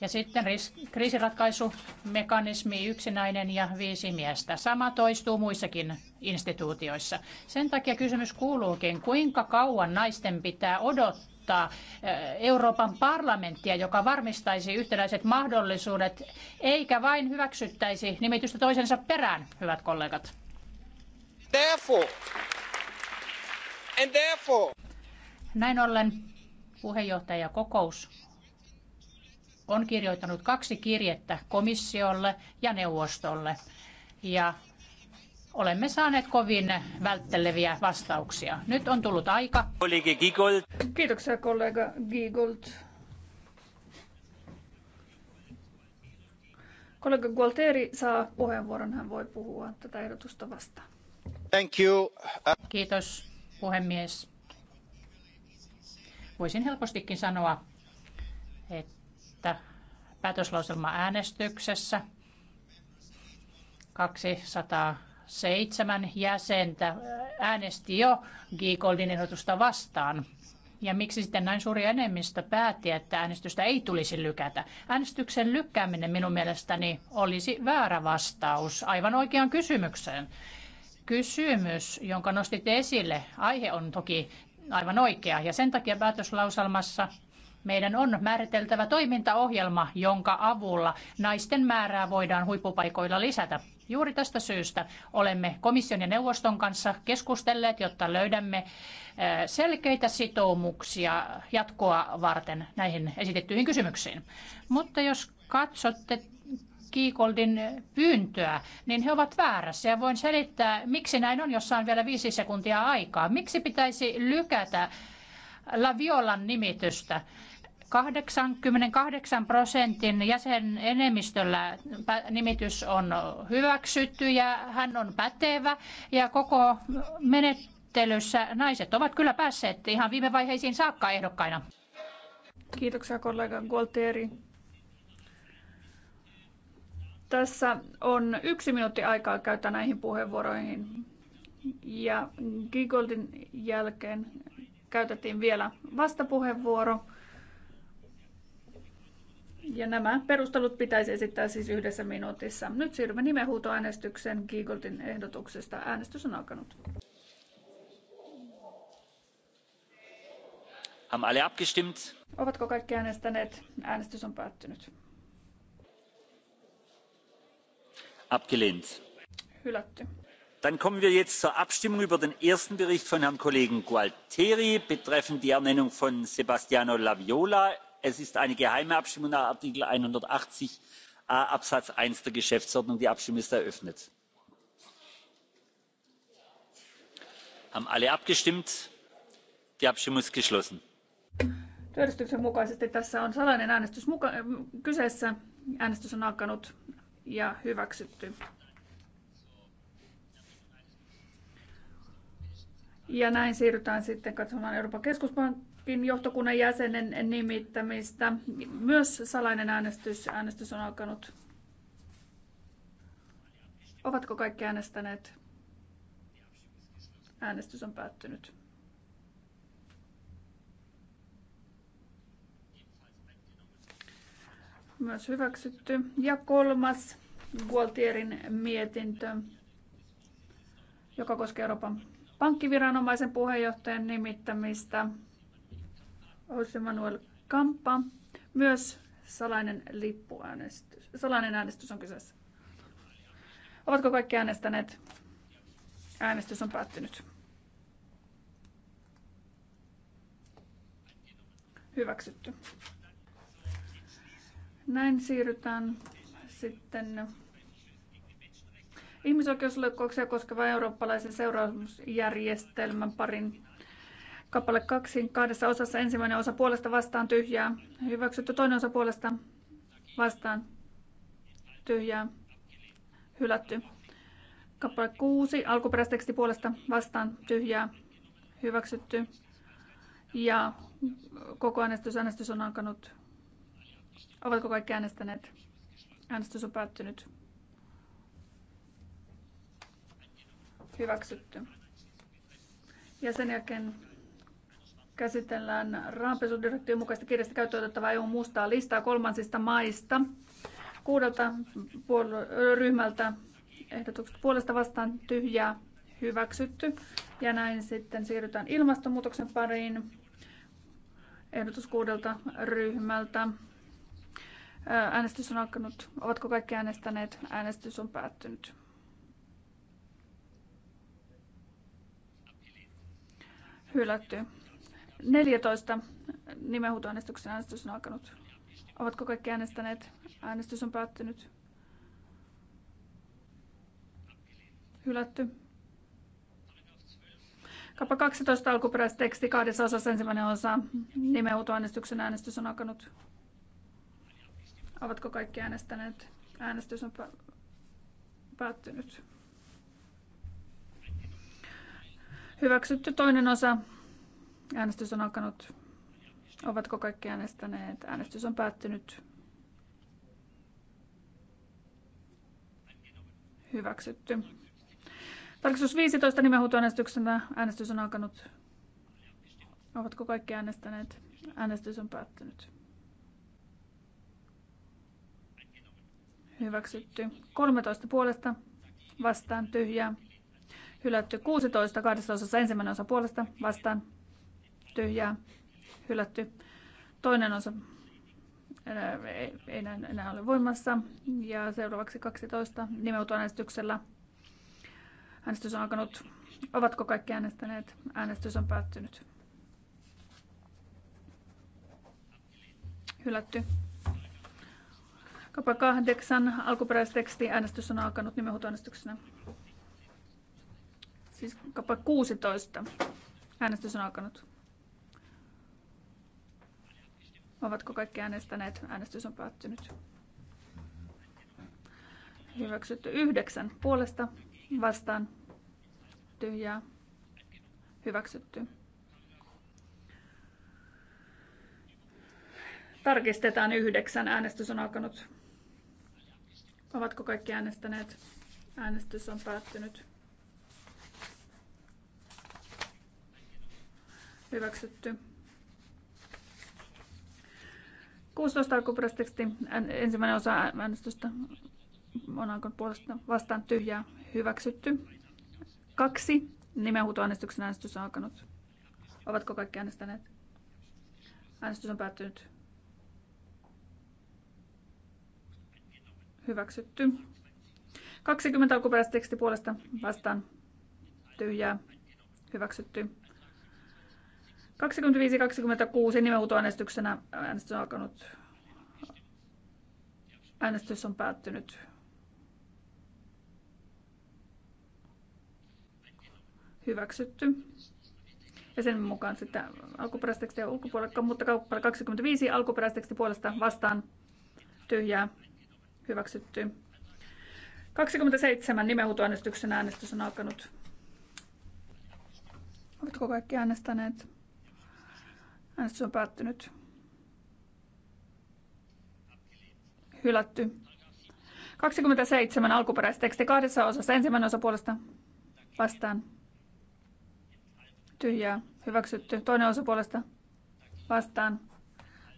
Ja sitten kriisiratkaisumekanismi yksi nainen ja viisi miestä. Sama toistuu muissakin instituutioissa. Sen takia kysymys kuuluukin, kuinka kauan naisten pitää odottaa eh, Euroopan parlamenttia, joka varmistaisi yhtenäiset mahdollisuudet, eikä vain hyväksyttäisi nimitystä toisensa perään, hyvät kollegat. Therefore, And therefore... Näin ollen puheenjohtajakokous on kirjoittanut kaksi kirjettä komissiolle ja neuvostolle. Ja olemme saaneet kovin vältteleviä vastauksia. Nyt on tullut aika. Kiitoksia kollega Giegold. Kollega Gualteri saa puheenvuoron, hän voi puhua tätä ehdotusta vastaan. Thank you. Uh, Kiitos puhemies. Voisin helpostikin sanoa, että päätöslauselma-äänestyksessä 207 jäsentä äänesti jo Goldin ehdotusta vastaan. Ja miksi sitten näin suuri enemmistö päätti, että äänestystä ei tulisi lykätä? Äänestyksen lykkääminen minun mielestäni olisi väärä vastaus aivan oikeaan kysymykseen kysymys, jonka nostitte esille, aihe on toki aivan oikea ja sen takia päätöslauselmassa meidän on määriteltävä toimintaohjelma, jonka avulla naisten määrää voidaan huippupaikoilla lisätä. Juuri tästä syystä olemme komission ja neuvoston kanssa keskustelleet, jotta löydämme eh, selkeitä sitoumuksia jatkoa varten näihin esitettyihin kysymyksiin. Mutta jos katsotte Kiikoldin pyyntöä, niin he ovat väärässä. Ja voin selittää, miksi näin on, jossa on vielä viisi sekuntia aikaa. Miksi pitäisi lykätä Laviolan nimitystä? 88 prosentin jäsenenemmistöllä nimitys on hyväksytty ja hän on pätevä ja koko menettelyssä naiset ovat kyllä päässeet ihan viime vaiheisiin saakka ehdokkaina. Kiitoksia kollega Gualtieri. Tässä on yksi minuutti aikaa käyttää näihin puheenvuoroihin. Ja Gigoldin jälkeen käytettiin vielä vastapuheenvuoro. Ja nämä perustelut pitäisi esittää siis yhdessä minuutissa. Nyt siirrymme nimenhuutoäänestykseen Gigoldin ehdotuksesta. Äänestys on alkanut. Haben alle abgestimmt? Ovatko kaikki äänestäneet? Äänestys on päättynyt. abgelehnt; dann kommen wir jetzt zur abstimmung über den ersten bericht von herrn kollegen gualtieri betreffend die ernennung von sebastiano laviola. es ist eine geheime abstimmung nach artikel einhundertachtzig a absatz eins der geschäftsordnung. die abstimmung ist eröffnet. haben alle abgestimmt? die abstimmung ist geschlossen. työjärjestyksen mukaisesti tässä on salainen äänestys kyseessä. Äänestys on alkanut ja hyväksytty. Ja näin siirrytään sitten katsomaan Euroopan keskuspankin johtokunnan jäsenen nimittämistä. Myös salainen äänestys. Äänestys on alkanut. Ovatko kaikki äänestäneet? Äänestys on päättynyt. Myös hyväksytty. Ja kolmas Gualtierin mietintö, joka koskee Euroopan pankkiviranomaisen puheenjohtajan nimittämistä. Jose Manuel Kampa. Myös salainen lippuäänestys. Salainen äänestys on kyseessä. Ovatko kaikki äänestäneet? Äänestys on päättynyt. Hyväksytty. Näin siirrytään sitten ihmisoikeusloukkauksia koskevan eurooppalaisen seuraamusjärjestelmän parin kappale kaksi kahdessa osassa. Ensimmäinen osa puolesta vastaan tyhjää. Hyväksytty toinen osa puolesta vastaan tyhjää. Hylätty. Kappale kuusi alkuperäisteksti puolesta vastaan tyhjää. Hyväksytty. Ja koko äänestysäänestys on alkanut. Ovatko kaikki äänestäneet? Äänestys on päättynyt. Hyväksytty. Ja sen jälkeen käsitellään rahanpesudirektiivin mukaista kirjasta käyttöön otettavaa EUn mustaa listaa kolmansista maista. Kuudelta puol- ryhmältä ehdotukset puolesta vastaan tyhjää hyväksytty. Ja näin sitten siirrytään ilmastonmuutoksen pariin. Ehdotus kuudelta ryhmältä Äänestys on alkanut. Ovatko kaikki äänestäneet? Äänestys on päättynyt. Hylätty. 14. Nimenhuutoäänestyksen äänestys on alkanut. Ovatko kaikki äänestäneet? Äänestys on päättynyt. Hylätty. Kappa 12 alkuperäisteksti kahdessa osassa ensimmäinen osa. Nimenhuutoäänestyksen äänestys on alkanut. Ovatko kaikki äänestäneet? Äänestys on päättynyt. Hyväksytty toinen osa. Äänestys on alkanut. Ovatko kaikki äänestäneet? Äänestys on päättynyt. Hyväksytty. Tarkistus 15 nimenhuutoäänestyksenä. Äänestys on alkanut. Ovatko kaikki äänestäneet? Äänestys on päättynyt. hyväksytty. 13 puolesta vastaan tyhjää, hylätty. 16 kahdessa osassa ensimmäinen osa puolesta vastaan tyhjää, hylätty. Toinen osa ei, ei enää, enää ole voimassa. Ja seuraavaksi 12 äänestyksellä. Äänestys on alkanut. Ovatko kaikki äänestäneet? Äänestys on päättynyt. Hylätty. Kapa kahdeksan, alkuperäisteksti, äänestys on alkanut nimenhuutoäänestyksenä. Siis kapa 16, äänestys on alkanut. Ovatko kaikki äänestäneet? Äänestys on päättynyt. Hyväksytty yhdeksän puolesta vastaan tyhjää. Hyväksytty. Tarkistetaan yhdeksän. Äänestys on alkanut. Ovatko kaikki äänestäneet? Äänestys on päättynyt. Hyväksytty. 16 alkuperäisteksti ensimmäinen osa äänestystä on Monakon puolesta vastaan tyhjää hyväksytty. Kaksi. Nimenhuutoäänestyksen äänestys on alkanut. Ovatko kaikki äänestäneet? Äänestys on päättynyt. Hyväksytty. 20 alkuperäisteksti puolesta vastaan tyhjää. Hyväksytty. 25-26 nimenhuutoäänestyksenä äänestys on alkanut. Äänestys on päättynyt. Hyväksytty. Ja sen mukaan sitten alkuperäistekstiä ulkopuolella, mutta kappale 25 alkuperäisteksti puolesta vastaan tyhjää Hyväksytty. 27 nimenhuutoäänestyksen äänestys on alkanut. Oletko kaikki äänestäneet? Äänestys on päättynyt. Hylätty. 27 alkuperäisteksti kahdessa osassa. Ensimmäinen osa puolesta vastaan. Tyhjää. Hyväksytty. Toinen osa puolesta vastaan.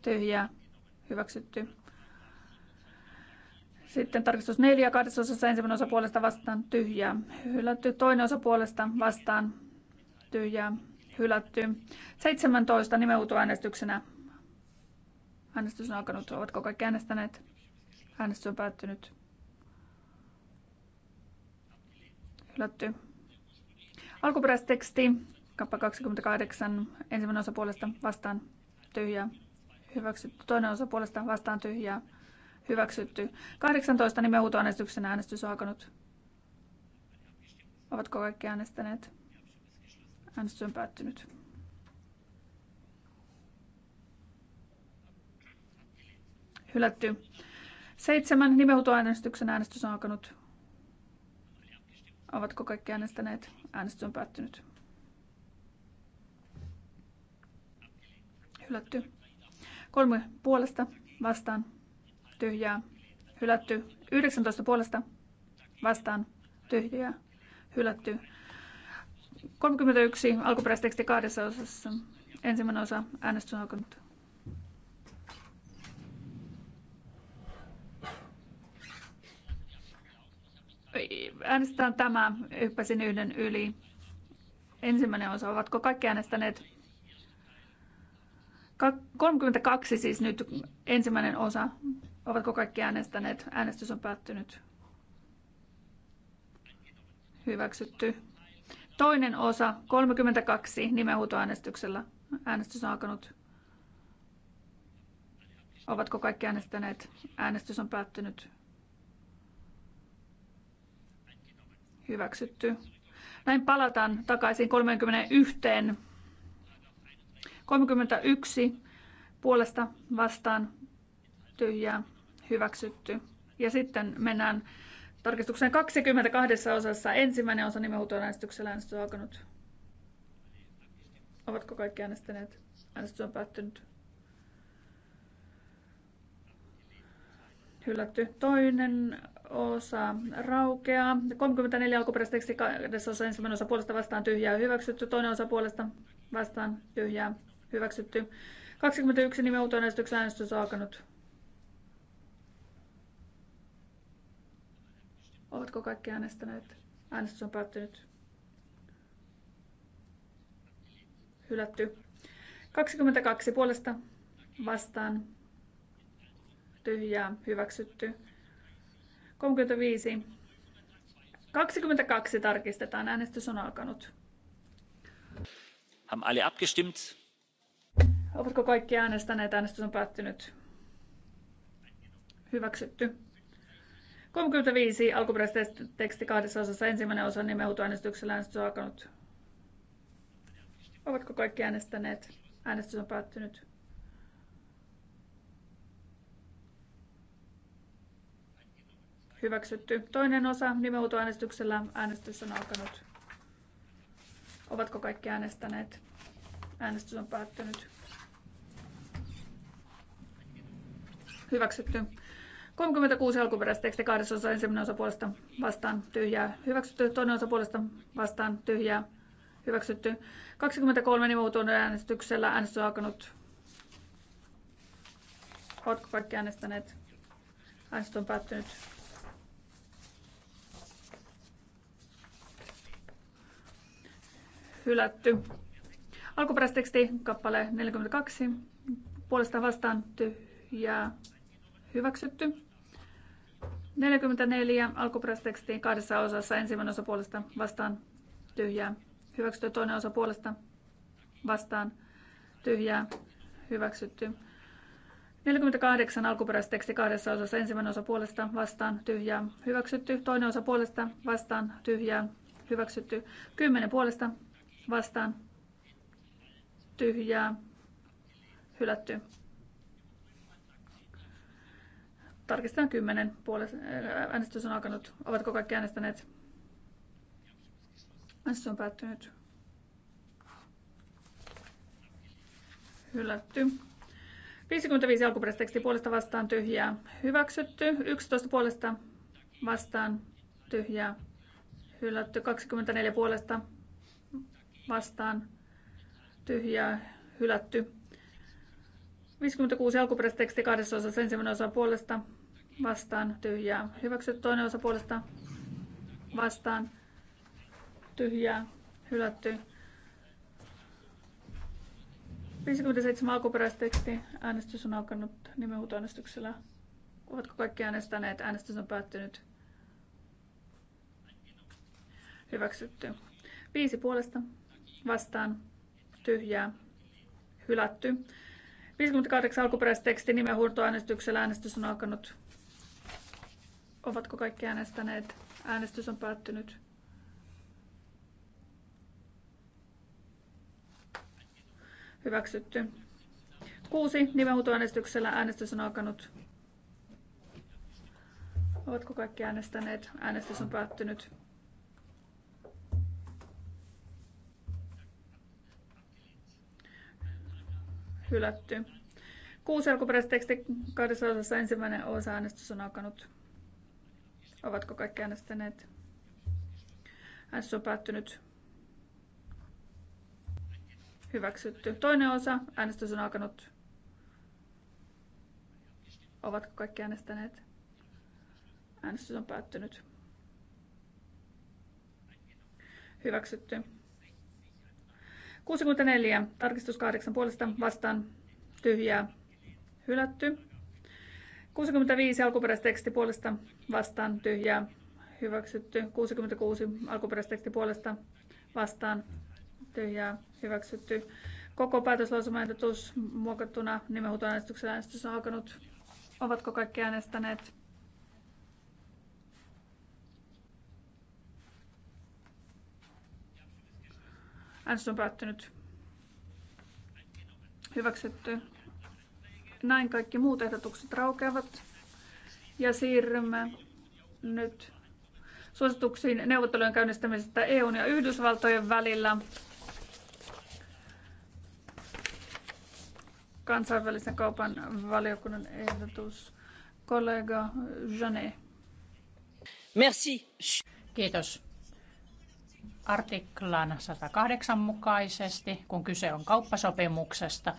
Tyhjää. Hyväksytty. Sitten tarkistus 4, kahdesosassa ensimmäinen osa puolesta vastaan tyhjää. Hylätty toinen osa puolesta vastaan tyhjää. Hylätty 17 äänestyksenä. Äänestys on alkanut. Ovatko kaikki äänestäneet? Äänestys on päättynyt. Hylätty. Alkuperäisteksti, kappa 28, ensimmäinen osa puolesta vastaan tyhjää. Hyväksytty toinen osa puolesta vastaan tyhjää Hyväksytty. 18 nimenhuutoäänestyksen äänestys on alkanut. Ovatko kaikki äänestäneet? Äänestys on päättynyt. Hylätty. Seitsemän nimenhuutoäänestyksen äänestys on alkanut. Ovatko kaikki äänestäneet? Äänestys on päättynyt. Hylätty. Kolme puolesta vastaan tyhjää, hylätty. 19 puolesta vastaan, tyhjää, hylätty. 31 alkuperäisteksti kahdessa osassa. Ensimmäinen osa äänestys on alkanut. Äänestetään tämä. Hyppäsin yhden yli. Ensimmäinen osa. Ovatko kaikki äänestäneet? 32 siis nyt ensimmäinen osa Ovatko kaikki äänestäneet? Äänestys on päättynyt. Hyväksytty. Toinen osa, 32 nimenhuutoäänestyksellä. Äänestys on alkanut. Ovatko kaikki äänestäneet? Äänestys on päättynyt. Hyväksytty. Näin palataan takaisin 31. 31 puolesta vastaan tyhjää hyväksytty. Ja sitten mennään tarkistukseen 22 osassa. Ensimmäinen osa äänestyksellä äänestys on alkanut. Ovatko kaikki äänestäneet? Äänestys on päättynyt. Hylätty toinen osa raukeaa. 34 alkuperäisteksti kahdessa osa ensimmäinen osa puolesta vastaan tyhjää hyväksytty. Toinen osa puolesta vastaan tyhjää hyväksytty. 21 nimenhuutoäänestyksen äänestys on alkanut. Ovatko kaikki äänestäneet? Äänestys on päättynyt. Hylätty. 22 puolesta vastaan. Tyhjää. Hyväksytty. 35. 22 tarkistetaan. Äänestys on alkanut. Haben alle abgestimmt? Ovatko kaikki äänestäneet? Äänestys on päättynyt. Hyväksytty. 35 alkuperäistä teksti kahdessa osassa ensimmäinen osa äänestyksellä äänestys on alkanut. Ovatko kaikki äänestäneet? Äänestys on päättynyt. Hyväksytty. Toinen osa äänestyksellä äänestys on alkanut. Ovatko kaikki äänestäneet? Äänestys on päättynyt. Hyväksytty. 36 tekstiä kahdessa osa ensimmäinen osa puolesta vastaan tyhjää hyväksytty, toinen osa puolesta vastaan tyhjää hyväksytty. 23 nimuutuun äänestyksellä äänestys on alkanut. Oletko kaikki äänestäneet? Äänestys on päättynyt. Hylätty. Alkuperäisteksti kappale 42. Puolesta vastaan tyhjää hyväksytty. 44 alkuperäistekstiin kahdessa osassa. Ensimmäinen osa puolesta vastaan tyhjää. Hyväksytty toinen osa puolesta vastaan tyhjää. Hyväksytty. 48 alkuperäisteksti kahdessa osassa. Ensimmäinen osa puolesta vastaan tyhjää. Hyväksytty. Toinen osa puolesta vastaan tyhjää. Hyväksytty. 10 puolesta vastaan tyhjää. Hylätty. Tarkistetaan kymmenen Puolet, äh, äänestys on alkanut. Ovatko kaikki äänestäneet? Äänestys on päättynyt. Hylätty. 55 alkuperäisteksti puolesta vastaan tyhjää. Hyväksytty. 11 puolesta vastaan tyhjää. Hylätty. 24 puolesta vastaan tyhjää. Hylätty. 56 alkuperäisteksti kahdessa osassa ensimmäinen osa puolesta vastaan tyhjää. Hyväksytty toinen osa puolesta vastaan tyhjää. Hylätty. 57 alkuperäisteksti. Äänestys on alkanut nimenhuutoäänestyksellä. Ovatko kaikki äänestäneet? Äänestys on päättynyt. Hyväksytty. Viisi puolesta vastaan tyhjää. Hylätty. 58 alkuperäisteksti nimenhuutoäänestyksellä. Äänestys on alkanut Ovatko kaikki äänestäneet? Äänestys on päättynyt. Hyväksytty. Kuusi nimenhuutoäänestyksellä äänestys on alkanut. Ovatko kaikki äänestäneet? Äänestys on päättynyt. Hylätty. Kuusi teksti kahdessa osassa ensimmäinen osa äänestys on alkanut. Ovatko kaikki äänestäneet? S on päättynyt. Hyväksytty. Toinen osa. Äänestys on alkanut. Ovatko kaikki äänestäneet? Äänestys on päättynyt. Hyväksytty. 64. Tarkistus 8 puolesta vastaan. Tyhjää. Hylätty. 65 alkuperäisteksti puolesta vastaan tyhjää hyväksytty. 66 alkuperäisteksti puolesta vastaan tyhjää hyväksytty. Koko päätöslausumaehdotus muokattuna nimenhuutoäänestyksellä äänestys on alkanut. Ovatko kaikki äänestäneet? Äänestys on päättynyt. Hyväksytty. Näin kaikki muut ehdotukset raukeavat ja siirrymme nyt suosituksiin neuvottelujen käynnistämisestä EUn ja Yhdysvaltojen välillä kansainvälisen kaupan valiokunnan ehdotus. Kollega Janet. Merci. Kiitos. Artiklan 108 mukaisesti, kun kyse on kauppasopimuksesta,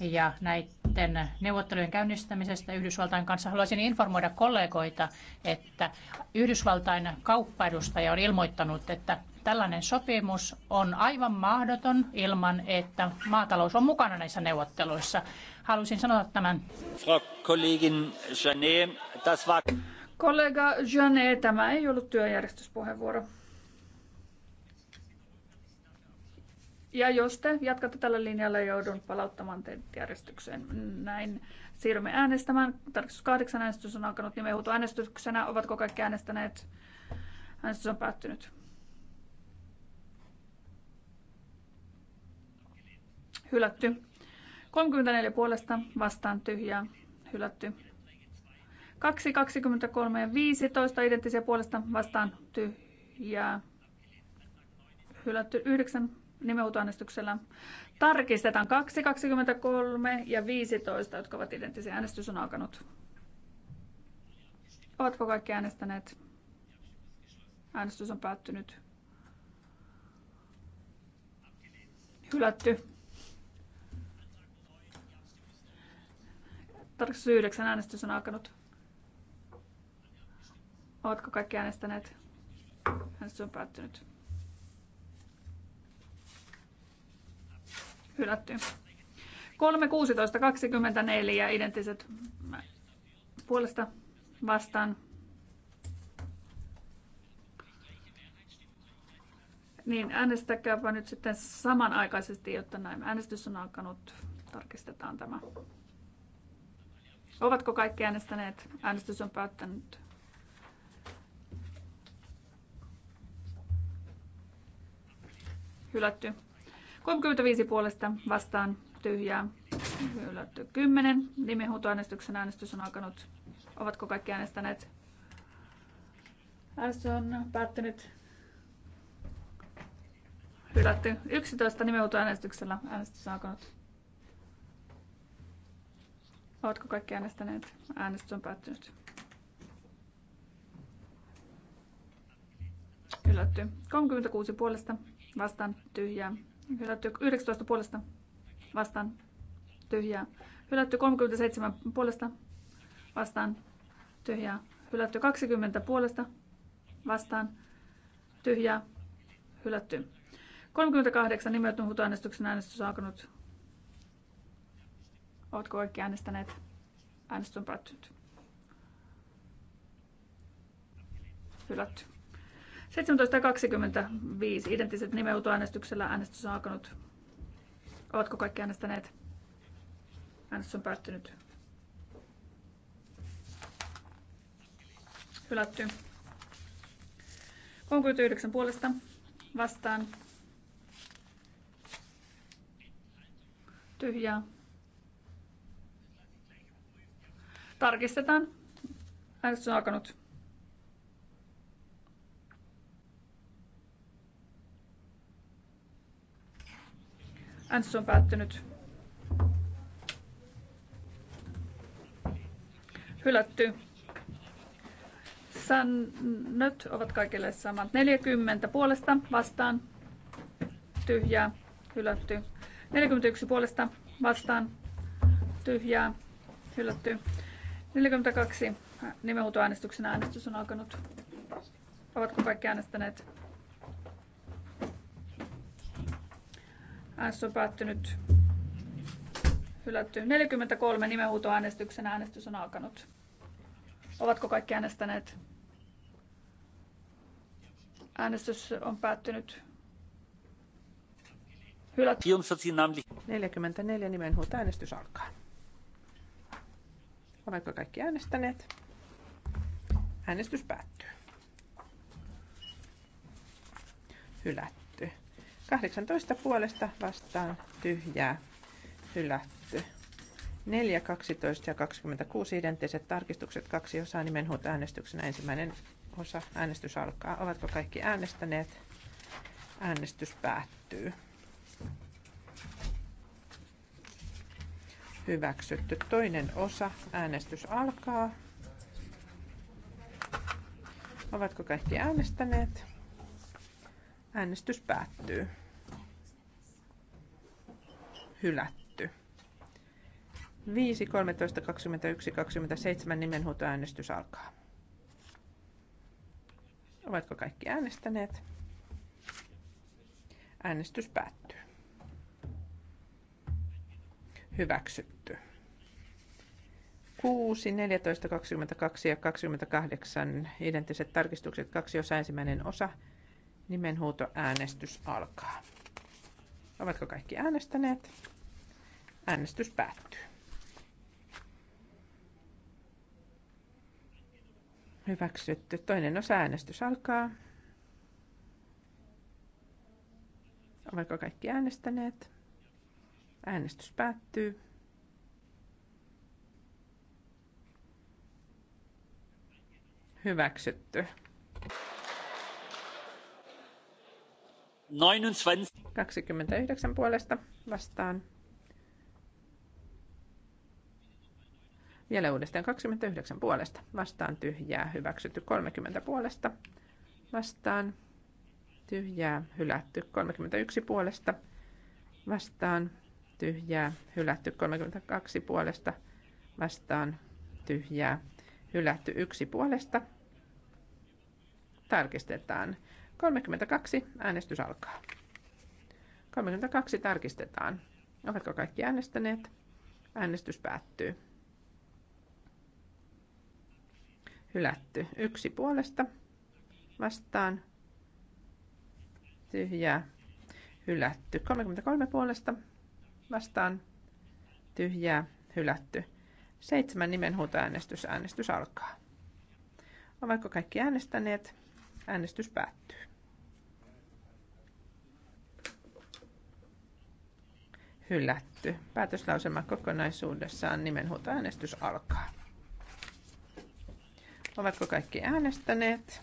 ja näiden neuvottelujen käynnistämisestä Yhdysvaltain kanssa. Haluaisin informoida kollegoita, että Yhdysvaltain kauppaedustaja on ilmoittanut, että tällainen sopimus on aivan mahdoton ilman, että maatalous on mukana näissä neuvotteluissa. Halusin sanoa tämän. Frau Kollegin Janet, das war... Kollega Jeanne tämä ei ollut työjärjestyspuheenvuoro. Ja jos te jatkatte tällä linjalla, joudun palauttamaan teidät järjestykseen. Näin siirrymme äänestämään. Tarkistus kahdeksan äänestys on alkanut nimenhuuto äänestyksenä. Ovatko kaikki äänestäneet? Äänestys on päättynyt. Hylätty. 34 puolesta vastaan tyhjää. Hylätty. 2, 23 ja 15 identtisiä puolesta vastaan tyhjää. Hylätty 9 nimenhuutoäänestyksellä. Tarkistetaan 2, 23 ja 15, jotka ovat identtisiä. Äänestys on alkanut. Ovatko kaikki äänestäneet? Äänestys on päättynyt. Hylätty. Tarkistus 9. Äänestys on alkanut. Ovatko kaikki äänestäneet? Äänestys on päättynyt. hylätty. 3.16.24 identtiset puolesta vastaan. Niin, äänestäkääpä nyt sitten samanaikaisesti, jotta näin äänestys on alkanut. Tarkistetaan tämä. Ovatko kaikki äänestäneet? Äänestys on päättänyt. Hylätty. 35 puolesta vastaan tyhjää. Hylätty 10. Nimenhuutoäänestyksen äänestys on alkanut. Ovatko kaikki äänestäneet? Äänestys on päättynyt. Hylätty 11. Nimenhuutoäänestyksellä äänestys on alkanut. Ovatko kaikki äänestäneet? Äänestys on päättynyt. Hylätty. 36 puolesta vastaan tyhjää. Hylätty 19 puolesta vastaan tyhjää. Hylätty 37 puolesta vastaan tyhjää. Hylätty 20 puolesta vastaan tyhjää. Hylätty 38 nimetun huutoäänestyksen äänestys on alkanut. Oletko kaikki äänestäneet? Äänestys on päättynyt. Hylätty. 17.25. Identtiset äänestyksellä. äänestys on alkanut. Ovatko kaikki äänestäneet? Äänestys on päättynyt. Hylätty. 39 puolesta vastaan. Tyhjää. Tarkistetaan. Äänestys on alkanut. Äänestys on päättynyt. Hylätty. Säännöt ovat kaikille samat. 40 puolesta vastaan. Tyhjää. Hylätty. 41 puolesta vastaan. Tyhjää. Hylätty. 42. Nimenhuutoäänestyksen äänestys on alkanut. Ovatko kaikki äänestäneet? S on päättynyt. Hylätty. 43 nimenhuutoäänestyksen äänestys on alkanut. Ovatko kaikki äänestäneet? Äänestys on päättynyt. Hylätty. 44 nimenhuutoäänestys alkaa. Ovatko kaikki äänestäneet? Äänestys päättyy. Hylätty. 18 puolesta vastaan tyhjää hylätty. 4, 12 ja 26 identtiset tarkistukset, kaksi osaa nimenhuut äänestyksenä. Ensimmäinen osa äänestys alkaa. Ovatko kaikki äänestäneet? Äänestys päättyy. Hyväksytty. Toinen osa. Äänestys alkaa. Ovatko kaikki äänestäneet? Äänestys päättyy hylätty. 5, 13, 21, 27 nimenhuutoäänestys alkaa. Ovatko kaikki äänestäneet? Äänestys päättyy. Hyväksytty. 6, 14, 22 ja 28 identtiset tarkistukset, kaksi osa ensimmäinen osa, nimenhuutoäänestys alkaa. Ovatko kaikki äänestäneet? Äänestys päättyy. Hyväksytty. Toinen osa äänestys alkaa. Ovatko kaikki äänestäneet? Äänestys päättyy. Hyväksytty. 29 puolesta vastaan. Vielä uudestaan 29 puolesta. Vastaan tyhjää, hyväksytty 30 puolesta. Vastaan tyhjää, hylätty 31 puolesta. Vastaan tyhjää, hylätty 32 puolesta. Vastaan tyhjää, hylätty yksi puolesta. Tarkistetaan. 32. Äänestys alkaa. 32 tarkistetaan. Ovatko kaikki äänestäneet? Äänestys päättyy. Hylätty. Yksi puolesta. Vastaan. Tyhjää. Hylätty. 33 puolesta. Vastaan. Tyhjää. Hylätty. Seitsemän nimenhuutoäänestys. Äänestys alkaa. Ovatko kaikki äänestäneet? Äänestys päättyy. Hylätty. Päätöslauselma kokonaisuudessaan nimenhuutoäänestys alkaa. Ovatko kaikki äänestäneet?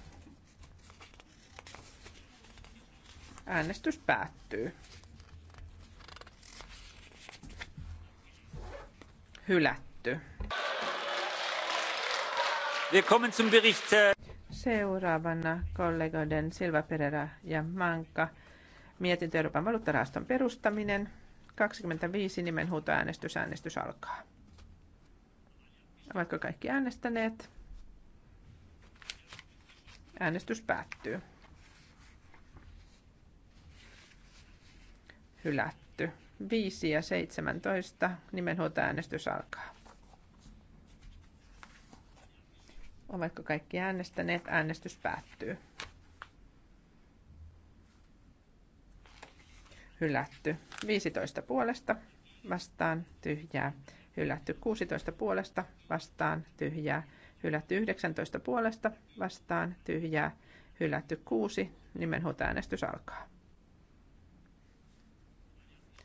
Äänestys päättyy. Hylätty. Wir kommen zum Bericht äh, Seuraavana kollegoiden Silva Pereira ja Manka. Mietintö Euroopan valuuttarahaston perustaminen. 25 nimen huutoäänestys. Äänestys alkaa. Ovatko kaikki äänestäneet? Äänestys päättyy. Hylätty. 5 ja 17 äänestys alkaa. Ovatko kaikki äänestäneet? Äänestys päättyy. Hylätty. 15 puolesta vastaan tyhjää. Hylätty 16 puolesta vastaan tyhjää. Hylätty 19 puolesta vastaan tyhjää. Hylätty 6. äänestys alkaa.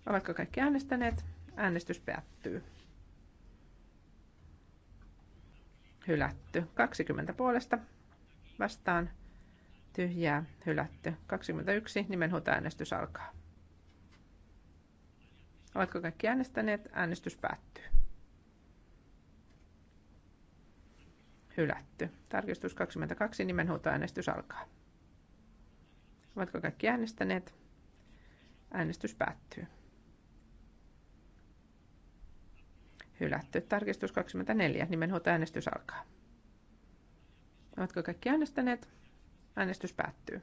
Ovatko kaikki äänestäneet? Äänestys päättyy. hylätty. 20 puolesta vastaan tyhjää hylätty. 21 nimenhuutoäänestys alkaa. Oletko kaikki äänestäneet? Äänestys päättyy. Hylätty. Tarkistus 22 nimenhuutoäänestys alkaa. Oletko kaikki äänestäneet? Äänestys päättyy. Hylätty. Tarkistus 24. nimenhuolta äänestys alkaa. Oletko kaikki äänestäneet? Äänestys päättyy.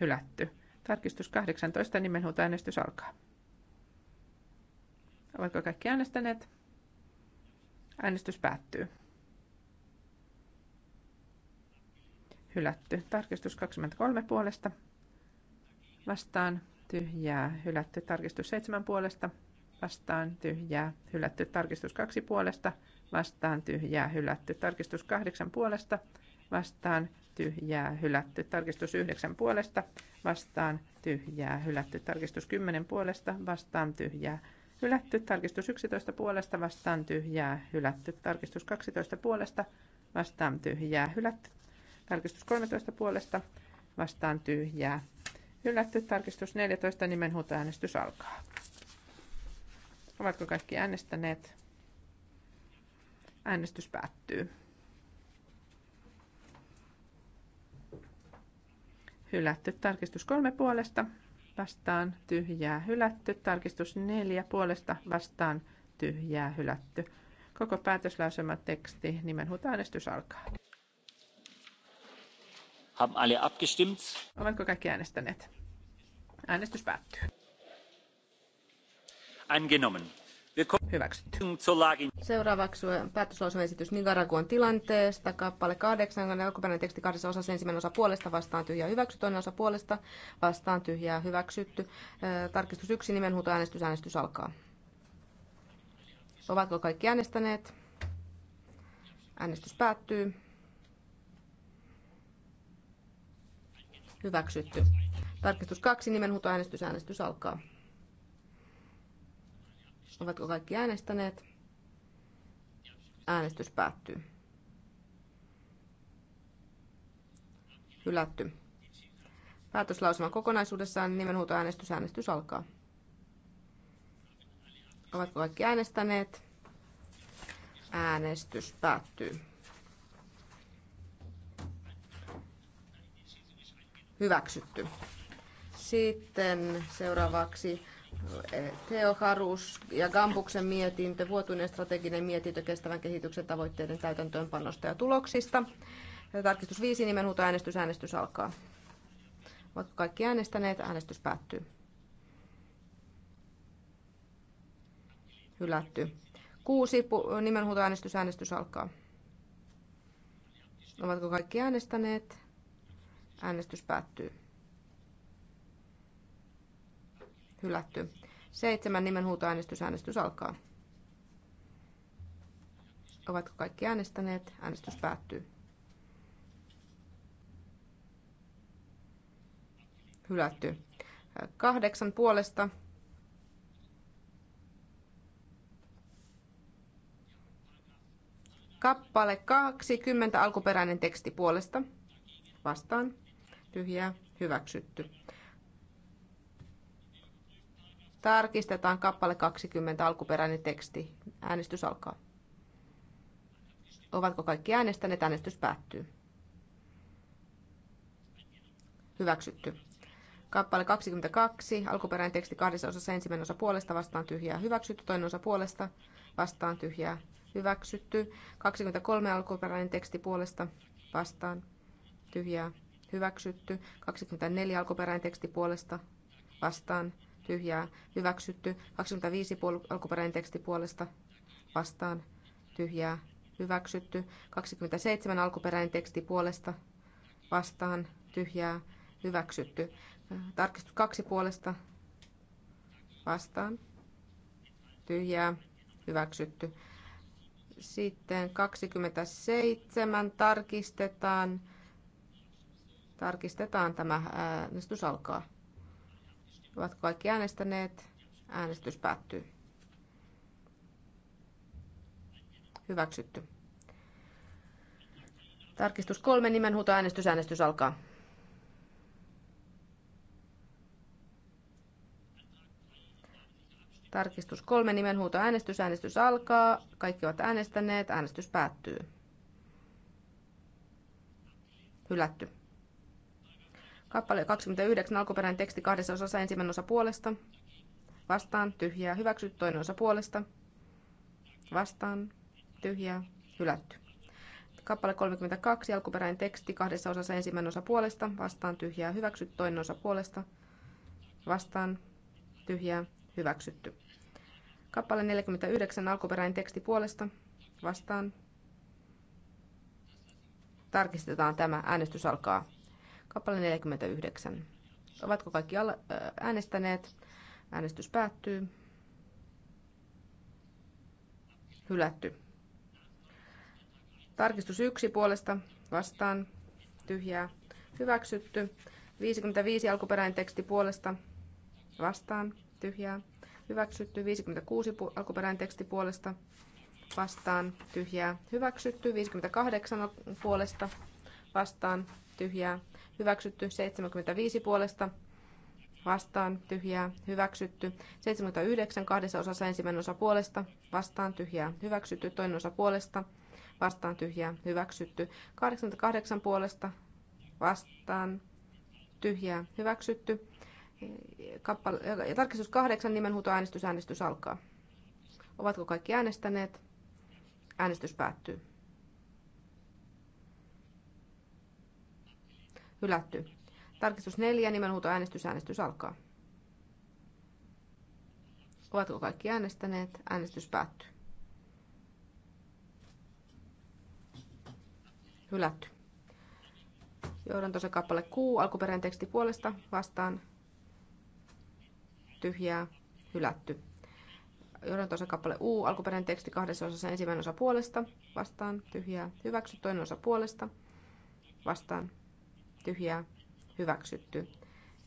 Hylätty. Tarkistus 18. nimenhuolta äänestys alkaa. Oletko kaikki äänestäneet? Äänestys päättyy. Hylätty. Tarkistus 23 puolesta. Vastaan tyhjää, hylätty tarkistus 7 puolesta, vastaan tyhjää, hylätty tarkistus 2 puolesta, vastaan tyhjää, hylätty tarkistus 8 puolesta, vastaan tyhjää, hylätty tarkistus 9 puolesta, vastaan tyhjää, hylätty tarkistus 10 puolesta, vastaan tyhjää, hylätty tarkistus 11 puolesta, vastaan tyhjää, hylätty tarkistus 12 puolesta, vastaan tyhjää, hylätty tarkistus 13 puolesta, vastaan tyhjää, Hylätty tarkistus 14, nimen äänestys alkaa. Ovatko kaikki äänestäneet? Äänestys päättyy. Hylätty tarkistus kolme puolesta vastaan tyhjää hylätty. Tarkistus neljä puolesta vastaan tyhjää hylätty. Koko päätöslauselma teksti nimen äänestys alkaa. Haben alle abgestimmt? Ovatko kaikki äänestäneet? Äänestys päättyy. Angenommen. Hyväksytty. Seuraavaksi päätöslausumaesitys Nicaraguan tilanteesta. Kappale 8, alkuperäinen teksti kahdessa osassa, ensimmäinen osa puolesta, vastaan tyhjää hyväksy, toinen osa puolesta, vastaan tyhjää hyväksytty. Tarkistus 1, äänestys, äänestys alkaa. Ovatko kaikki äänestäneet? Äänestys päättyy. Hyväksytty. Tarkistus kaksi nimenhuutoäänestys. Äänestys alkaa. Ovatko kaikki äänestäneet? Äänestys päättyy. Hylätty. Päätöslauselman kokonaisuudessaan nimenhuutoäänestys. Äänestys alkaa. Ovatko kaikki äänestäneet? Äänestys päättyy. hyväksytty. Sitten seuraavaksi eh, Teo Harus ja Gampuksen mietintö, vuotuinen strateginen mietintö kestävän kehityksen tavoitteiden täytäntöönpanosta ja tuloksista. Tarkistus nimen nimenhuutoäänestys, äänestys äänestys alkaa. Ovatko kaikki äänestäneet? Äänestys päättyy. Hylätty. Kuusi, äänestys, äänestys alkaa. Ovatko kaikki äänestäneet? Äänestys päättyy. Hylätty. Seitsemän nimenhuutoäänestys. Äänestys alkaa. Ovatko kaikki äänestäneet? Äänestys päättyy. Hylätty. Kahdeksan puolesta. Kappale 20, alkuperäinen teksti puolesta. Vastaan tyhjää hyväksytty. Tarkistetaan kappale 20 alkuperäinen teksti. Äänestys alkaa. Ovatko kaikki äänestäneet? Äänestys päättyy. Hyväksytty. Kappale 22, alkuperäinen teksti kahdessa osassa, ensimmäinen osa puolesta, vastaan tyhjää, hyväksytty, toinen osa puolesta, vastaan tyhjää, hyväksytty. 23, alkuperäinen teksti puolesta, vastaan tyhjää, hyväksytty. 24 alkuperäinen teksti puolesta vastaan tyhjää hyväksytty. 25 alkuperäinen teksti puolesta vastaan tyhjää hyväksytty. 27 alkuperäinen teksti puolesta vastaan tyhjää hyväksytty. Tarkistus kaksi puolesta vastaan tyhjää hyväksytty. Sitten 27 tarkistetaan. Tarkistetaan tämä. Äänestys alkaa. Ovatko kaikki äänestäneet? Äänestys päättyy. Hyväksytty. Tarkistus kolme nimenhuuto äänestys. Äänestys alkaa. Tarkistus kolme nimenhuuto äänestys. Äänestys alkaa. Kaikki ovat äänestäneet. Äänestys päättyy. Hylätty. Kappale 29, alkuperäinen teksti kahdessa osassa, ensimmäinen osa puolesta. Vastaan, tyhjää, hyväksytty, toinen osa puolesta. Vastaan, tyhjää, hylätty. Kappale 32, alkuperäinen teksti kahdessa osassa, ensimmäinen osa puolesta. Vastaan, tyhjää, hyväksytty, toinen osa puolesta. Vastaan, tyhjää, hyväksytty. Kappale 49, alkuperäinen teksti puolesta. Vastaan. Tarkistetaan tämä. Äänestys alkaa. Kappale 49. Ovatko kaikki äänestäneet? Äänestys päättyy. Hylätty. Tarkistus 1 puolesta vastaan. Tyhjää. Hyväksytty. 55 alkuperäinen teksti puolesta vastaan. Tyhjää. Hyväksytty. 56 alkuperäinen teksti puolesta vastaan. Tyhjää. Hyväksytty. 58 puolesta vastaan. Tyhjää hyväksytty 75 puolesta vastaan tyhjää hyväksytty 79 kahdessa osassa ensimmäinen osa puolesta vastaan tyhjää hyväksytty toinen osa puolesta vastaan tyhjää hyväksytty 88 puolesta vastaan tyhjää hyväksytty Kappale, ja tarkistus kahdeksan äänestys, äänestys alkaa ovatko kaikki äänestäneet äänestys päättyy Hylätty. Tarkistus 4. Nimenhuuto äänestys. Äänestys alkaa. Ovatko kaikki äänestäneet? Äänestys päättyy. Hylätty. Johdantosen kappale Q, alkuperäinen teksti puolesta, vastaan, tyhjää, hylätty. Johdantosen kappale U, alkuperäinen teksti kahdessa osassa, ensimmäinen osa puolesta, vastaan, tyhjää, hyväksy, toinen osa puolesta, vastaan, tyhjää hyväksytty.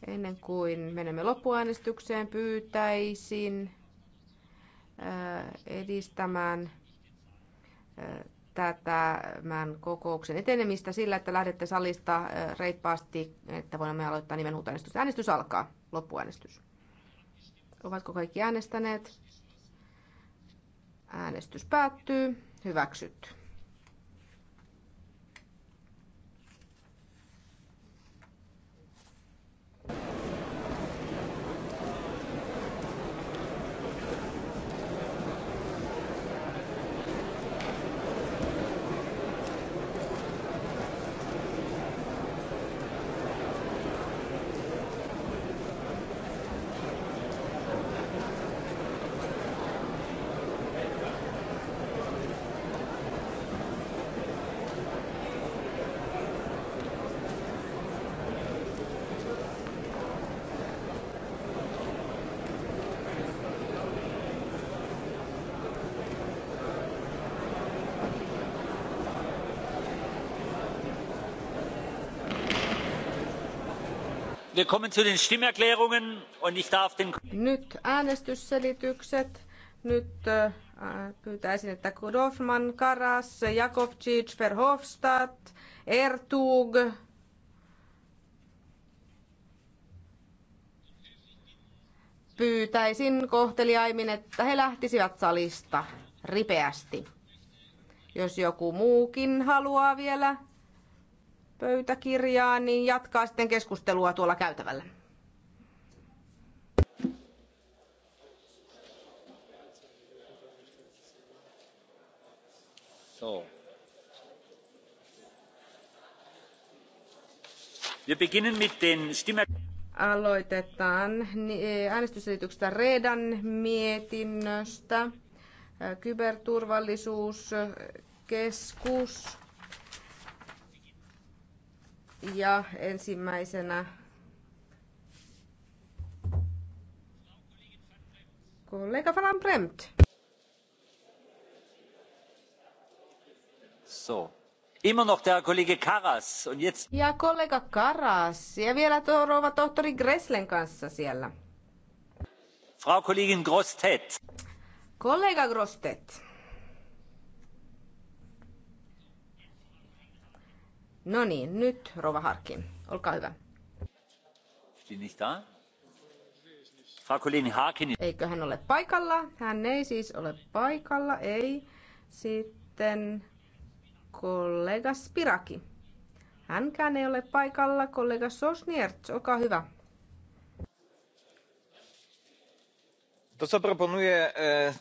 Ennen kuin menemme loppuäänestykseen, pyytäisin äh, edistämään äh, tämän kokouksen etenemistä sillä, että lähdette salista äh, reippaasti, että voimme aloittaa nimenhuutoäänestys. Äänestys alkaa, loppuäänestys. Ovatko kaikki äänestäneet? Äänestys päättyy. Hyväksytty. Nyt äänestysselitykset. Nyt äh, pyytäisin, että Dorfman, Karas, Jakovcic, Verhofstadt, Ertug, pyytäisin kohteliaimin, että he lähtisivät salista ripeästi. Jos joku muukin haluaa vielä pöytäkirjaa, niin jatkaa sitten keskustelua tuolla käytävällä. So. Wir beginnen mit den Aloitetaan niin, eh, äänestysesityksestä Redan mietinnöstä. Kyberturvallisuuskeskus. Ja ensimmäisenä kollega Van Bremt. So. Immer noch der Kollege Karas. Und jetzt... Ja kollega Karas. Ja vielä tuo rouva tohtori Gresslen kanssa siellä. Frau Kollegin Grostet. Kollega Grostet. No niin, nyt Rova Harkin, olkaa hyvä. Eikö hän ole paikalla? Hän ei siis ole paikalla, ei. Sitten kollega Spiraki. Hänkään ei ole paikalla. Kollega Sosnierts, olkaa hyvä. To, co proponuje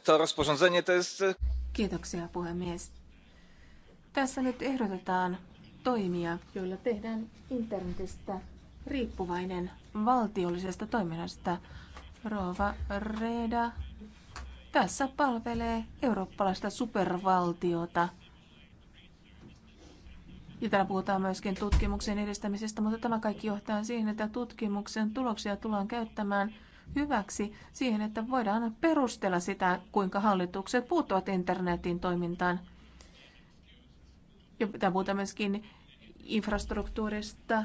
to rozporządzenie, to jest... Kiitoksia, puhemies. Tässä nyt ehdotetaan toimia, joilla tehdään internetistä riippuvainen valtiollisesta toiminnasta. Rova Reda tässä palvelee eurooppalaista supervaltiota. Ja täällä puhutaan myöskin tutkimuksen edistämisestä, mutta tämä kaikki johtaa siihen, että tutkimuksen tuloksia tullaan käyttämään hyväksi siihen, että voidaan perustella sitä, kuinka hallitukset puuttuvat internetin toimintaan – ja pitää puhuta myöskin infrastruktuurista,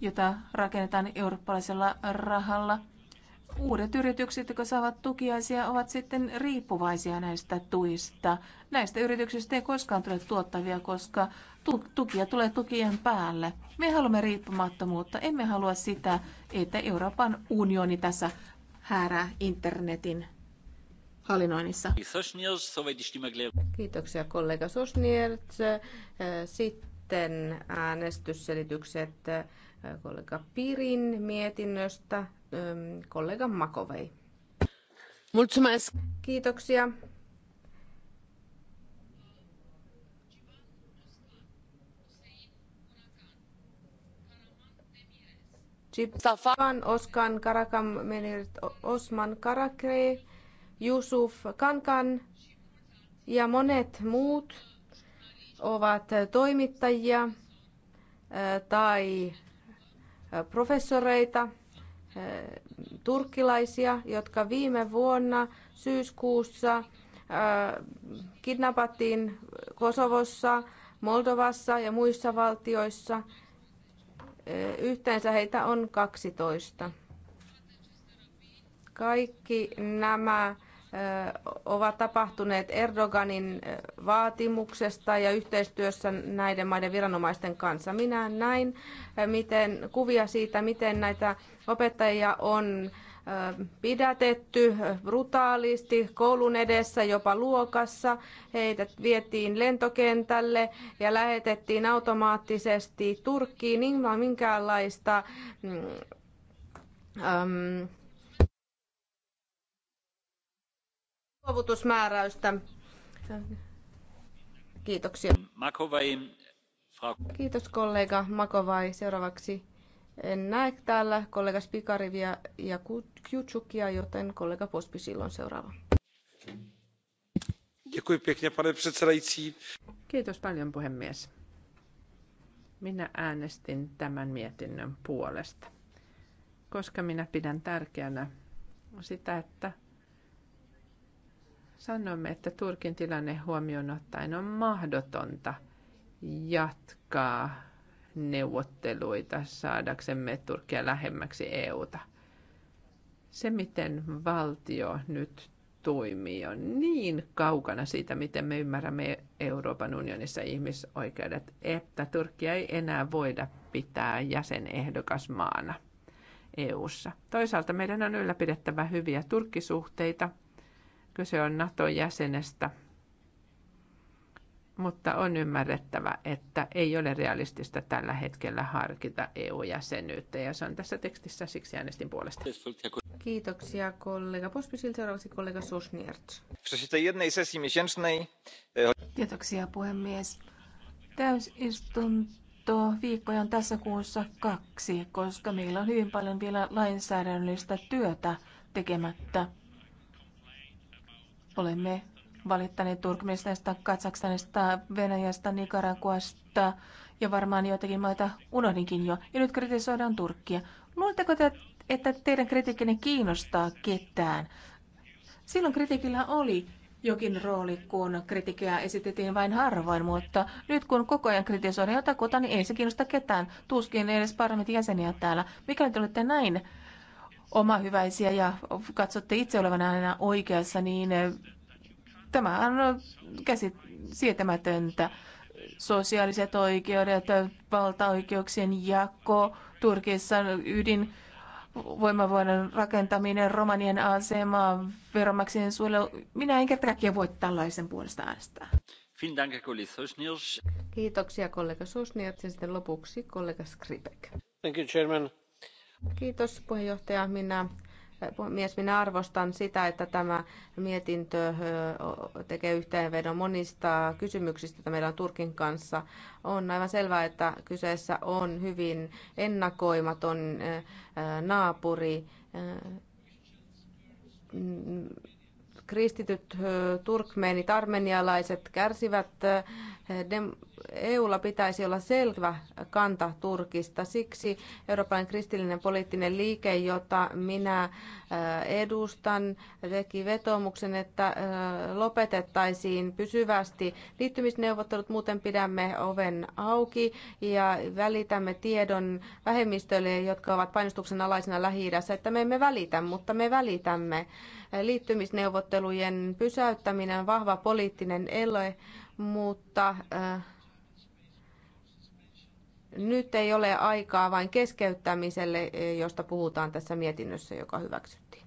jota rakennetaan eurooppalaisella rahalla. Uudet yritykset, jotka saavat tukiaisia, ovat sitten riippuvaisia näistä tuista. Näistä yrityksistä ei koskaan tule tuottavia, koska tukia tulee tukien päälle. Me haluamme riippumattomuutta, emme halua sitä, että Euroopan unioni tässä häärää internetin hallinnoinnissa. Kiitoksia kollega Sosnierts. Sitten äänestysselitykset e, kollega Pirin mietinnöstä. E, kollega Makovei. Mulțumesc. Kiitoksia. Safan Oskan Karakam Menirt Osman Karakre Yusuf Kankan ja monet muut ovat toimittajia äh, tai äh, professoreita, äh, turkkilaisia, jotka viime vuonna syyskuussa kidnappattiin Kosovossa, Moldovassa ja muissa valtioissa. Yhteensä heitä on 12. Kaikki nämä ovat tapahtuneet Erdoganin vaatimuksesta ja yhteistyössä näiden maiden viranomaisten kanssa. Minä näin miten, kuvia siitä, miten näitä opettajia on pidätetty brutaalisti koulun edessä, jopa luokassa. Heitä vietiin lentokentälle ja lähetettiin automaattisesti Turkkiin ilman minkäänlaista mm, äm, luovutusmääräystä. Kiitoksia. Kiitos kollega Makovai. Seuraavaksi en näe täällä kollega Spikarivia ja Kjutsukia, joten kollega Pospisil on seuraava. Kiitos paljon puhemies. Minä äänestin tämän mietinnön puolesta, koska minä pidän tärkeänä sitä, että sanomme, että Turkin tilanne huomioon ottaen on mahdotonta jatkaa neuvotteluita saadaksemme Turkia lähemmäksi EUta. Se, miten valtio nyt toimii, on niin kaukana siitä, miten me ymmärrämme Euroopan unionissa ihmisoikeudet, että Turkia ei enää voida pitää jäsenehdokasmaana EUssa. Toisaalta meidän on ylläpidettävä hyviä turkkisuhteita – Kyse on NATO-jäsenestä, mutta on ymmärrettävä, että ei ole realistista tällä hetkellä harkita EU-jäsenyyttä, ja se on tässä tekstissä, siksi äänestin puolesta. Kiitoksia kollega Pospisil, seuraavaksi kollega Sosnierz. E, Kiitoksia puhemies. Täysistunto viikkoja on tässä kuussa kaksi, koska meillä on hyvin paljon vielä lainsäädännöllistä työtä tekemättä. Olemme valittaneet Turkmenistanista, Katsakstanista, Venäjästä, Nikaraguasta ja varmaan joitakin maita unohdinkin jo. Ja nyt kritisoidaan Turkkia. Luuletteko te, että teidän kritiikkinne kiinnostaa ketään? Silloin kritiikillä oli jokin rooli, kun kritiikkiä esitettiin vain harvoin, mutta nyt kun koko ajan kritisoidaan jotakuta, niin ei se kiinnosta ketään. Tuskin edes parlamentin jäseniä täällä. Mikäli te olette näin omahyväisiä ja katsotte itse olevan aina oikeassa, niin eh, tämä on käsit sietämätöntä. Sosiaaliset oikeudet, valtaoikeuksien jako, Turkissa ydin voimavuoden rakentaminen, romanien asema, veromaksien suojelu. Minä en kerta kaikkiaan voi tällaisen puolesta äänestää. Kiitoksia kollega Sosniats ja sitten lopuksi kollega Skripek. Thank you, Chairman. Kiitos puheenjohtaja. Minä äh, Mies, minä arvostan sitä, että tämä mietintö äh, tekee yhteenvedon monista kysymyksistä, joita meillä on Turkin kanssa. On aivan selvää, että kyseessä on hyvin ennakoimaton äh, naapuri kristityt, turkmeenit, armenialaiset kärsivät. EUlla pitäisi olla selvä kanta Turkista. Siksi Euroopan kristillinen poliittinen liike, jota minä edustan, teki vetoomuksen, että lopetettaisiin pysyvästi liittymisneuvottelut. Muuten pidämme oven auki ja välitämme tiedon vähemmistöille, jotka ovat painostuksen alaisena lähi että me emme välitä, mutta me välitämme. Liittymisneuvottelujen pysäyttäminen on vahva poliittinen ele, mutta äh, nyt ei ole aikaa vain keskeyttämiselle, äh, josta puhutaan tässä mietinnössä, joka hyväksyttiin.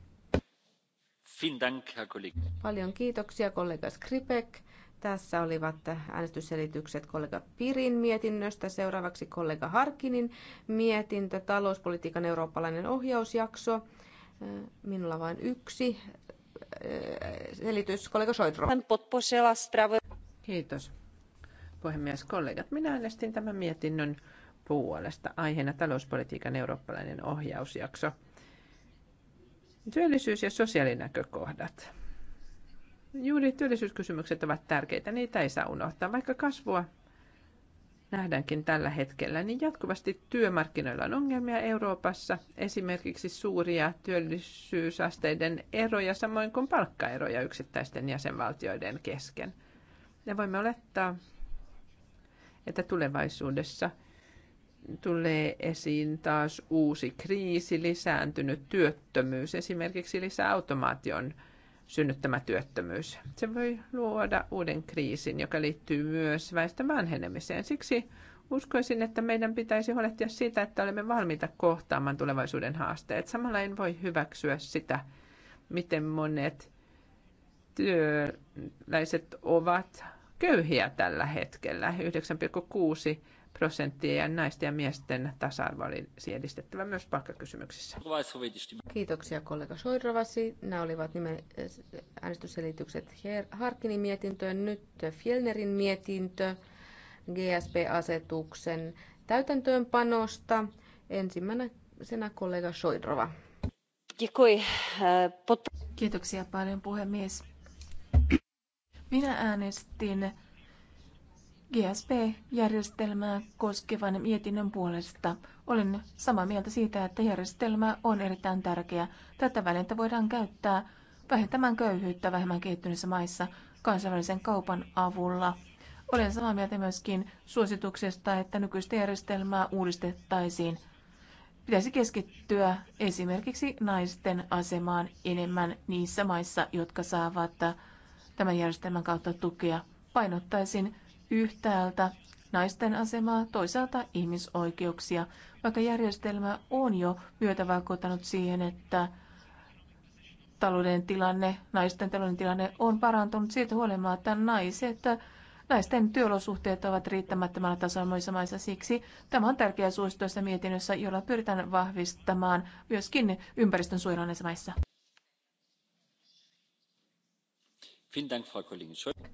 Paljon kiitoksia kollega Skripek. Tässä olivat äänestysselitykset kollega Pirin mietinnöstä. Seuraavaksi kollega Harkinin mietintö, talouspolitiikan eurooppalainen ohjausjakso. Minulla vain yksi äh, selitys, kollega Soitro. Kiitos, puhemies. Kollegat, minä äänestin tämän mietinnön puolesta aiheena talouspolitiikan eurooppalainen ohjausjakso. Työllisyys- ja sosiaalinäkökohdat. Juuri työllisyyskysymykset ovat tärkeitä, niitä ei saa unohtaa. Vaikka kasvua nähdäänkin tällä hetkellä, niin jatkuvasti työmarkkinoilla on ongelmia Euroopassa, esimerkiksi suuria työllisyysasteiden eroja, samoin kuin palkkaeroja yksittäisten jäsenvaltioiden kesken. Ja voimme olettaa, että tulevaisuudessa tulee esiin taas uusi kriisi, lisääntynyt työttömyys, esimerkiksi lisää automaation synnyttämä työttömyys. Se voi luoda uuden kriisin, joka liittyy myös väestön vanhenemiseen. Siksi uskoisin, että meidän pitäisi huolehtia siitä, että olemme valmiita kohtaamaan tulevaisuuden haasteet. Samalla en voi hyväksyä sitä, miten monet työläiset ovat köyhiä tällä hetkellä. 9,6 prosenttia ja naisten ja miesten tasa-arvo oli siedistettävä myös palkkakysymyksissä. Kiitoksia kollega Soidrovasi. Nämä olivat nimen äänestysselitykset Harkinin mietintöön. Nyt Fjellnerin mietintö GSP-asetuksen täytäntöönpanosta. Ensimmäisenä kollega Soidrova. Eh, Kiitoksia paljon puhemies. Minä äänestin GSP-järjestelmää koskevan mietinnön puolesta. Olen samaa mieltä siitä, että järjestelmä on erittäin tärkeä. Tätä välintä voidaan käyttää vähentämään köyhyyttä vähemmän kehittyneissä maissa kansainvälisen kaupan avulla. Olen samaa mieltä myöskin suosituksesta, että nykyistä järjestelmää uudistettaisiin. Pitäisi keskittyä esimerkiksi naisten asemaan enemmän niissä maissa, jotka saavat tämän järjestelmän kautta tukea. Painottaisin yhtäältä naisten asemaa, toisaalta ihmisoikeuksia, vaikka järjestelmä on jo myötävaikuttanut siihen, että talouden tilanne, naisten talouden tilanne on parantunut siitä huolimatta, että naiset, naisten työolosuhteet ovat riittämättömällä tasolla muissa maissa. Siksi tämä on tärkeä suositus mietinnössä, jolla pyritään vahvistamaan myöskin ympäristön suojelua näissä maissa.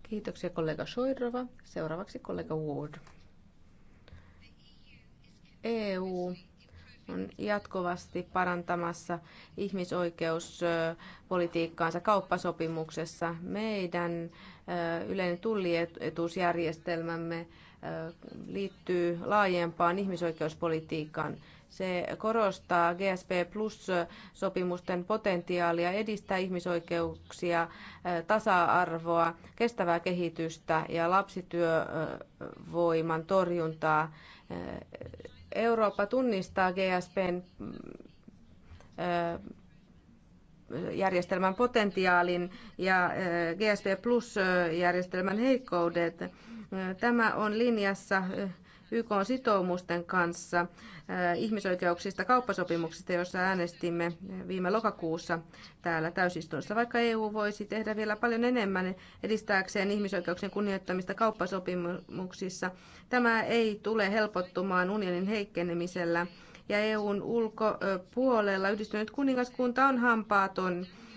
Kiitoksia kollega Soirova. Seuraavaksi kollega Ward. EU on jatkuvasti parantamassa ihmisoikeuspolitiikkaansa kauppasopimuksessa. Meidän yleinen tullietuusjärjestelmämme liittyy laajempaan ihmisoikeuspolitiikkaan. Se korostaa GSP Plus-sopimusten potentiaalia edistää ihmisoikeuksia, tasa-arvoa, kestävää kehitystä ja lapsityövoiman torjuntaa. Eurooppa tunnistaa GSPn järjestelmän potentiaalin ja GSP Plus-järjestelmän heikkoudet. Tämä on linjassa YK on sitoumusten kanssa äh, ihmisoikeuksista kauppasopimuksista, joissa äänestimme äh, viime lokakuussa täällä täysistunnossa. Vaikka EU voisi tehdä vielä paljon enemmän edistääkseen ihmisoikeuksien kunnioittamista kauppasopimuksissa, tämä ei tule helpottumaan unionin heikkenemisellä ja EUn ulkopuolella yhdistynyt kuningaskunta on hampaaton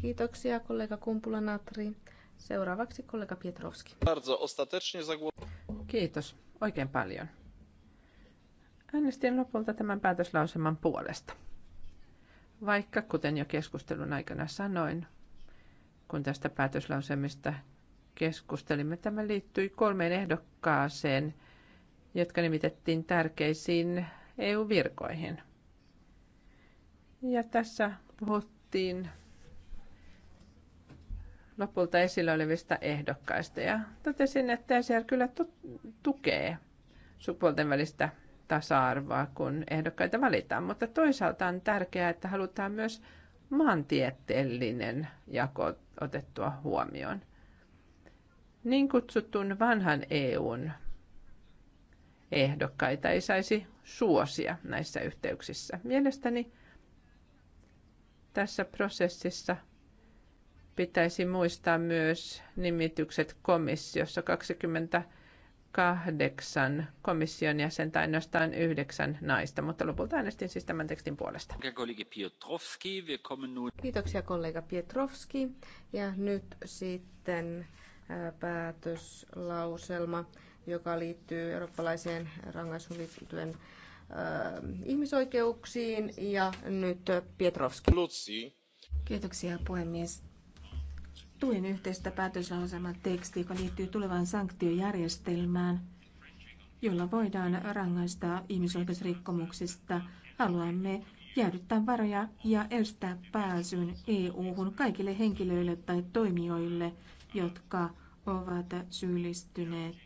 Kiitoksia kollega Kumpula Natri. Seuraavaksi kollega Pietrowski. Kiitos oikein paljon. Äänestin lopulta tämän päätöslauselman puolesta. Vaikka, kuten jo keskustelun aikana sanoin, kun tästä päätöslauselmista keskustelimme, tämä liittyi kolmeen ehdokkaaseen, jotka nimitettiin tärkeisiin EU-virkoihin – ja tässä puhuttiin lopulta esillä olevista ehdokkaista ja totesin, että ECR kyllä tukee sukupuolten välistä tasa-arvoa, kun ehdokkaita valitaan, mutta toisaalta on tärkeää, että halutaan myös maantieteellinen jako otettua huomioon. Niin kutsutun vanhan EUn ehdokkaita ei saisi suosia näissä yhteyksissä. Mielestäni tässä prosessissa pitäisi muistaa myös nimitykset komissiossa 28 komission jäsentä, ainoastaan yhdeksän naista, mutta lopulta äänestin siis tämän tekstin puolesta. Kiitoksia kollega Pietrovski. Ja nyt sitten äh, päätöslauselma, joka liittyy eurooppalaiseen rangaistusliittyvien ihmisoikeuksiin ja nyt Pietrovski. Lutsi. Kiitoksia puhemies. Tuin yhteistä päätöslauselman tekstiä, joka liittyy tulevaan sanktiojärjestelmään, jolla voidaan rangaista ihmisoikeusrikkomuksista. Haluamme jäädyttää varoja ja estää pääsyn EU-hun kaikille henkilöille tai toimijoille, jotka ovat syyllistyneet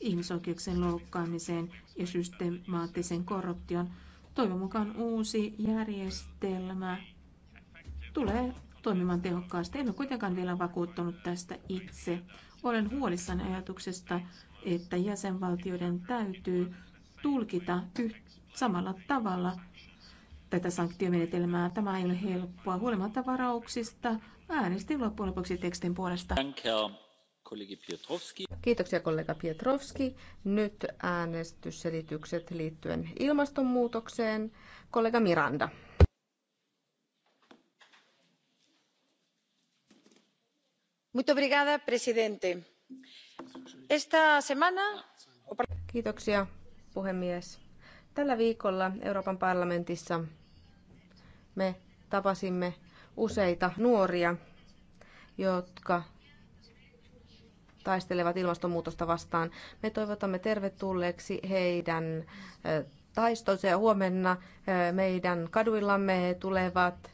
ihmisoikeuksien loukkaamiseen ja systemaattisen korruption. Toivon mukaan uusi järjestelmä tulee toimimaan tehokkaasti. En ole kuitenkaan vielä vakuuttunut tästä itse. Olen huolissani ajatuksesta, että jäsenvaltioiden täytyy tulkita samalla tavalla tätä sanktiomenetelmää. Tämä ei ole helppoa. Huolimatta varauksista äänestin loppujen lopuksi tekstin puolesta. Kiitoksia kollega Pietrovski. Nyt äänestysselitykset liittyen ilmastonmuutokseen. Kollega Miranda. Muito obrigada, presidente. Esta semana... Kiitoksia, puhemies. Tällä viikolla Euroopan parlamentissa me tapasimme useita nuoria, jotka taistelevat ilmastonmuutosta vastaan. Me toivotamme tervetulleeksi heidän taistonsa ja huomenna meidän kaduillamme he tulevat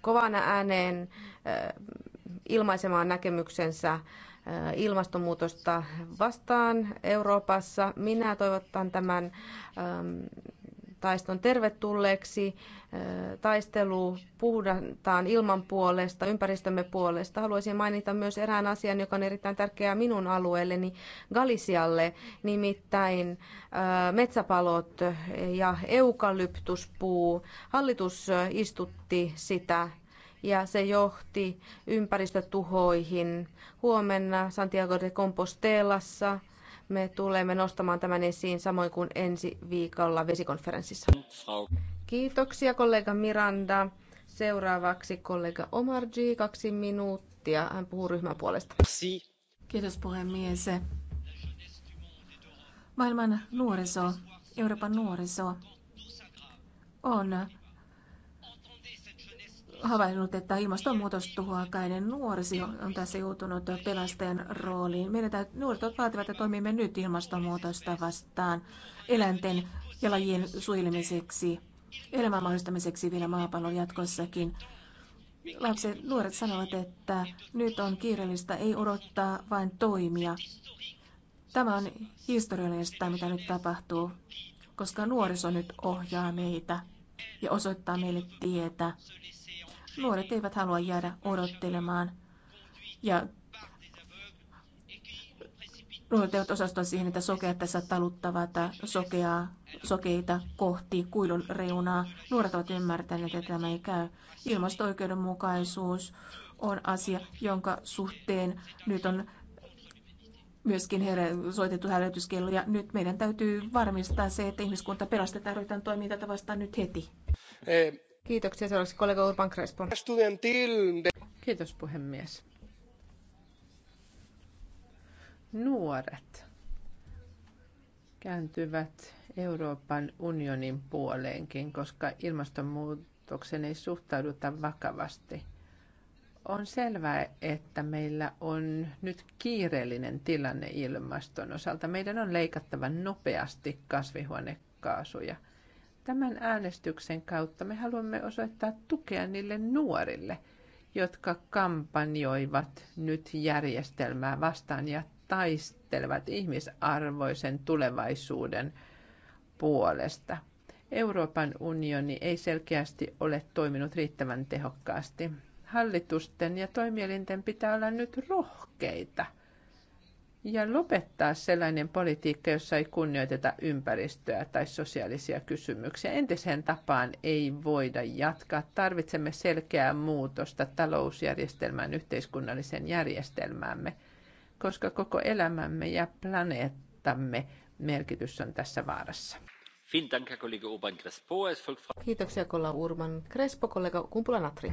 kovana ääneen ilmaisemaan näkemyksensä ilmastonmuutosta vastaan Euroopassa. Minä toivotan tämän taiston tervetulleeksi. Taistelu puhdataan ilman puolesta, ympäristömme puolesta. Haluaisin mainita myös erään asian, joka on erittäin tärkeää minun alueelleni Galisialle, nimittäin metsäpalot ja eukalyptuspuu. Hallitus istutti sitä ja se johti ympäristötuhoihin. Huomenna Santiago de Compostelassa me tulemme nostamaan tämän esiin samoin kuin ensi viikolla vesikonferenssissa. Kiitoksia kollega Miranda. Seuraavaksi kollega Omarji, kaksi minuuttia. Hän puhuu ryhmän puolesta. Kiitos puhemies. Maailman nuoriso, Euroopan nuoriso on havainnut, että ilmastonmuutos tuhoaikainen nuorisi on tässä joutunut pelastajan rooliin. Meidän täytyy, nuoret vaativat, että toimimme nyt ilmastonmuutosta vastaan eläinten ja lajien suojelemiseksi, elämän mahdollistamiseksi vielä maapallon jatkossakin. Lapset, nuoret sanovat, että nyt on kiireellistä, ei odottaa, vain toimia. Tämä on historiallista, mitä nyt tapahtuu, koska nuoriso nyt ohjaa meitä ja osoittaa meille tietä. Nuoret eivät halua jäädä odottelemaan ja nuoret eivät osastua siihen, että sokeat tässä taluttavat sokeaa, sokeita kohti kuilun reunaa. Nuoret ovat ymmärtäneet, että tämä ei käy. Ilmasto-oikeudenmukaisuus on asia, jonka suhteen nyt on myöskin herä, soitettu hälytyskello. Ja nyt meidän täytyy varmistaa se, että ihmiskunta pelastetaan. Ryhdytään toimintaa vastaan nyt heti. Ei eh, Kiitoksia seuraavaksi kollega Urban Crespo. Kiitos puhemies. Nuoret kääntyvät Euroopan unionin puoleenkin, koska ilmastonmuutoksen ei suhtauduta vakavasti. On selvää, että meillä on nyt kiireellinen tilanne ilmaston osalta. Meidän on leikattava nopeasti kasvihuonekaasuja. Tämän äänestyksen kautta me haluamme osoittaa tukea niille nuorille, jotka kampanjoivat nyt järjestelmää vastaan ja taistelevat ihmisarvoisen tulevaisuuden puolesta. Euroopan unioni ei selkeästi ole toiminut riittävän tehokkaasti. Hallitusten ja toimielinten pitää olla nyt rohkeita ja lopettaa sellainen politiikka, jossa ei kunnioiteta ympäristöä tai sosiaalisia kysymyksiä. Entiseen tapaan ei voida jatkaa. Tarvitsemme selkeää muutosta talousjärjestelmään, yhteiskunnallisen järjestelmäämme, koska koko elämämme ja planeettamme merkitys on tässä vaarassa. Kiitoksia kollega Urban Crespo, kollega Kumpula Natri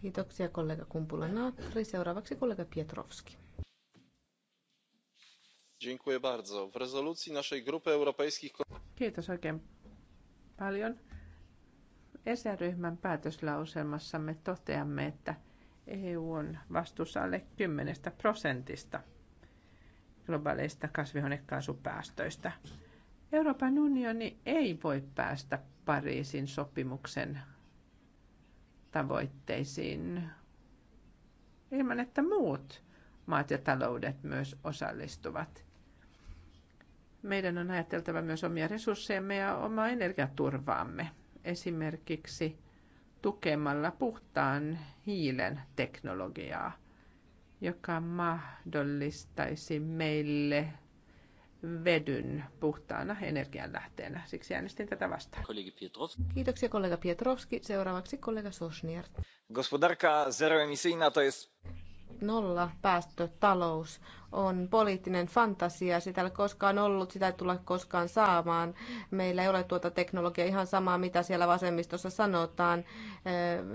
Kiitoksia kollega Kumpula Natri. Seuraavaksi kollega Pietrowski. Kiitos oikein paljon. ESR-ryhmän päätöslauselmassamme toteamme, että EU on vastuussa alle 10 prosentista globaaleista kasvihuonekaasupäästöistä. Euroopan unioni ei voi päästä Pariisin sopimuksen tavoitteisiin ilman, että muut maat ja taloudet myös osallistuvat. Meidän on ajateltava myös omia resurssejamme ja omaa energiaturvaamme, esimerkiksi tukemalla puhtaan hiilen teknologiaa, joka mahdollistaisi meille vedyn puhtaana energianlähteenä. Siksi äänestin tätä vastaan. Kiitoksia kollega Pietrovski. Seuraavaksi kollega Sosnier. Gospodarka zeroemisyjna to jest nolla päästötalous on poliittinen fantasia. Sitä ei ole koskaan ollut, sitä ei tule koskaan saamaan. Meillä ei ole tuota teknologiaa ihan samaa, mitä siellä vasemmistossa sanotaan.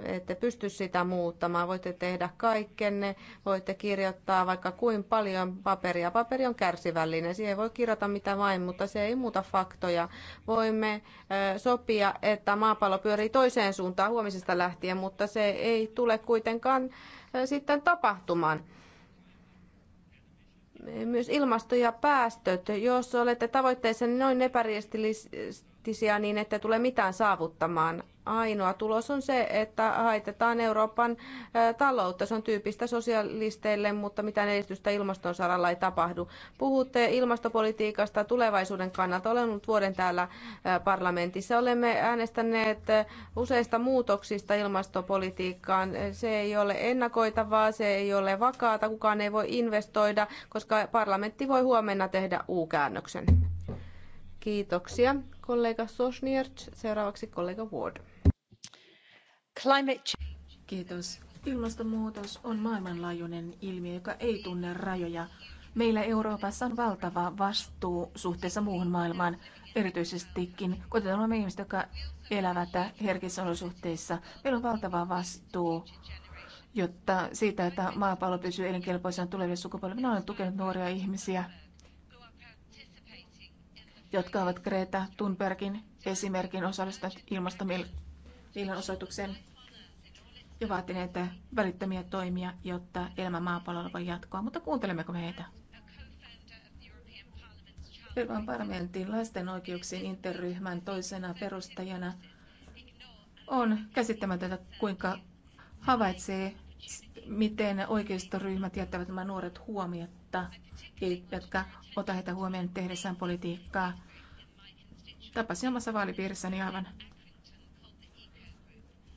Ette pysty sitä muuttamaan. Voitte tehdä kaikkenne, voitte kirjoittaa vaikka kuin paljon paperia. Paperi on kärsivällinen, siihen voi kirjata mitä vain, mutta se ei muuta faktoja. Voimme sopia, että maapallo pyörii toiseen suuntaan huomisesta lähtien, mutta se ei tule kuitenkaan sitten tapahtumaan? Myös ilmasto ja päästöt. Jos olette tavoitteessa niin noin epäriestillisiä, niin ette tule mitään saavuttamaan ainoa tulos on se, että haitetaan Euroopan taloutta. Se on tyypistä sosialisteille, mutta mitään edistystä ilmaston saralla ei tapahdu. Puhutte ilmastopolitiikasta tulevaisuuden kannalta. Olen ollut vuoden täällä parlamentissa. Olemme äänestäneet useista muutoksista ilmastopolitiikkaan. Se ei ole ennakoitavaa, se ei ole vakaata, kukaan ei voi investoida, koska parlamentti voi huomenna tehdä U-käännöksen. Kiitoksia kollega Sosnierch. Seuraavaksi kollega Ward. Climate change. Kiitos. Ilmastonmuutos on maailmanlaajuinen ilmiö, joka ei tunne rajoja. Meillä Euroopassa on valtava vastuu suhteessa muuhun maailmaan, erityisestikin kotitaloumme ihmiset, jotka elävät herkissä olosuhteissa. Meillä on valtava vastuu jotta siitä, että maapallo pysyy elinkelpoisena tuleville sukupolville. Minä olen tukenut nuoria ihmisiä jotka ovat Greta Thunbergin esimerkin osallistuneet ilmastomielenosoitukseen ja vaatineet välittömiä toimia, jotta elämä maapallolla voi jatkoa. Mutta kuuntelemmeko me heitä? Euroopan parlamentin lasten oikeuksien interryhmän toisena perustajana on käsittämätöntä, kuinka havaitsee, miten oikeistoryhmät jättävät nämä nuoret huomiotta, jotka ota heitä huomioon tehdessään politiikkaa. Tapasin omassa vaalipiirissäni aivan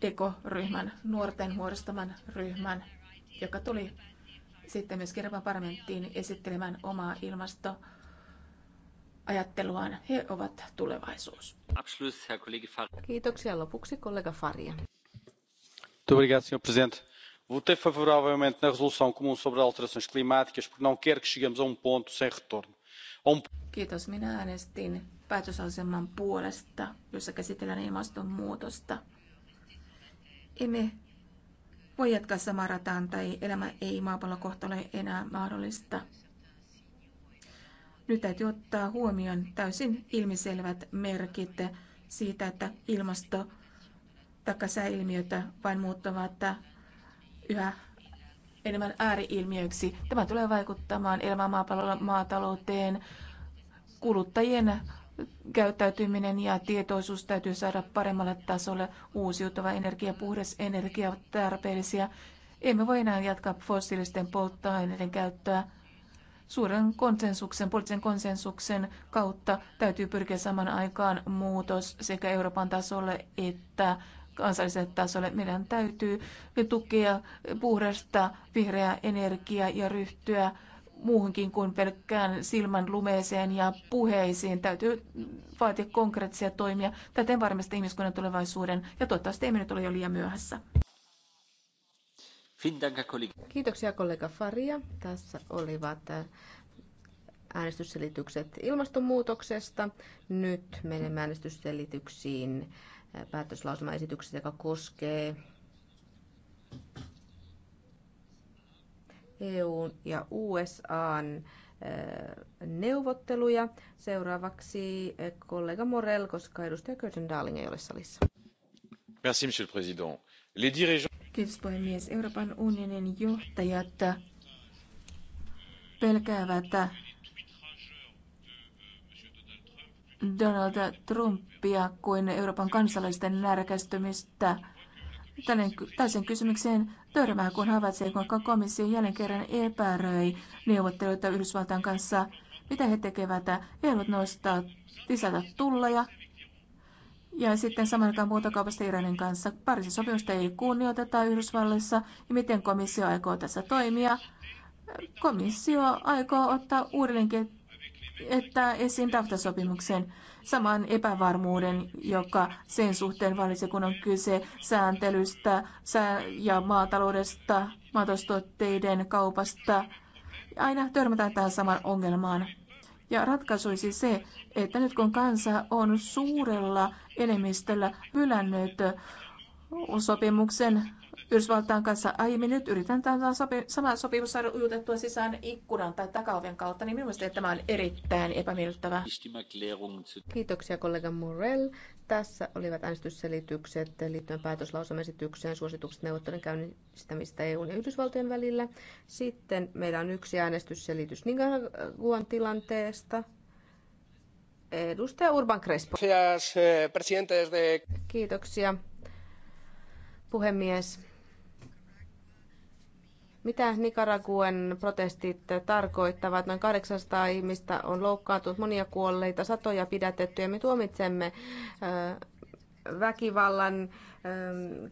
ekoryhmän, nuorten muodostaman ryhmän, joka tuli sitten myös Euroopan parlamenttiin esittelemään omaa ilmasto ajatteluaan. He ovat tulevaisuus. Kiitoksia lopuksi kollega Faria. Obrigado, senhor presidente votei favoravelmente na resolução comum sobre alterações climáticas porque não quero que cheguemos a um ponto sem retorno. Um Kiitos. Minä äänestin päätösaseman puolesta, jossa käsitellään ilmastonmuutosta. Emme voi jatkaa samaa rataan tai elämä ei maapallon kohtale enää mahdollista. Nyt täytyy ottaa huomioon täysin ilmiselvät merkit siitä, että ilmasto tai sääilmiöt vain muuttavat yhä enemmän ääriilmiöiksi. Tämä tulee vaikuttamaan elämään maapallolla, maatalouteen, kuluttajien käyttäytyminen ja tietoisuus täytyy saada paremmalle tasolle. Uusiutuva energia, puhdas energia ovat tarpeellisia. Emme voi enää jatkaa fossiilisten polttoaineiden käyttöä. Suuren konsensuksen, poliittisen konsensuksen kautta täytyy pyrkiä saman aikaan muutos sekä Euroopan tasolle että kansalliselle tasolle. Meidän täytyy tukea puhdasta vihreää energiaa ja ryhtyä muuhunkin kuin pelkkään silmän lumeeseen ja puheisiin. Täytyy vaatia konkreettisia toimia. Täten varmasti ihmiskunnan tulevaisuuden ja toivottavasti emme nyt ole jo liian myöhässä. Kiitoksia kollega Faria. Tässä olivat äänestysselitykset ilmastonmuutoksesta. Nyt menemme äänestysselityksiin päätöslausumaesityksestä, joka koskee EUn ja USAn äh, neuvotteluja. Seuraavaksi äh, kollega Morel, koska edustaja Curtin Darling ei ole salissa. Merci, monsieur le président. Les dirigeants... Kiitos puhemies. Euroopan unionin johtajat pelkäävät Donald Trumpia kuin Euroopan kansalaisten närkästymistä. Tällaisen kysymykseen törmää, kun havaitsee, kuinka komissio jälleen kerran epäröi neuvotteluita Yhdysvaltain kanssa. Mitä he tekevät? He haluavat nostaa, lisätä tulleja. Ja sitten samankaan aikaan muutakaupasta Iranin kanssa. Pariisin sopimusta ei kunnioiteta Yhdysvalloissa. Ja miten komissio aikoo tässä toimia? Komissio aikoo ottaa uudelleen että esiin dafta saman epävarmuuden, joka sen suhteen valitsi, kun on kyse sääntelystä ja maataloudesta, maataloustuotteiden kaupasta. Aina törmätään tähän samaan ongelmaan. Ja ratkaisuisi se, että nyt kun kansa on suurella enemmistöllä hylännyt sopimuksen Yhdysvaltain kanssa aiemmin. Nyt yritän tämän sopi- saman sopimus saada ujutettua sisään ikkunan tai takaoven kautta, niin minusta tämä on erittäin epämiellyttävä. Kiitoksia kollega Morell. Tässä olivat äänestysselitykset liittyen päätöslausumaesitykseen suositukset neuvottelun käynnistämistä EUn ja Yhdysvaltojen välillä. Sitten meillä on yksi äänestysselitys Nicaraguan tilanteesta. Edustaja Urban Crespo. Eh, Kiitoksia, puhemies mitä Nicaraguan protestit tarkoittavat? Noin 800 ihmistä on loukkaantunut, monia kuolleita, satoja pidätettyjä. Me tuomitsemme väkivallan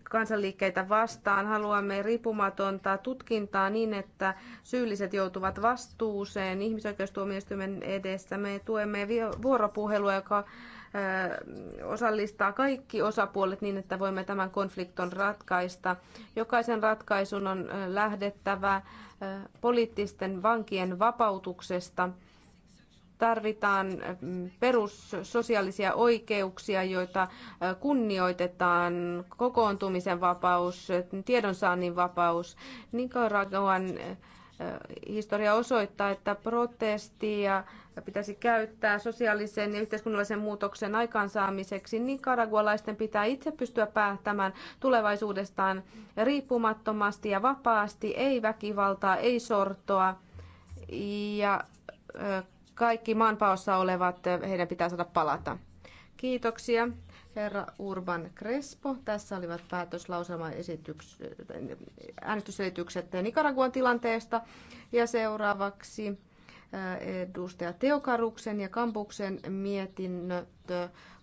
kansanliikkeitä vastaan. Haluamme riippumatonta tutkintaa niin, että syylliset joutuvat vastuuseen ihmisoikeustuomioistuimen edessä. Me tuemme vuoropuhelua, joka osallistaa kaikki osapuolet niin, että voimme tämän konflikton ratkaista. Jokaisen ratkaisun on lähdettävä poliittisten vankien vapautuksesta tarvitaan perussosiaalisia oikeuksia, joita kunnioitetaan, kokoontumisen vapaus, tiedonsaannin vapaus. Nicaraguan historia osoittaa, että protesti ja sitä pitäisi käyttää sosiaalisen ja yhteiskunnallisen muutoksen aikaansaamiseksi. Niin karagualaisten pitää itse pystyä päättämään tulevaisuudestaan riippumattomasti ja vapaasti, ei väkivaltaa, ei sortoa. Ja kaikki maanpaossa olevat, heidän pitää saada palata. Kiitoksia. Herra Urban Crespo. Tässä olivat päätöslauselman äänestysselitykset Nicaraguan tilanteesta. Ja seuraavaksi edustaja Teokaruksen ja Kampuksen mietinnöt,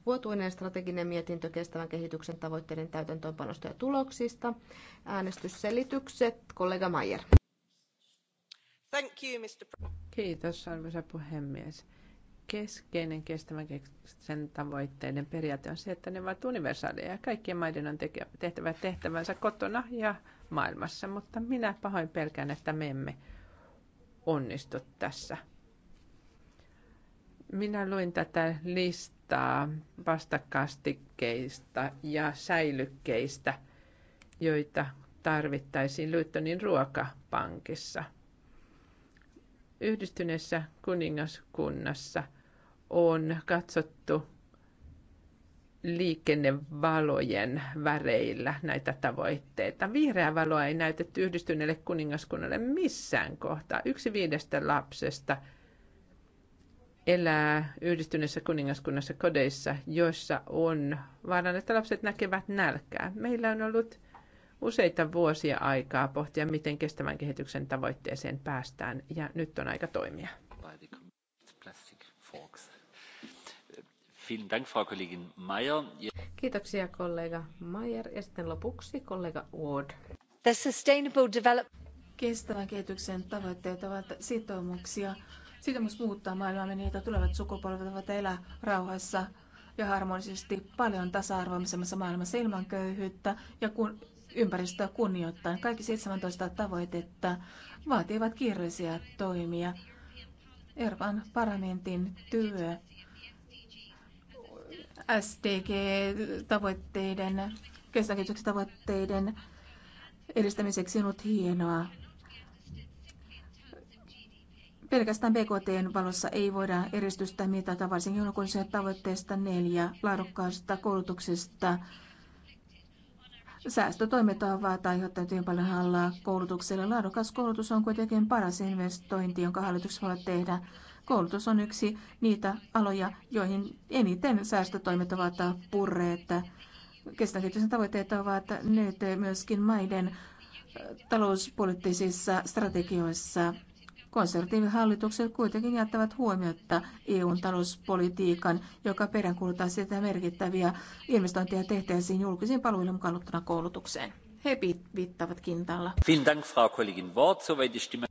vuotuinen strateginen mietintö kestävän kehityksen tavoitteiden täytäntöönpanosta ja tuloksista. Äänestysselitykset, kollega Mayer. Thank you, Mr. Kiitos, arvoisa puhemies. Keskeinen kestävän kehityksen tavoitteiden periaate on se, että ne ovat universaaleja ja kaikkien maiden on tehtävä tehtävänsä kotona ja maailmassa, mutta minä pahoin pelkään, että me emme onnistu tässä. Minä luin tätä listaa vastakastikkeista ja säilykkeistä, joita tarvittaisiin Lyttonin ruokapankissa. Yhdistyneessä kuningaskunnassa on katsottu liikennevalojen väreillä näitä tavoitteita. Vihreää valoa ei näytetty yhdistyneelle kuningaskunnalle missään kohtaa. Yksi viidestä lapsesta elää yhdistyneessä kuningaskunnassa kodeissa, joissa on vaaran, että lapset näkevät nälkää. Meillä on ollut useita vuosia aikaa pohtia, miten kestävän kehityksen tavoitteeseen päästään, ja nyt on aika toimia. Kiitoksia kollega Mayer ja sitten lopuksi kollega Ward. The sustainable development... Kestävän kehityksen tavoitteet ovat sitoumuksia. Sitoumus muuttaa maailmaa niin, että tulevat sukupolvet voivat elää rauhassa ja harmonisesti paljon tasa-arvoisemmassa maailmassa ilman köyhyyttä ja kun ympäristöä kunnioittain. Kaikki 17 tavoitetta vaativat kiireisiä toimia. Euroopan parlamentin työ SDG-tavoitteiden, kestävän tavoitteiden edistämiseksi on ollut hienoa. Pelkästään BKTn valossa ei voida eristystä mitata, varsinkin kun se tavoitteesta neljä laadukkaasta koulutuksesta. Säästötoimet ovat aiheuttaneet hyvin paljon hallaa koulutukselle. Laadukas koulutus on kuitenkin paras investointi, jonka hallitus voi tehdä. Koulutus on yksi niitä aloja, joihin eniten säästötoimet ovat purreet. Kestävän kehityksen tavoitteet ovat nyt myöskin maiden talouspoliittisissa strategioissa. Konservatiivihallitukset kuitenkin jättävät huomiota EUn talouspolitiikan, joka peräänkuuluttaa sitä merkittäviä investointeja tehtäisiin julkisiin palveluihin mukaan koulutukseen he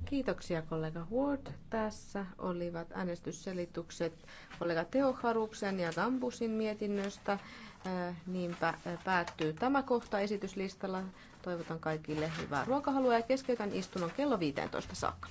Kiitoksia kollega Ward. Tässä olivat äänestysselitykset kollega Teo Haruksen ja Gambusin mietinnöstä. Äh, niinpä äh, päättyy tämä kohta esityslistalla. Toivotan kaikille hyvää ruokahalua ja keskeytän istunnon kello 15 saakka.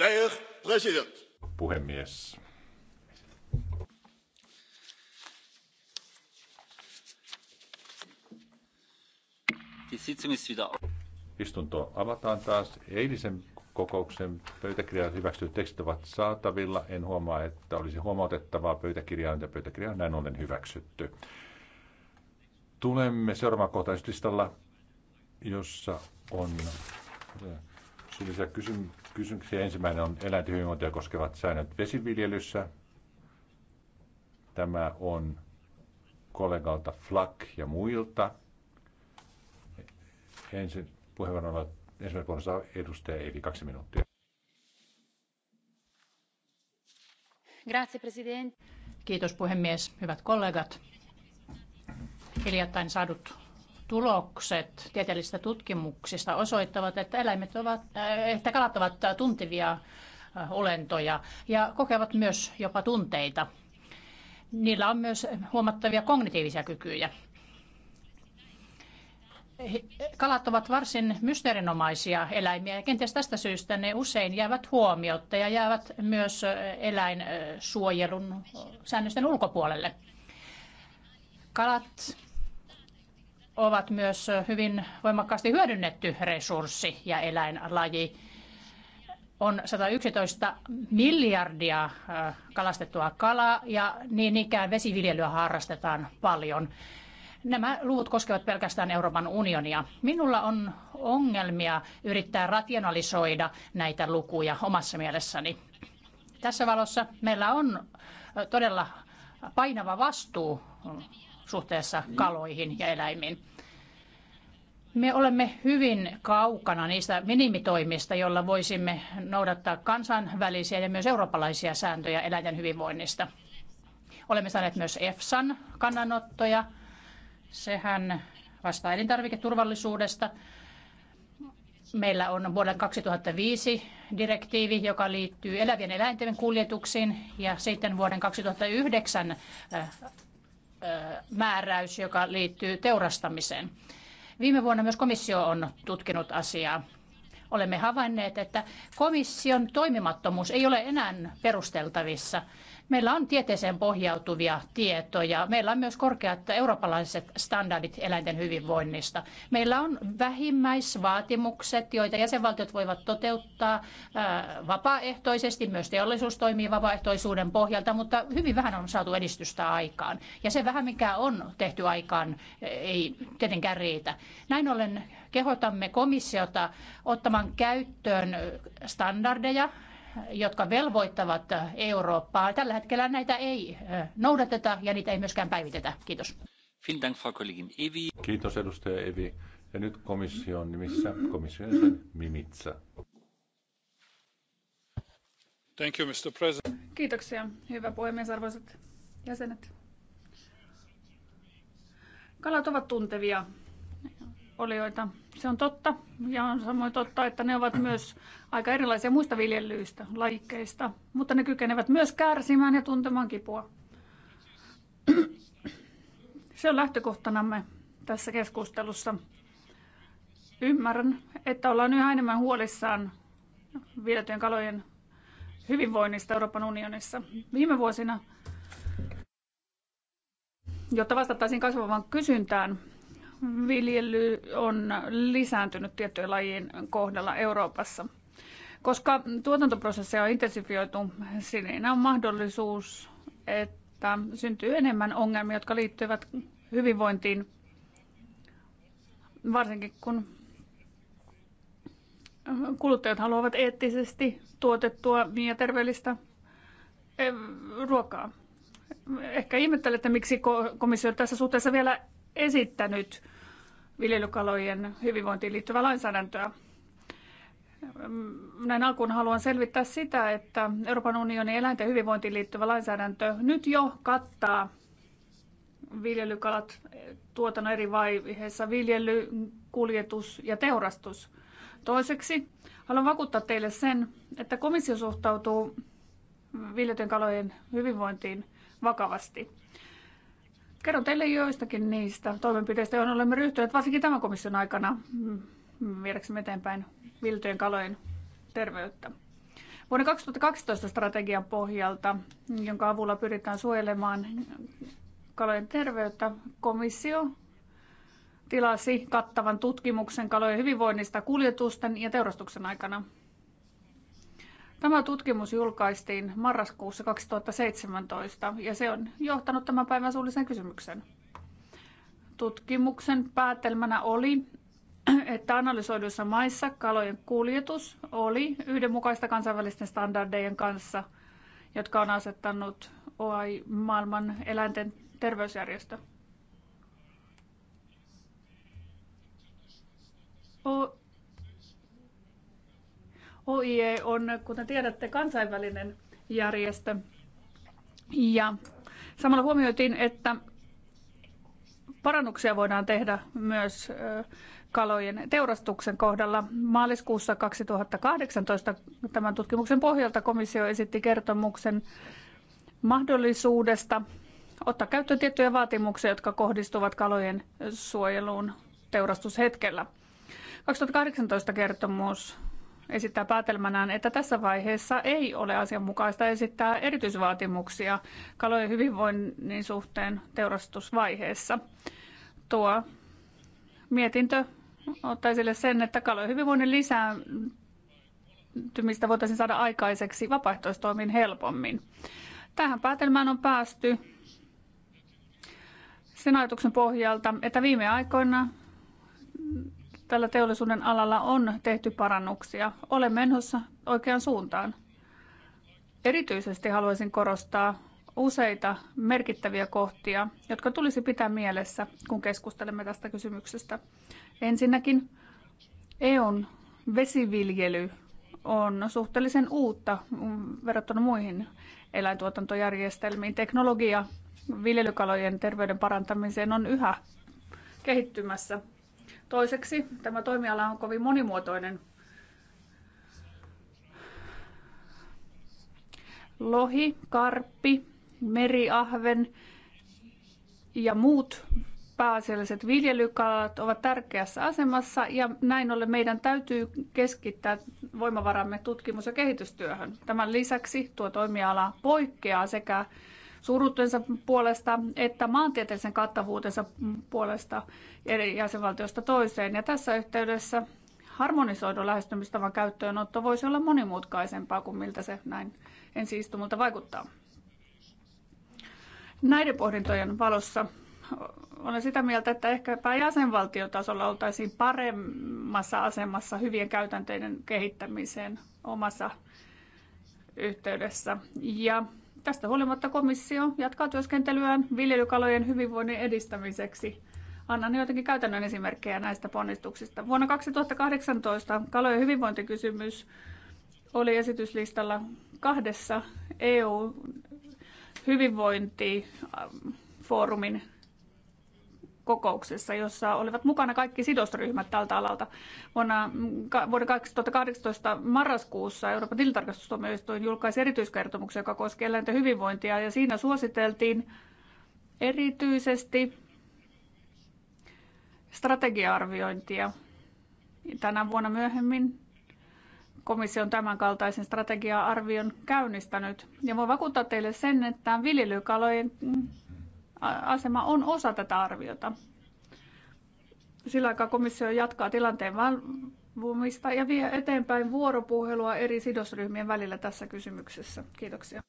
arvoisa Puhemies. Istunto avataan taas. Eilisen kokouksen pöytäkirjan hyväksytyt tekstit ovat saatavilla. En huomaa, että olisi huomautettavaa pöytäkirjaan ja pöytäkirja on näin ollen hyväksytty. Tulemme seuraavaan kohtaan jossa on eh, suullisia kysymyksiä kysymyksiä. Ensimmäinen on eläinten hyvinvointia koskevat säännöt vesiviljelyssä. Tämä on kollegalta Flak ja muilta. Ensin puheenvuoron ensimmäisen puheenvuoron edustaja Evi, kaksi minuuttia. Grazie, Kiitos puhemies, hyvät kollegat. Hiljattain saadut tulokset tieteellisistä tutkimuksista osoittavat, että, eläimet ovat, äh, että kalat ovat tuntivia äh, olentoja ja kokevat myös jopa tunteita. Niillä on myös huomattavia kognitiivisia kykyjä. Kalat ovat varsin mysteerinomaisia eläimiä ja kenties tästä syystä ne usein jäävät huomiotta ja jäävät myös äh, eläinsuojelun säännösten ulkopuolelle. Kalat ovat myös hyvin voimakkaasti hyödynnetty resurssi ja eläinlaji. On 111 miljardia kalastettua kalaa ja niin ikään vesiviljelyä harrastetaan paljon. Nämä luvut koskevat pelkästään Euroopan unionia. Minulla on ongelmia yrittää rationalisoida näitä lukuja omassa mielessäni. Tässä valossa meillä on todella painava vastuu suhteessa kaloihin ja eläimiin. Me olemme hyvin kaukana niistä minimitoimista, joilla voisimme noudattaa kansainvälisiä ja myös eurooppalaisia sääntöjä eläinten hyvinvoinnista. Olemme saaneet myös EFSAn kannanottoja. Sehän vastaa elintarviketurvallisuudesta. Meillä on vuoden 2005 direktiivi, joka liittyy elävien eläinten kuljetuksiin ja sitten vuoden 2009 määräys, joka liittyy teurastamiseen. Viime vuonna myös komissio on tutkinut asiaa. Olemme havainneet, että komission toimimattomuus ei ole enää perusteltavissa. Meillä on tieteeseen pohjautuvia tietoja. Meillä on myös korkeat eurooppalaiset standardit eläinten hyvinvoinnista. Meillä on vähimmäisvaatimukset, joita jäsenvaltiot voivat toteuttaa vapaaehtoisesti. Myös teollisuus toimii vapaaehtoisuuden pohjalta, mutta hyvin vähän on saatu edistystä aikaan. Ja se vähän, mikä on tehty aikaan, ei tietenkään riitä. Näin ollen kehotamme komissiota ottamaan käyttöön standardeja jotka velvoittavat Eurooppaa. Tällä hetkellä näitä ei noudateta ja niitä ei myöskään päivitetä. Kiitos. Kiitos edustaja Evi. Ja nyt komission nimissä komission jäsen Mimitsa. Thank you, Mr. President. Kiitoksia, hyvä puhemies, arvoisat jäsenet. Kalat ovat tuntevia olioita. Se on totta ja on samoin totta, että ne ovat myös aika erilaisia muista viljelyistä, lajikkeista, mutta ne kykenevät myös kärsimään ja tuntemaan kipua. Se on lähtökohtanamme tässä keskustelussa. Ymmärrän, että ollaan yhä enemmän huolissaan viljeltyjen kalojen hyvinvoinnista Euroopan unionissa. Viime vuosina, jotta vastattaisiin kasvavaan kysyntään, viljely on lisääntynyt tiettyjen lajien kohdalla Euroopassa. Koska tuotantoprosesseja on intensifioitu, siinä on mahdollisuus, että syntyy enemmän ongelmia, jotka liittyvät hyvinvointiin, varsinkin kun kuluttajat haluavat eettisesti tuotettua ja terveellistä eh, ruokaa. Ehkä ihmettelette, miksi komissio tässä suhteessa vielä esittänyt viljelykalojen hyvinvointiin liittyvää lainsäädäntöä. Mm, näin alkuun haluan selvittää sitä, että Euroopan unionin eläinten hyvinvointiin liittyvä lainsäädäntö nyt jo kattaa viljelykalat tuotannon eri vaiheissa, viljely, kuljetus ja teurastus. Toiseksi haluan vakuuttaa teille sen, että komissio suhtautuu viljelyten kalojen hyvinvointiin vakavasti. Kerro teille joistakin niistä toimenpiteistä, joihin olemme ryhtyneet varsinkin tämän komission aikana mm, mm, viedäksemme eteenpäin viltojen kalojen terveyttä. Vuoden 2012 strategian pohjalta, jonka avulla pyritään suojelemaan kalojen terveyttä, komissio tilasi kattavan tutkimuksen kalojen hyvinvoinnista kuljetusten ja teurastuksen aikana. Tämä tutkimus julkaistiin marraskuussa 2017 ja se on johtanut tämän päivän suullisen kysymyksen. Tutkimuksen päätelmänä oli, että analysoiduissa maissa kalojen kuljetus oli yhdenmukaista kansainvälisten standardejen kanssa, jotka on asettanut OAI maailman eläinten terveysjärjestö. OIE on, kuten tiedätte, kansainvälinen järjestö. Ja samalla huomioitiin, että parannuksia voidaan tehdä myös kalojen teurastuksen kohdalla. Maaliskuussa 2018 tämän tutkimuksen pohjalta komissio esitti kertomuksen mahdollisuudesta ottaa käyttöön tiettyjä vaatimuksia, jotka kohdistuvat kalojen suojeluun teurastushetkellä. 2018 kertomus esittää päätelmänään, että tässä vaiheessa ei ole asianmukaista esittää erityisvaatimuksia kalojen hyvinvoinnin suhteen teurastusvaiheessa. Tuo mietintö ottaa esille sen, että kalojen hyvinvoinnin lisääntymistä voitaisiin saada aikaiseksi vapaaehtoistoimin helpommin. Tähän päätelmään on päästy sen ajatuksen pohjalta, että viime aikoina tällä teollisuuden alalla on tehty parannuksia. Olemme menossa oikeaan suuntaan. Erityisesti haluaisin korostaa useita merkittäviä kohtia, jotka tulisi pitää mielessä, kun keskustelemme tästä kysymyksestä. Ensinnäkin EUn vesiviljely on suhteellisen uutta verrattuna muihin eläintuotantojärjestelmiin. Teknologia viljelykalojen terveyden parantamiseen on yhä kehittymässä Toiseksi tämä toimiala on kovin monimuotoinen. Lohi, karppi, meriahven ja muut pääasialliset viljelykalat ovat tärkeässä asemassa ja näin ollen meidän täytyy keskittää voimavaramme tutkimus- ja kehitystyöhön. Tämän lisäksi tuo toimiala poikkeaa sekä suuruutensa puolesta että maantieteellisen kattavuutensa puolesta eri jäsenvaltiosta toiseen. Ja tässä yhteydessä harmonisoidun lähestymistavan käyttöönotto voisi olla monimutkaisempaa kuin miltä se näin ensi istumulta vaikuttaa. Näiden pohdintojen valossa olen sitä mieltä, että ehkäpä jäsenvaltiotasolla oltaisiin paremmassa asemassa hyvien käytänteiden kehittämiseen omassa yhteydessä. Ja Tästä huolimatta komissio jatkaa työskentelyään viljelykalojen hyvinvoinnin edistämiseksi. Annan joitakin käytännön esimerkkejä näistä ponnistuksista. Vuonna 2018 kalojen hyvinvointikysymys oli esityslistalla kahdessa EU-hyvinvointifoorumin ähm, kokouksessa, jossa olivat mukana kaikki sidosryhmät tältä alalta. Vuonna, vuoden 2018 marraskuussa Euroopan tilintarkastustuomioistuin julkaisi erityiskertomuksen, joka koskee eläinten hyvinvointia, ja siinä suositeltiin erityisesti strategiaarviointia. Tänä vuonna myöhemmin komissio on tämän kaltaisen strategia-arvion käynnistänyt. Ja voin vakuuttaa teille sen, että viljelykalojen asema on osa tätä arviota. Sillä aikaa komissio jatkaa tilanteen valvomista ja vie eteenpäin vuoropuhelua eri sidosryhmien välillä tässä kysymyksessä. Kiitoksia.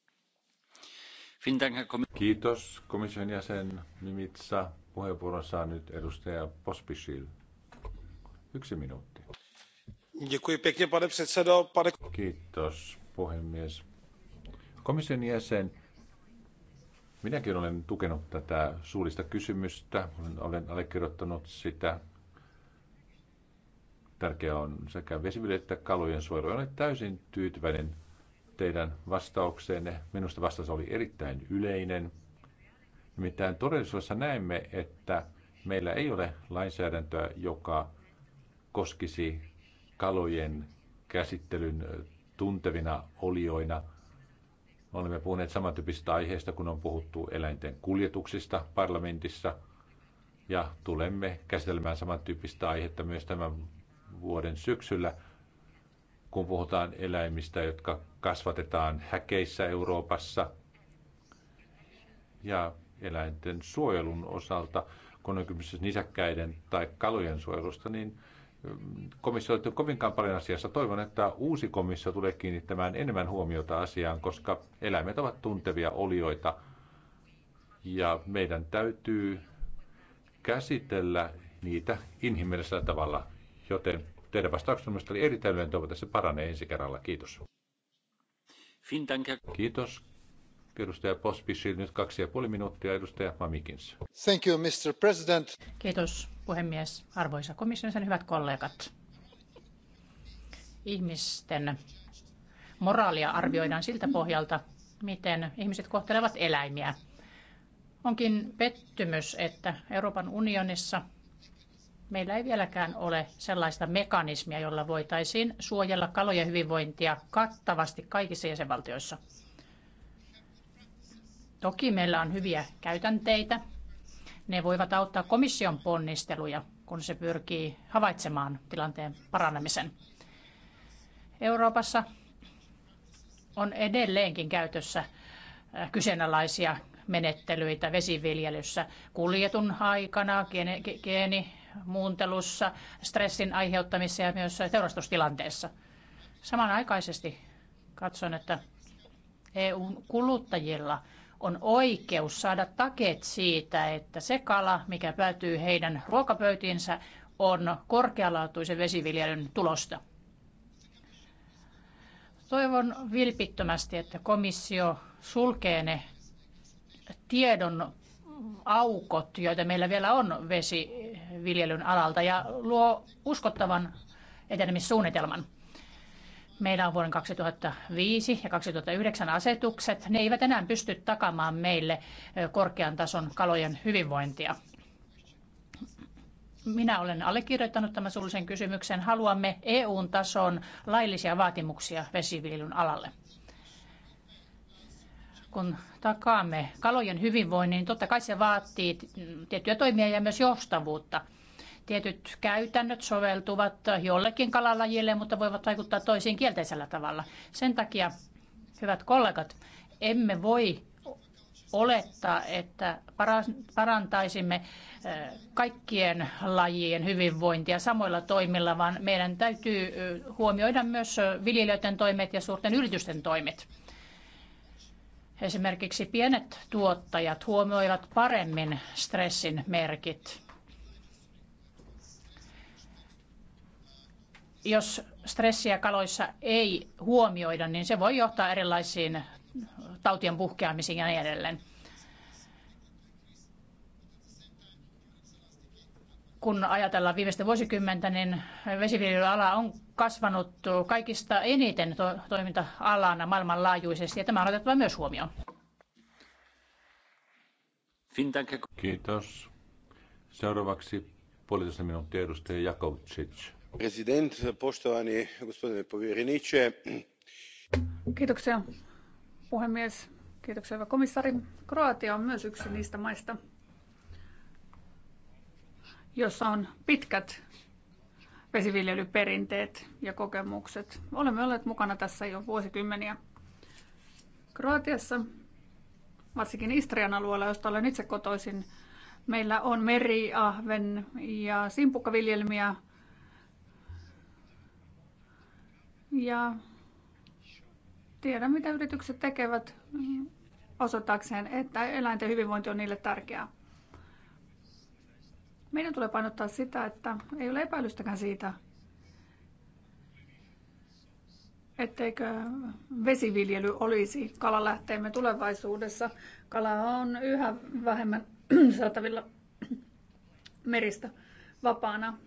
Kiitos komission jäsen Mimitsa. Puheenvuoron saa nyt edustaja Pospisil. Yksi minuutti. Kiitos puhemies. Komission jäsen, Minäkin olen tukenut tätä suullista kysymystä, olen allekirjoittanut sitä. Tärkeää on sekä vesiville että kalojen suojelu. Olen täysin tyytyväinen teidän vastaukseenne. Minusta vastaus oli erittäin yleinen. Nimittäin todellisuudessa näemme, että meillä ei ole lainsäädäntöä, joka koskisi kalojen käsittelyn tuntevina olioina – Olemme puhuneet samantyyppisistä aiheista, kun on puhuttu eläinten kuljetuksista parlamentissa. Ja tulemme käsittelemään samantyyppistä aihetta myös tämän vuoden syksyllä, kun puhutaan eläimistä, jotka kasvatetaan häkeissä Euroopassa. Ja eläinten suojelun osalta, kun on kysymys nisäkkäiden tai kalojen suojelusta, niin komissio on kovinkaan paljon asiassa. Toivon, että uusi komissio tulee kiinnittämään enemmän huomiota asiaan, koska eläimet ovat tuntevia olioita ja meidän täytyy käsitellä niitä inhimillisellä tavalla. Joten teidän vastauksenne oli erittäin hyvä, toivon, että se paranee ensi kerralla. Kiitos. Kiitos. Edustaja Pospisil nyt kaksi ja puoli minuuttia. Edustaja Mamikins. Thank you, Mr. President. Kiitos puhemies, arvoisa komission sen hyvät kollegat. Ihmisten moraalia arvioidaan siltä pohjalta, miten ihmiset kohtelevat eläimiä. Onkin pettymys, että Euroopan unionissa meillä ei vieläkään ole sellaista mekanismia, jolla voitaisiin suojella kalojen hyvinvointia kattavasti kaikissa jäsenvaltioissa. Toki meillä on hyviä käytänteitä ne voivat auttaa komission ponnisteluja, kun se pyrkii havaitsemaan tilanteen paranemisen. Euroopassa on edelleenkin käytössä äh, kyseenalaisia menettelyitä vesiviljelyssä kuljetun aikana, geenimuuntelussa, stressin aiheuttamissa ja myös teurastustilanteessa. Samanaikaisesti katson, että EUn kuluttajilla – on oikeus saada takeet siitä, että se kala, mikä päätyy heidän ruokapöytiinsä, on korkealaatuisen vesiviljelyn tulosta. Toivon vilpittömästi, että komissio sulkee ne tiedon aukot, joita meillä vielä on vesiviljelyn alalta ja luo uskottavan etenemissuunnitelman. Meillä on vuoden 2005 ja 2009 asetukset. Ne eivät enää pysty takamaan meille korkean tason kalojen hyvinvointia. Minä olen allekirjoittanut tämän suullisen kysymyksen. Haluamme EU-tason laillisia vaatimuksia vesiviljelyn alalle. Kun takaamme kalojen hyvinvoinnin, niin totta kai se vaatii tiettyjä toimia ja myös joustavuutta – Tietyt käytännöt soveltuvat jollekin kalalajille, mutta voivat vaikuttaa toisiin kielteisellä tavalla. Sen takia, hyvät kollegat, emme voi olettaa, että parantaisimme kaikkien lajien hyvinvointia samoilla toimilla, vaan meidän täytyy huomioida myös viljelijöiden toimet ja suurten yritysten toimet. Esimerkiksi pienet tuottajat huomioivat paremmin stressin merkit. Jos stressiä kaloissa ei huomioida, niin se voi johtaa erilaisiin tautien puhkeamisiin ja niin edelleen. kun ajatellaan viimeistä vuosikymmentä, niin vesiviljelyala on kasvanut kaikista eniten to- toiminta-alana maailmanlaajuisesti, ja tämä on otettava myös huomioon. Kiitos. Seuraavaksi puolitoista minuuttia edustaja Jakovcic arvoisa poštovani gospodine povjereniče kiitoksia puhemies kiitoksia hyvä komissaari. kroatia on myös yksi niistä maista jossa on pitkät vesiviljelyperinteet ja kokemukset. Olemme olleet mukana tässä jo vuosikymmeniä. Kroatiassa, varsinkin Istrian alueella, josta olen itse kotoisin, meillä on meriahven ja simpukkaviljelmiä Ja tiedän, mitä yritykset tekevät osoittaakseen, että eläinten hyvinvointi on niille tärkeää. Meidän tulee painottaa sitä, että ei ole epäilystäkään siitä, etteikö vesiviljely olisi kalalähteemme tulevaisuudessa. Kala on yhä vähemmän saatavilla meristä vapaana.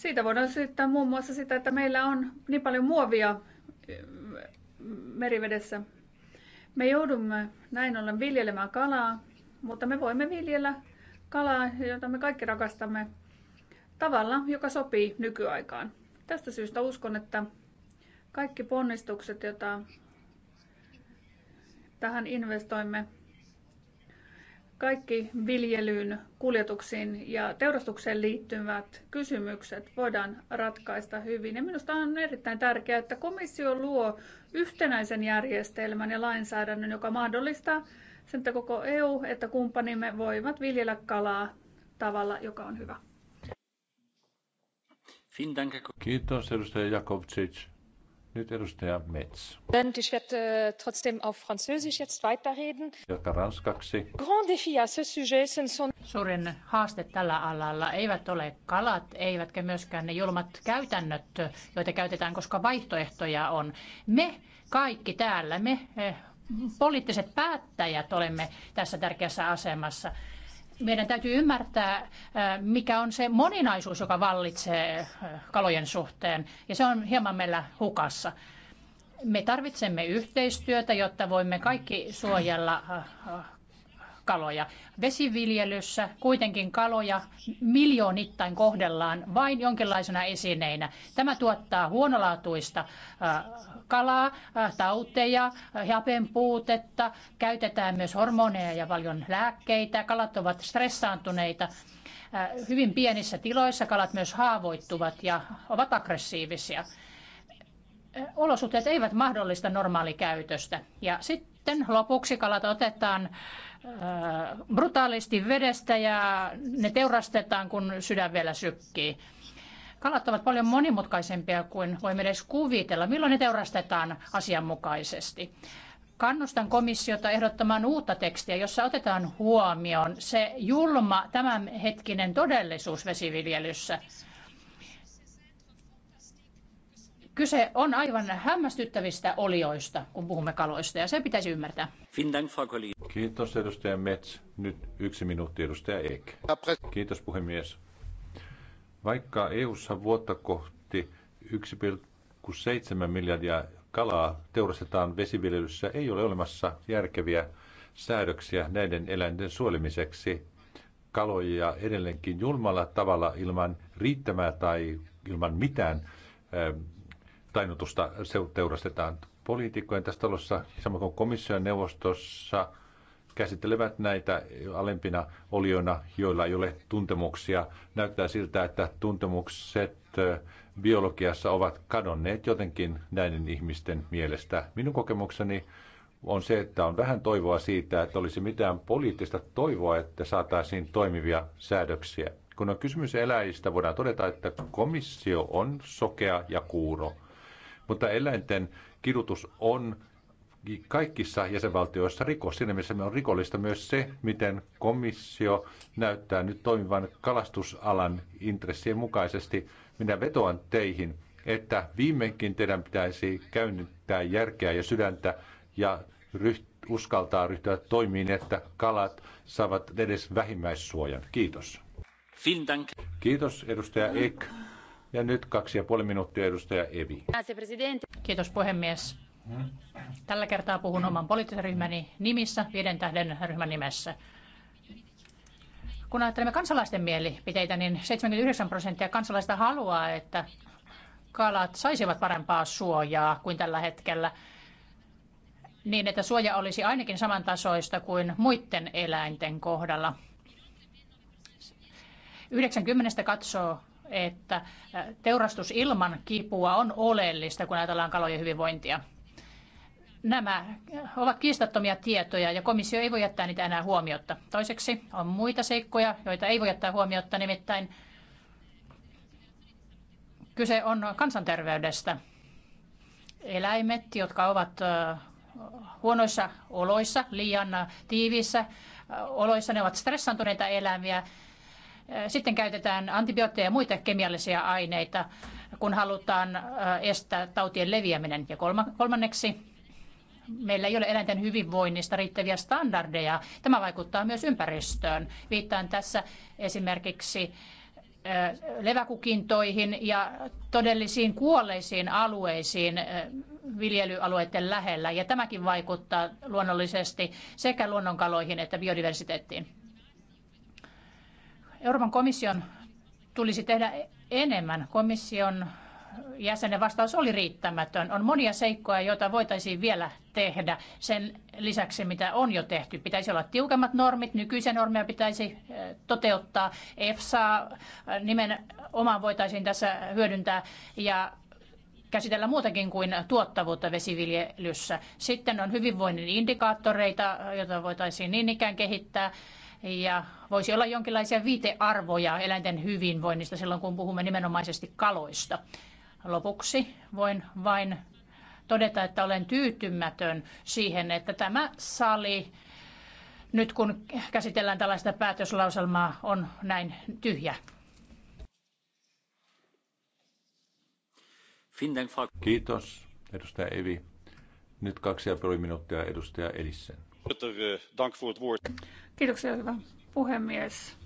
Siitä voidaan syyttää muun muassa sitä, että meillä on niin paljon muovia merivedessä. Me joudumme näin ollen viljelemään kalaa, mutta me voimme viljellä kalaa, jota me kaikki rakastamme tavalla, joka sopii nykyaikaan. Tästä syystä uskon, että kaikki ponnistukset, joita tähän investoimme, kaikki viljelyyn, kuljetuksiin ja teurastukseen liittyvät kysymykset voidaan ratkaista hyvin. Ja minusta on erittäin tärkeää, että komissio luo yhtenäisen järjestelmän ja lainsäädännön, joka mahdollistaa sen, että koko EU että kumppanimme voivat viljellä kalaa tavalla, joka on hyvä. Kiitos edustaja Jakovcic. Nyt edustaja Metz. Ich werde äh, trotzdem auf Französisch jetzt weiterreden. Jatka ranskaksi. Grand défi à ce sujet, ce sont... Suurin haaste tällä alalla eivät ole kalat, eivätkä myöskään ne julmat käytännöt, joita käytetään, koska vaihtoehtoja on. Me kaikki täällä, me eh, poliittiset päättäjät olemme tässä tärkeässä asemassa meidän täytyy ymmärtää, äh, mikä on se moninaisuus, joka vallitsee äh, kalojen suhteen, ja se on hieman meillä hukassa. Me tarvitsemme yhteistyötä, jotta voimme kaikki suojella äh, kaloja. Vesiviljelyssä kuitenkin kaloja miljoonittain kohdellaan vain jonkinlaisena esineinä. Tämä tuottaa huonolaatuista kalaa, äh, tauteja, hapen äh, puutetta, käytetään myös hormoneja ja paljon lääkkeitä. Kalat ovat stressaantuneita. Äh, hyvin pienissä tiloissa kalat myös haavoittuvat ja ovat aggressiivisia. Olosuhteet eivät mahdollista normaalikäytöstä. Ja sitten lopuksi kalat otetaan brutaalisti vedestä ja ne teurastetaan, kun sydän vielä sykkii. Kalat ovat paljon monimutkaisempia kuin voimme edes kuvitella. Milloin ne teurastetaan asianmukaisesti? Kannustan komissiota ehdottamaan uutta tekstiä, jossa otetaan huomioon se julma tämänhetkinen todellisuus vesiviljelyssä. Kyse on aivan hämmästyttävistä olioista, kun puhumme kaloista, ja se pitäisi ymmärtää. Kiitos edustaja Mets. Nyt yksi minuutti edustaja Eke. Kiitos puhemies. Vaikka EU:ssa vuotta kohti 1,7 miljardia kalaa teurastetaan vesiviljelyssä, ei ole olemassa järkeviä säädöksiä näiden eläinten suojelemiseksi. Kaloja edelleenkin julmalla tavalla ilman riittämää tai ilman mitään ähm, tainnutusta teurastetaan. Poliitikkojen tässä talossa, samoin kuin komission neuvostossa, käsittelevät näitä alempina olioina, joilla ei ole tuntemuksia. Näyttää siltä, että tuntemukset biologiassa ovat kadonneet jotenkin näiden ihmisten mielestä. Minun kokemukseni on se, että on vähän toivoa siitä, että olisi mitään poliittista toivoa, että saataisiin toimivia säädöksiä. Kun on kysymys eläistä, voidaan todeta, että komissio on sokea ja kuuro. Mutta eläinten kidutus on kaikissa jäsenvaltioissa rikos. Siinä mielessä on rikollista myös se, miten komissio näyttää nyt toimivan kalastusalan intressien mukaisesti. Minä vetoan teihin, että viimeinkin teidän pitäisi käynnittää järkeä ja sydäntä ja ryht, uskaltaa ryhtyä toimiin, että kalat saavat edes vähimmäissuojan. Kiitos. Kiitos edustaja Ek. Ja nyt kaksi ja puoli minuuttia edustaja Evi. Kiitos puhemies. Tällä kertaa puhun oman poliittisen ryhmäni nimissä, viiden tähden ryhmän nimessä. Kun ajattelemme kansalaisten mielipiteitä, niin 79 prosenttia kansalaista haluaa, että kalat saisivat parempaa suojaa kuin tällä hetkellä, niin että suoja olisi ainakin samantasoista kuin muiden eläinten kohdalla. 90 katsoo, että teurastus ilman kipua on oleellista, kun ajatellaan kalojen hyvinvointia. Nämä ovat kiistattomia tietoja ja komissio ei voi jättää niitä enää huomiotta. Toiseksi on muita seikkoja, joita ei voi jättää huomiotta, nimittäin kyse on kansanterveydestä. Eläimet, jotka ovat huonoissa oloissa, liian tiiviissä oloissa, ne ovat stressantuneita eläimiä. Sitten käytetään antibiootteja ja muita kemiallisia aineita, kun halutaan estää tautien leviäminen. Ja kolmanneksi meillä ei ole eläinten hyvinvoinnista riittäviä standardeja. Tämä vaikuttaa myös ympäristöön. Viittaan tässä esimerkiksi leväkukintoihin ja todellisiin kuolleisiin alueisiin viljelyalueiden lähellä. Ja tämäkin vaikuttaa luonnollisesti sekä luonnonkaloihin että biodiversiteettiin. Euroopan komission tulisi tehdä enemmän. Komission jäsenen vastaus oli riittämätön. On monia seikkoja, joita voitaisiin vielä tehdä sen lisäksi, mitä on jo tehty. Pitäisi olla tiukemmat normit, nykyisiä normeja pitäisi eh, toteuttaa. EFSA eh, nimenomaan voitaisiin tässä hyödyntää ja käsitellä muutakin kuin tuottavuutta vesiviljelyssä. Sitten on hyvinvoinnin indikaattoreita, joita voitaisiin niin ikään kehittää. Ja voisi olla jonkinlaisia viitearvoja eläinten hyvinvoinnista silloin, kun puhumme nimenomaisesti kaloista. Lopuksi voin vain todeta, että olen tyytymätön siihen, että tämä sali nyt kun käsitellään tällaista päätöslauselmaa on näin tyhjä. Kiitos, edustaja Evi. Nyt kaksi ja puoli minuuttia edustaja Elissen. Kiitoksia, hyvä puhemies.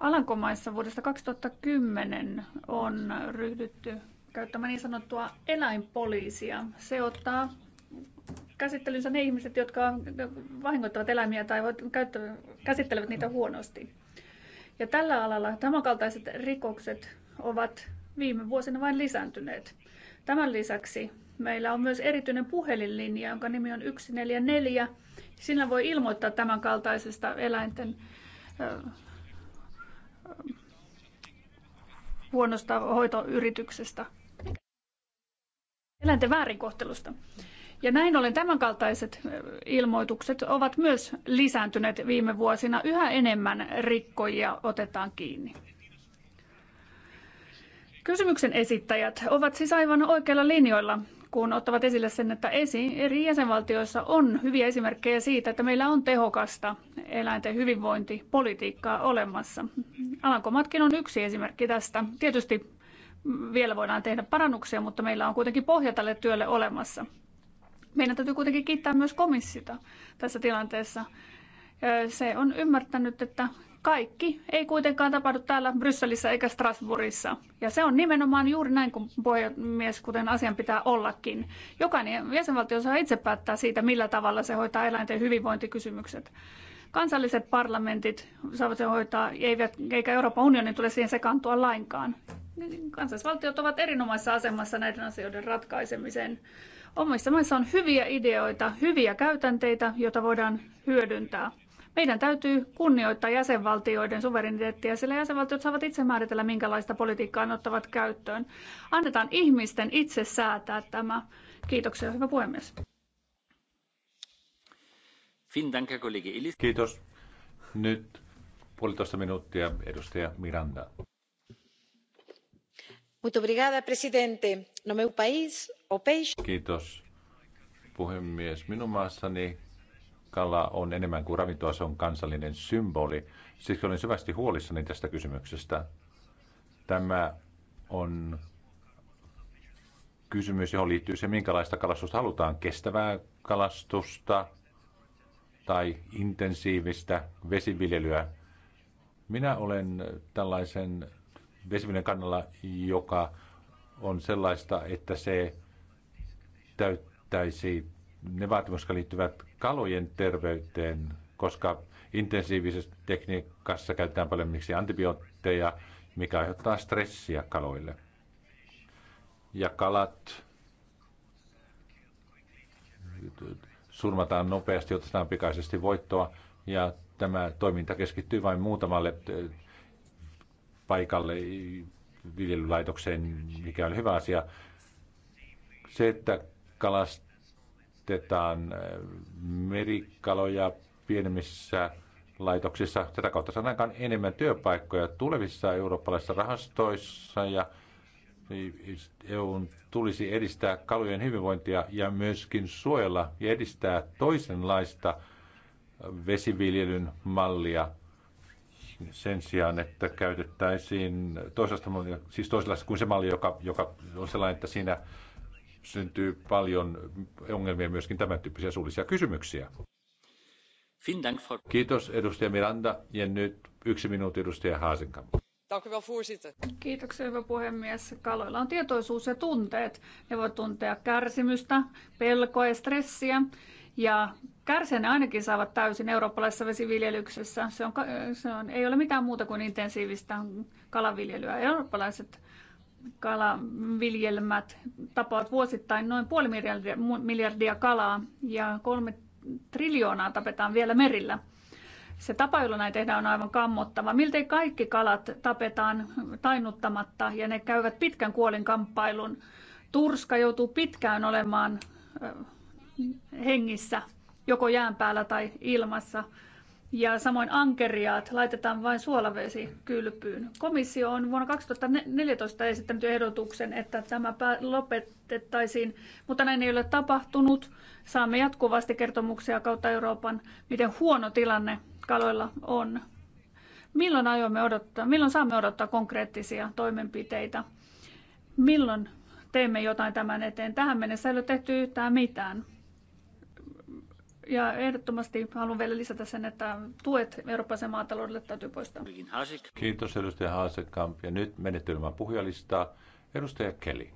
Alankomaissa vuodesta 2010 on ryhdytty käyttämä niin sanottua eläinpoliisia. Se ottaa käsittelynsä ne ihmiset, jotka vahingoittavat eläimiä tai käsittelevät niitä huonosti. Ja tällä alalla tämänkaltaiset rikokset ovat viime vuosina vain lisääntyneet. Tämän lisäksi meillä on myös erityinen puhelinlinja, jonka nimi on 144. Sillä voi ilmoittaa tämänkaltaisesta eläinten huonosta hoitoyrityksestä eläinten väärinkohtelusta. Ja näin ollen tämänkaltaiset ilmoitukset ovat myös lisääntyneet viime vuosina. Yhä enemmän rikkojia otetaan kiinni. Kysymyksen esittäjät ovat siis aivan oikeilla linjoilla, kun ottavat esille sen, että esi- eri jäsenvaltioissa on hyviä esimerkkejä siitä, että meillä on tehokasta eläinten hyvinvointipolitiikkaa olemassa. Alankomatkin on yksi esimerkki tästä. Tietysti vielä voidaan tehdä parannuksia, mutta meillä on kuitenkin pohja tälle työlle olemassa. Meidän täytyy kuitenkin kiittää myös komissiota tässä tilanteessa. Se on ymmärtänyt, että kaikki ei kuitenkaan tapahdu täällä Brysselissä eikä Strasbourgissa. Ja se on nimenomaan juuri näin kuin puhemies, kuten asian pitää ollakin. Jokainen jäsenvaltio saa itse päättää siitä, millä tavalla se hoitaa eläinten hyvinvointikysymykset. Kansalliset parlamentit saavat se hoitaa, eivät eikä Euroopan unionin tule siihen sekaantua lainkaan kansallisvaltiot ovat erinomaisessa asemassa näiden asioiden ratkaisemiseen. Omissa maissa on hyviä ideoita, hyviä käytänteitä, joita voidaan hyödyntää. Meidän täytyy kunnioittaa jäsenvaltioiden suvereniteettia, sillä jäsenvaltiot saavat itse määritellä, minkälaista politiikkaa ne ottavat käyttöön. Annetaan ihmisten itse säätää tämä. Kiitoksia, hyvä puhemies. Kiitos. Nyt puolitoista minuuttia edustaja Miranda. No Kiitos, puhemies. Minun maassani kala on enemmän kuin ravintoa, se on kansallinen symboli. Siksi olen syvästi huolissani tästä kysymyksestä. Tämä on kysymys, johon liittyy se, minkälaista kalastusta halutaan. Kestävää kalastusta tai intensiivistä vesiviljelyä. Minä olen tällaisen vesiminen kannalla, joka on sellaista, että se täyttäisi ne vaatimukset, jotka liittyvät kalojen terveyteen, koska intensiivisessä tekniikassa käytetään paljon miksi antibiootteja, mikä aiheuttaa stressiä kaloille. Ja kalat surmataan nopeasti, otetaan pikaisesti voittoa, ja tämä toiminta keskittyy vain muutamalle paikalle viljelylaitokseen, mikä on hyvä asia. Se, että kalastetaan äh, merikaloja pienemmissä laitoksissa, tätä kautta saadaan enemmän työpaikkoja tulevissa eurooppalaisissa rahastoissa ja EUn tulisi edistää kalujen hyvinvointia ja myöskin suojella ja edistää toisenlaista vesiviljelyn mallia – sen sijaan, että käytettäisiin toisesta mallia, siis toisella kuin se malli, joka, joka on sellainen, että siinä syntyy paljon ongelmia myöskin tämän tyyppisiä suullisia kysymyksiä. Kiitos edustaja Miranda ja nyt yksi minuutti edustaja Haasinkamp. Kiitoksia hyvä puhemies. Kaloilla on tietoisuus ja tunteet. Ne voivat tuntea kärsimystä, pelkoa ja stressiä ja kärsen ainakin saavat täysin eurooppalaisessa vesiviljelyksessä. Se, on, se on, ei ole mitään muuta kuin intensiivistä kalaviljelyä. Eurooppalaiset kalaviljelmät tapaavat vuosittain noin puoli miljardia, miljardia kalaa ja kolme triljoonaa tapetaan vielä merillä. Se tapa, jolla näin tehdään, on aivan kammottava. Miltei kaikki kalat tapetaan tainnuttamatta ja ne käyvät pitkän kuolin kamppailun. Turska joutuu pitkään olemaan hengissä, joko jään päällä tai ilmassa. Ja samoin ankeriaat laitetaan vain suolavesi kylpyyn. Komissio on vuonna 2014 esittänyt ehdotuksen, että tämä lopetettaisiin, mutta näin ei ole tapahtunut. Saamme jatkuvasti kertomuksia kautta Euroopan, miten huono tilanne kaloilla on. Milloin aiomme odottaa, milloin saamme odottaa konkreettisia toimenpiteitä? Milloin teemme jotain tämän eteen? Tähän mennessä ei ole tehty yhtään mitään. Ja ehdottomasti haluan vielä lisätä sen, että tuet eurooppalaisen maataloudelle täytyy poistaa. Kiitos edustaja Haasekamp. Ja nyt menettelymään puhujalistaa. Edustaja Keli.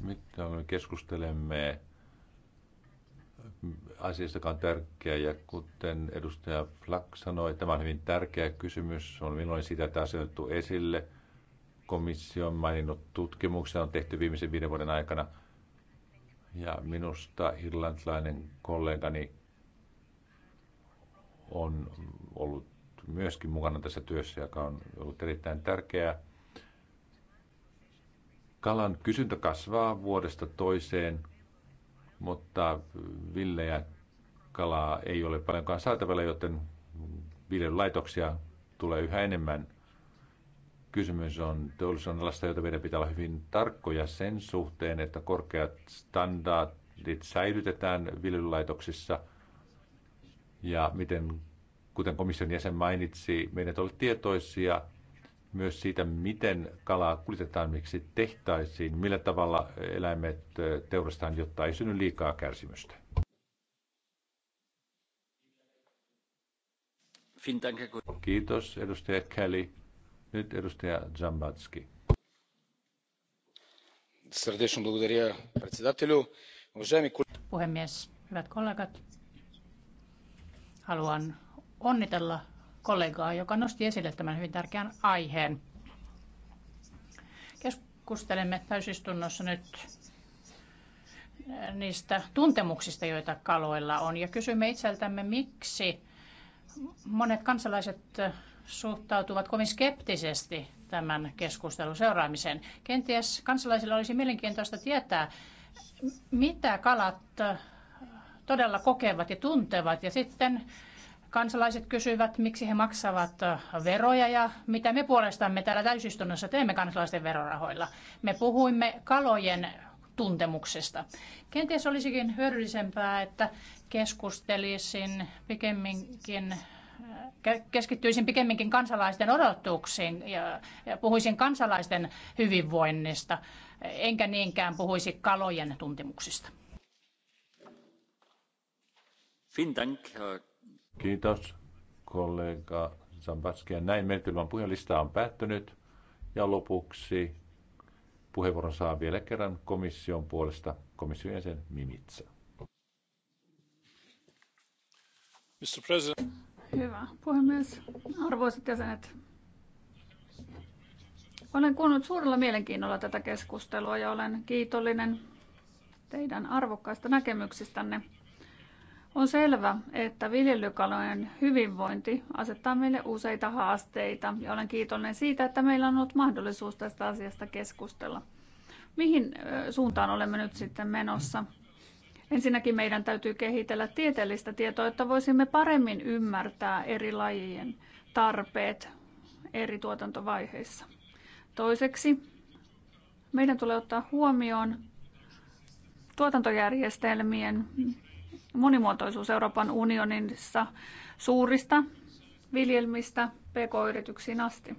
Mitä me keskustelemme asiasta, joka on tärkeä. Ja kuten edustaja Flack sanoi, tämä on hyvin tärkeä kysymys. On milloin sitä taas otettu esille. Komissio on maininnut tutkimuksia, on tehty viimeisen viiden vuoden aikana. Ja minusta irlantilainen kollegani on ollut myöskin mukana tässä työssä, joka on ollut erittäin tärkeää. Kalan kysyntä kasvaa vuodesta toiseen mutta villejä kalaa ei ole paljonkaan saatavilla, joten viljelylaitoksia tulee yhä enemmän. Kysymys on teollisuuden alasta, jota meidän pitää olla hyvin tarkkoja sen suhteen, että korkeat standardit säilytetään viljelylaitoksissa ja miten, kuten komission jäsen mainitsi, meidän on tietoisia – myös siitä, miten kalaa kuljetetaan, miksi tehtaisiin, millä tavalla eläimet teurastetaan, jotta ei synny liikaa kärsimystä. Kiitos, edustaja Kelly. Nyt edustaja Zambatski. Puhemies, hyvät kollegat, haluan onnitella kollegaa, joka nosti esille tämän hyvin tärkeän aiheen. Keskustelemme täysistunnossa nyt eh, niistä tuntemuksista, joita kaloilla on, ja kysymme itseltämme, miksi monet kansalaiset eh, suhtautuvat kovin skeptisesti tämän keskustelun seuraamiseen. Kenties kansalaisilla olisi mielenkiintoista tietää, mitä kalat eh, todella kokevat ja tuntevat, ja sitten Kansalaiset kysyvät, miksi he maksavat äh, veroja ja mitä me puolestamme täällä täysistunnossa teemme kansalaisten verorahoilla. Me puhuimme kalojen tuntemuksesta. Kenties olisikin hyödyllisempää, että keskustelisin pikemminkin äh, keskittyisin pikemminkin kansalaisten odotuksiin ja, puhuisin kansalaisten hyvinvoinnista, enkä niinkään puhuisi kalojen tuntemuksista. Vielen Dank, Kiitos kollega Zambatski. Näin menettelymän puhelista on päättynyt. Ja lopuksi puheenvuoron saa vielä kerran komission puolesta komission jäsen Mimitsa. Mr. President. Hyvä puhemies, arvoisat jäsenet. Olen kuunnellut suurella mielenkiinnolla tätä keskustelua ja olen kiitollinen teidän arvokkaista näkemyksistänne. On selvä, että viljelykalojen hyvinvointi asettaa meille useita haasteita ja olen kiitollinen siitä, että meillä on ollut mahdollisuus tästä asiasta keskustella. Mihin suuntaan olemme nyt sitten menossa? Ensinnäkin meidän täytyy kehitellä tieteellistä tietoa, että voisimme paremmin ymmärtää eri lajien tarpeet eri tuotantovaiheissa. Toiseksi meidän tulee ottaa huomioon tuotantojärjestelmien monimuotoisuus Euroopan unionissa suurista viljelmistä pk-yrityksiin asti.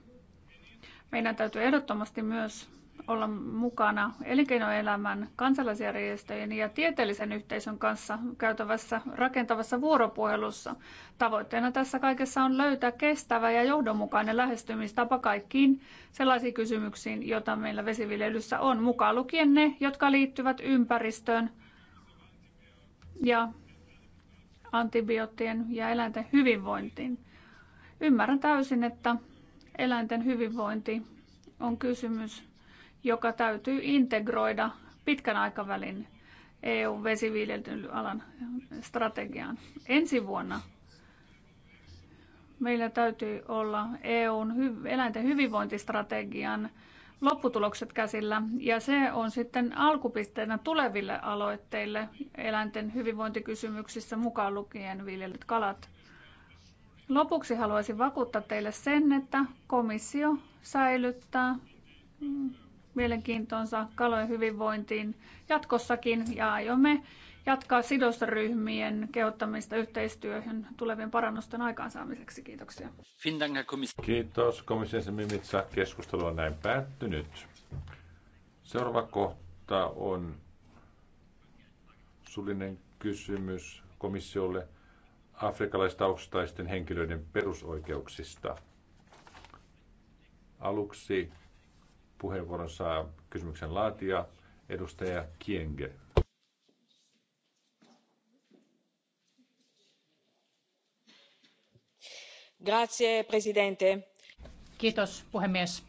Meidän täytyy ehdottomasti myös olla mukana elinkeinoelämän, kansalaisjärjestöjen ja tieteellisen yhteisön kanssa käytävässä rakentavassa vuoropuhelussa. Tavoitteena tässä kaikessa on löytää kestävä ja johdonmukainen lähestymistapa kaikkiin sellaisiin kysymyksiin, joita meillä vesiviljelyssä on, mukaan lukien ne, jotka liittyvät ympäristöön, ja antibioottien ja eläinten hyvinvointiin. Ymmärrän täysin, että eläinten hyvinvointi on kysymys, joka täytyy integroida pitkän aikavälin EU-vesiviljelyalan strategiaan. Ensi vuonna meillä täytyy olla EUn eläinten hyvinvointistrategian lopputulokset käsillä ja se on sitten alkupisteenä tuleville aloitteille eläinten hyvinvointikysymyksissä mukaan lukien viljelyt kalat. Lopuksi haluaisin vakuuttaa teille sen, että komissio säilyttää mm, mielenkiintonsa kalojen hyvinvointiin jatkossakin ja aiomme jatkaa sidosryhmien kehottamista yhteistyöhön tulevien parannusten aikaansaamiseksi. Kiitoksia. Kiitos komission Mimitsa. Keskustelu on näin päättynyt. Seuraava kohta on sulinen kysymys komissiolle afrikkalaistaustaisten henkilöiden perusoikeuksista. Aluksi puheenvuoron saa kysymyksen laatija edustaja Kienge. Kiitos puhemies.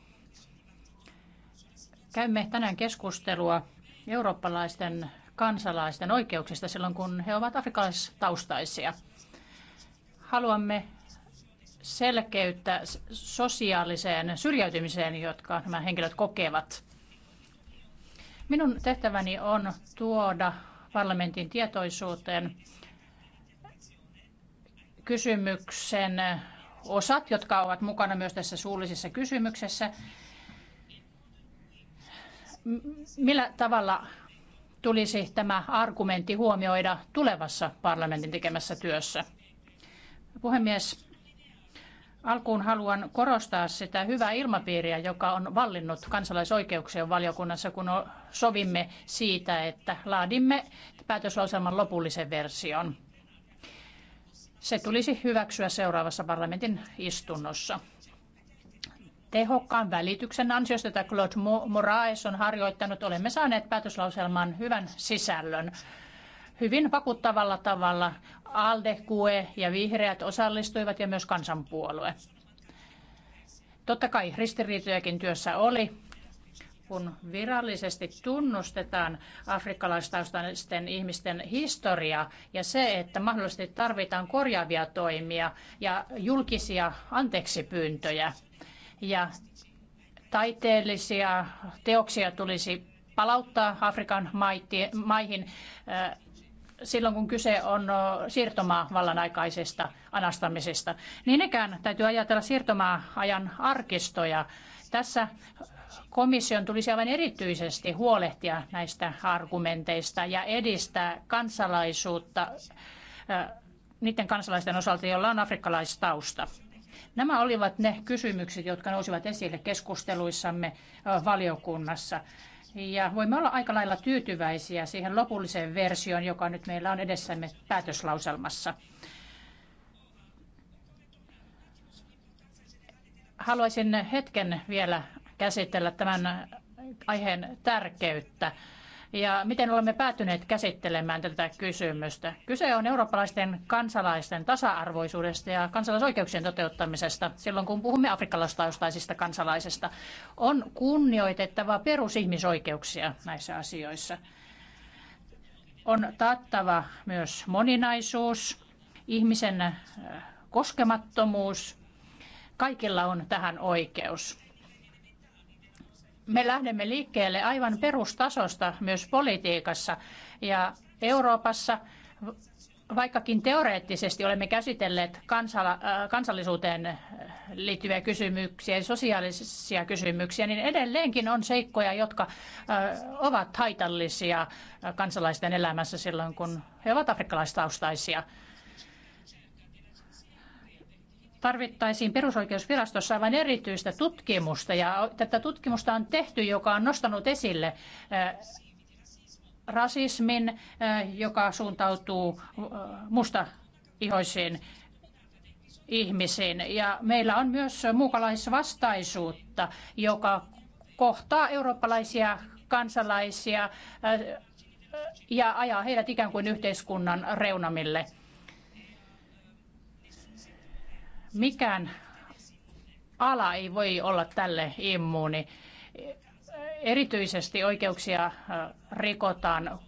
Käymme tänään keskustelua eurooppalaisten kansalaisten oikeuksista silloin, kun he ovat afrikkalaistaustaisia. Haluamme selkeyttä sosiaaliseen syrjäytymiseen, jotka nämä henkilöt kokevat. Minun tehtäväni on tuoda parlamentin tietoisuuteen kysymyksen osat, jotka ovat mukana myös tässä suullisessa kysymyksessä. Millä tavalla tulisi tämä argumentti huomioida tulevassa parlamentin tekemässä työssä? Puhemies, alkuun haluan korostaa sitä hyvää ilmapiiriä, joka on vallinnut kansalaisoikeuksien valiokunnassa, kun sovimme siitä, että laadimme päätöslauselman lopullisen version. Se tulisi hyväksyä seuraavassa parlamentin istunnossa. Tehokkaan välityksen ansiosta, jota Claude Moraes on harjoittanut, olemme saaneet päätöslauselman hyvän sisällön. Hyvin vakuuttavalla tavalla ALDE, QE ja vihreät osallistuivat ja myös kansanpuolue. Totta kai ristiriitojakin työssä oli, kun virallisesti tunnustetaan afrikkalaistaustaisten ihmisten historia ja se, että mahdollisesti tarvitaan korjaavia toimia ja julkisia anteeksipyyntöjä ja taiteellisia teoksia tulisi palauttaa Afrikan maihin silloin, kun kyse on siirtomaavallan aikaisesta anastamisesta. Niin ikään täytyy ajatella siirtomaajan arkistoja. Tässä komission tulisi aivan erityisesti huolehtia näistä argumenteista ja edistää kansalaisuutta niiden kansalaisten osalta, joilla on afrikkalaistausta. Nämä olivat ne kysymykset, jotka nousivat esille keskusteluissamme valiokunnassa. Ja voimme olla aika lailla tyytyväisiä siihen lopulliseen versioon, joka nyt meillä on edessämme päätöslauselmassa. Haluaisin hetken vielä käsitellä tämän aiheen tärkeyttä ja miten olemme päätyneet käsittelemään tätä kysymystä. Kyse on eurooppalaisten kansalaisten tasa-arvoisuudesta ja kansalaisoikeuksien toteuttamisesta silloin, kun puhumme afrikkalaistaustaisista kansalaisista. On kunnioitettava perusihmisoikeuksia näissä asioissa. On taattava myös moninaisuus, ihmisen äh, koskemattomuus. Kaikilla on tähän oikeus me lähdemme liikkeelle aivan perustasosta myös politiikassa ja Euroopassa vaikkakin teoreettisesti olemme käsitelleet äh, kansallisuuteen liittyviä kysymyksiä ja sosiaalisia kysymyksiä, niin edelleenkin on seikkoja, jotka äh, ovat haitallisia kansalaisten elämässä silloin, kun he ovat afrikkalaistaustaisia tarvittaisiin perusoikeusvirastossa aivan erityistä tutkimusta ja tätä tutkimusta on tehty, joka on nostanut esille eh, rasismin, eh, joka suuntautuu eh, mustaihoisiin ihmisiin. Ja meillä on myös muukalaisvastaisuutta, joka kohtaa eurooppalaisia kansalaisia ja ajaa heidät ikään kuin yhteiskunnan reunamille. Mikään ala ei voi olla tälle immuuni. Erityisesti oikeuksia äh, rikotaan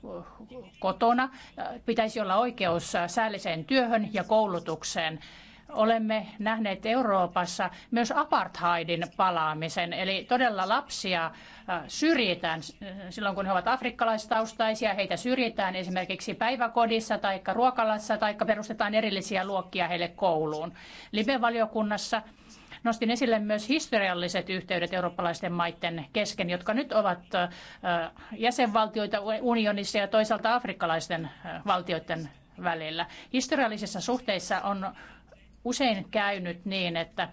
kotona. Pitäisi olla oikeus säälliseen työhön ja koulutukseen olemme nähneet Euroopassa myös apartheidin palaamisen, eli todella lapsia äh, syrjitään äh, silloin, kun he ovat afrikkalaistaustaisia, heitä syrjitään esimerkiksi päiväkodissa tai ruokalassa tai perustetaan erillisiä luokkia heille kouluun. Libe-valiokunnassa nostin esille myös historialliset yhteydet eurooppalaisten maiden kesken, jotka nyt ovat äh, jäsenvaltioita unionissa ja toisaalta afrikkalaisten valtioiden välillä. Historiallisissa suhteissa on usein käynyt niin, että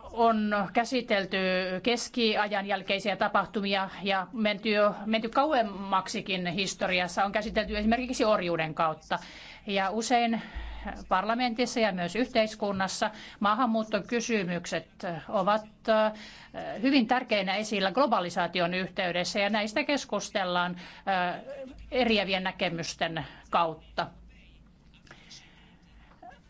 on käsitelty keskiajan jälkeisiä tapahtumia ja menty, jo, menty kauemmaksikin historiassa. On käsitelty esimerkiksi orjuuden kautta. Ja usein parlamentissa ja myös yhteiskunnassa maahanmuuttokysymykset ovat äh, hyvin tärkeinä esillä globalisaation yhteydessä ja näistä keskustellaan äh, eriävien näkemysten kautta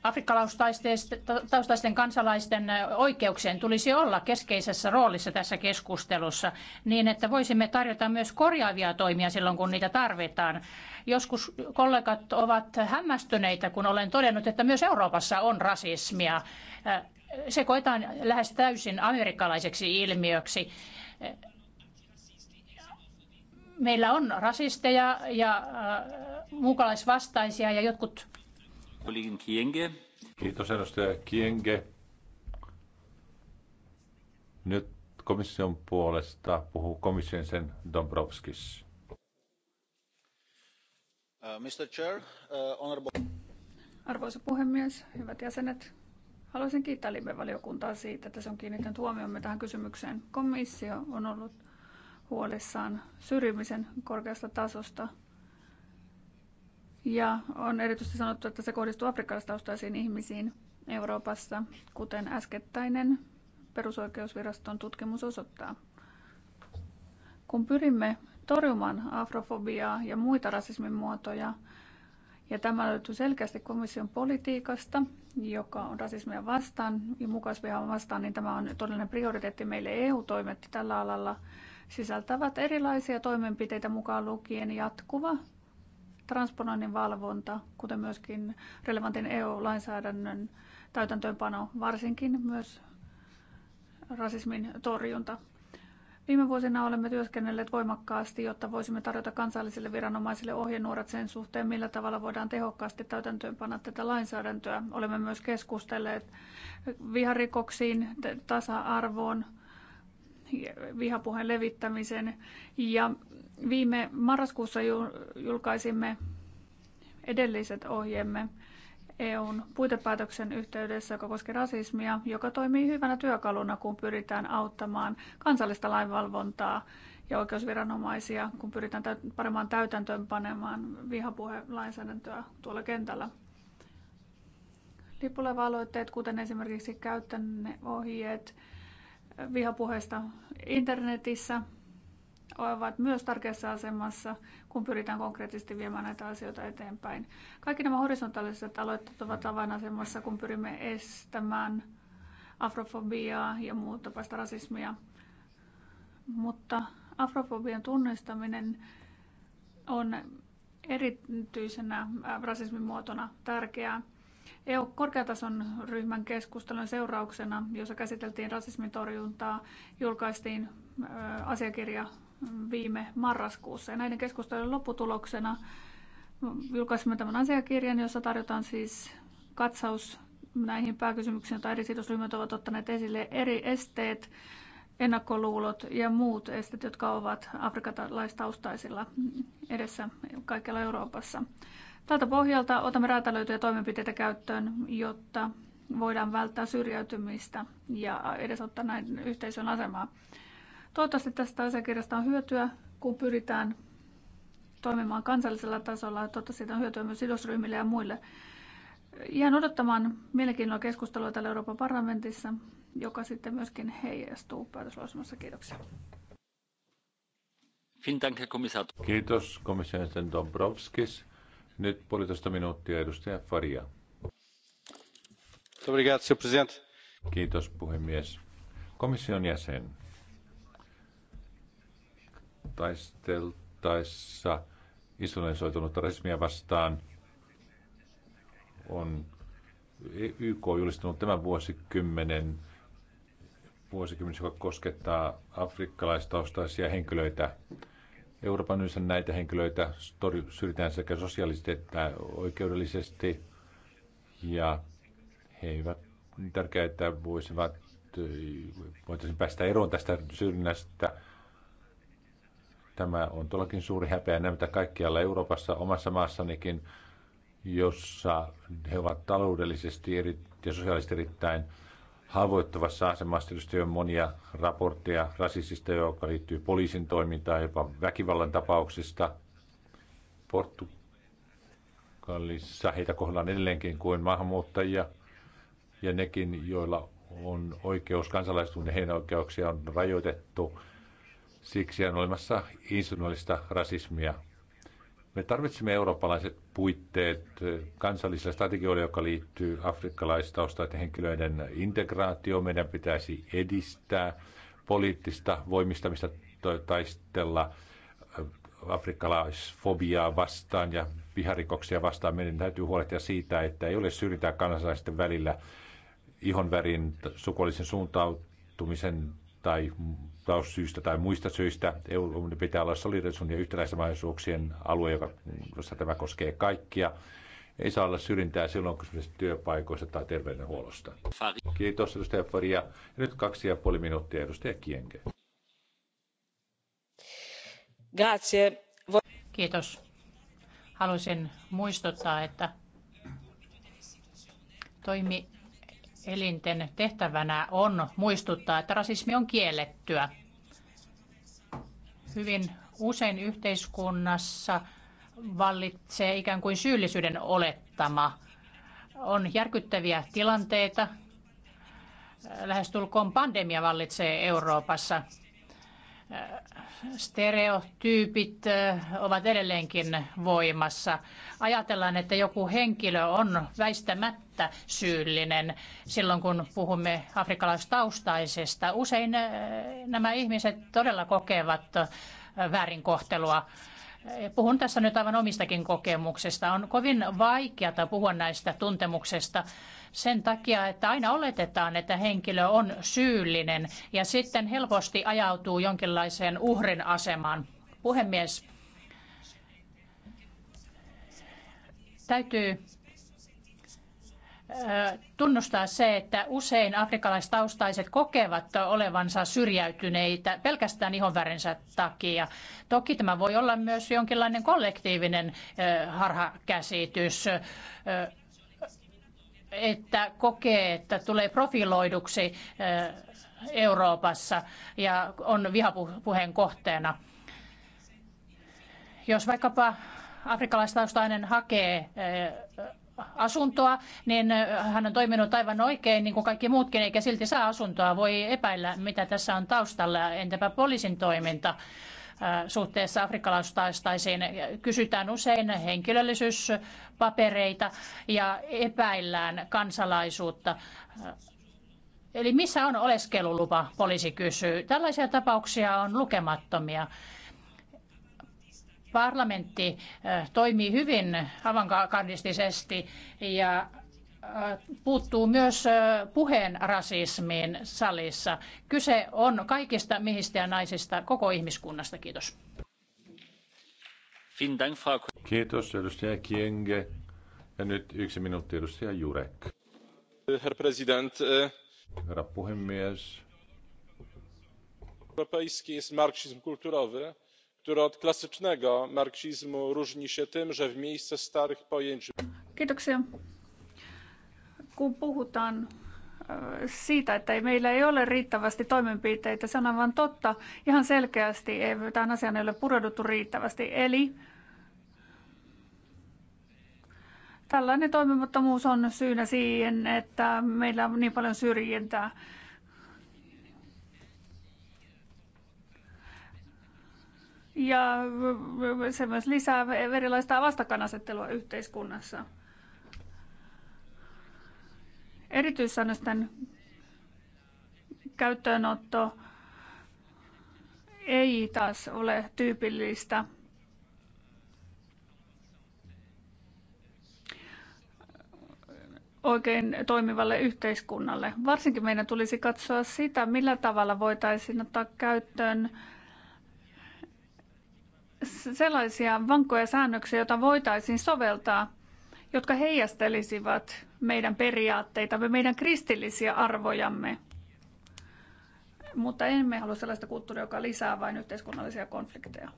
afrikkalaistaustaisten kansalaisten oikeuksien tulisi olla keskeisessä roolissa tässä keskustelussa niin, että voisimme tarjota myös korjaavia toimia silloin, kun niitä tarvitaan. Joskus kollegat ovat hämmästyneitä, kun olen todennut, että myös Euroopassa on rasismia. Se koetaan lähes täysin amerikkalaiseksi ilmiöksi meillä on rasisteja ja äh, muukalaisvastaisia ja jotkut Kiitos edustaja Kienge. Nyt komission puolesta puhuu komission sen Dombrovskis. Uh, Mr. Chair, uh, honorable... Arvoisa puhemies, hyvät jäsenet, haluaisin kiittää Libe-valiokuntaa siitä, että se on kiinnittänyt huomiomme tähän kysymykseen. Komissio on ollut huolissaan syrjimisen korkeasta tasosta ja on erityisesti sanottu, että se kohdistuu afrikkalaistaustaisiin ihmisiin Euroopassa, kuten äskettäinen perusoikeusviraston tutkimus osoittaa. Kun pyrimme torjumaan afrofobiaa ja muita rasismin muotoja, ja tämä löytyy selkeästi komission politiikasta, joka on rasismia vastaan ja mukaisvihaa vastaan, niin tämä on todellinen prioriteetti meille EU-toimet tällä alalla sisältävät erilaisia toimenpiteitä mukaan lukien jatkuva transponoinnin valvonta, kuten myöskin relevantin EU-lainsäädännön täytäntöönpano, varsinkin myös rasismin torjunta. Viime vuosina olemme työskennelleet voimakkaasti, jotta voisimme tarjota kansallisille viranomaisille ohjenuorat sen suhteen, millä tavalla voidaan tehokkaasti täytäntöönpanna tätä lainsäädäntöä. Olemme myös keskustelleet viharikoksiin, tasa-arvoon, vihapuheen levittämisen. Ja viime marraskuussa julkaisimme edelliset ohjeemme EUn puitepäätöksen yhteydessä, joka koski rasismia, joka toimii hyvänä työkaluna, kun pyritään auttamaan kansallista lainvalvontaa ja oikeusviranomaisia, kun pyritään paremmin täytäntöön panemaan vihapuhelainsäädäntöä tuolla kentällä. Lippuleva-aloitteet, kuten esimerkiksi käyttäneohjeet, ohjeet vihapuheesta internetissä ovat myös tärkeässä asemassa, kun pyritään konkreettisesti viemään näitä asioita eteenpäin. Kaikki nämä horisontaaliset aloitteet ovat avainasemassa, kun pyrimme estämään afrofobiaa ja muuta tapaista rasismia. Mutta afrofobian tunnistaminen on erityisenä rasismin muotona tärkeää. EU-korkeatason ryhmän keskustelun seurauksena, jossa käsiteltiin rasismin torjuntaa, julkaistiin asiakirja viime marraskuussa. Ja näiden keskustelujen lopputuloksena julkaisimme tämän asiakirjan, jossa tarjotaan siis katsaus näihin pääkysymyksiin, joita eri sidosryhmät ovat ottaneet esille, eri esteet, ennakkoluulot ja muut esteet, jotka ovat afrikalaistaustaisilla edessä kaikkialla Euroopassa. Tältä pohjalta otamme räätälöityjä toimenpiteitä käyttöön, jotta voidaan välttää syrjäytymistä ja edesottaa näin yhteisön asemaa. Toivottavasti tästä asiakirjasta on hyötyä, kun pyritään toimimaan kansallisella tasolla. Toivottavasti siitä on hyötyä myös sidosryhmille ja muille. Jään odottamaan mielenkiinnolla keskustelua täällä Euroopan parlamentissa, joka sitten myöskin heijastuu päätöslausumassa. Kiitoksia. Kiitos komission Dombrovskis. Nyt puolitoista minuuttia edustaja Faria. Kiitos puhemies. Komission jäsen taisteltaessa isolensoitunutta rasismia vastaan on YK julistanut tämän vuosikymmenen vuosikymmenen, joka koskettaa afrikkalaistaustaisia henkilöitä. Euroopan yleensä näitä henkilöitä syrjitään sekä sosiaalisesti että oikeudellisesti. Ja he eivät tärkeää, että voisivat, voitaisiin päästä eroon tästä syrjinnästä. Tämä on todellakin suuri häpeä näitä kaikkialla Euroopassa, omassa maassanikin, jossa he ovat taloudellisesti eri, ja sosiaalisesti erittäin haavoittuvassa asemassa. Tietysti on monia raportteja rasistista, joka liittyy poliisin toimintaan, jopa väkivallan tapauksista. Portugalissa heitä kohdellaan edelleenkin kuin maahanmuuttajia ja nekin, joilla on oikeus kansalaisuuteen, niin heidän oikeuksia on rajoitettu. Siksi on olemassa insinuaalista rasismia. Me tarvitsemme eurooppalaiset puitteet kansallisilla strategioilla, joka liittyy afrikkalaistaustaiden henkilöiden integraatioon. Meidän pitäisi edistää poliittista voimistamista, taistella äh, afrikkalaisfobiaa vastaan ja viharikoksia vastaan. Meidän täytyy huolehtia siitä, että ei ole syrjintää kansalaisten välillä ihonvärin, sukupuolisen suuntautumisen tai taustasyistä tai muista syistä EU pitää olla solidarisuuden ja yhtenäismaisuuksien alue, joka, jossa tämä koskee kaikkia. Ei saa olla syrjintää silloin, kun kysymys työpaikoista tai terveydenhuollosta. Kiitos edustaja Faria. Ja nyt kaksi ja puoli minuuttia edustaja Kienke. Grazie. Kiitos. Haluaisin muistuttaa, että toimi elinten tehtävänä on muistuttaa, että rasismi on kiellettyä. Hyvin usein yhteiskunnassa vallitsee ikään kuin syyllisyyden olettama. On järkyttäviä tilanteita. Lähestulkoon pandemia vallitsee Euroopassa. Stereotyypit ovat edelleenkin voimassa ajatellaan, että joku henkilö on väistämättä syyllinen silloin, kun puhumme afrikkalaistaustaisesta. Usein äh, nämä ihmiset todella kokevat äh, väärinkohtelua. Puhun tässä nyt aivan omistakin kokemuksista. On kovin vaikeata puhua näistä tuntemuksista sen takia, että aina oletetaan, että henkilö on syyllinen ja sitten helposti ajautuu jonkinlaiseen uhrin asemaan. Puhemies, Täytyy tunnustaa se, että usein afrikkalaistaustaiset kokevat olevansa syrjäytyneitä pelkästään ihonvärinsä takia. Toki tämä voi olla myös jonkinlainen kollektiivinen harhakäsitys, että kokee, että tulee profiloiduksi Euroopassa ja on vihapuheen kohteena jos vaikkapa afrikkalaistaustainen hakee eh, asuntoa, niin eh, hän on toiminut aivan oikein, niin kuin kaikki muutkin, eikä silti saa asuntoa. Voi epäillä, mitä tässä on taustalla. Entäpä poliisin toiminta? Eh, suhteessa afrikkalaistaistaisiin. Kysytään usein henkilöllisyyspapereita ja epäillään kansalaisuutta. Eli missä on oleskelulupa, poliisi kysyy. Tällaisia tapauksia on lukemattomia. Parlamentti toimii hyvin avankardistisesti ja puuttuu myös puheen rasismiin salissa. Kyse on kaikista miehistä ja naisista, koko ihmiskunnasta. Kiitos. Kiitos, edustaja Kienge. Ja nyt yksi minuutti, edustaja Jurek. Herr president. Äh, Herra puhemies. Europejski jest marksizm kulturowy który od klasycznego marksizmu różni się tym że w miejsce starych pojęć. Kun puhutaan e, siitä, että meillä ei ole riittävästi toimenpiteitä, se on aivan totta. Ihan selkeästi ei, tähän asiaan ei ole pureuduttu riittävästi. Eli tällainen toimimattomuus on syynä siihen, että meillä on niin paljon syrjintää. ja se myös lisää erilaista vastakkainasettelua yhteiskunnassa. Erityissäännösten käyttöönotto ei taas ole tyypillistä. oikein toimivalle yhteiskunnalle. Varsinkin meidän tulisi katsoa sitä, millä tavalla voitaisiin ottaa käyttöön sellaisia vankkoja säännöksiä, joita voitaisiin soveltaa, jotka heijastelisivat meidän periaatteitamme, meidän kristillisiä arvojamme. Mutta emme halua sellaista kulttuuria, joka lisää vain yhteiskunnallisia konflikteja.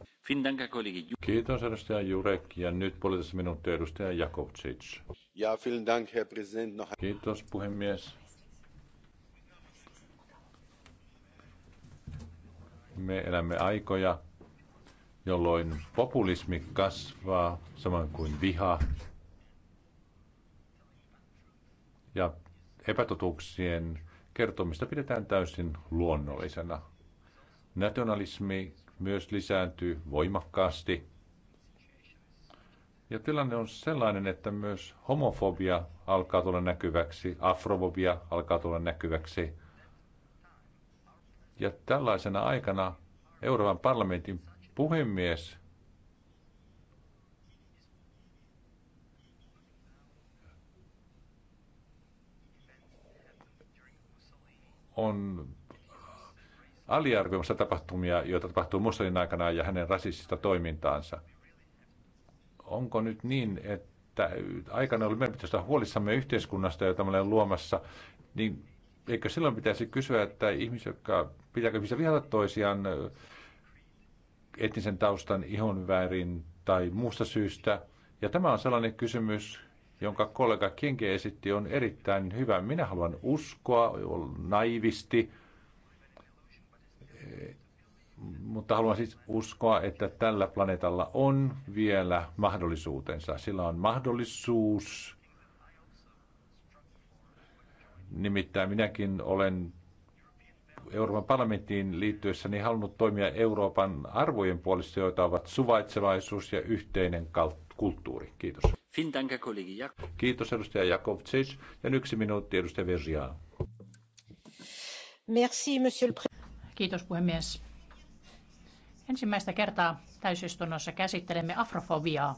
Kiitos edustaja Jurek. Ja nyt poliittisessa minuuttia edustaja Jakovcic. Ja, dank, herr Kiitos puhemies. Me elämme aikoja, jolloin populismi kasvaa, samoin kuin viha ja epätotuuksien kertomista pidetään täysin luonnollisena. Nationalismi myös lisääntyy voimakkaasti. Ja tilanne on sellainen, että myös homofobia alkaa tulla näkyväksi, afrofobia alkaa tulla näkyväksi. Ja tällaisena aikana Euroopan parlamentin puhemies. on aliarvioimassa tapahtumia, joita tapahtuu Mussolin aikana ja hänen rasistista toimintaansa. Onko nyt niin, että aikana oli merkitystä huolissamme yhteiskunnasta, jota me olemme luomassa, niin eikö silloin pitäisi kysyä, että ihmiset, jotka pitääkö ihmisiä vihata toisiaan, etnisen taustan, ihonvärin tai muusta syystä. Ja tämä on sellainen kysymys, jonka kollega Kinke esitti, on erittäin hyvä. Minä haluan uskoa, naivisti, mutta haluan siis uskoa, että tällä planeetalla on vielä mahdollisuutensa. Sillä on mahdollisuus. Nimittäin minäkin olen Euroopan parlamenttiin liittyessäni halunnut toimia Euroopan arvojen puolesta, joita ovat suvaitsevaisuus ja yhteinen kulttuuri. Kiitos. Kiitos edustaja Jakovcic. Ja yksi minuutti edustaja Vergia. Kiitos puhemies. Ensimmäistä kertaa täysistunnossa käsittelemme afrofobiaa,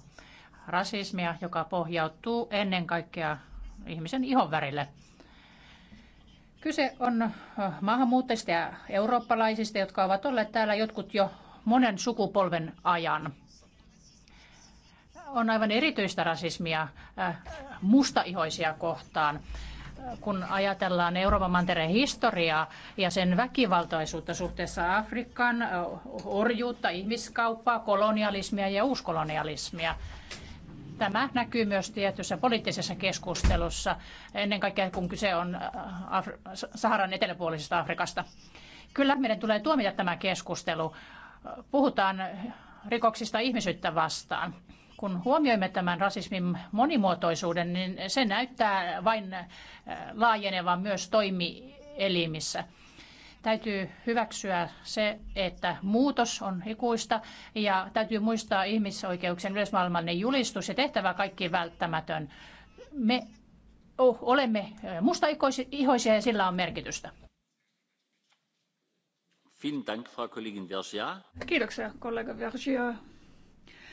rasismia, joka pohjautuu ennen kaikkea ihmisen ihonvärille. Kyse on äh, maahanmuuttajista ja eurooppalaisista, jotka ovat olleet täällä jotkut jo monen sukupolven ajan. On aivan erityistä rasismia äh, mustaihoisia kohtaan kun ajatellaan Euroopan mantereen historiaa ja sen väkivaltaisuutta suhteessa Afrikkaan, äh, orjuutta, ihmiskauppaa, kolonialismia ja uuskolonialismia. Tämä näkyy myös tietyssä poliittisessa keskustelussa, ennen kaikkea kun kyse on äh, Afri- Saharan eteläpuolisesta Afrikasta. Kyllä meidän tulee tuomita tämä keskustelu. Puhutaan rikoksista ihmisyyttä vastaan. Kun huomioimme tämän rasismin monimuotoisuuden, niin se näyttää vain äh, laajenevan myös toimielimissä. Täytyy hyväksyä se, että muutos on ikuista ja täytyy muistaa ihmisoikeuksien yleismaailmallinen julistus ja tehtävä kaikki välttämätön. Me oh, olemme mustaihoisia ja sillä on merkitystä. Kiitoksia kollega Vergier.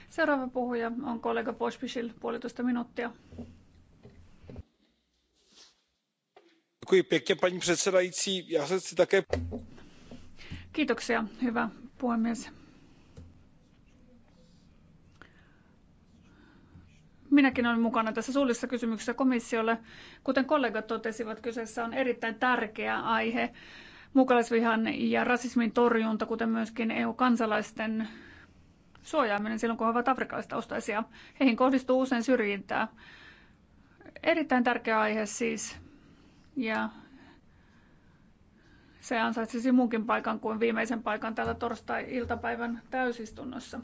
Seuraava puhuja on kollega Pospisil puolitoista minuuttia. paní předsedající já se chci také. kiitoksia puhemies. Minäkin olen mukana tässä suullisessa kysymyksessä komissiolle. Kuten kollegat totesivat, kyseessä on erittäin tärkeä aihe. Muukalaisvihan ja rasismin torjunta, kuten myöskin EU-kansalaisten suojaaminen silloin, kun he ovat afrikkalaistaustaisia. Heihin kohdistuu usein syrjintää. Erittäin tärkeä aihe siis. Ja se ansaitsisi muunkin paikan kuin viimeisen paikan täällä torstai-iltapäivän täysistunnossa.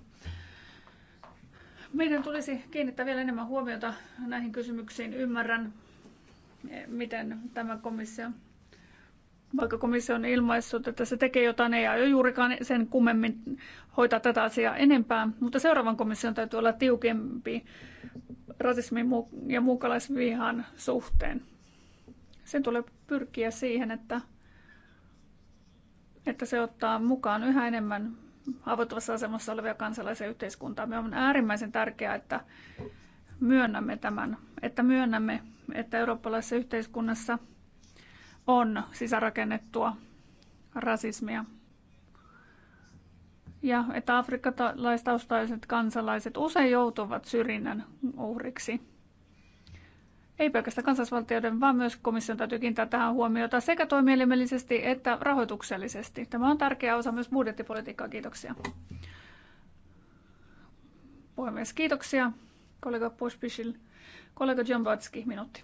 Meidän tulisi kiinnittää vielä enemmän huomiota näihin kysymyksiin. Ymmärrän, miten tämä komissio, vaikka komissio on ilmaissut, että se tekee jotain, ei aio juurikaan sen kummemmin hoitaa tätä asiaa enempää, mutta seuraavan komission täytyy olla tiukempi rasismin ja muukalaisvihan suhteen. Sen tulee pyrkiä siihen, että, että se ottaa mukaan yhä enemmän haavoittuvassa asemassa olevia kansalaisia yhteiskuntaa. Me on äärimmäisen tärkeää, että myönnämme tämän, että myönnämme, että eurooppalaisessa yhteiskunnassa on sisärakennettua rasismia. Ja että afrikkalaistaustaiset kansalaiset usein joutuvat syrjinnän uhriksi. Ei pelkästään kansallisvaltioiden, vaan myös komission täytyy kiinnittää tähän huomiota sekä toimielimellisesti että rahoituksellisesti. Tämä on tärkeä osa myös budjettipolitiikkaa. Kiitoksia. Puhemies, kiitoksia. Kollega Pospisil. Kollega Jambatski, minuutti.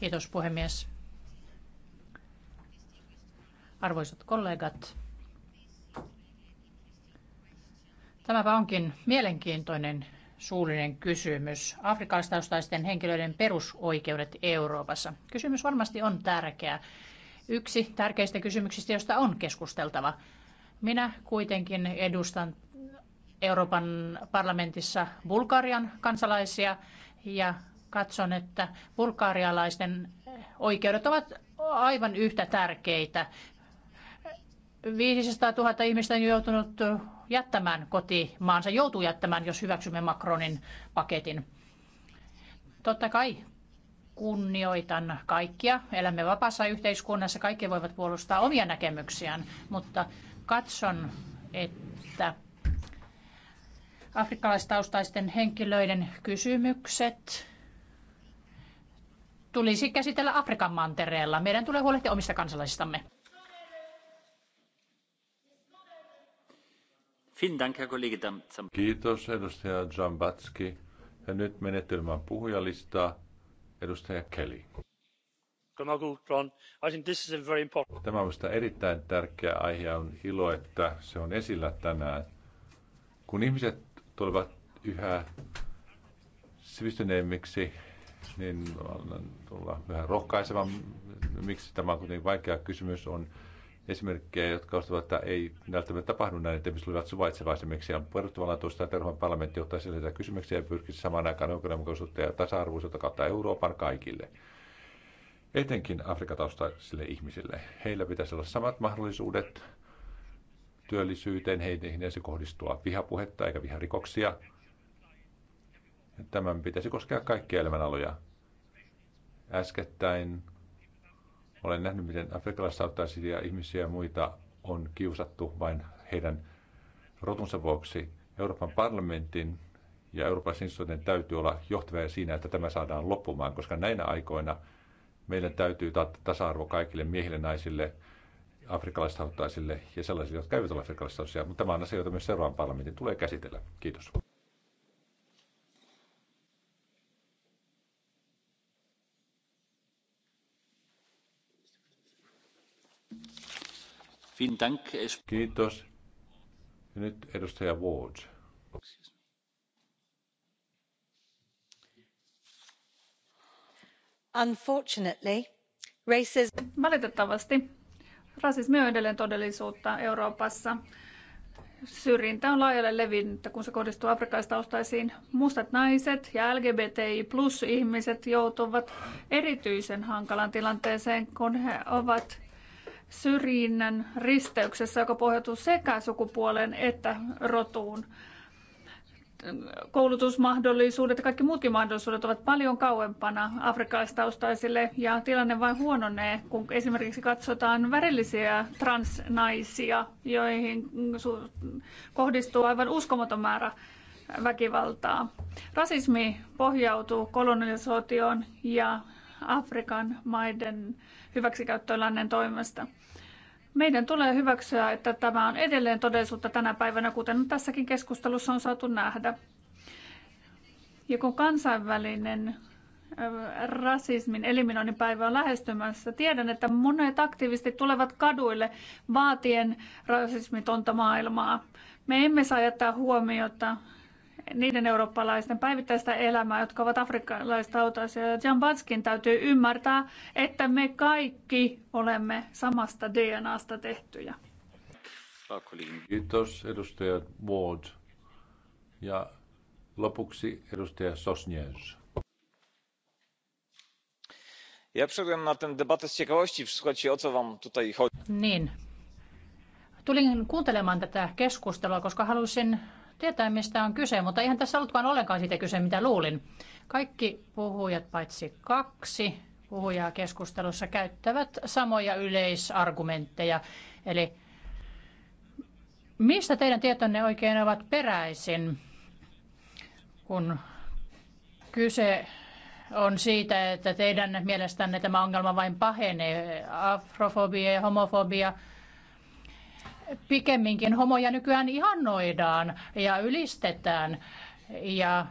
Kiitos puhemies. Arvoisat kollegat, Tämäpä onkin mielenkiintoinen suullinen kysymys. Afrikalaistaustaisten henkilöiden perusoikeudet Euroopassa. Kysymys varmasti on tärkeä. Yksi tärkeistä kysymyksistä, josta on keskusteltava. Minä kuitenkin edustan Euroopan parlamentissa Bulgarian kansalaisia ja katson, että bulgarialaisten oikeudet ovat aivan yhtä tärkeitä. 500 000 ihmistä on joutunut jättämään kotimaansa, joutuu jättämään, jos hyväksymme Macronin paketin. Totta kai kunnioitan kaikkia. Elämme vapaassa yhteiskunnassa, kaikki voivat puolustaa omia näkemyksiään, mutta katson, että afrikkalaistaustaisten henkilöiden kysymykset tulisi käsitellä Afrikan mantereella. Meidän tulee huolehtia omista kansalaisistamme. Kiitos edustaja Zambatski. Ja nyt menetelmän puhujalistaa edustaja Kelly. Tämä on minusta erittäin tärkeä aihe on ilo, että se on esillä tänään. Kun ihmiset tulevat yhä sivistyneemmiksi, niin tulla yhä rohkaisevan. Miksi tämä on kuitenkin vaikea kysymys on esimerkkejä, jotka osoittavat, että ei välttämättä tapahdu näin, että ihmiset olivat suvaitsevaisemmiksi. Ja tuosta Euroopan parlamentti ottaa sille kysymyksiä ja pyrkisi samaan aikaan oikeudenmukaisuutta ja tasa-arvoisuutta kautta Euroopan kaikille. Etenkin Afrikataustaisille ihmisille. Heillä pitäisi olla samat mahdollisuudet työllisyyteen, heihin ei se kohdistua vihapuhetta eikä viharikoksia. Tämän pitäisi koskea kaikkia elämänaloja. Äskettäin olen nähnyt, miten afrikkalaisissa ihmisiä ja muita on kiusattu vain heidän rotunsa vuoksi. Euroopan parlamentin ja Euroopan sinistöiden täytyy olla johtavia siinä, että tämä saadaan loppumaan, koska näinä aikoina meillä täytyy taata tasa-arvo kaikille miehille, naisille, afrikkalaistaustaisille ja sellaisille, jotka eivät ole afrikkalaistaustaisia. Mutta tämä on asia, jota myös seuraavan parlamentin tulee käsitellä. Kiitos. Äh, Kiitos. Ja nyt edustaja Ward. Unfortunately, racism... Valitettavasti rasismi on edelleen todellisuutta Euroopassa. Syrjintä on laajalle levinnyttä, kun se kohdistuu afrikkaistaustaisiin. Mustat naiset ja LGBTI plus ihmiset joutuvat erityisen hankalan tilanteeseen, kun he ovat syrjinnän risteyksessä, joka pohjautuu sekä sukupuoleen että rotuun. Koulutusmahdollisuudet ja kaikki muutkin mahdollisuudet ovat paljon kauempana afrikkalaistaustaisille ja tilanne vain huononee, kun esimerkiksi katsotaan värillisiä transnaisia, joihin kohdistuu aivan uskomaton määrä väkivaltaa. Rasismi pohjautuu kolonisaatioon ja Afrikan maiden hyväksikäyttöön lännen toimesta. Meidän tulee hyväksyä, että tämä on edelleen todellisuutta tänä päivänä, kuten tässäkin keskustelussa on saatu nähdä. Ja kun kansainvälinen rasismin eliminoinnin päivä on lähestymässä. Tiedän, että monet aktivistit tulevat kaduille vaatien rasismitonta maailmaa. Me emme saa jättää huomiota niiden eurooppalaisten päivittäistä elämää, jotka ovat afrikkalaistaustaisia. Ja Batskin täytyy ymmärtää, että me kaikki olemme samasta DNAsta tehtyjä. Kiitos edustaja Ward. Ja lopuksi edustaja Sosnjens. Ja przyszedłem na tę debatę z ciekawości, słuchajcie, o co wam tutaj chodzi. Niin. Tulin kuuntelemaan tätä keskustelua, koska halusin tietää, mistä on kyse, mutta eihän tässä ollutkaan ollenkaan siitä kyse, mitä luulin. Kaikki puhujat paitsi kaksi puhujaa keskustelussa käyttävät samoja yleisargumentteja. Eli mistä teidän tietonne oikein ovat peräisin, kun kyse on siitä, että teidän mielestänne tämä ongelma vain pahenee, afrofobia ja homofobia – pikemminkin homoja nykyään ihannoidaan ja ylistetään ja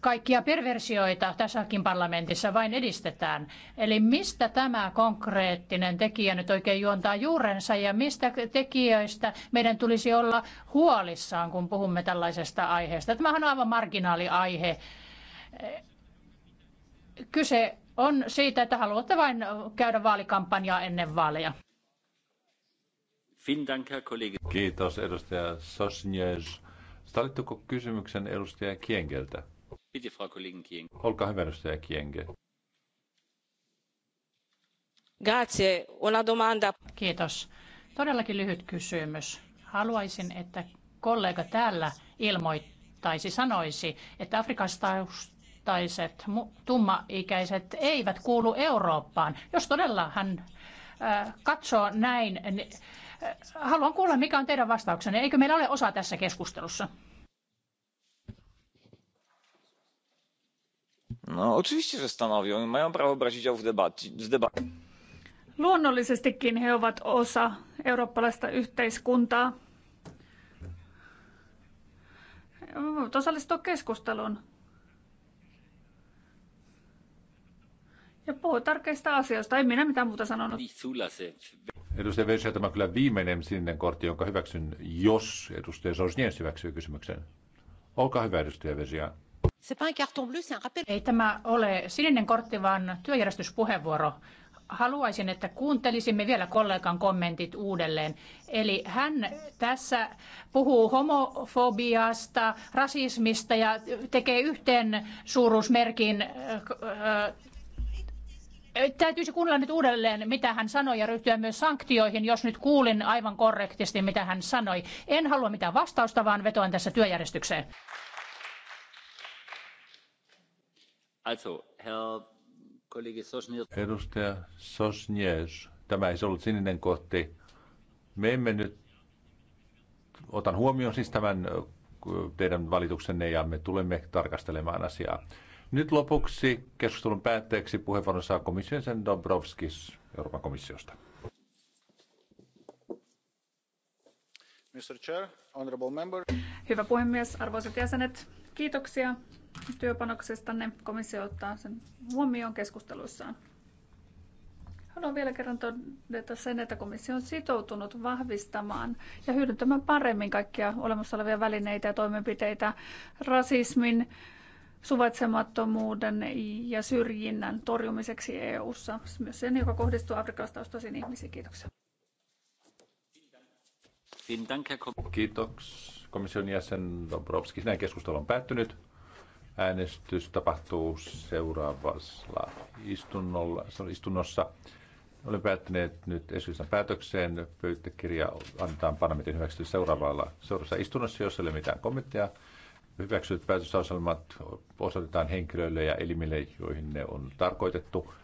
kaikkia perversioita tässäkin parlamentissa vain edistetään. Eli mistä tämä konkreettinen tekijä nyt oikein juontaa juurensa ja mistä tekijöistä meidän tulisi olla huolissaan, kun puhumme tällaisesta aiheesta? Tämähän on aivan aihe. Kyse on siitä, että haluatte vain käydä vaalikampanjaa ennen vaaleja. Kiitos edustaja Sosnjes. Sallitteko kysymyksen edustaja Kiengeltä? Bitte, Frau Kollegin Kienge. Olkaa hyvä, edustaja Kienge. Grazie. Una domanda. Kiitos. Todellakin lyhyt kysymys. Haluaisin, että kollega täällä ilmoittaisi, sanoisi, että Afrikasta valkoiset, tummaikäiset eivät kuulu Eurooppaan. Jos todella hän äh, katsoo näin niin Haluan kuulla, mikä on teidän vastauksenne. Eikö meillä ole osa tässä keskustelussa? No oczywiście, że stanowią. Oni mają prawo brać udział w debacie. W debacie. Luonnollisestikin he ovat osa eurooppalaista yhteiskuntaa. Voivat osallistua keskusteluun. Ja puhua tärkeistä asioista. Ei minä mitään muuta sanonut. Niin, Edustaja Vesä, tämä on kyllä viimeinen sininen kortti, jonka hyväksyn, jos edustaja Sosniens hyväksyy kysymyksen. Olkaa hyvä, edustaja Vesia. Ei tämä ole sininen kortti, vaan työjärjestyspuheenvuoro. Haluaisin, että kuuntelisimme vielä kollegan kommentit uudelleen. Eli hän tässä puhuu homofobiasta, rasismista ja tekee yhteen suuruusmerkin äh, Täytyisi kuunnella nyt uudelleen, mitä hän sanoi, ja ryhtyä myös sanktioihin, jos nyt kuulin aivan korrektisti, mitä hän sanoi. En halua mitään vastausta, vaan vetoan tässä työjärjestykseen. Also, Herr Kollege Sosnier. Edustaja Sosnier, tämä ei ollut sininen kohti. Me emme nyt, otan huomioon siis tämän teidän valituksenne ja me tulemme tarkastelemaan asiaa. Nyt lopuksi keskustelun päätteeksi puheenvuoron saa komission sen Dombrovskis Euroopan komissiosta. Mr. Chair, honorable member. Hyvä puhemies, arvoisat jäsenet, kiitoksia työpanoksestanne. Komissio ottaa sen huomioon keskusteluissaan. Haluan vielä kerran todeta sen, että komissio on sitoutunut vahvistamaan ja hyödyntämään paremmin kaikkia olemassa olevia välineitä ja toimenpiteitä rasismin, suvaitsemattomuuden ja syrjinnän torjumiseksi EU:ssa, myös sen, joka kohdistuu Afrikasta taustaisiin ihmisiin. Kiitoksia. Kiitos komission jäsen Dobrovski. Näin keskustelu on päättynyt. Äänestys tapahtuu seuraavassa istunnossa. Olen päättäneet nyt esityksen päätökseen. Pöytäkirja annetaan parlamentin hyväksytty seuraavalla seuraavassa istunnossa, jos ei ole mitään kommentteja hyväksytyt päätösasemat osoitetaan henkilöille ja elimille, joihin ne on tarkoitettu.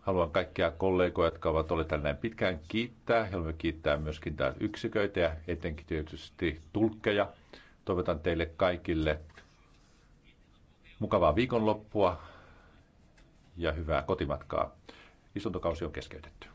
Haluan kaikkia kollegoja, jotka ovat olleet täällä näin pitkään, kiittää. Haluamme kiittää myöskin täällä yksiköitä ja etenkin tietysti tulkkeja. Toivotan teille kaikille mukavaa viikonloppua ja hyvää kotimatkaa. Istuntokausi on keskeytetty.